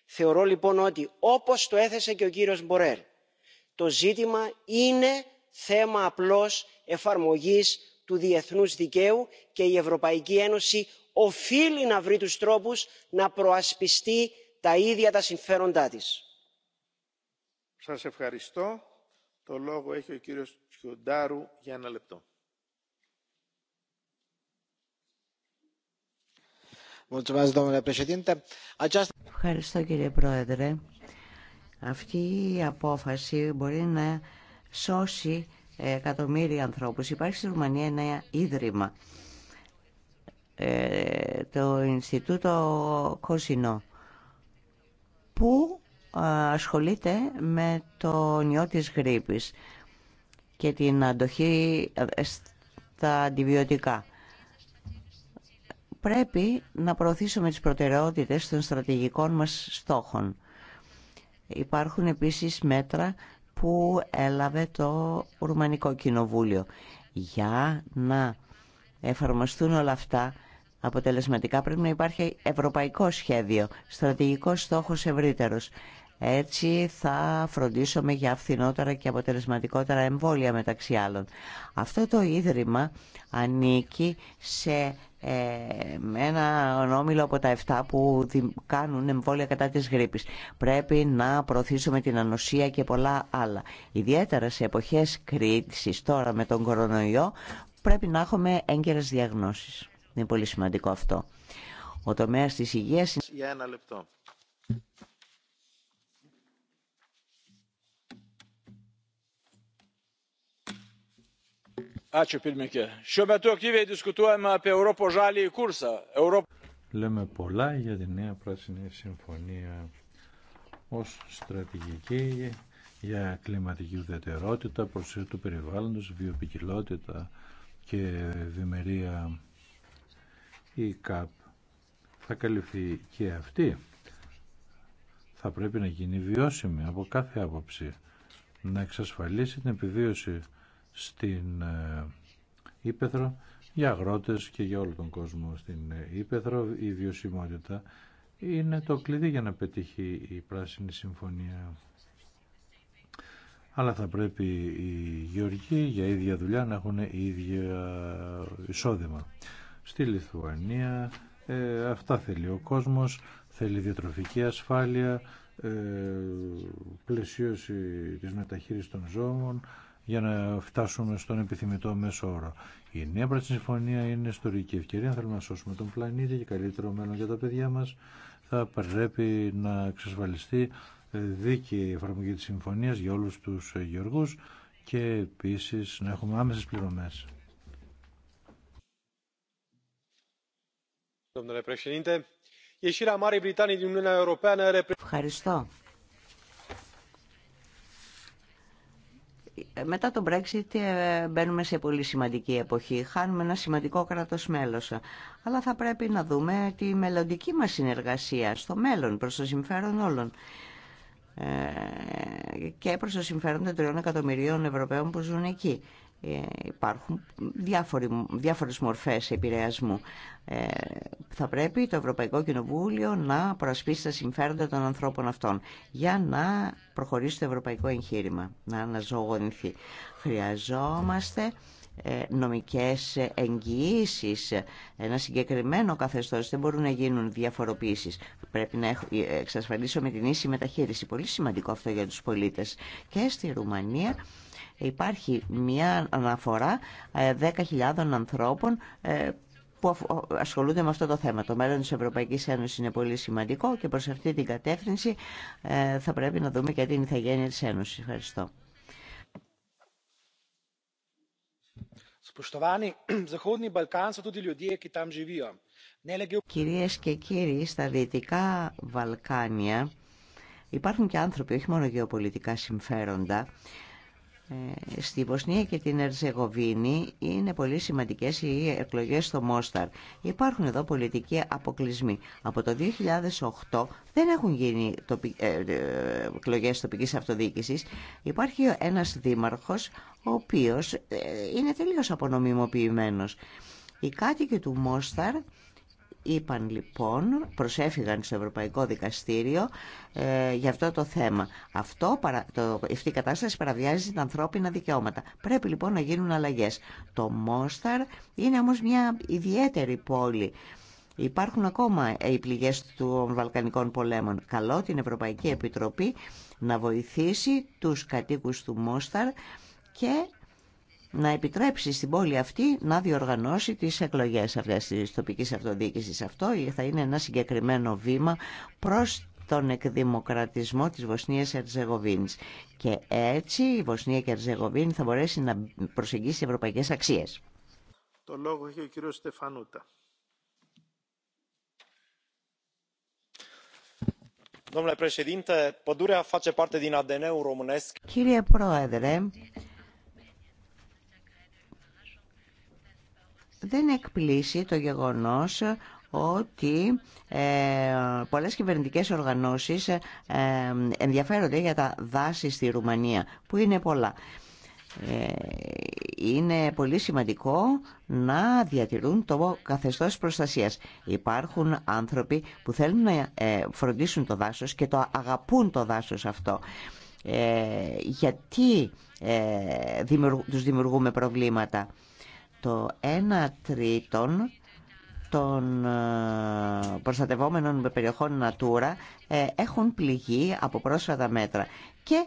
θεωρώ λοιπόν ότι όπως το έθεσε και ο κύριος μπορέλ το ζήτημα είναι θέμα απλώς εφαρμογής του διεθνούς δικαίου και η ευρωπαϊκή ένωση οφείλει να βρει τους τρόπους να προασπιστεί τα ίδια τα συμφέροντά της. Σας ευχαριστώ. Το λόγο έχει ο κύριος για ένα λεπτό. Ευχαριστώ κύριε Πρόεδρε. Αυτή η απόφαση μπορεί να σώσει εκατομμύρια ανθρώπους. Υπάρχει στη Ρουμανία ένα ίδρυμα, ε, το Ινστιτούτο Κοζινό, που ε, ασχολείται με το νιό της γρήπης και την αντοχή ε, στα αντιβιωτικά πρέπει να προωθήσουμε τις προτεραιότητες των στρατηγικών μας στόχων. Υπάρχουν επίσης μέτρα που έλαβε το Ρουμανικό Κοινοβούλιο. Για να εφαρμοστούν όλα αυτά αποτελεσματικά πρέπει να υπάρχει ευρωπαϊκό σχέδιο, στρατηγικός στόχος ευρύτερος. Έτσι θα φροντίσουμε για φθηνότερα και αποτελεσματικότερα εμβόλια μεταξύ άλλων. Αυτό το Ίδρυμα ανήκει σε ε, ένα ονόμιλο από τα 7 που κάνουν εμβόλια κατά της γρήπης. Πρέπει να προωθήσουμε την ανοσία και πολλά άλλα. Ιδιαίτερα σε εποχές κρίσης τώρα με τον κορονοϊό πρέπει να έχουμε έγκαιρες διαγνώσεις. Είναι πολύ σημαντικό αυτό. Ο τομέας της υγείας... Για ένα λεπτό. Λέμε πολλά για τη νέα πράσινη συμφωνία ως στρατηγική για κλιματική ουδετερότητα, προς του περιβάλλοντος, βιοπικιλότητα και ευημερία η ΚΑΠ θα καλυφθεί και αυτή. Θα πρέπει να γίνει βιώσιμη από κάθε άποψη, να εξασφαλίσει την επιβίωση στην ε, Ήπεθρο για αγρότες και για όλο τον κόσμο στην ε, Ήπεθρο. Η βιωσιμότητα είναι το κλειδί για να πετύχει η Πράσινη Συμφωνία. Αλλά θα πρέπει οι γεωργοί για ίδια δουλειά να έχουν ίδια εισόδημα. Στη Λιθουανία ε, αυτά θέλει ο κόσμος, θέλει διατροφική ασφάλεια, ε, πλαισίωση της μεταχείρισης των ζώων, για να φτάσουμε στον επιθυμητό μέσο όρο. Η νέα πρώτη συμφωνία είναι ιστορική ευκαιρία. θέλουμε να σώσουμε τον πλανήτη και καλύτερο μέλλον για τα παιδιά μα, θα πρέπει να εξασφαλιστεί δίκαιη εφαρμογή τη συμφωνία για όλου του γεωργού και επίση να έχουμε άμεσε πληρωμέ. Ευχαριστώ. μετά το Brexit ε, μπαίνουμε σε πολύ σημαντική εποχή. Χάνουμε ένα σημαντικό κράτος μέλος. Αλλά θα πρέπει να δούμε τη μελλοντική μας συνεργασία στο μέλλον προς το συμφέρον όλων ε, και προς το συμφέρον των τριών εκατομμυρίων Ευρωπαίων που ζουν εκεί. Ε, υπάρχουν διάφοροι, διάφορες μορφές επηρεασμού. Ε, θα πρέπει το Ευρωπαϊκό Κοινοβούλιο να προασπίσει τα συμφέροντα των ανθρώπων αυτών για να προχωρήσει το ευρωπαϊκό εγχείρημα, να αναζωογονηθεί. Χρειαζόμαστε ε, νομικές εγγυήσει, ένα συγκεκριμένο καθεστώς δεν μπορούν να γίνουν διαφοροποίησεις πρέπει να ε, εξασφαλίσουμε την ίση μεταχείριση πολύ σημαντικό αυτό για τους πολίτες και στη Ρουμανία Υπάρχει μια αναφορά 10.000 ε, ανθρώπων ε, που ασχολούνται με αυτό το θέμα. Το μέλλον της Ευρωπαϊκής Ένωσης είναι πολύ σημαντικό και προς αυτή την κατεύθυνση ε, θα πρέπει να δούμε και την ηθαγένεια της Ένωσης. Ευχαριστώ. Κυρίες και κύριοι, στα Δυτικά Βαλκάνια υπάρχουν και άνθρωποι, όχι μόνο γεωπολιτικά συμφέροντα, ε, στη Βοσνία και την Ερζεγοβίνη είναι πολύ σημαντικές οι εκλογές στο Μόσταρ. Υπάρχουν εδώ πολιτικοί αποκλεισμοί. Από το 2008 δεν έχουν γίνει ε, ε, εκλογές τοπικής αυτοδιοίκησης. Υπάρχει ένας δήμαρχος ο οποίος είναι τελείως απονομιμοποιημένος. Οι κάτοικοι του Μόσταρ είπαν λοιπόν, προσέφυγαν στο Ευρωπαϊκό Δικαστήριο ε, για αυτό το θέμα. Αυτό, το, αυτή η κατάσταση παραβιάζει τα ανθρώπινα δικαιώματα. Πρέπει λοιπόν να γίνουν αλλαγές. Το Μόσταρ είναι όμως μια ιδιαίτερη πόλη. Υπάρχουν ακόμα ε, οι πληγές των Βαλκανικών πολέμων. Καλό την Ευρωπαϊκή Επιτροπή να βοηθήσει τους κατοίκους του Μόσταρ και να επιτρέψει στην πόλη αυτή να διοργανώσει τις εκλογές αυτές της τοπικής αυτοδιοίκησης. Αυτό θα είναι ένα συγκεκριμένο βήμα προς τον εκδημοκρατισμό της Βοσνίας Ερζεγοβίνης. Και έτσι η Βοσνία και Ερζεγοβίνη θα μπορέσει να προσεγγίσει ευρωπαϊκές αξίες. Το λόγο έχει ο κύριος Στεφανούτα. Κύριε Πρόεδρε, Δεν εκπλήσει το γεγονός ότι ε, πολλές κυβερνητικές οργανώσεις ε, ενδιαφέρονται για τα δάση στη Ρουμανία, που είναι πολλά. Ε, είναι πολύ σημαντικό να διατηρούν το καθεστώς προστασίας. Υπάρχουν άνθρωποι που θέλουν να φροντίσουν το δάσος και το αγαπούν το δάσος αυτό. Γιατί τους δημιουργούμε προβλήματα το 1 τρίτον των ε, προστατευόμενων περιοχών Natura ε, έχουν πληγεί από πρόσφατα μέτρα και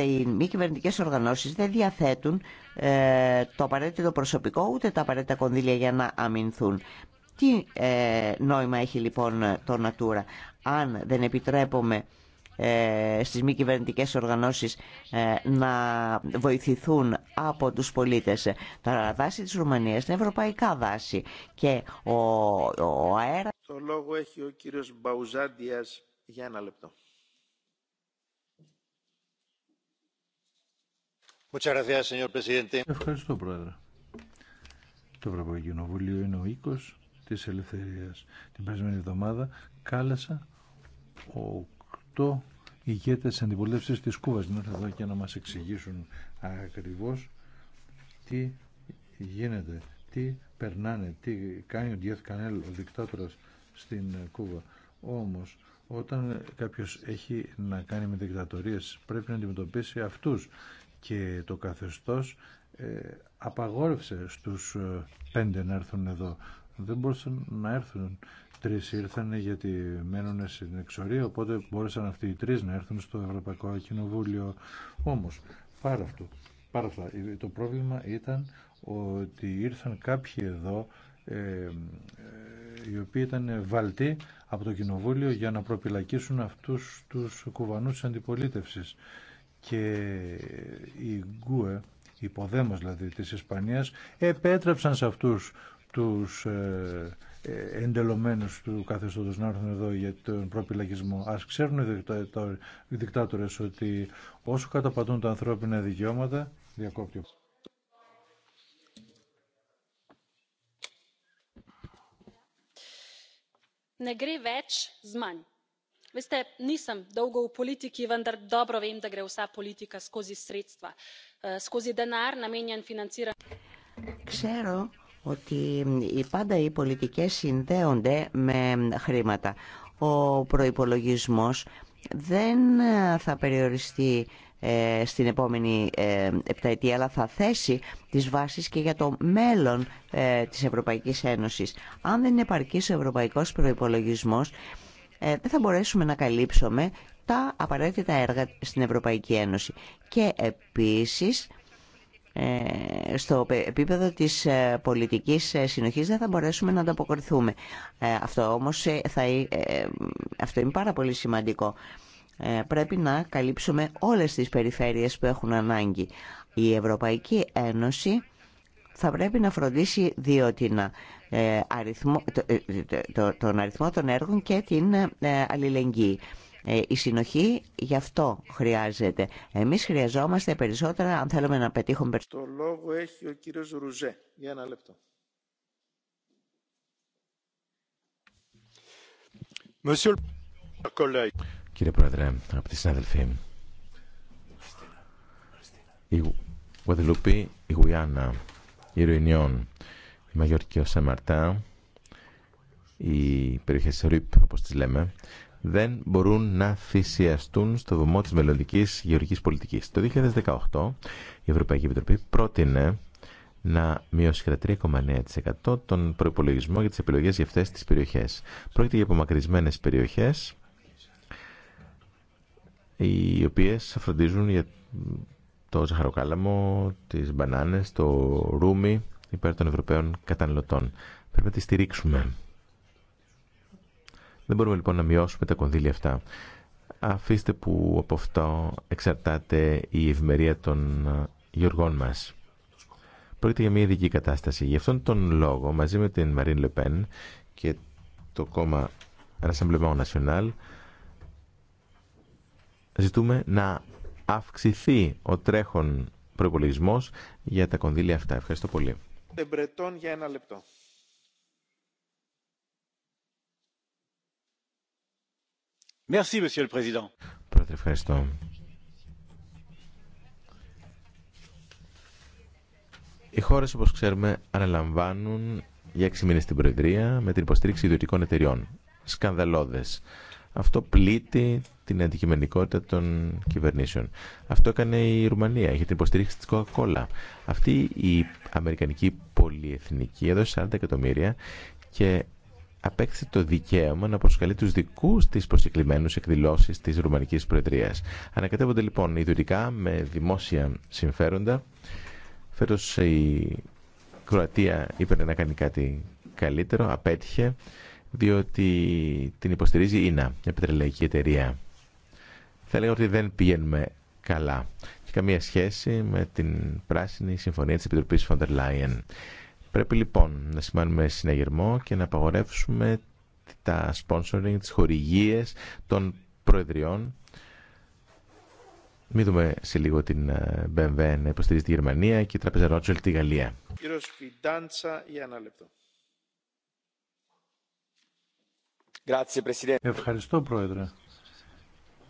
οι μη κυβερνητικέ οργανώσεις δεν διαθέτουν ε, το απαραίτητο προσωπικό ούτε τα απαραίτητα κονδύλια για να αμυνθούν. Τι νόημα έχει λοιπόν το Natura αν δεν επιτρέπουμε ε, στις μη κυβερνητικέ οργανώσεις ε, να βοηθηθούν από τους πολίτες. Τα δάση της Ρουμανίας είναι ευρωπαϊκά δάση και ο, ο αέρας... Το λόγο έχει ο κύριος Μπαουζάντιας για ένα λεπτό. Ευχαριστώ, Πρόεδρε. Το Ευρωπαϊκό Κοινοβούλιο είναι ο οίκος της ελευθερίας. Την περασμένη εβδομάδα κάλεσα ο το ηγέτες της αντιπολίτευσης της Κούβας να εδώ και να μας εξηγήσουν ακριβώς τι γίνεται, τι περνάνε, τι κάνει ο Διέθ Κανέλ, ο δικτάτορας στην Κούβα. Όμως, όταν κάποιος έχει να κάνει με δικτατορίες, πρέπει να αντιμετωπίσει αυτούς. Και το καθεστώς ε, απαγόρευσε στους ε, πέντε να έρθουν εδώ. Δεν μπορούσαν να έρθουν Τρει ήρθαν γιατί μένουν στην εξορία, οπότε μπόρεσαν αυτοί οι τρεις να έρθουν στο Ευρωπαϊκό Κοινοβούλιο. Όμως, πάρα αυτό, πάρα αυτά, ε, το πρόβλημα ήταν ότι ήρθαν κάποιοι εδώ ε, ε, οι οποίοι ήταν βαλτοί από το Κοινοβούλιο για να προπυλακίσουν αυτούς τους κουβανούς της αντιπολίτευσης. Και η Γκουε, υποδέμος δηλαδή της Ισπανίας, επέτρεψαν σε αυτούς τους ε, ε, εντελωμένους του καθεστώτος να έρθουν εδώ για τον προπυλακισμό. Ας ξέρουν οι δικτάτορες ότι όσο καταπατούν τα ανθρώπινα δικαιώματα, διακόπτει. Ne gre več z manj. Veste, nisem dolgo v politiki, vendar dobro vem, da gre vsa politika skozi sredstva, eh, skozi denar namenjen financiranju. Ξέρω ότι πάντα οι πολιτικές συνδέονται με χρήματα. Ο προϋπολογισμός δεν ε, θα περιοριστεί ε, στην επόμενη ε, επταετία, αλλά θα θέσει τις βάσεις και για το μέλλον της Ευρωπαϊκής Ένωσης. Αν δεν είναι ο ευρωπαϊκός προϋπολογισμός, δεν θα μπορέσουμε να καλύψουμε τα απαραίτητα έργα στην Ευρωπαϊκή Ένωση. Και επίσης ε, στο επίπεδο της ε, πολιτικής ε, συνοχής δεν θα μπορέσουμε να ανταποκριθούμε. Αυτό όμως θα, αυτό είναι πάρα πολύ σημαντικό. Πρέπει να καλύψουμε όλες τις περιφέρειες που έχουν ανάγκη. Η Ευρωπαϊκή Ένωση θα πρέπει να φροντίσει διότι αριθμό, τον αριθμό των έργων και την αλληλεγγύη. Ε, η συνοχή γι' αυτό χρειάζεται. Εμείς χρειαζόμαστε περισσότερα αν θέλουμε να πετύχουμε περισσότερα. Το λόγο έχει ο κύριος Ρουζέ. Για ένα λεπτό. Κύριε Πρόεδρε, αγαπητοί συνάδελφοι, η Γουαδελούπη, η Γουιάννα, η Ρουινιόν, η Μαγιόρκη, ο Σαμαρτά, οι περιοχές Ρουίπ, όπως τις λέμε, δεν μπορούν να θυσιαστούν στο βωμό της μελλοντική γεωργικής πολιτικής. Το 2018 η Ευρωπαϊκή Επιτροπή πρότεινε να μειώσει κατά 3,9% τον προπολογισμό για τις επιλογές για αυτές τις περιοχές. Πρόκειται για απομακρυσμένες περιοχές οι οποίες φροντίζουν για το ζαχαροκάλαμο, τις μπανάνες, το ρούμι υπέρ των Ευρωπαίων καταναλωτών. Πρέπει να τις στηρίξουμε. Δεν μπορούμε λοιπόν να μειώσουμε τα κονδύλια αυτά. Αφήστε που από αυτό εξαρτάται η ευημερία των ε, γεωργών μας. Πρόκειται για μια ειδική κατάσταση. Γι' αυτόν τον λόγο, μαζί με την Μαρίν Λεπέν και το κόμμα Rassemblement National, ζητούμε να αυξηθεί ο τρέχον προπολογισμό για τα κονδύλια αυτά. Ευχαριστώ πολύ. για ένα λεπτό. Monsieur le Président. Οι χώρες, όπως ξέρουμε, αναλαμβάνουν για έξι μήνε την Προεδρία με την υποστήριξη ιδιωτικών εταιριών. Σκανδαλώδες. Αυτό πλήττει την αντικειμενικότητα των κυβερνήσεων. Αυτό έκανε η Ρουμανία, είχε την υποστήριξη της Coca-Cola. Αυτή η αμερικανική πολυεθνική έδωσε 40 εκατομμύρια και απέκτησε το δικαίωμα να προσκαλεί τους δικούς τη προσκεκλημένους εκδηλώσεις της Ρουμανικής Προεδρίας. Ανακατεύονται λοιπόν ιδιωτικά με δημόσια συμφέροντα. Φέτο η Κροατία είπε να κάνει κάτι καλύτερο, απέτυχε, διότι την υποστηρίζει η ΙΝΑ, μια πετρελαϊκή εταιρεία. Θα λέγαμε ότι δεν πηγαίνουμε καλά. Έχει καμία σχέση με την πράσινη συμφωνία της Επιτροπής Φοντερ Λάιεν. Πρέπει λοιπόν να σημάνουμε συναγερμό και να απαγορεύσουμε τα sponsoring, τις χορηγίες των προεδριών. Μην δούμε σε λίγο την ε, BMW να υποστηρίζει τη Γερμανία και η Τραπέζα τη Γαλλία. Ευχαριστώ, Πρόεδρε.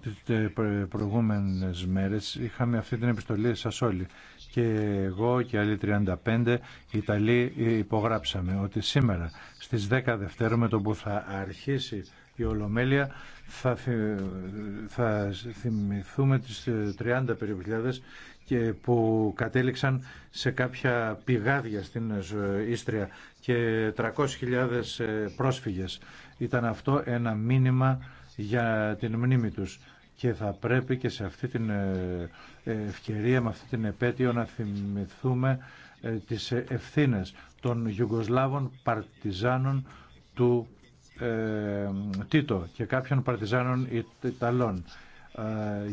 Τις ε, προηγούμενε μέρε είχαμε αυτή την επιστολή σα όλοι και εγώ και άλλοι 35 Ιταλοί υπογράψαμε ότι σήμερα στις 10 Δευτέρου με το που θα αρχίσει η Ολομέλεια θα, θα θυμηθούμε τις 30 περίπου και που κατέληξαν σε κάποια πηγάδια στην Ίστρια και 300.000 πρόσφυγες. Ήταν αυτό ένα μήνυμα για την μνήμη τους και θα πρέπει και σε αυτή την ε, ευκαιρία, με αυτή την επέτειο να θυμηθούμε ε, τις ευθύνες των Ιουγκοσλάβων παρτιζάνων του ε, Τίτο και κάποιων παρτιζάνων Ιταλών.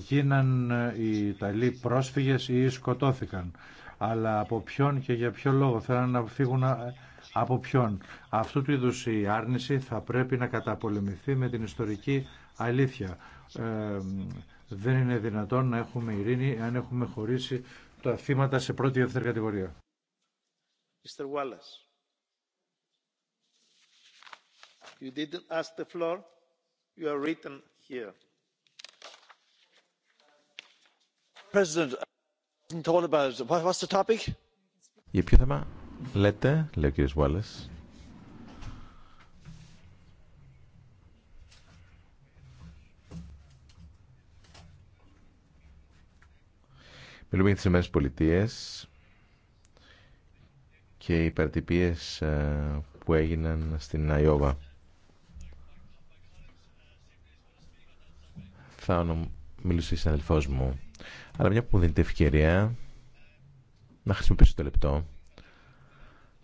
γίναν οι Ιταλοί πρόσφυγες ή σκοτώθηκαν. Αλλά από ποιον και για ποιο λόγο θέλουν να φύγουν από ποιον. Αυτού του είδους η άρνηση θα πρέπει να καταπολεμηθεί με την ιστορική αλήθεια ε, δεν είναι δυνατόν να έχουμε ειρήνη αν έχουμε χωρίσει τα θύματα σε πρώτη ή δεύτερη κατηγορία. Mr. Wallace. You didn't ask the floor. You are written here. President, I wasn't told about it. What's the topic? Για ποιο θέμα λέτε, λέει ο κ. Wallace. Μιλούμε για τις ΗΠΑ Πολιτείες και οι παρατυπίες ε, που έγιναν στην Αϊόβα. Θα μιλήσω η αδελφό μου. Αλλά μια που μου δίνεται ευκαιρία να χρησιμοποιήσω το λεπτό.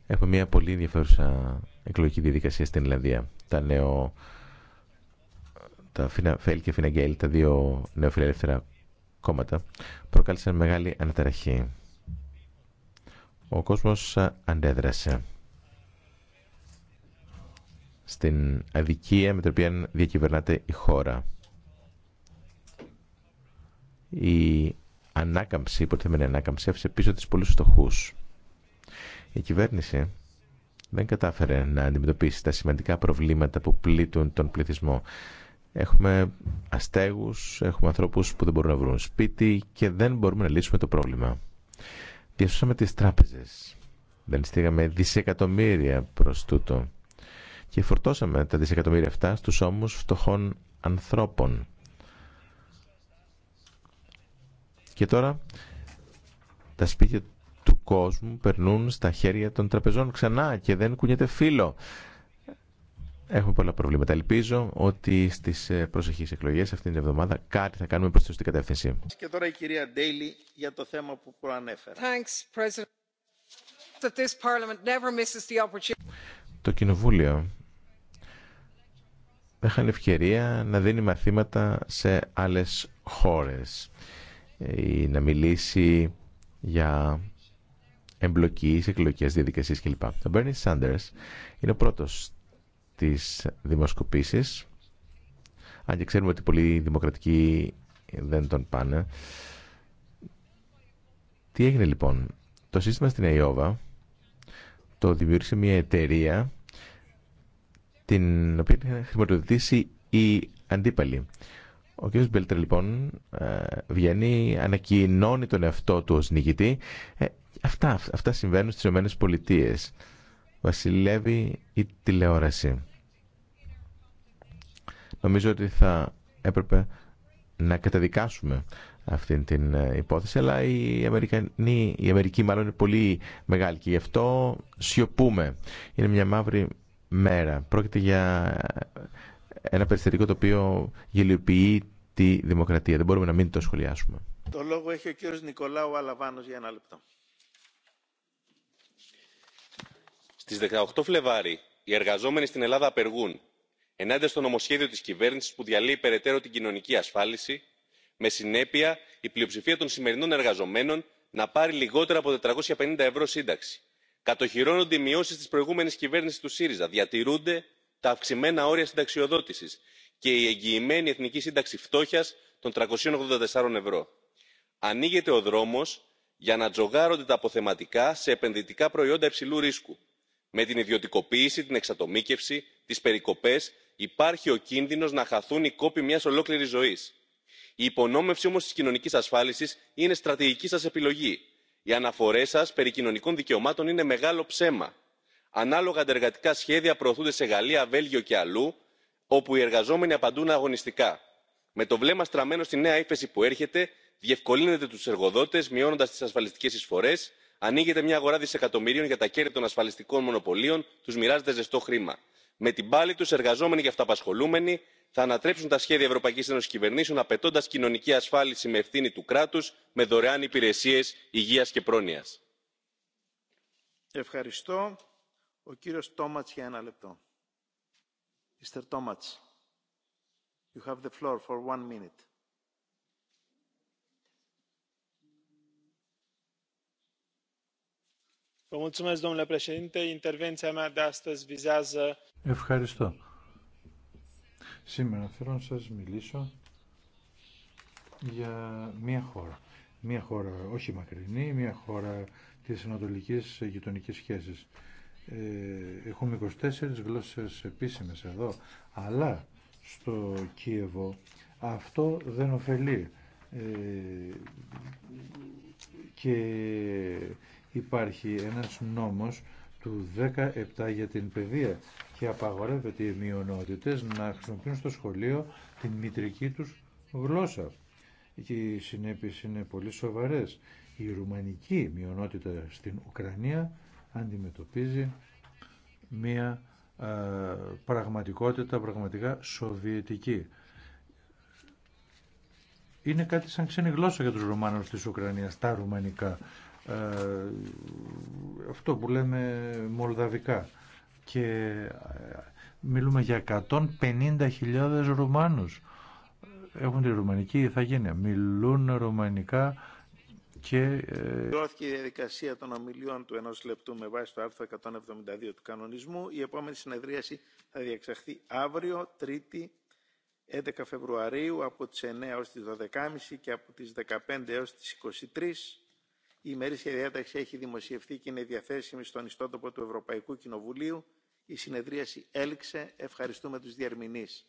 Έχουμε μια πολύ ενδιαφέρουσα εκλογική διαδικασία στην Ιλλανδία. Τα νέο τα Φέλ και Φιναγκέλ, τα δύο νεοφιλελεύθερα κόμματα προκάλεσαν μεγάλη αναταραχή. Ο κόσμος ε, αντέδρασε στην αδικία με την οποία διακυβερνάται η χώρα. Η ανάκαμψη, η υποτιθέμενη ανάκαμψη, έφυσε πίσω τις πολλούς στοχούς. Η κυβέρνηση δεν κατάφερε να αντιμετωπίσει τα σημαντικά προβλήματα που πλήττουν τον πληθυσμό. Έχουμε αστέγους, έχουμε ανθρώπους που δεν μπορούν να βρουν σπίτι και δεν μπορούμε να λύσουμε το πρόβλημα. Διασώσαμε τις τράπεζες. Δεν στείλαμε δισεκατομμύρια προς τούτο. Και φορτώσαμε τα δισεκατομμύρια αυτά στους ώμους φτωχών ανθρώπων. Και τώρα τα σπίτια του κόσμου περνούν στα χέρια των τραπεζών ξανά και δεν κουνιέται φίλο. Έχουμε πολλά προβλήματα. Ελπίζω ότι στι ε, προσεχείς εκλογέ αυτήν την εβδομάδα κάτι θα κάνουμε προς τη σωστή κατεύθυνση. Και τώρα η κυρία Ντέιλι για το θέμα που προανέφερα. Thanks, Το Κοινοβούλιο είχαν ευκαιρία να δίνει μαθήματα σε άλλες χώρες ε, ή να μιλήσει για εμπλοκή σε εκλογικέ διαδικασίε κλπ. Ο Μπέρνι Σάντερ είναι ο πρώτος τις δημοσκοπήσεις αν και ξέρουμε ότι πολλοί δημοκρατικοί δεν τον πάνε τι έγινε λοιπόν το σύστημα στην ΑΙΟΒΑ το δημιούργησε μια εταιρεία την οποία χρηματοδοτήσει η αντίπαλη. Ο κ. Μπέλτερ λοιπόν ε, βγαίνει, ανακοινώνει τον εαυτό του ως νικητή. Ε, αυτά, αυτά συμβαίνουν στις ΗΠΑ Βασιλεύει η τηλεόραση. Νομίζω ότι θα έπρεπε να καταδικάσουμε αυτή την ε, υπόθεση, αλλά η η Αμερική μάλλον είναι πολύ μεγάλη και γι' αυτό σιωπούμε. Είναι μια μαύρη μέρα. Πρόκειται για ε, ένα περιστατικό το οποίο γελιοποιεί τη δημοκρατία. Δεν μπορούμε να μην το σχολιάσουμε. Το λόγο έχει ο κύριος Νικολάου Αλαβάνος για ένα λεπτό. Στις 18 Φλεβάρι οι εργαζόμενοι στην Ελλάδα απεργούν ενάντια στο νομοσχέδιο της κυβέρνησης που διαλύει περαιτέρω την κοινωνική ασφάλιση με συνέπεια η πλειοψηφία των σημερινών εργαζομένων να πάρει λιγότερα από 450 ευρώ σύνταξη. κατοχυρώνονται οι μειώσεις της προηγούμενης κυβέρνησης του σύριζα διατηρούνται τα αυξημένα όρια συνταξιοδότησης και η εγγυημένη εθνική σύνταξη φτώχειας των 384 ευρώ. ανοίγεται ο δρόμος για να τζογάρονται τα αποθεματικά σε επενδυτικά προϊόντα υψηλού ρίσκου με την ιδιωτικοποίηση την εξατομίκευση τι περικοπέ υπάρχει ο κίνδυνο να χαθούν οι κόποι μια ολόκληρη ζωή. η υπονόμευση όμω τη κοινωνική ασφάλιση είναι στρατηγική σα επιλογή. οι αναφορέ σα, περί κοινωνικών δικαιωμάτων είναι μεγάλο ψέμα. ανάλογα αντεργατικά σχέδια προωθούνται σε γαλλία βέλγιο και αλλού όπου οι εργαζόμενοι απαντούν αγωνιστικά. με το βλέμμα στραμμένο στη νέα ύφεση που έρχεται διευκολύνετε του εργοδότε, μειώνοντα τι ασφαλιστικέ εισφορέ, ανοίγετε μια αγορά δισεκατομμυρίων για τα κέρδη των ασφαλιστικών μονοπωλίων του μοιράζετε ζεστό χρήμα με την πάλη του εργαζόμενοι και αυταπασχολούμενοι θα ανατρέψουν τα σχέδια ευρωπαϊκής ένωσης κυβερνήσεων απαιτώντας κοινωνική ασφάλιση με ευθύνη του κράτους με δωρεάν υπηρεσίες υγείας και πρόνοιας. Ευχαριστώ. Ο κύριος για Ευχαριστώ. Σήμερα θέλω να σας μιλήσω για μία χώρα. Μία χώρα όχι μακρινή, μία χώρα της ανατολικής γειτονικής σχέσης. Ε, έχουμε 24 γλώσσες επίσημες εδώ, αλλά στο Κίεβο αυτό δεν ωφελεί. Ε, και υπάρχει ένας νόμος του 17 για την παιδεία και απαγορεύεται οι μειονότητες να χρησιμοποιούν στο σχολείο την μητρική τους γλώσσα. οι συνέπειε είναι πολύ σοβαρές. Η ρουμανική μειονότητα στην Ουκρανία αντιμετωπίζει μία πραγματικότητα πραγματικά σοβιετική. Είναι κάτι σαν ξένη γλώσσα για τους Ρουμάνους της Ουκρανίας, τα ρουμανικά. Ε, αυτό που λέμε μολδαβικά και ε, μιλούμε για 150.000 Ρουμάνους έχουν τη ρουμανική ηθαγένεια μιλούν ρουμανικά και... Ε, Δόθηκε η διαδικασία των ομιλιών του ενός λεπτού με βάση το άρθρο 172 του κανονισμού. Η επόμενη συνεδρίαση θα διεξαχθεί αύριο, Τρίτη, 11 Φεβρουαρίου, από τις 9 έως τις 12.30 και από τις 15 έως τις 23. Η ημερήσια διάταξη έχει δημοσιευθεί και είναι διαθέσιμη στον ιστότοπο του Ευρωπαϊκού Κοινοβουλίου. Η συνεδρίαση έληξε. Ευχαριστούμε τους διερμηνείς.